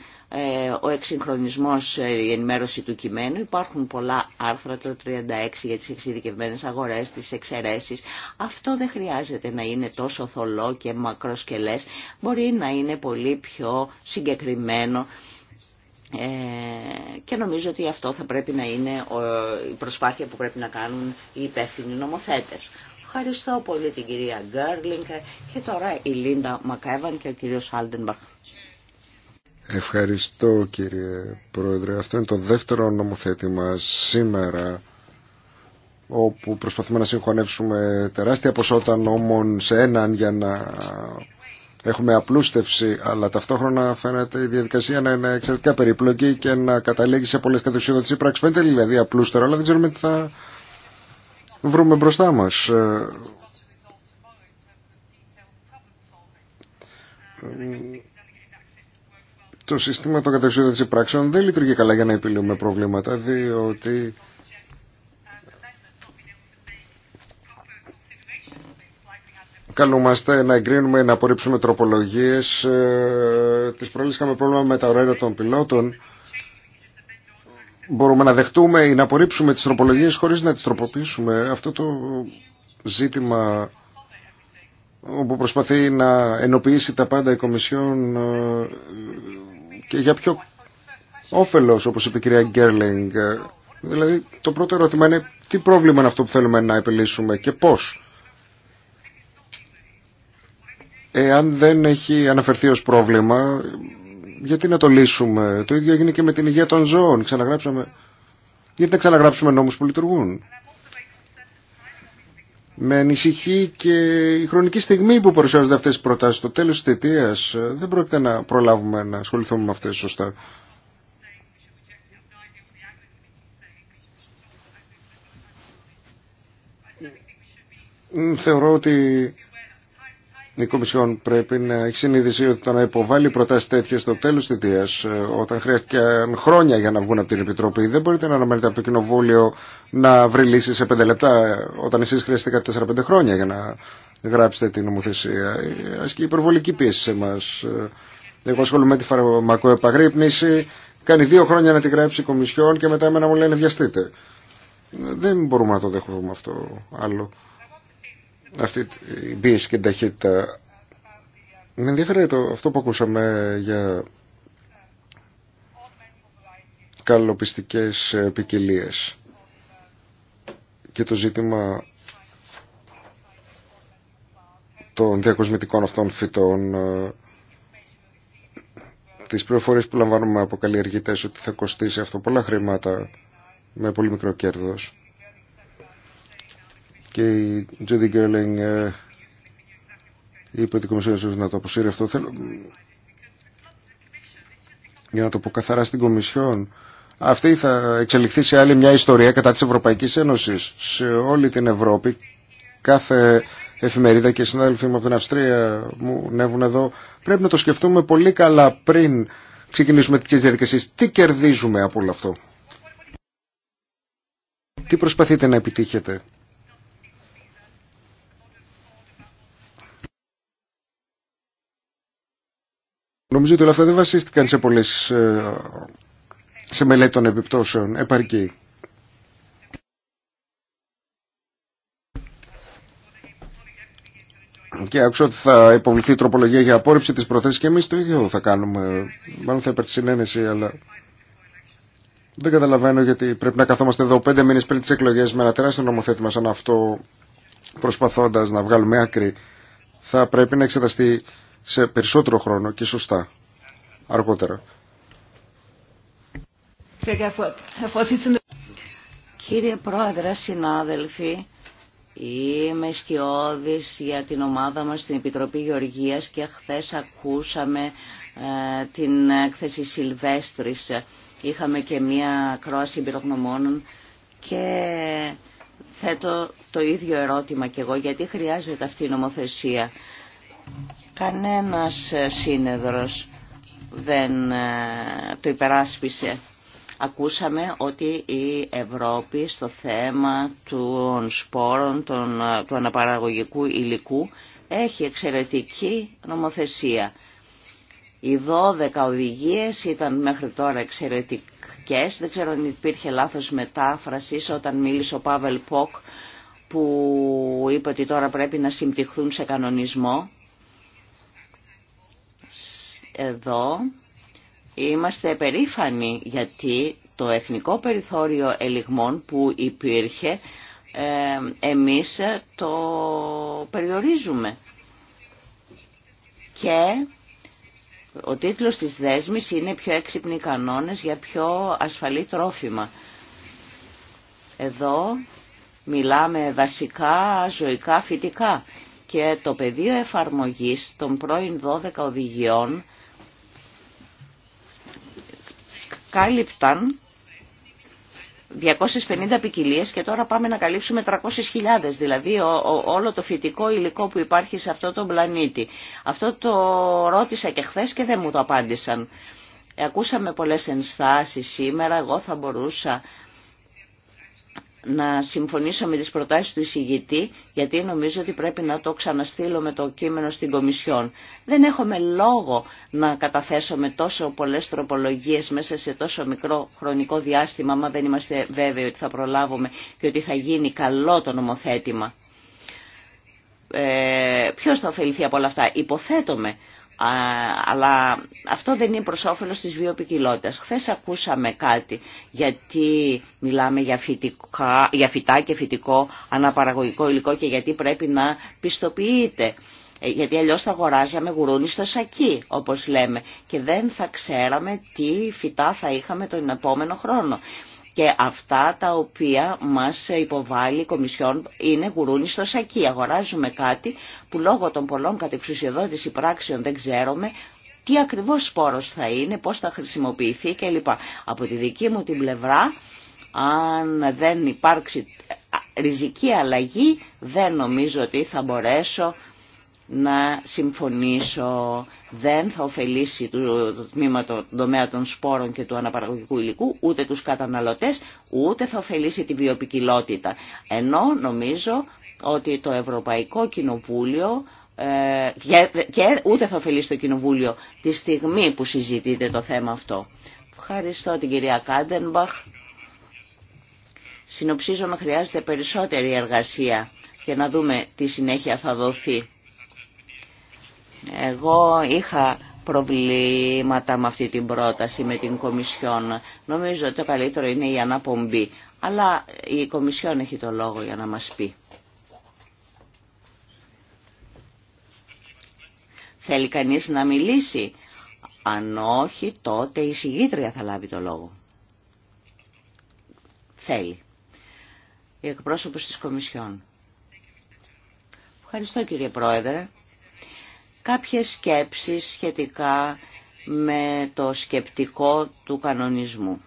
ο εξυγχρονισμός, ε, η ενημέρωση του κειμένου. Υπάρχουν πολλά άρθρα, το 36 για τις εξειδικευμένες αγορές, τις εξαιρέσεις. Αυτό δεν χρειάζεται να είναι τόσο θολό και μακροσκελές. Μπορεί να είναι πολύ πιο συγκεκριμένο. Ε, και νομίζω ότι αυτό θα πρέπει να είναι η προσπάθεια που πρέπει να κάνουν οι υπεύθυνοι νομοθέτες. Ευχαριστώ πολύ την κυρία Γκέρλινγκ και τώρα η Λίντα Μακέβαν και ο κύριος Ευχαριστώ κύριε Πρόεδρε. Αυτό είναι το δεύτερο νομοθέτημα σήμερα όπου προσπαθούμε να συγχωνεύσουμε τεράστια ποσότητα νόμων σε έναν για να έχουμε απλούστευση αλλά ταυτόχρονα φαίνεται η διαδικασία να είναι εξαιρετικά περιπλοκή και να καταλήγει σε πολλές κατευσίδωτες πράξεις. Φαίνεται δηλαδή απλούστερο αλλά δεν ξέρουμε τι θα βρούμε μπροστά μας το σύστημα των κατεξοδοτών της πράξεων δεν λειτουργεί καλά για να επιλύουμε προβλήματα, διότι καλούμαστε να εγκρίνουμε, να απορρίψουμε τροπολογίες. Ε, τις προλήσεις είχαμε πρόβλημα με τα ωραία των πιλότων. Μπορούμε να δεχτούμε ή να απορρίψουμε τις τροπολογίες χωρίς να τις τροποποιήσουμε. Αυτό το ζήτημα όπου προσπαθεί να ενοποιήσει τα πάντα η Κομισιόν ε, και για ποιο όφελος, όπως είπε η κυρία Γκέρλινγκ. Δηλαδή, το πρώτο ερώτημα είναι τι πρόβλημα είναι αυτό που θέλουμε να επιλύσουμε και πώς. Εάν δεν έχει αναφερθεί ως πρόβλημα, γιατί να το λύσουμε. Το ίδιο έγινε και με την υγεία των ζώων. Ξαναγράψαμε... Γιατί να ξαναγράψουμε νόμους που λειτουργούν. Με ανησυχεί και η χρονική στιγμή που παρουσιάζονται αυτές τι προτάσεις. Στο τέλος της θετίας ε, δεν πρόκειται να προλάβουμε να ασχοληθούμε με αυτές σωστά. Θεωρώ ότι η Κομισιόν πρέπει να έχει συνείδηση ότι το να υποβάλει προτάσει τέτοιε στο τέλο τη θητεία, ε, όταν χρειάστηκαν χρόνια για να βγουν από την Επιτροπή, δεν μπορείτε να αναμένετε από το Κοινοβούλιο να βρει λύσει σε πέντε λεπτά, όταν εσεί χρειαστήκατε 4-5 χρόνια για να γράψετε την νομοθεσία. Ασκεί υπερβολική πίεση σε εμά. Ε, εγώ ασχολούμαι με τη φαρμακοεπαγρύπνηση. Κάνει δύο χρόνια να τη γράψει η Κομισιόν και μετά εμένα μου λένε βιαστείτε. Ε, δεν μπορούμε να το δεχθούμε αυτό άλλο αυτή η πίεση και την ταχύτητα. Με ενδιαφέρει το, αυτό που ακούσαμε για καλοπιστικές ποικιλίε και το ζήτημα των διακοσμητικών αυτών φυτών ε, τις πληροφορίες που λαμβάνουμε από καλλιεργητές ότι θα κοστίσει αυτό πολλά χρήματα με πολύ μικρό κέρδος και η Γκέρλινγκ ε, είπε ότι η Κομισιόν να το αποσύρει αυτό. Θέλω... Για να το πω καθαρά στην Κομισιόν, αυτή θα εξελιχθεί σε άλλη μια ιστορία κατά της Ευρωπαϊκής Ένωσης σε όλη την Ευρώπη. Κάθε εφημερίδα και συνάδελφοί μου από την Αυστρία μου νεύουν εδώ. Πρέπει να το σκεφτούμε πολύ καλά πριν ξεκινήσουμε τις διαδικασίες. Τι κερδίζουμε από όλο αυτό. Τι προσπαθείτε να επιτύχετε. Νομίζω ότι όλα αυτά δεν βασίστηκαν σε πολλές ε, σε μελέτη των επιπτώσεων επαρκή. Και άκουσα ότι θα υποβληθεί η τροπολογία για απόρριψη της προθέσης και εμείς το ίδιο θα κάνουμε. Μάλλον θα υπάρξει συνένεση, αλλά δεν καταλαβαίνω γιατί πρέπει να καθόμαστε εδώ πέντε μήνες πριν τις εκλογές με ένα τεράστιο νομοθέτημα σαν αυτό προσπαθώντας να βγάλουμε άκρη. Θα πρέπει να εξεταστεί σε περισσότερο χρόνο και σωστά αργότερα. Κύριε Πρόεδρε, συνάδελφοι, είμαι σκιώδης για την ομάδα μας στην Επιτροπή Γεωργίας και χθες ακούσαμε ε, την έκθεση Σιλβέστρης. Είχαμε και μία κρόαση εμπειρογνωμόνων και θέτω το ίδιο ερώτημα κι εγώ γιατί χρειάζεται αυτή η νομοθεσία. Κανένας ε, σύνεδρος δεν ε, το υπεράσπισε. Ακούσαμε ότι η Ευρώπη στο θέμα των σπόρων, των, ε, του αναπαραγωγικού υλικού, έχει εξαιρετική νομοθεσία. Οι 12 οδηγίες ήταν μέχρι τώρα εξαιρετικές. Δεν ξέρω αν υπήρχε λάθος μετάφραση όταν μίλησε ο Πάβελ Ποκ που είπε ότι τώρα πρέπει να συμπτυχθούν σε κανονισμό. Εδώ είμαστε περήφανοι γιατί το εθνικό περιθώριο ελιγμών που υπήρχε εμείς το περιορίζουμε. Και ο τίτλος της δέσμης είναι πιο έξυπνοι κανόνες για πιο ασφαλή τρόφιμα. Εδώ μιλάμε δασικά, ζωικά, φυτικά και το πεδίο εφαρμογής των πρώην 12 οδηγιών κάλυπταν 250 ποικιλίε και τώρα πάμε να καλύψουμε 300.000, δηλαδή όλο το φυτικό υλικό που υπάρχει σε αυτό το πλανήτη. Αυτό το ρώτησα και χθε και δεν μου το απάντησαν. Ε, ακούσαμε πολλές ενστάσεις σήμερα, εγώ θα μπορούσα να συμφωνήσω με τις προτάσεις του εισηγητή, γιατί νομίζω ότι πρέπει να το ξαναστείλω με το κείμενο στην Κομισιόν. Δεν έχουμε λόγο να καταθέσουμε τόσο πολλές τροπολογίες μέσα σε τόσο μικρό χρονικό διάστημα, μα δεν είμαστε βέβαιοι ότι θα προλάβουμε και ότι θα γίνει καλό το νομοθέτημα. Ε, ποιος θα ωφεληθεί από όλα αυτά. Υποθέτομαι αλλά αυτό δεν είναι προς όφελος της βιοποικιλότητας. Χθες ακούσαμε κάτι γιατί μιλάμε για, για φυτά και φυτικό αναπαραγωγικό υλικό και γιατί πρέπει να πιστοποιείται. Ε, γιατί αλλιώς θα αγοράζαμε γουρούνι στο σακί, όπως λέμε, και δεν θα ξέραμε τι φυτά θα είχαμε τον επόμενο χρόνο και αυτά τα οποία μας υποβάλλει η Κομισιόν είναι γουρούνι στο σακί. Αγοράζουμε κάτι που λόγω των πολλών κατεξουσιοδότηση πράξεων δεν ξέρουμε τι ακριβώς σπόρος θα είναι, πώς θα χρησιμοποιηθεί κλπ. Από τη δική μου την πλευρά, αν δεν υπάρξει ριζική αλλαγή, δεν νομίζω ότι θα μπορέσω να συμφωνήσω δεν θα ωφελήσει το τμήμα το τομέα των σπόρων και του αναπαραγωγικού υλικού ούτε τους καταναλωτές ούτε θα ωφελήσει τη βιοπικιλότητα ενώ νομίζω ότι το Ευρωπαϊκό Κοινοβούλιο ε, και ούτε θα ωφελήσει το Κοινοβούλιο τη στιγμή που συζητείτε το θέμα αυτό. Ευχαριστώ την κυρία Κάντενμπαχ. Συνοψίζομαι χρειάζεται περισσότερη εργασία και να δούμε τι συνέχεια θα δοθεί. Εγώ είχα προβλήματα με αυτή την πρόταση με την Κομισιόν. Νομίζω ότι το καλύτερο είναι η αναπομπή. Αλλά η Κομισιόν έχει το λόγο για να μας πει. Θέλει κανείς να μιλήσει. Αν όχι, τότε η συγγήτρια θα λάβει το λόγο. Θέλει. Η εκπρόσωπος της Κομισιόν. Ευχαριστώ κύριε Πρόεδρε κάποιες σκέψεις σχετικά με το σκεπτικό του κανονισμού.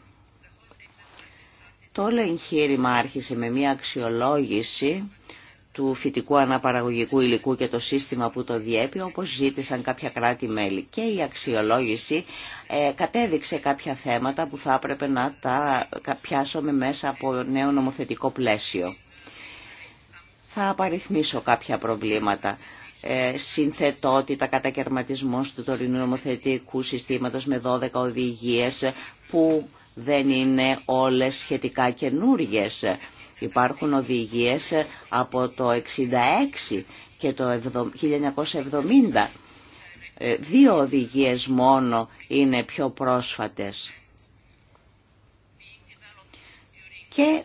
Το όλο εγχείρημα άρχισε με μια αξιολόγηση του φυτικού αναπαραγωγικού υλικού και το σύστημα που το διέπει, όπως ζήτησαν κάποια κράτη-μέλη. Και η αξιολόγηση ε, κατέδειξε κάποια θέματα που θα έπρεπε να τα πιάσουμε μέσα από νέο νομοθετικό πλαίσιο. Θα απαριθμίσω κάποια προβλήματα. Ε, συνθετότητα, κατακαιρματισμός του τωρινού νομοθετικού συστήματος με 12 οδηγίες που δεν είναι όλες σχετικά καινούριε. Υπάρχουν οδηγίες από το 1966 και το 1970. Ε, δύο οδηγίες μόνο είναι πιο πρόσφατες. Και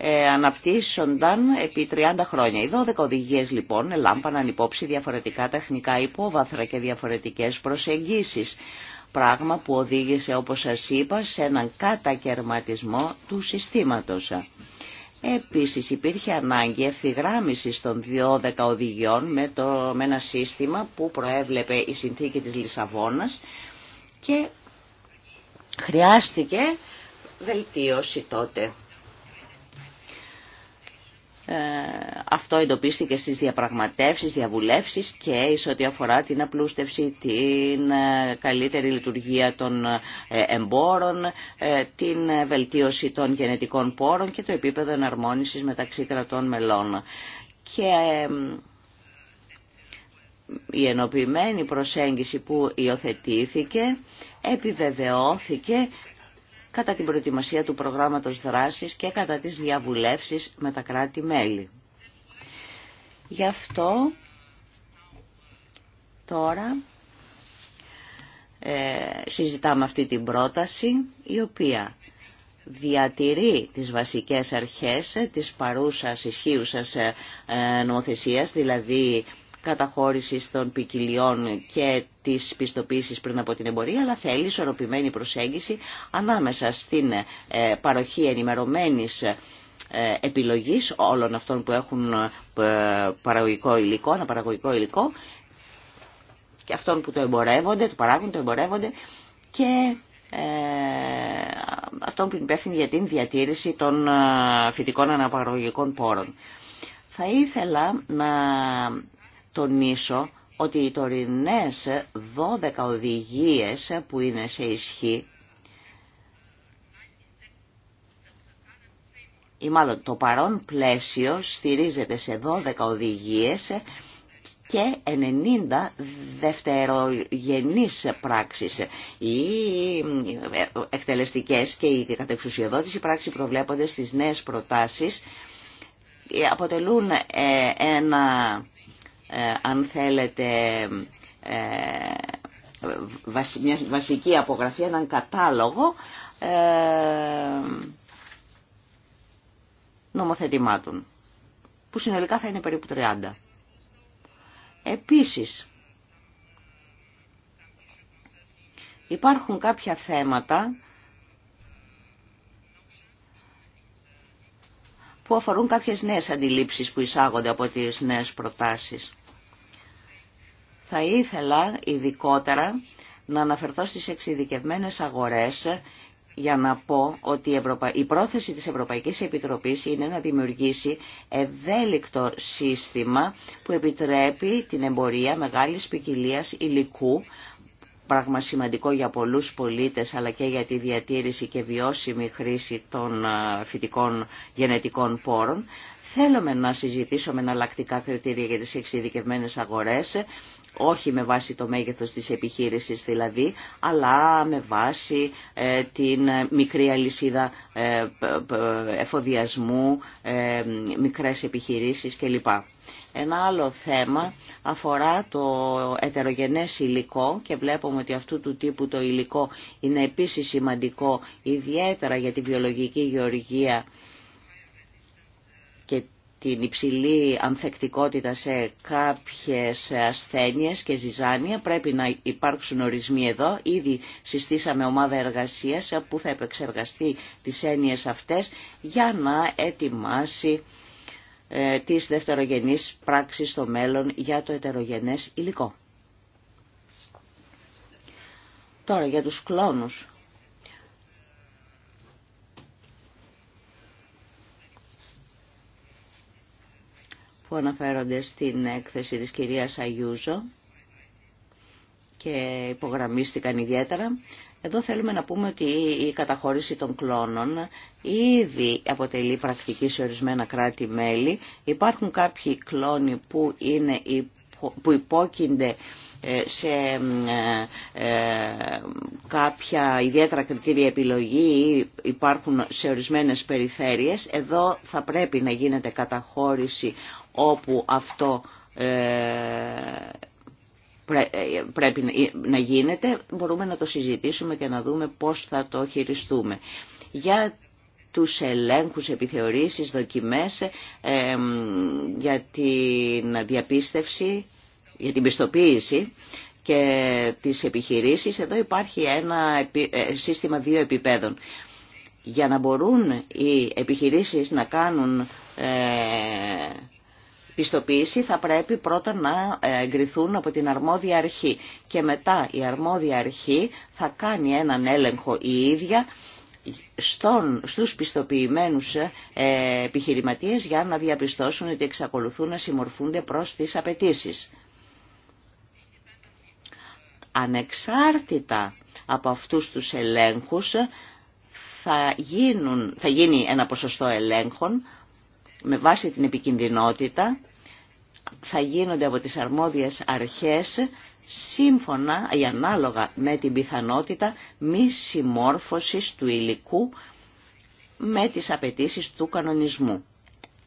ε, αναπτύσσονταν επί 30 χρόνια. Οι 12 οδηγίε λοιπόν λάμπαναν υπόψη διαφορετικά τεχνικά υπόβαθρα και διαφορετικές προσεγγίσεις. Πράγμα που οδήγησε όπως σας είπα σε έναν κατακαιρματισμό του συστήματος. Επίσης υπήρχε ανάγκη ευθυγράμμισης των 12 οδηγιών με, το, με ένα σύστημα που προέβλεπε η συνθήκη της Λισαβόνας και χρειάστηκε βελτίωση τότε. Ε, αυτό εντοπίστηκε στις διαπραγματεύσεις, διαβουλεύσεις και σε ό,τι αφορά την απλούστευση, την ε, καλύτερη λειτουργία των ε, εμπόρων, την βελτίωση των γενετικών πόρων και το επίπεδο εναρμόνισης μεταξύ κρατών μελών. Και η ενοποιημένη προσέγγιση που υιοθετήθηκε επιβεβαιώθηκε κατά την προετοιμασία του προγράμματος δράσης και κατά τις διαβουλεύσεις με τα κράτη-μέλη. Γι' αυτό τώρα ε, συζητάμε αυτή την πρόταση η οποία διατηρεί τις βασικές αρχές της παρούσας ισχύουσας ε, νομοθεσίας, δηλαδή καταχώρησης των ποικιλιών και της πιστοποίησης πριν από την εμπορία, αλλά θέλει ισορροπημένη προσέγγιση ανάμεσα στην ε, παροχή ενημερωμένης ε, επιλογής όλων αυτών που έχουν ε, παραγωγικό υλικό, αναπαραγωγικό υλικό και αυτών που το εμπορεύονται, το παράγουν, το εμπορεύονται και ε, αυτών που είναι υπεύθυνοι για την διατήρηση των φυτικών αναπαραγωγικών πόρων. Θα ήθελα να τονίσω ότι οι τωρινές 12 οδηγίες που είναι σε ισχύ ή μάλλον το παρόν πλαίσιο στηρίζεται σε 12 οδηγίες και 90 δευτερογενείς πράξεις. Οι εκτελεστικές και η κατεξουσιοδότηση πράξη προβλέπονται στις νέες προτάσεις αποτελούν ε, ένα ε, αν θέλετε, ε, μια βασική απογραφή, έναν κατάλογο ε, νομοθετημάτων, που συνολικά θα είναι περίπου 30. Επίσης, υπάρχουν κάποια θέματα που αφορούν κάποιες νέες αντιλήψεις που εισάγονται από τις νέες προτάσεις. Θα ήθελα ειδικότερα να αναφερθώ στις εξειδικευμένες αγορές για να πω ότι η πρόθεση της Ευρωπαϊκής Επιτροπής είναι να δημιουργήσει ευέλικτο σύστημα που επιτρέπει την εμπορία μεγάλης ποικιλία υλικού πράγμα σημαντικό για πολλούς πολίτες αλλά και για τη διατήρηση και βιώσιμη χρήση των φυτικών γενετικών πόρων. Θέλουμε να συζητήσουμε εναλλακτικά κριτήρια για τις εξειδικευμένες αγορές, όχι με βάση το μέγεθος της επιχείρησης δηλαδή, αλλά με βάση ε, την μικρή αλυσίδα ε, εφοδιασμού, ε, μικρές επιχειρήσεις κλπ. Ένα άλλο θέμα αφορά το ετερογενές υλικό και βλέπουμε ότι αυτού του τύπου το υλικό είναι επίσης σημαντικό ιδιαίτερα για τη βιολογική γεωργία και την υψηλή ανθεκτικότητα σε κάποιες ασθένειες και ζυζάνια. Πρέπει να υπάρξουν ορισμοί εδώ. Ήδη συστήσαμε ομάδα εργασίας που θα επεξεργαστεί τις έννοιες αυτές για να ετοιμάσει ε, της δευτερογενής πράξης στο μέλλον για το ετερογενές υλικό. Τώρα για τους κλόνους. που αναφέρονται στην έκθεση της κυρίας Αγιούζο και υπογραμμίστηκαν ιδιαίτερα. Εδώ θέλουμε να πούμε ότι η καταχώρηση των κλώνων ήδη αποτελεί πρακτική σε ορισμένα κράτη-μέλη. Υπάρχουν κάποιοι κλόνοι που, είναι, που υπόκεινται ε, σε ε, ε, κάποια ιδιαίτερα κριτήρια επιλογή ή υπάρχουν σε ορισμένες περιφέρειες. Εδώ θα πρέπει να γίνεται καταχώρηση όπου αυτό ε, πρέπει ε, να γίνεται, μπορούμε να το συζητήσουμε και να δούμε πώς θα το χειριστούμε. Για τους ελέγχους, επιθεωρήσεις, δοκιμές, ε, για την διαπίστευση, για την πιστοποίηση και τις επιχειρήσεις. Εδώ υπάρχει ένα σύστημα δύο επιπέδων. Για να μπορούν οι επιχειρήσεις να κάνουν πιστοποίηση θα πρέπει πρώτα να ε, εγκριθούν από την αρμόδια αρχή και μετά η αρμόδια αρχή θα κάνει έναν έλεγχο η ίδια στον, στους πιστοποιημένους ε, επιχειρηματίες για να διαπιστώσουν ότι εξακολουθούν να συμμορφούνται προς τις απαιτήσεις. Ανεξάρτητα από αυτούς τους ελέγχους θα, γίνουν, θα γίνει ένα ποσοστό ελέγχων με βάση την επικινδυνότητα θα γίνονται από τις αρμόδιες αρχές σύμφωνα ή ανάλογα με την πιθανότητα μη συμμόρφωσης του υλικού με τις απαιτήσεις του κανονισμού.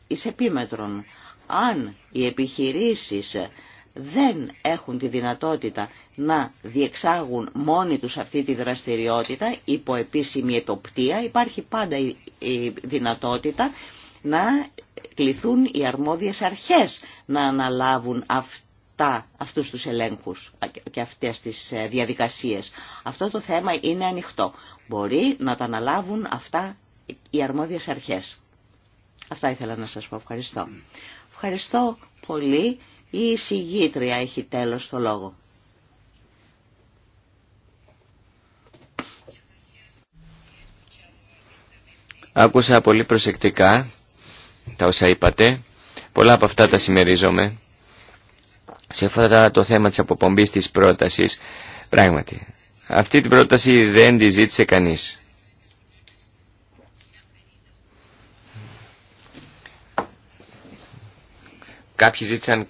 Εις επίμετρον, αν οι επιχειρήσεις δεν έχουν τη δυνατότητα να διεξάγουν μόνοι τους αυτή τη δραστηριότητα υπό επίσημη εποπτεία, υπάρχει πάντα η δυνατότητα να κληθούν οι αρμόδιες αρχές να αναλάβουν αυτά, αυτούς τους ελέγχους και αυτές τις ε, διαδικασίες. Αυτό το θέμα είναι ανοιχτό. Μπορεί να τα αναλάβουν αυτά οι αρμόδιες αρχές. Αυτά ήθελα να σας πω. Ευχαριστώ. Ευχαριστώ πολύ. Η συγγήτρια έχει τέλος το λόγο. Άκουσα πολύ προσεκτικά τα όσα είπατε. Πολλά από αυτά τα συμμερίζομαι. Σε αυτό το θέμα της αποπομπής της πρότασης, πράγματι, αυτή την πρόταση δεν τη ζήτησε κανείς. Κάποιοι ζήτησαν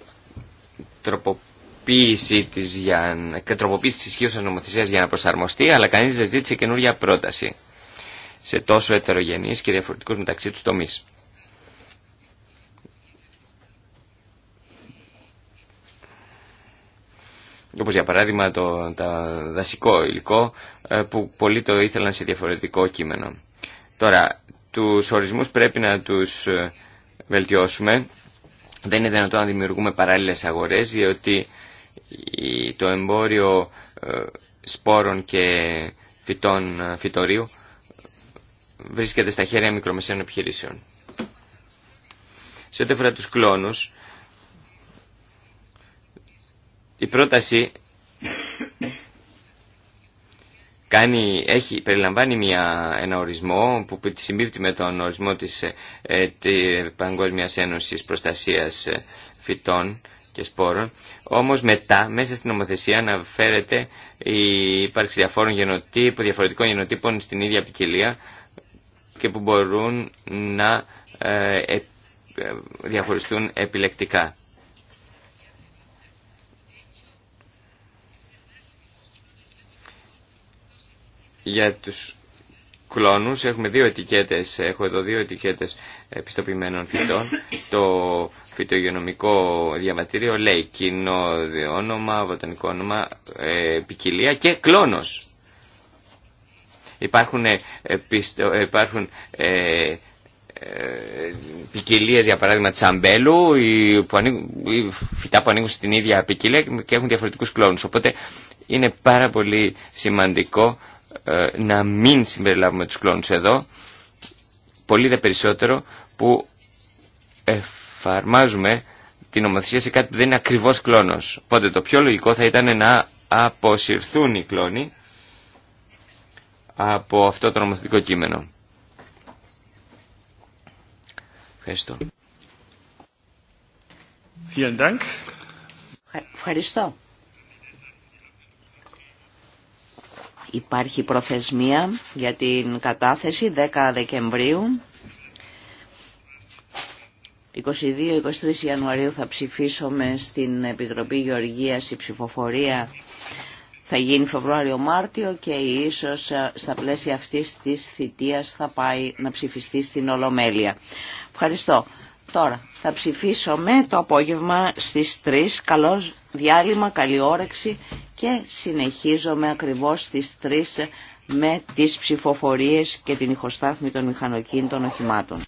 τροποποίηση της, για, τροποποίηση της ισχύωσης νομοθεσίας για να προσαρμοστεί, αλλά κανείς δεν ζήτησε καινούρια πρόταση σε τόσο ετερογενείς και διαφορετικούς μεταξύ τους τομείς. όπως για παράδειγμα το δασικό υλικό ε, που πολλοί το ήθελαν σε διαφορετικό κείμενο. Τώρα, τους ορισμούς πρέπει να τους ε, βελτιώσουμε. Δεν είναι δυνατόν να δημιουργούμε παράλληλες αγορές διότι το εμπόριο ε, σπόρων και φυτών φυτορίου βρίσκεται στα χέρια μικρομεσαίων επιχειρήσεων. Σε ό,τι αφορά τους κλόνους, η πρόταση κάνει, έχει, περιλαμβάνει μια, ένα ορισμό που συμπίπτει με τον ορισμό της, ε, ε της Παγκόσμιας Ένωσης Προστασίας ε, Φυτών και Σπόρων. Όμως μετά, μέσα στην νομοθεσία αναφέρεται η ύπαρξη διαφόρων γενοτύπων, διαφορετικών γενοτύπων στην ίδια ποικιλία και που μπορούν να ε, ε διαχωριστούν επιλεκτικά. Για τους κλόνους έχουμε δύο ετικέτες, έχω εδώ δύο ετικέτες πιστοποιημένων φυτών. Το φυτογενομικό διαβατήριο λέει κοινό όνομα, βοτανικό όνομα, ε, ποικιλία και κλόνος. Υπάρχουν, ε, ε, υπάρχουν ε, ποικιλίε, για παράδειγμα τσαμπέλου, ή, φυτά που ανοίγουν στην ίδια ποικιλία και έχουν διαφορετικούς κλόνους. Οπότε είναι πάρα πολύ σημαντικό ε, να μην συμπεριλάβουμε τους κλόνους εδώ, πολύ δε περισσότερο που εφαρμάζουμε την ομοθεσία σε κάτι που δεν είναι ακριβώς κλόνος. Οπότε το πιο λογικό θα ήταν να αποσυρθούν οι κλόνοι από αυτό το νομοθετικό κείμενο. Ευχαριστώ. Ευχαριστώ. Υπάρχει προθεσμία για την κατάθεση 10 Δεκεμβρίου. 22-23 Ιανουαρίου θα ψηφίσουμε στην Επιτροπή Γεωργίας η ψηφοφορία θα γίνει Φεβρουάριο-Μάρτιο και ίσως ε, στα πλαίσια αυτής της θητείας θα πάει να ψηφιστεί στην Ολομέλεια. Ευχαριστώ. Τώρα θα ψηφίσουμε το απόγευμα στις 3. Καλό διάλειμμα, καλή όρεξη και συνεχίζομαι ακριβώς στις 3 με τις ψηφοφορίες και την ηχοστάθμη των μηχανοκίνητων οχημάτων.